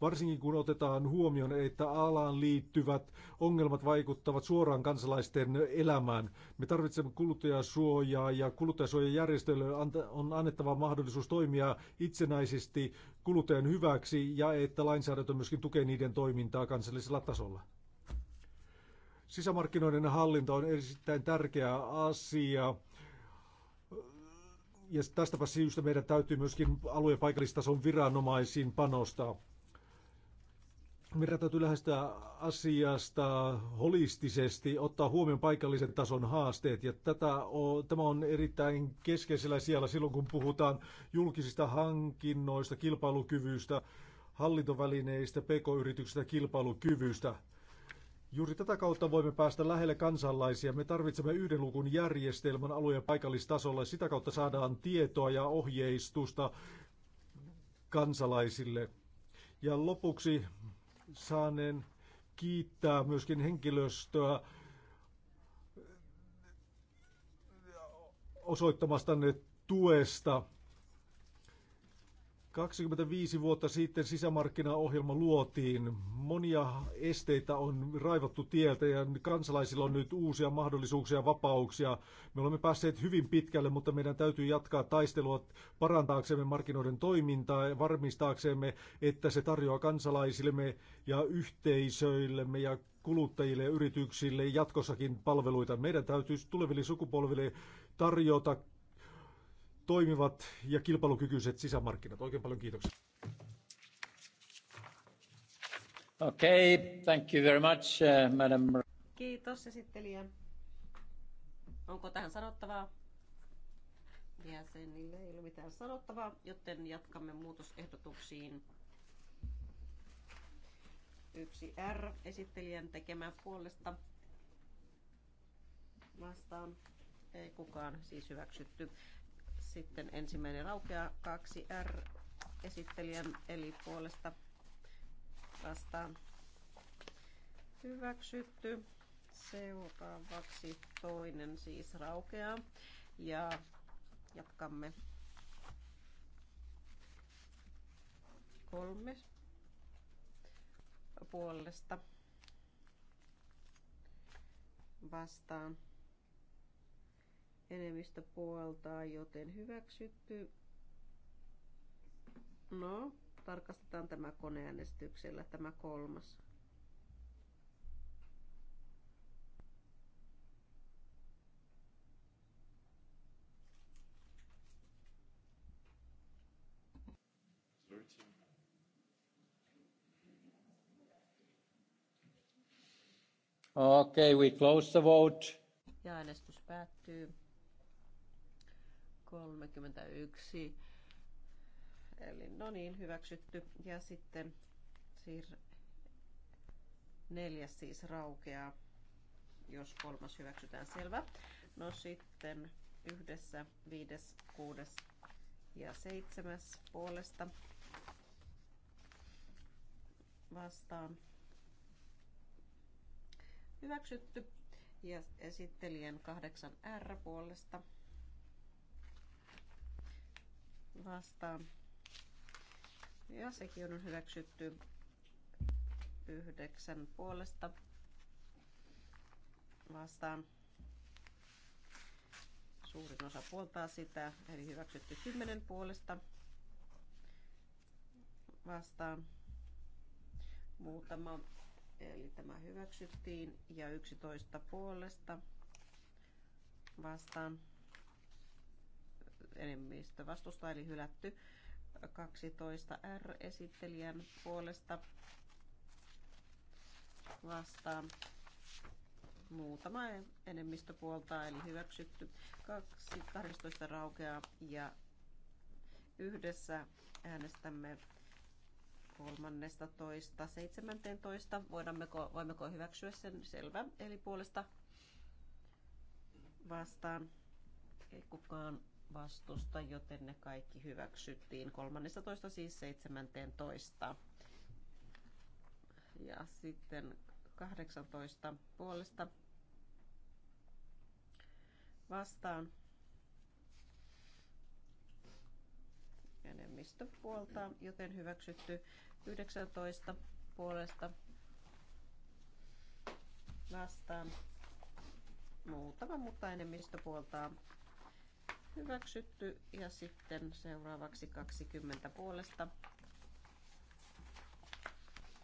varsinkin kun otetaan huomioon, että alaan liittyvät ongelmat vaikuttavat suoraan kansalaisten elämään. Me tarvitsemme kuluttajasuojaa ja kuluttajasuojajärjestöille on annettava mahdollisuus toimia itsenäisesti kuluttajan hyväksi ja että lainsäädäntö myöskin tukee niiden toimintaa kansallisella tasolla. Sisämarkkinoiden hallinta on erittäin tärkeä asia. Ja tästäpä syystä meidän täytyy myöskin alue- ja paikallistason viranomaisiin panostaa. Meidän täytyy lähestyä asiasta holistisesti, ottaa huomioon paikallisen tason haasteet. Ja tätä on, tämä on erittäin keskeisellä siellä silloin, kun puhutaan julkisista hankinnoista, kilpailukyvystä, hallintovälineistä, pk-yrityksistä, kilpailukyvystä. Juuri tätä kautta voimme päästä lähelle kansalaisia. Me tarvitsemme yhden lukun järjestelmän alueen ja paikallistasolla. Sitä kautta saadaan tietoa ja ohjeistusta kansalaisille. Ja lopuksi saaneen kiittää myöskin henkilöstöä osoittamastanne tuesta. 25 vuotta sitten sisämarkkinaohjelma luotiin. Monia esteitä on raivattu tieltä ja kansalaisilla on nyt uusia mahdollisuuksia ja vapauksia. Me olemme päässeet hyvin pitkälle, mutta meidän täytyy jatkaa taistelua parantaaksemme markkinoiden toimintaa ja varmistaaksemme, että se tarjoaa kansalaisillemme ja yhteisöillemme ja kuluttajille ja yrityksille jatkossakin palveluita. Meidän täytyy tuleville sukupolville tarjota toimivat ja kilpailukykyiset sisämarkkinat. Oikein paljon kiitoksia. Okay, thank you very much, uh, madam. Kiitos esittelijä. Onko tähän sanottavaa? Jäsenille ei ole mitään sanottavaa, joten jatkamme muutosehdotuksiin. Yksi R esittelijän tekemään puolesta vastaan. Ei kukaan siis hyväksytty. Sitten ensimmäinen raukea kaksi R esittelijän eli puolesta vastaan hyväksytty. Seuraavaksi toinen siis raukeaa ja jatkamme kolme puolesta vastaan enemmistö puoltaa, joten hyväksytty. No, tarkastetaan tämä koneäänestyksellä, tämä kolmas. Okay, we close the vote. Ja äänestys päättyy. 31. Eli no niin, hyväksytty. Ja sitten siir neljäs siis raukeaa, jos kolmas hyväksytään selvä. No sitten yhdessä viides, kuudes ja seitsemäs puolesta vastaan hyväksytty. Ja esittelijän 8R puolesta vastaan. Ja sekin on hyväksytty yhdeksän puolesta vastaan. Suurin osa puoltaa sitä, eli hyväksytty kymmenen puolesta vastaan. Muutama, eli tämä hyväksyttiin, ja yksitoista puolesta vastaan enemmistö vastustaa eli hylätty. 12 R-esittelijän puolesta vastaan muutama enemmistö puoltaa eli hyväksytty. 12 raukeaa ja yhdessä äänestämme 13, 17. Voidammeko, voimmeko hyväksyä sen selvä? Eli puolesta vastaan ei kukaan vastusta, joten ne kaikki hyväksyttiin 13 siis 17. Ja sitten 18 puolesta vastaan enemmistö puolta, joten hyväksytty 19 puolesta vastaan muutama, mutta enemmistö puoltaa hyväksytty ja sitten seuraavaksi 20 puolesta.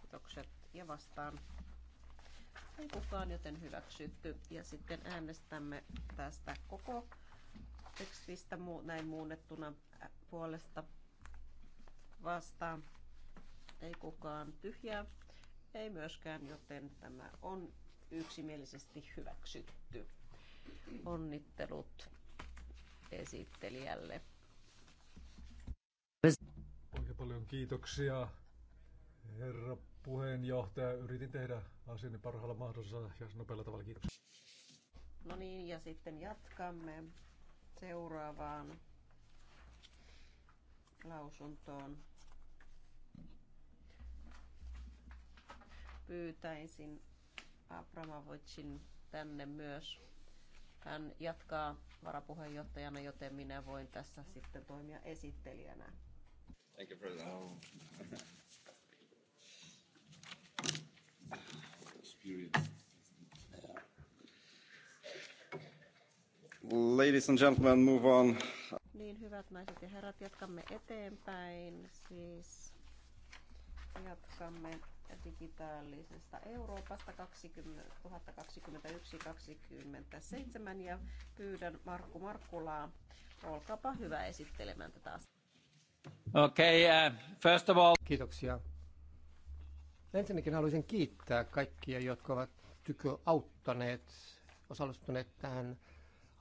Kiitokset ja vastaan. Ei kukaan, joten hyväksytty. Ja sitten äänestämme tästä koko tekstistä näin muunnettuna puolesta vastaan. Ei kukaan tyhjää, ei myöskään, joten tämä on yksimielisesti hyväksytty. Onnittelut esittelijälle. Oikein paljon kiitoksia, herra puheenjohtaja. Yritin tehdä asiani parhaalla mahdollisella ja nopealla tavalla. Kiitoksia. No niin, ja sitten jatkamme seuraavaan lausuntoon. Pyytäisin Abramovicin tänne myös. Hän jatkaa varapuheenjohtajana, joten minä voin tässä sitten toimia esittelijänä. Thank you, President. Oh. Ladies and gentlemen, move on. Niin, hyvät naiset ja herrat, jatkamme eteenpäin. Siis jatkamme digitaalisesta Euroopasta 2021-2027 ja pyydän Markku Markkulaa, olkaapa hyvä esittelemään tätä asiaa. Okay, uh, eh, first of all... Kiitoksia. Ensinnäkin haluaisin kiittää kaikkia, jotka ovat tykö auttaneet, osallistuneet tähän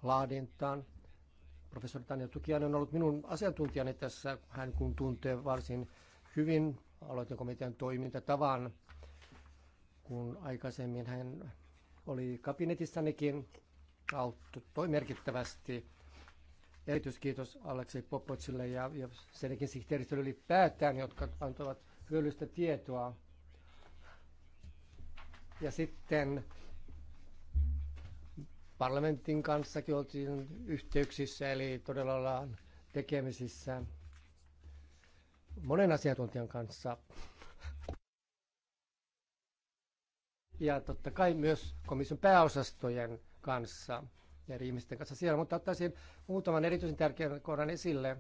laadintaan. Professori Tanja Tukiainen on ollut minun asiantuntijani tässä, hän kun tuntee varsin hyvin aloitekomitean toimintatavan, kun aikaisemmin hän oli kabinetissanikin auttoi merkittävästi. Erityiskiitos Aleksei Popotsille ja, ja senkin sihteeristölle ylipäätään, jotka antoivat hyödyllistä tietoa. Ja sitten parlamentin kanssakin oltiin yhteyksissä, eli todella ollaan tekemisissä monen asiantuntijan kanssa. Ja totta kai myös komission pääosastojen kanssa ja eri ihmisten kanssa siellä, mutta ottaisin muutaman erityisen tärkeän kohdan esille.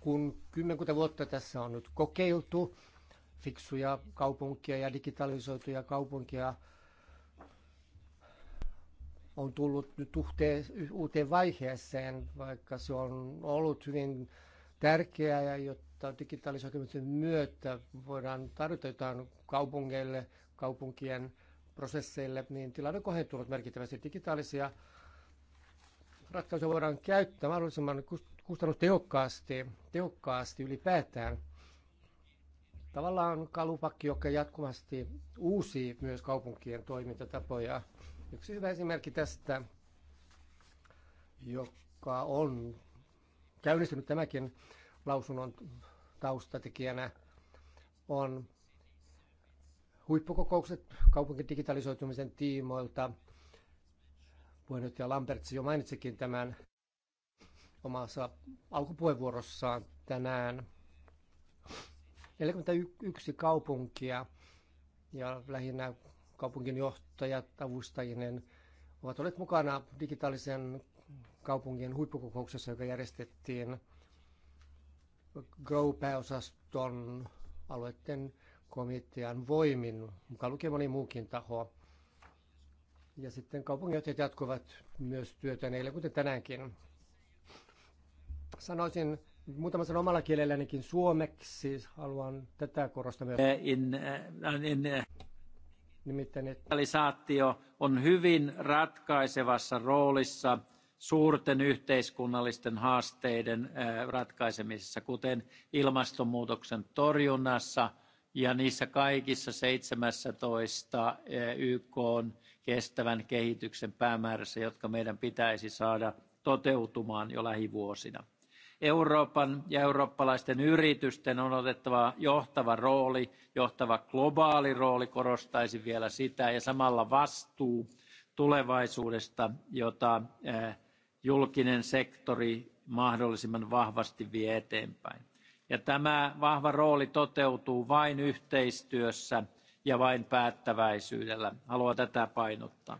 Kun kymmenkunta vuotta tässä on nyt kokeiltu fiksuja kaupunkia ja digitalisoituja kaupunkia on tullut nyt uhteen, uuteen vaiheeseen, vaikka se on ollut hyvin tärkeää ja jotta digitalisoitumisen myötä voidaan tarjota jotain kaupungeille, kaupunkien prosesseille, niin tilanne on kohentunut merkittävästi digitaalisia ratkaisuja voidaan käyttää mahdollisimman kustannustehokkaasti tehokkaasti ylipäätään. Tavallaan kalupakki, joka jatkuvasti uusi myös kaupunkien toimintatapoja. Yksi hyvä esimerkki tästä, joka on käynnistynyt tämäkin lausunnon taustatekijänä, on huippukokoukset kaupunkin digitalisoitumisen tiimoilta. Puheenjohtaja Lambertsi jo mainitsikin tämän omassa alkupuheenvuorossaan tänään. 41 kaupunkia ja lähinnä kaupunginjohtajat avustajinen ovat olleet mukana digitaalisen kaupungin huippukokouksessa, joka järjestettiin grow pääosaston alueiden komitean voimin, mukaan lukee moni muukin taho. Ja sitten kaupunginjohtajat jatkuvat myös työtä neille, kuten tänäänkin. Sanoisin muutama sanon omalla kielellänikin suomeksi, haluan tätä korostaa myös. In, uh, in, uh. Nimittäin, että... Digitalisaatio on hyvin ratkaisevassa roolissa suurten yhteiskunnallisten haasteiden ratkaisemisessa, kuten ilmastonmuutoksen torjunnassa ja niissä kaikissa 17 YK on kestävän kehityksen päämäärässä, jotka meidän pitäisi saada toteutumaan jo lähivuosina. Euroopan ja eurooppalaisten yritysten on otettava johtava rooli, johtava globaali rooli, korostaisin vielä sitä, ja samalla vastuu tulevaisuudesta, jota eh, julkinen sektori mahdollisimman vahvasti vie eteenpäin. Ja tämä vahva rooli toteutuu vain yhteistyössä ja vain päättäväisyydellä. Haluan tätä painottaa.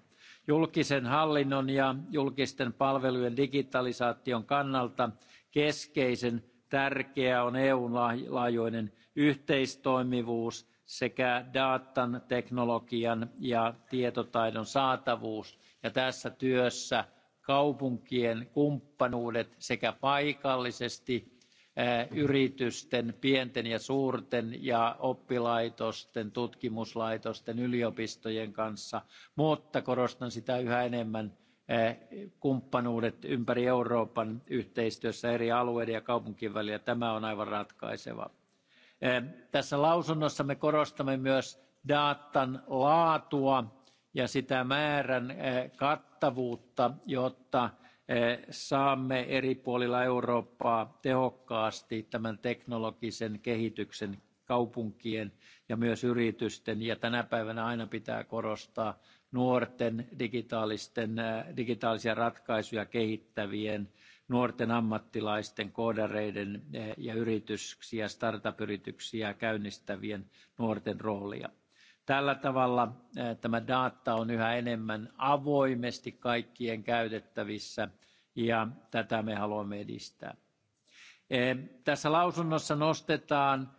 Julkisen hallinnon ja julkisten palvelujen digitalisaation kannalta keskeisen tärkeää on EUn laajuinen yhteistoimivuus sekä datan, teknologian ja tietotaidon saatavuus. Ja tässä työssä kaupunkien kumppanuudet sekä paikallisesti eh, yritysten, pienten ja suurten ja oppilaitosten, tutkimuslaitosten, yliopistojen kanssa, mutta korostan sitä yhä enemmän kumppanuudet ympäri Euroopan yhteistyössä eri alueiden ja kaupunkien välillä. Tämä on aivan ratkaiseva. Tässä lausunnossa me korostamme myös datan laatua ja sitä määrän kattavuutta, jotta saamme eri puolilla Eurooppaa tehokkaasti tämän teknologisen kehityksen kaupunkien ja myös yritysten. Ja tänä päivänä aina pitää korostaa nuorten digitaalisten, digitaalisia ratkaisuja kehittävien, nuorten ammattilaisten, koodareiden ja yrityksiä, startup-yrityksiä käynnistävien nuorten roolia. Tällä tavalla tämä data on yhä enemmän avoimesti kaikkien käytettävissä ja tätä me haluamme edistää. Tässä lausunnossa nostetaan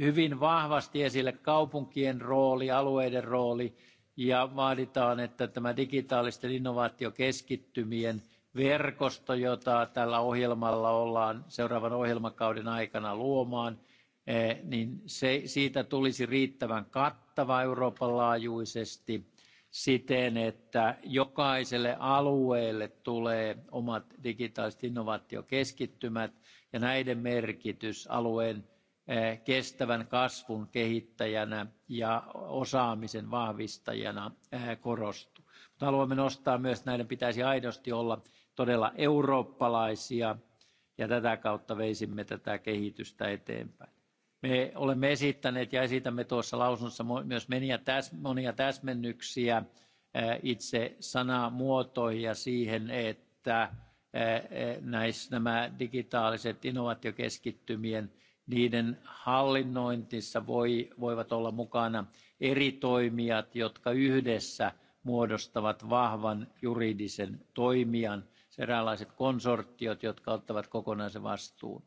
hyvin vahvasti esille kaupunkien rooli, alueiden rooli ja vaaditaan, että tämä digitaalisten innovaatiokeskittymien verkosto, jota tällä ohjelmalla ollaan seuraavan ohjelmakauden aikana luomaan, eh, niin se, siitä tulisi riittävän kattava Euroopan laajuisesti siten, että jokaiselle alueelle tulee omat digitaaliset innovaatiokeskittymät ja näiden merkitys alueen Eh, kestävän kasvun kehittäjänä ja osaamisen vahvistajana eh, korostuu. Mutta haluamme nostaa myös, näiden pitäisi aidosti olla todella eurooppalaisia ja tätä kautta veisimme tätä kehitystä eteenpäin. Me olemme esittäneet ja esitämme tuossa lausunnossa myös monia täsmennyksiä eh, itse sanamuotoihin ja siihen, että nämä digitaaliset innovaatiokeskittymien niiden hallinnointissa voi, voivat olla mukana eri toimijat, jotka yhdessä muodostavat vahvan juridisen toimijan, eräänlaiset konsortiot, jotka ottavat kokonaisen vastuun.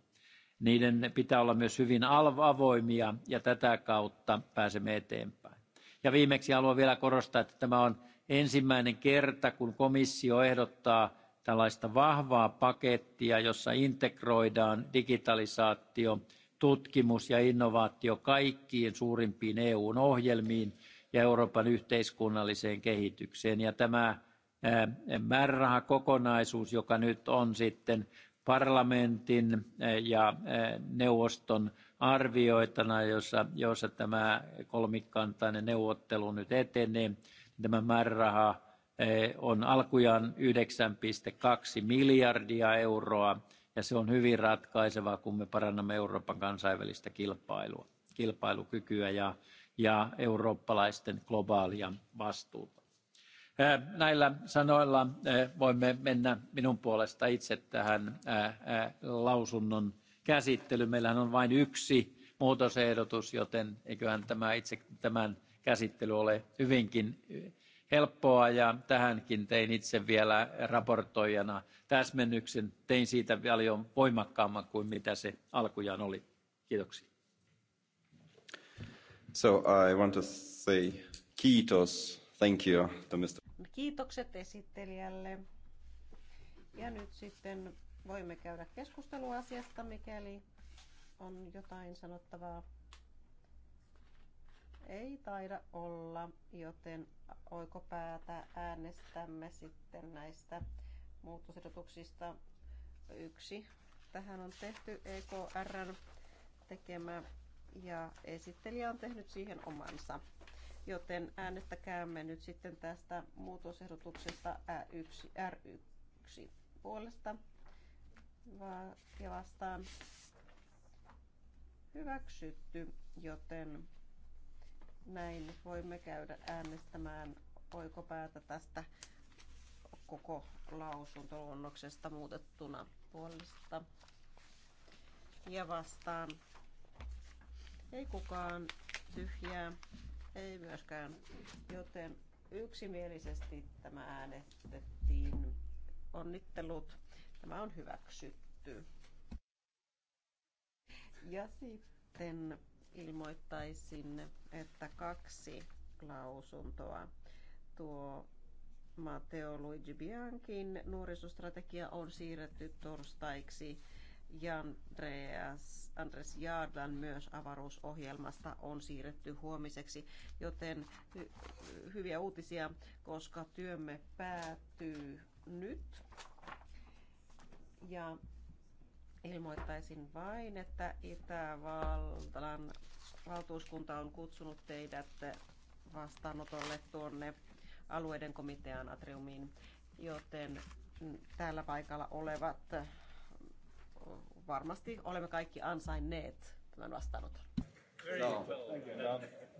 Niiden pitää olla myös hyvin avoimia ja tätä kautta pääsemme eteenpäin. Ja viimeksi haluan vielä korostaa, että tämä on ensimmäinen kerta, kun komissio ehdottaa tällaista vahvaa pakettia, jossa integroidaan digitalisaatio tutkimus ja innovaatio kaikkiin suurimpiin EUn ohjelmiin ja Euroopan yhteiskunnalliseen kehitykseen. Ja tämä määrärahakokonaisuus, joka nyt on sitten parlamentin ja neuvoston arvioitana, jossa, jossa tämä kolmikantainen neuvottelu nyt etenee. Niin tämä määräraha on alkujaan 9,2 miljardia euroa ja se on hyvin ratkaisevaa, kun me parannamme Euroopan kansainvälistä kilpailua, kilpailukykyä ja, ja eurooppalaisten globaalia vastuuta. Näillä sanoilla voimme mennä minun puolesta itse tähän lausunnon käsittelyyn. Meillähän on vain yksi muutosehdotus, joten eiköhän tämä itse tämän käsittely ole hyvinkin helppoa ja tähänkin tein itse vielä raportoijana täsmennyksen. Tein siitä paljon voimakkaamman kuin mitä se alkujaan oli. Kiitoksia. So I want to say kiitos. Thank you to Mr. Kiitokset esittelijälle. Ja nyt sitten voimme käydä keskustelua asiasta, mikäli on jotain sanottavaa ei taida olla, joten oikopäätä äänestämme sitten näistä muutosehdotuksista. Yksi tähän on tehty EKRn tekemä ja esittelijä on tehnyt siihen omansa. Joten äänestäkäämme nyt sitten tästä muutosehdotuksesta R1, puolesta ja vastaan hyväksytty, joten näin voimme käydä äänestämään oikopäätä tästä koko lausuntoluonnoksesta muutettuna puolesta ja vastaan. Ei kukaan tyhjää, ei myöskään, joten yksimielisesti tämä äänestettiin. Onnittelut, tämä on hyväksytty. Ja sitten ilmoittaisin, että kaksi lausuntoa. Tuo Matteo Luigi Biankin nuorisostrategia on siirretty torstaiksi ja Andreas, Andres Jaardan myös avaruusohjelmasta on siirretty huomiseksi, joten hy- hyviä uutisia, koska työmme päättyy nyt. Ja Ilmoittaisin vain, että itävaltalan valtuuskunta on kutsunut teidät vastaanotolle tuonne alueiden komitean atriumiin, joten täällä paikalla olevat varmasti olemme kaikki ansainneet tämän vastaanoton. No.